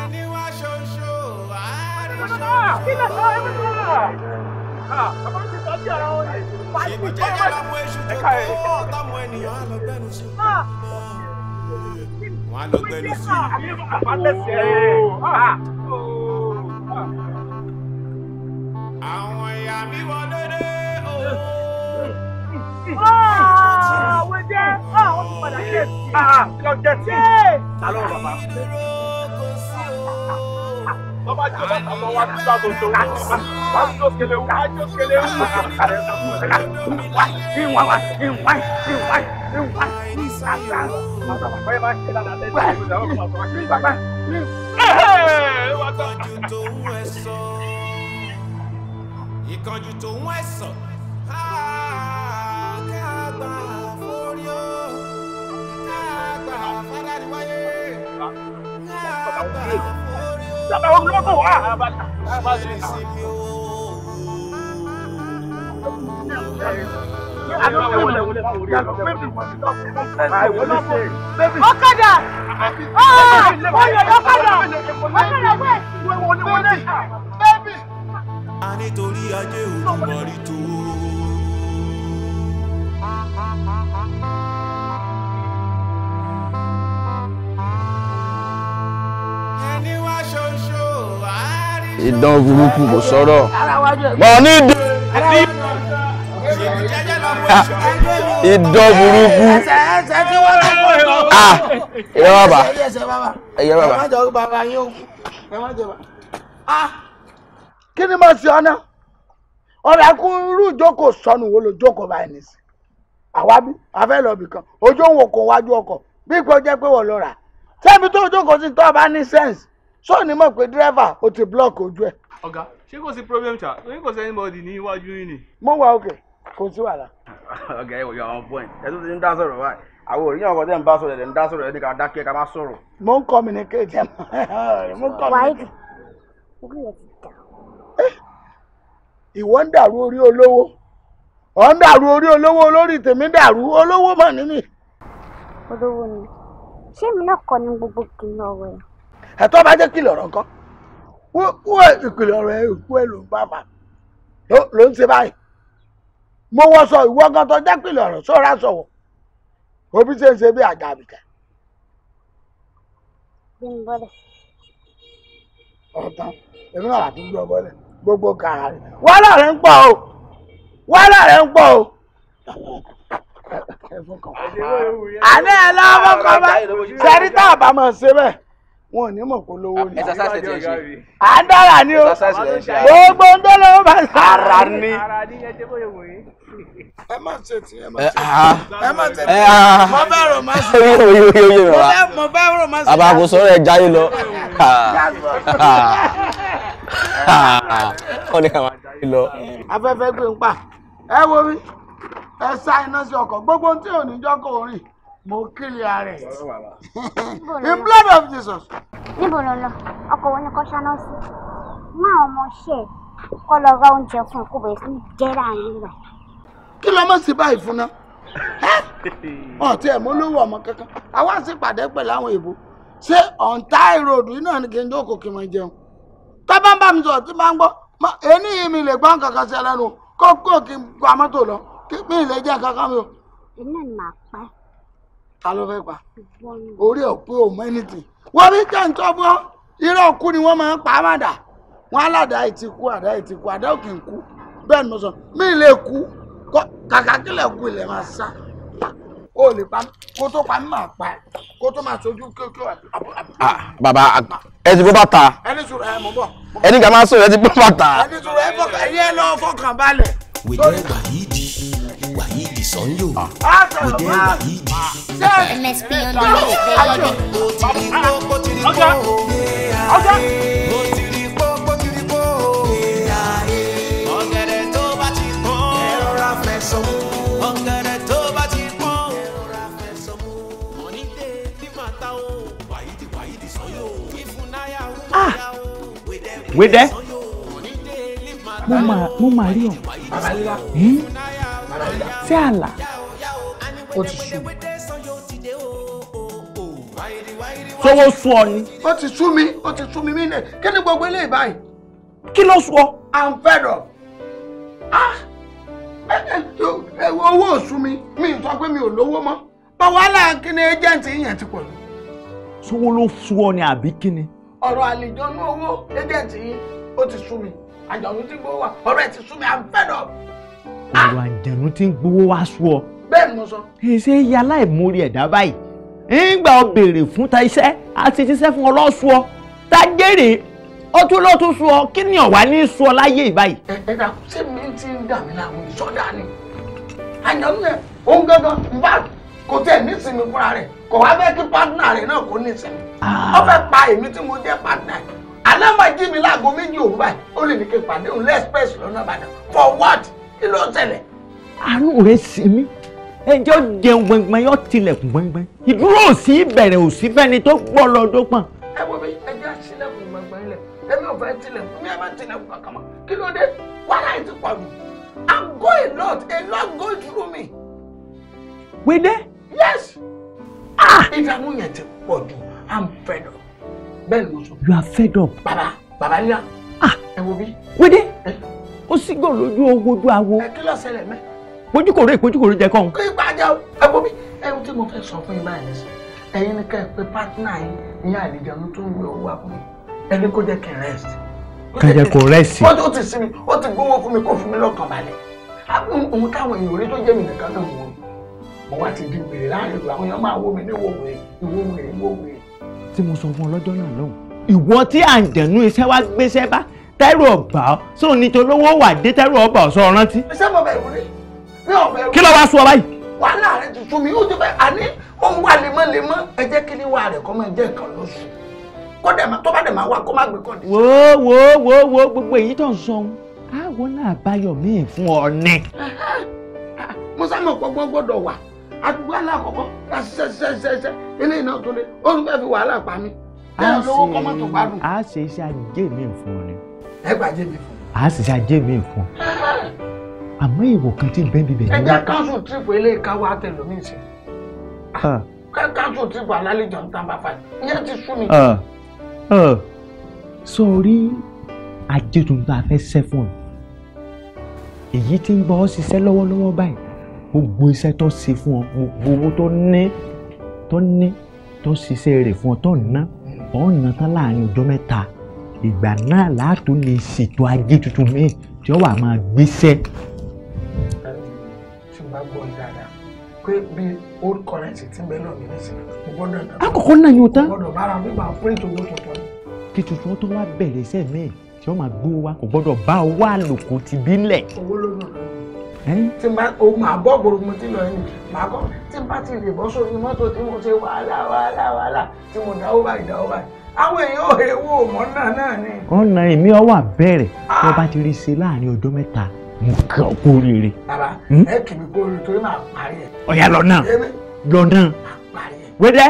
ẹni wá ṣoṣo àárín ṣoṣo. kí ló sọ ẹ fún mi? ṣèbí jẹjẹ lọmọ èṣù tó kọ ọtọmọ ènìyàn á lọ gbẹnu sí wọn á lọ gbẹnu sí àwọn ìyá mi wọlé dé ooo. àwọn jẹ́ àwọn tó padà ṣe lọ jẹ́ sí talọ́ bàbá. Bàbá jọ bàbá ọmọ wa tó bá gbogbo wọn. Wà á jó kele wù, wà á jó kele wù. Ìwà ìwà ìwà ìwà ìwà ìwà ìsàlà. Bàbá bàbá yẹn máa ń ṣe dáadáa lẹ́yìn ìgbà wọn. Bàbá yẹn máa ń ṣe dáadáa lẹ́yìn ìgbà wọn ìkánjú tó ń ẹ̀sán ká forí o ká gbà fádà ní wáyé ká gbà forí o. Bàbá wọn lọ́kọ̀ wá. Bàbá mi sì mi o. Ọ̀kadà! Ọ̀yọ̀ ah, ọ̀kadà! Ọ̀kadà a nítorí ajé Olúmọrí tó. ìdán burúkú kò sọ̀rọ̀ mọ̀ ní ah, ìdán burúkú ẹ̀yẹ ah, bàbá ẹ̀yẹ bàbá kí ni mo ṣe ọ́nà ọ̀rọ̀ akúrú ìjókòó sọnù wo ló jókòó báyìí nìsín àwa bí afẹ́ lọ bì kan ojú òun òkò wájú ọkọ̀ bí ipò jẹ́ pé wọ́n lọ rà sẹ́bi tó jókòó sí tó bá ní sẹ́ǹsì sọ ni mọ̀ pé dírẹ́fà ó ti blọ́ọ̀kì ojú ẹ̀. ọ̀gá ṣé kò sí problem ṣá ṣé kò sí anybody ní iwájú yín ni. mo wà òkè kò sí wàhálà. ọ̀gá ẹ wò yọ àwọn point ẹ tún ti ń dá sọ̀rọ̀ báyìí àwọn òríyàn ọkọ tẹ ń bá sọ̀rọ̀ ẹ ń dá sọ̀rọ̀ ẹ ní ká dákẹ́ ká má sọ̀rọ̀. mo ń communicate ẹ mọ mo ń communicate. wàá ìwọ ń dàrú orí olówó ọ̀ ń dàrú orí olówó olórí tèmi dàrú olówó mà ní mi. olówó ni ṣé mi náà kọ́ ni gbogbo kìlọ̀ ọ̀rọ̀ ẹ̀. ẹ̀tọ́ bá jẹ́ kìlọ̀ ọ̀rọ̀ nǹkan wọ́n ìkìlọ̀ ọ̀rọ̀ ẹ̀ òkú ẹ̀ ló ń bá bá ló ń ṣe báyìí mo wọ sọ ìwọ gan tó jẹ́ kìlọ̀ ọ̀rọ̀ sọ́ra sọ̀wọ́ òbí ṣe ń ṣe bí àga àbíkà. bí n bọ́lẹ̀. ọ̀tán èmi náà àti gbọ́ bọ́lẹ̀ gbogbo kàrà rẹ̀ wàhálà rẹ̀ ń pọ̀ o wàhálà rẹ̀ ń pọ̀ o. àní ẹ lọ́wọ́ kọ́ bá sẹ́rí tá a bá mọ̀ ṣe bẹ́ẹ̀ wọn ò ní mọ̀ kó lówó ni. à ń dára ni o gbogbo ń tó lówó bá sára ni. ẹ má ṣe tí ẹ má ṣe ẹ má ṣe tí mo bá rò má ṣe mo bá rò má ṣe. àbàkù lọ wọ́n ní àwọn adarí lọ. afẹ́fẹ́ gbé ń pa ẹ wo mi ẹ sá iná sí ọkọ̀ gbogbo tí ò ní jọ́kọ̀ orin mo kiri ààrẹ in blood of Jesus. níbo lọ lọ ọkọ̀ wo ni kò ṣáná sí mú àwọn ọmọ ṣe kọ́ lọ ra oúnjẹ fún kó bẹ̀rẹ̀ sí jẹ́rà yín rẹ̀. kí ló mọ̀ sí báyìí fún náà ọ̀tí ẹ̀ lówó ọmọ kankan àwa sì pàdé pẹ̀lú àwọn èèbò ṣé on tie road náà ni kí n jókòó kí n máa jẹun tọ́ba ń bá mi sọ̀rọ̀ tí máa ń gbọ́ ẹni yìí mi lè gbọ́ kankan sí ẹlẹ́nu kó kó kí n gba mọ́tò lọ kí mi lè jẹ́ kankan mi o. iná máa pa. ta ló fẹ́ pa orí ọ̀pẹ ò mọ anything wọ́n rí jẹ́ǹtọ́ fún ọ irọ́ ọ̀kú ni wọ́n máa ń pa á má wọ́n aládàá ìtì àdá ìtì àdá òkè ń kú bẹ́ẹ̀ ni mo sọ mi lè kú kàkà kílẹ̀ kú ilẹ̀ máa sá o lè pa mí kó tó pa mí máa pa ẹ kó tó máa sojú kí o kí o àbúrò. Ah, bàbá ẹ ti bó bá ta. ẹni sùn ẹ mọ̀ bọ̀. ẹni kà máa sọ ẹ ti bó bá ta. ẹni sùn ẹ fọkàn ẹyẹ lọ fọkàn balẹ̀. wèdè wàyídì wàyídì sọ́njò ah, ah, wèdè wàyídì. msp ọ̀nà ìfẹ́ ọ̀dẹ̀. ọjà ọjà. wé dẹ́. mo máa rí ọ. sí hmm? àlà. ó ti sú mi. sọwọ́ sú ọ ni. ó ti sú mi ó ti sú mi mí nẹ kí ni gbogbo eléyìí báyìí. kí ló sú ọ. i'm fed up. ah owó ò sú mi mi sọ pé mi ò lówó mọ́ báwa là kí ni agent yẹn ti pọ̀ jù. sọ́wọ́ ló sú ọ ni àbí kí ni ọ̀rọ̀ àlìjọ́nú owó ẹjẹ̀tì yín ó ti sú mi àjọ̀nú tí ń gbowó wà ọ̀rọ̀ ẹ̀ ti sú mi à ń fẹ́ lọ. ọ̀rọ̀ àjọ̀nú tí ń gbowó wá sú ọ. bẹ́ẹ̀ ni mo sọ. ṣe é ya láìmórí ẹ̀dá báyìí ńgbà ọ béèrè fún ta iṣẹ́ àti iṣẹ́ fún ọ lọ́sù ọ ta jèrè ó tún ló tún sú ọ kí ni ọ̀wá ní sú ọ láyé ìbáyìí. ẹ ẹ dàkú sí mi ti ń dà mí láàmú ìsọdá ni kò tẹ̀ ní ìsinmi fúnra rẹ̀ kò wá fẹ́ kí pátínà rẹ̀ náà kó nísìnyí ah. ó fẹ́ pa èmi tí mo jẹ́ pátínà yìí alẹ́ máa jí mi láago méjì òru báyìí ó lè ní kí n pàdé òun lẹ́sìpẹ́sì lọ́nà Ìbàdàn for what kí ló ṣẹlẹ̀. àánú rẹ sí mi ẹjọ́ jẹun gbẹngbẹn yóò tilẹ̀kùn gbẹngbẹn ìdúró òsì ìbẹ̀rẹ̀ òsì fẹ́ni tó gbọ́ lọ dópọn. ẹ wo mi ẹjọ́ sílẹ̀kùn gbẹngbẹn lẹ̀ ẹ̀mí ò fẹ́ tilẹ̀kùn mi ẹ̀ máa tilẹ̀kùn kankan mọ́ kí ló dé wàhálà yìí ti pọ̀ jù I'm going a lot a go through me. wẹ́dẹ́. yes. Ah! you are fed up. Baba, bàbá nílá. Ah! ẹ wo bí. wédé ó sì gbọ́ lójú ojú awo. ẹ kí ló ṣẹlẹ̀ mẹ́. pojúkòrò ìpojúkòrò jẹ kọ́. kí ipa jẹ o ẹ wo bí ẹ ohun tí mo fẹ́ sọ fún yín báyìí sí ẹ̀yin ni ká ẹ pé pátínà yín ní àlejò ọdún tó ń gbé owó àpò yìí ẹni kó jẹ́ kí n rest. kájẹ kò rẹ́sì. ó ti sinmi ó ti gbówó fún mi kó fún mi lọ́kàn balẹ̀. àwọn ohun táwọn èèyàn orí tó jẹ́ mi nìkan náà wò mo wá ti di wèrè láàrin ìlú àwọn èèyàn máa wó mi níwò wèrè ìwò wèrè ìwò wèrè. tí mo sọ fún ọ lọ́jọ́ náà lọ́hùn. ìwọ tí àǹdẹ̀nú iṣẹ́ wá gbéṣẹ́ bá tẹ́rù ọ̀bà ọ́ sóò ní tolówó wà dé tẹ́rù ọ̀bà ọ̀sọ́ ọ̀rántí. iṣẹ́ mo bẹ̀rù rí mi ò bẹ̀rù. kí ló wá sọ báyìí. wàhálà rẹ tuntun mi yóò ti bẹ àní ó ń wá lemọ́lemọ́ ẹ jẹ́ kí ni wà rẹ̀ kọ́ máa jẹ́ nǹkan lóṣù kó dẹ̀ tó bá dẹ̀ máa wá kó má gbé kọ́ni. wo wo wo wo gbogbo èyí tó ń sọ ohun àwọn náà báyọ̀ míì fún ọ ní. mo sá mọ̀ pọ́gbọ́n gbọ́dọ̀ wà àdúgbò alákọ̀ọ́kọ́ ká ṣiṣẹ́ ṣiṣẹ́ ṣiṣẹ́ ṣiṣẹ́ eléyìí náà tó lé oorun bẹ́ẹ̀ fi wàhálà pa mí. bẹ́ẹ̀ lówó kọ́mọ́ tó gbádùn. a ṣe iṣẹ́ ajé mi fún ọ ni. ẹ gbàjẹ́ mi fún. a ṣe iṣẹ́ ajé mi fún ọ. àmọ́ èèwọ̀ kan ti bẹ́ẹ̀ bíbẹ̀. ẹja káńsù tìrìpù eléyìí ká wá tẹ̀lé mi sí. káńsù tìrìpù alálejò ń tán bàbá yẹn ti sú mi. sọ orí ajé tuntun tá a fẹ́ ṣẹ́ fún ọ èyí tí ń gbọ́ ọ ṣiṣẹ́ lọ́wọ́lọ́wọ́ báyìí gbogbo iṣẹ́ tó ṣe fún ọ gbogbo owó tó ní tó ní tó ṣiṣẹ́ rẹ̀ fún ọ tó ná ọ ná tán láàrin ọjọ́ mẹ́ta ìgbà náà láàtó lè ṣètò ajé tuntun míì tí ó wà máa gbéṣẹ́. ṣùgbọ́n gbọ́ dáadáa pé bí old currency ti ń bẹ lọ́ọ̀ mi nísìnyí mo gbọ́dọ̀ náà. àkọ́kọ́ náà yóò tán. mo gbọ́dọ̀ bára mi máa print owó tuntun. kí tuntun tó wá bẹ̀rẹ̀ iṣẹ́ míì tí ó máa gbówó wa kò gbọ́dọ̀ bá owó àlòkù ti bí lẹ̀. owó ló nà lọ́wọ́ tí n bá o máa bọ́ gbòòrò mo ti lọ ẹni màá kọ́ tí n bá ti lè bọ́ sórí mọ́tò tí mo ṣe wàhálà wàhálà wàhálà tí mo dáwọ́ báyìí dáwọ́ báyìí àwọn èèyàn èèwọ̀ mọ́ náà náà ni. ọ̀nà èmi ọwọ́ àbẹ̀rẹ̀ ah. tí wọ́n bá ti rí ṣe láàrin ọjọ́ mẹ́ta mo kàn ó kú rere. bàbá hmm? ẹ kì í kó orin torí màá parí ẹ. ọ̀yà lọ náà lọ náà wẹ́dẹ́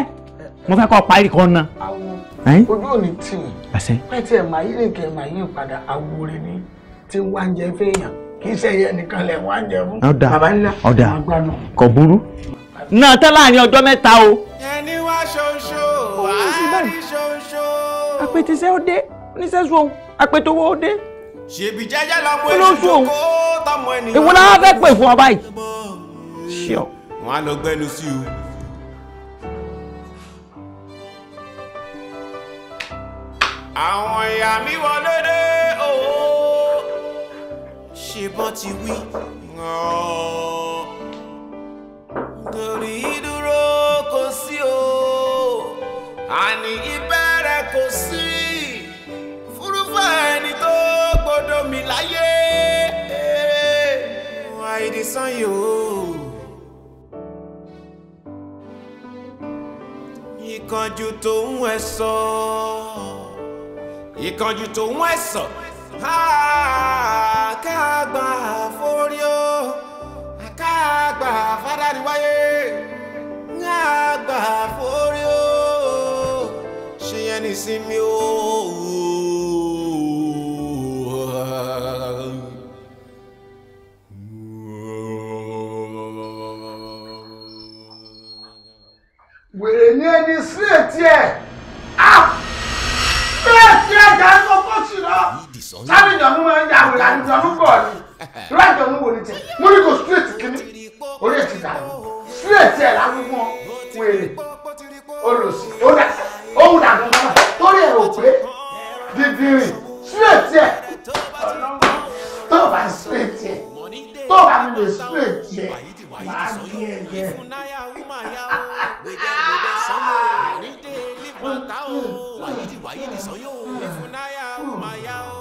mo fẹ́ kọ́ parí kan náà. ojú òní tì mí pẹ́ẹ́tì ẹ̀ yí nìkẹ́ máa yí padà àwòrán ni tí wọ́n á jẹ fẹ́yàn kì í sẹ́yẹ nìkan lẹ̀ wá jẹ fún bàbá ńlá ọ̀dà kò burú. náà tán láàrin ọjọ́ mẹ́ta o. ẹni wá ṣoṣo àárí ṣoṣo. àpètìṣẹ́ ó dé oníṣẹ́sù ohun àpètòwò ó dé. ṣèbí jẹ́jẹ́ lọmọ ènìyàn kó tọmọ ènìyàn. èwo la wá fẹ́ pè fún ọ báyìí. ṣíọ. wọn á lọ gbẹnu sí o. àwọn ìyá mi wọlé dé òun ṣe bọ́ ti wí. Nítorí dúró kò sí o, àní ìbẹ̀rẹ̀ kò sí. Fúrúfẹ́ ẹni tó gbọdọ̀ mi láyé. Àìdí sàn yóò. Ìkànjú tó ń wẹ̀ sọ. Ìkànjú tó ń wẹ̀ sọ àkàgbà forí o àkàgbà fádàrí wáyé àgbà forí o ṣe yẹn ní sinmi o. wèrè ní ẹni sílẹ̀ tiẹ̀ ah! bẹ́ẹ̀ tiẹ̀ dàgbọ́ fọ́ṣù náà sọ. sábì ìjọ̀nù máa ń yà wò lánàá ìjọ̀nù pọ̀ ni ìwà ìjọ̀nù wò ni jẹ mo ní ko straight kìíní orí ẹ̀ ti dàrú straight ẹ̀ lágbègbè wèrè olùsí òun dàgbà náà torí ẹ̀ rò pé dídìrì straight ẹ̀ tó bá straight ẹ̀ tó bá mi lè straight ẹ̀ máa di ẹ̀ jẹ́. wáyé ti wáyé ti sọ yóò fún hmm. náírà hmm. ó máa yá ó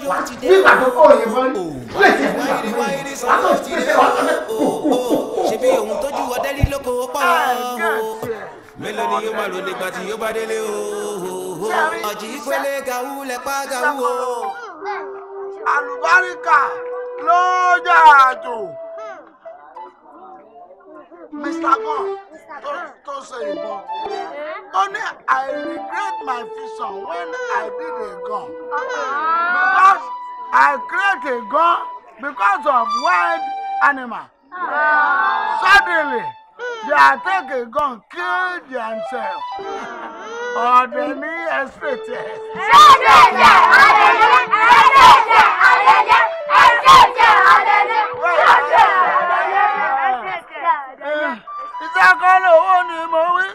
nígbà tó kọ́ òyìnbó oh, lè ti fún ìgbà mẹ́rin látọ̀ sí pèsè wà lọ́lẹ̀ kókókókó. ṣe bí ohun tójú ọdẹ rí lóko pọ̀ ah, mélòó ni yóò máa lò nígbà tí yóò bá délé o oh, oh, ọ̀jì ìpele gàwú lẹ́pà gàwú o. àlùbáríkà ló jà àjò hmm. Mr. Gunn tó ṣe ìbọn ó ní I regret my vision when I did a gun because I create a gun because of wild animal suddenly they are take a gun kill themself ọdẹ ní estate yẹn. ṣáàjẹ jẹ adẹyẹ adẹyẹ adẹyẹ ẹsẹ jẹ adẹyẹ. Àtàkọ́ lówó ni mo wí.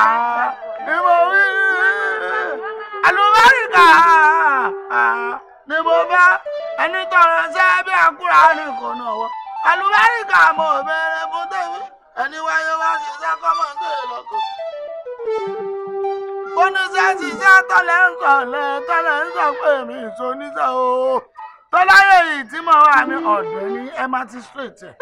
Ah, ni mo wí. Àlùbáríkà ah, ni mo bá ẹni tọrọ ṣẹ́ bí àkúrà ní kò náà wọ. Àlùbáríkà mo bẹ̀rẹ̀ fún tèmi. Ẹni wáyé wá ṣiṣẹ́ kọ́mọ̀ ń tèrè lọ́kọ̀. Oníṣẹ́ ṣiṣẹ́ tọ́lẹ̀ ń sọ̀lẹ̀ tọ́lẹ̀ ń sọ pé mi ìṣó níṣẹ́ o. Tọ́láyé yìí tí mo wà ní ọ̀dọ́ ní ẹ máa ti straight ẹ̀.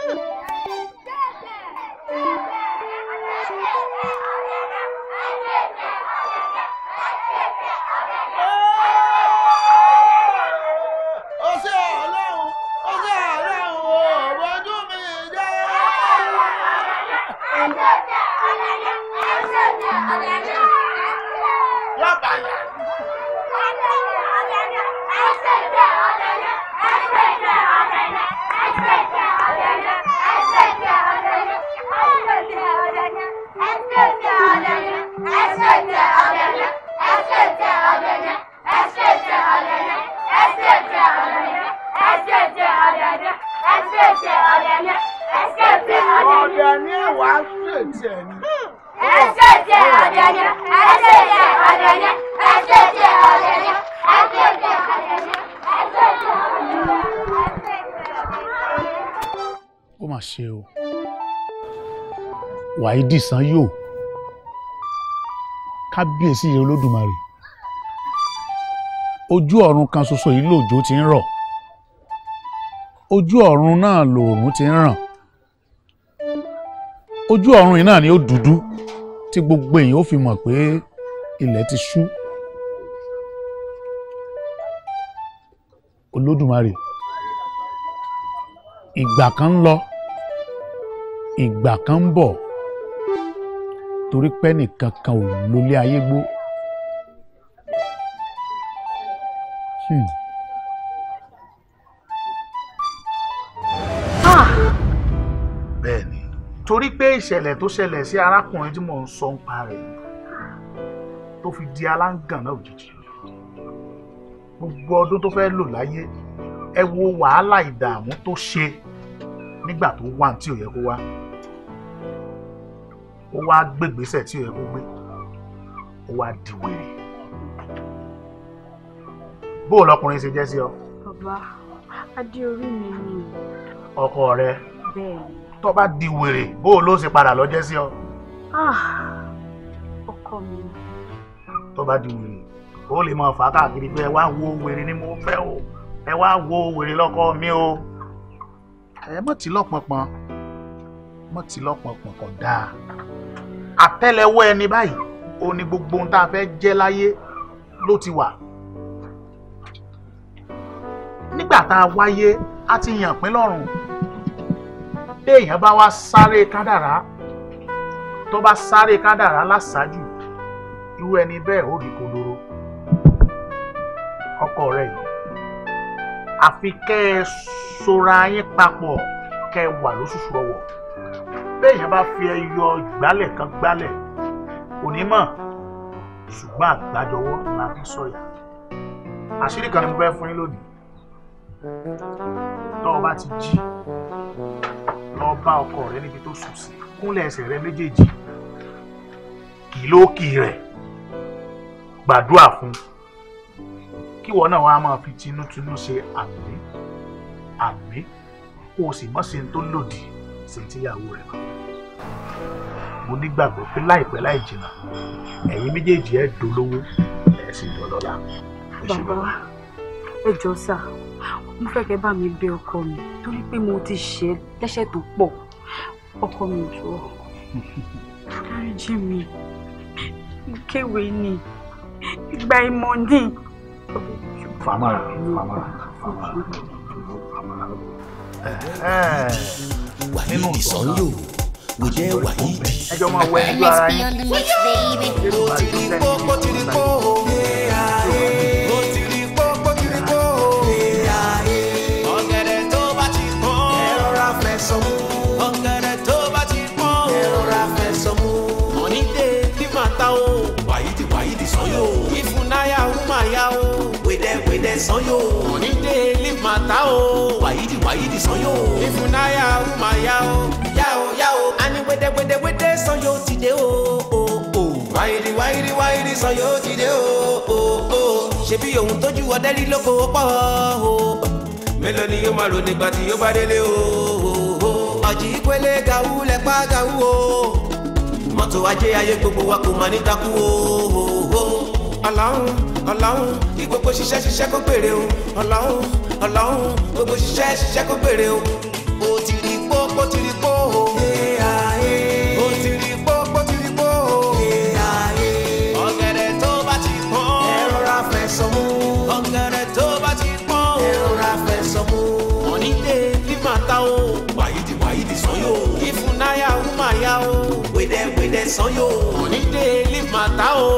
ṣèṣe ọ̀dẹ̀mí ẹ̀ ṣèṣe ọ̀dẹ̀mí. ọ̀dẹ̀mí wà á ṣèṣe ẹni. ẹ ṣèṣe ọ̀dẹ̀mí ẹ ṣèṣe ọ̀dẹ̀mí ẹ ṣèṣe ọ̀dẹ̀mí ẹ ṣèṣe ọ̀dẹ̀mí ẹ ṣèṣe ọ̀dẹ̀mí. ó mà ṣe o wàídì san yóò kábíyèsí olódùmarè ojú ọ̀run kan ṣoṣo yìí lòjò ti ń rọ̀ ojú ọ̀run náà lòòrùn ti ń ràn ojú ọ̀run yìí náà ni ó dúdú tí gbogbo èèyàn ó fi mọ̀ pé ilẹ̀ ti ṣú olódùmarè ìgbà kan ń lọ ìgbà kan ń bọ̀ torí pé nìkan kan ò lólé ayé gbó. Hmm. torí pé ìṣẹ̀lẹ̀ tó ṣẹlẹ̀ sí arákùnrin tí mò ń sọ ń pa rẹ̀ tó fi di aláǹgàn náà òjijì gbogbo ọdún tó fẹ́ lò láyé ẹ wo wàhálà ìdààmú tó ṣe nígbà tó wà tí ò yẹ kó wá ó wá gbégbèsè tí ò yẹ kó gbé ó wá di wèrè bó lọkùnrin ṣe jẹ́ sí ọ. bàbá adé orí mi ni. ọkọ rẹ. bẹ́ẹ̀ tó bá di wèrè bó o ló ṣe padà lọ́jẹ́ sí ọ. Ah, ọkọ mi. tó bá di wèrè ó lè máa fà á káàkiri pé ẹ wá wo wèrè ni mo fẹ́ o ẹ wá wo wèrè lọ́kọ mi o. ẹ mọ̀ tí lọ́pọ̀pọ̀n mọ̀ tí lọ́pọ̀pọ̀n kò dáa àtẹ́lẹwọ́ ẹni báyìí ó ní gbogbo ohun tá a fẹ́ jẹ́ láyé ló ti wà nígbà tá a wáyé a ti yàn pín lọ́rùn téèyàn bá wá sáré kádàrá tó bá sáré kádàrá lásáájú irú ẹni bẹ́ẹ̀ ó rí kodoro ọkọ rẹ yìí àfi kẹ́ ẹ sora yín papọ̀ kẹ́ ẹ wà lóṣooṣù ọwọ́ béèyàn bá fi ẹyọ gbálẹ̀ kan gbálẹ̀ onímọ̀ ṣùgbọ́n àgbájọwọ́ la fi sọ̀yà àṣírí kan ni mo fẹ́ fún yín lónìí tọ́ ọ bá ti jí lọ bá ọkọ rẹ níbi tó sùn sí kúnlẹ̀ ẹsẹ̀ rẹ méjèèjì kì í lókì rẹ̀ gbàdúrà fún kíwọ náà wàá máa fi tinútinú ṣe àmì àmì kó o sì mọ́ ṣe tó lòdì sí tíyàwó rẹ̀ mo nígbàgbọ́ pé láìpẹ́ láì jìnnà ẹ̀yin méjèèjì ẹ̀ dolówó ẹ̀ sì dọlọ́lá. bàbá wa ẹ mo fẹ́ kẹ́ bá mi bẹ ọkọ mi torí pé mo ti ṣe lẹ́ṣẹ̀ tó pọ̀ ọkọ mi ò sọ dáríjì mi kéwé ni ìgbà ìmọ̀ ni. famara famara famara famara. wàyí ìsọ̀nyò wò jẹ́ wàyí dì. ẹjọ́ máa wẹ ẹjọ́ ara yín. ó ti rí pọ́ ó ti rí pọ́ ó. sanyo òní dé leave mata o wàyídì wàyídì sanyo. ìfúnnáyà ọmọ ya o ya o ya o ani wédéwédéwédé sanyo ti dé o o o. wàyídì wàyídì wàyídì sanyo ti dé o o o. ṣebí ohun tójú ọdẹ rí lóko pọ̀ o. mélòó ni yóò máa rò nígbà tí yóò bá délé o. ọ̀jì ìpele gàwú lẹ́pà gàwú o. mọ́tò ajé ayé gbogbo wa kò máa ní takú o. ọlọ́run ọlọ́run kí gbogbo ṣiṣẹ́ ṣiṣẹ́ kó gbèrè o ọlọ́run ọlọ́run gbogbo ṣiṣẹ́ ṣiṣẹ́ kó gbèrè o. o ti rí pó o. o ti rí pó pó o. ọ̀gẹ̀dẹ̀ tó bá ti pọ́n. ẹ rọra fẹ́ sọ mú. ọ̀gẹ̀dẹ̀ tó bá ti pọ́n. o. wàyídì wàyídì sọ́yò. ìfúnnáyà wúmáyà o.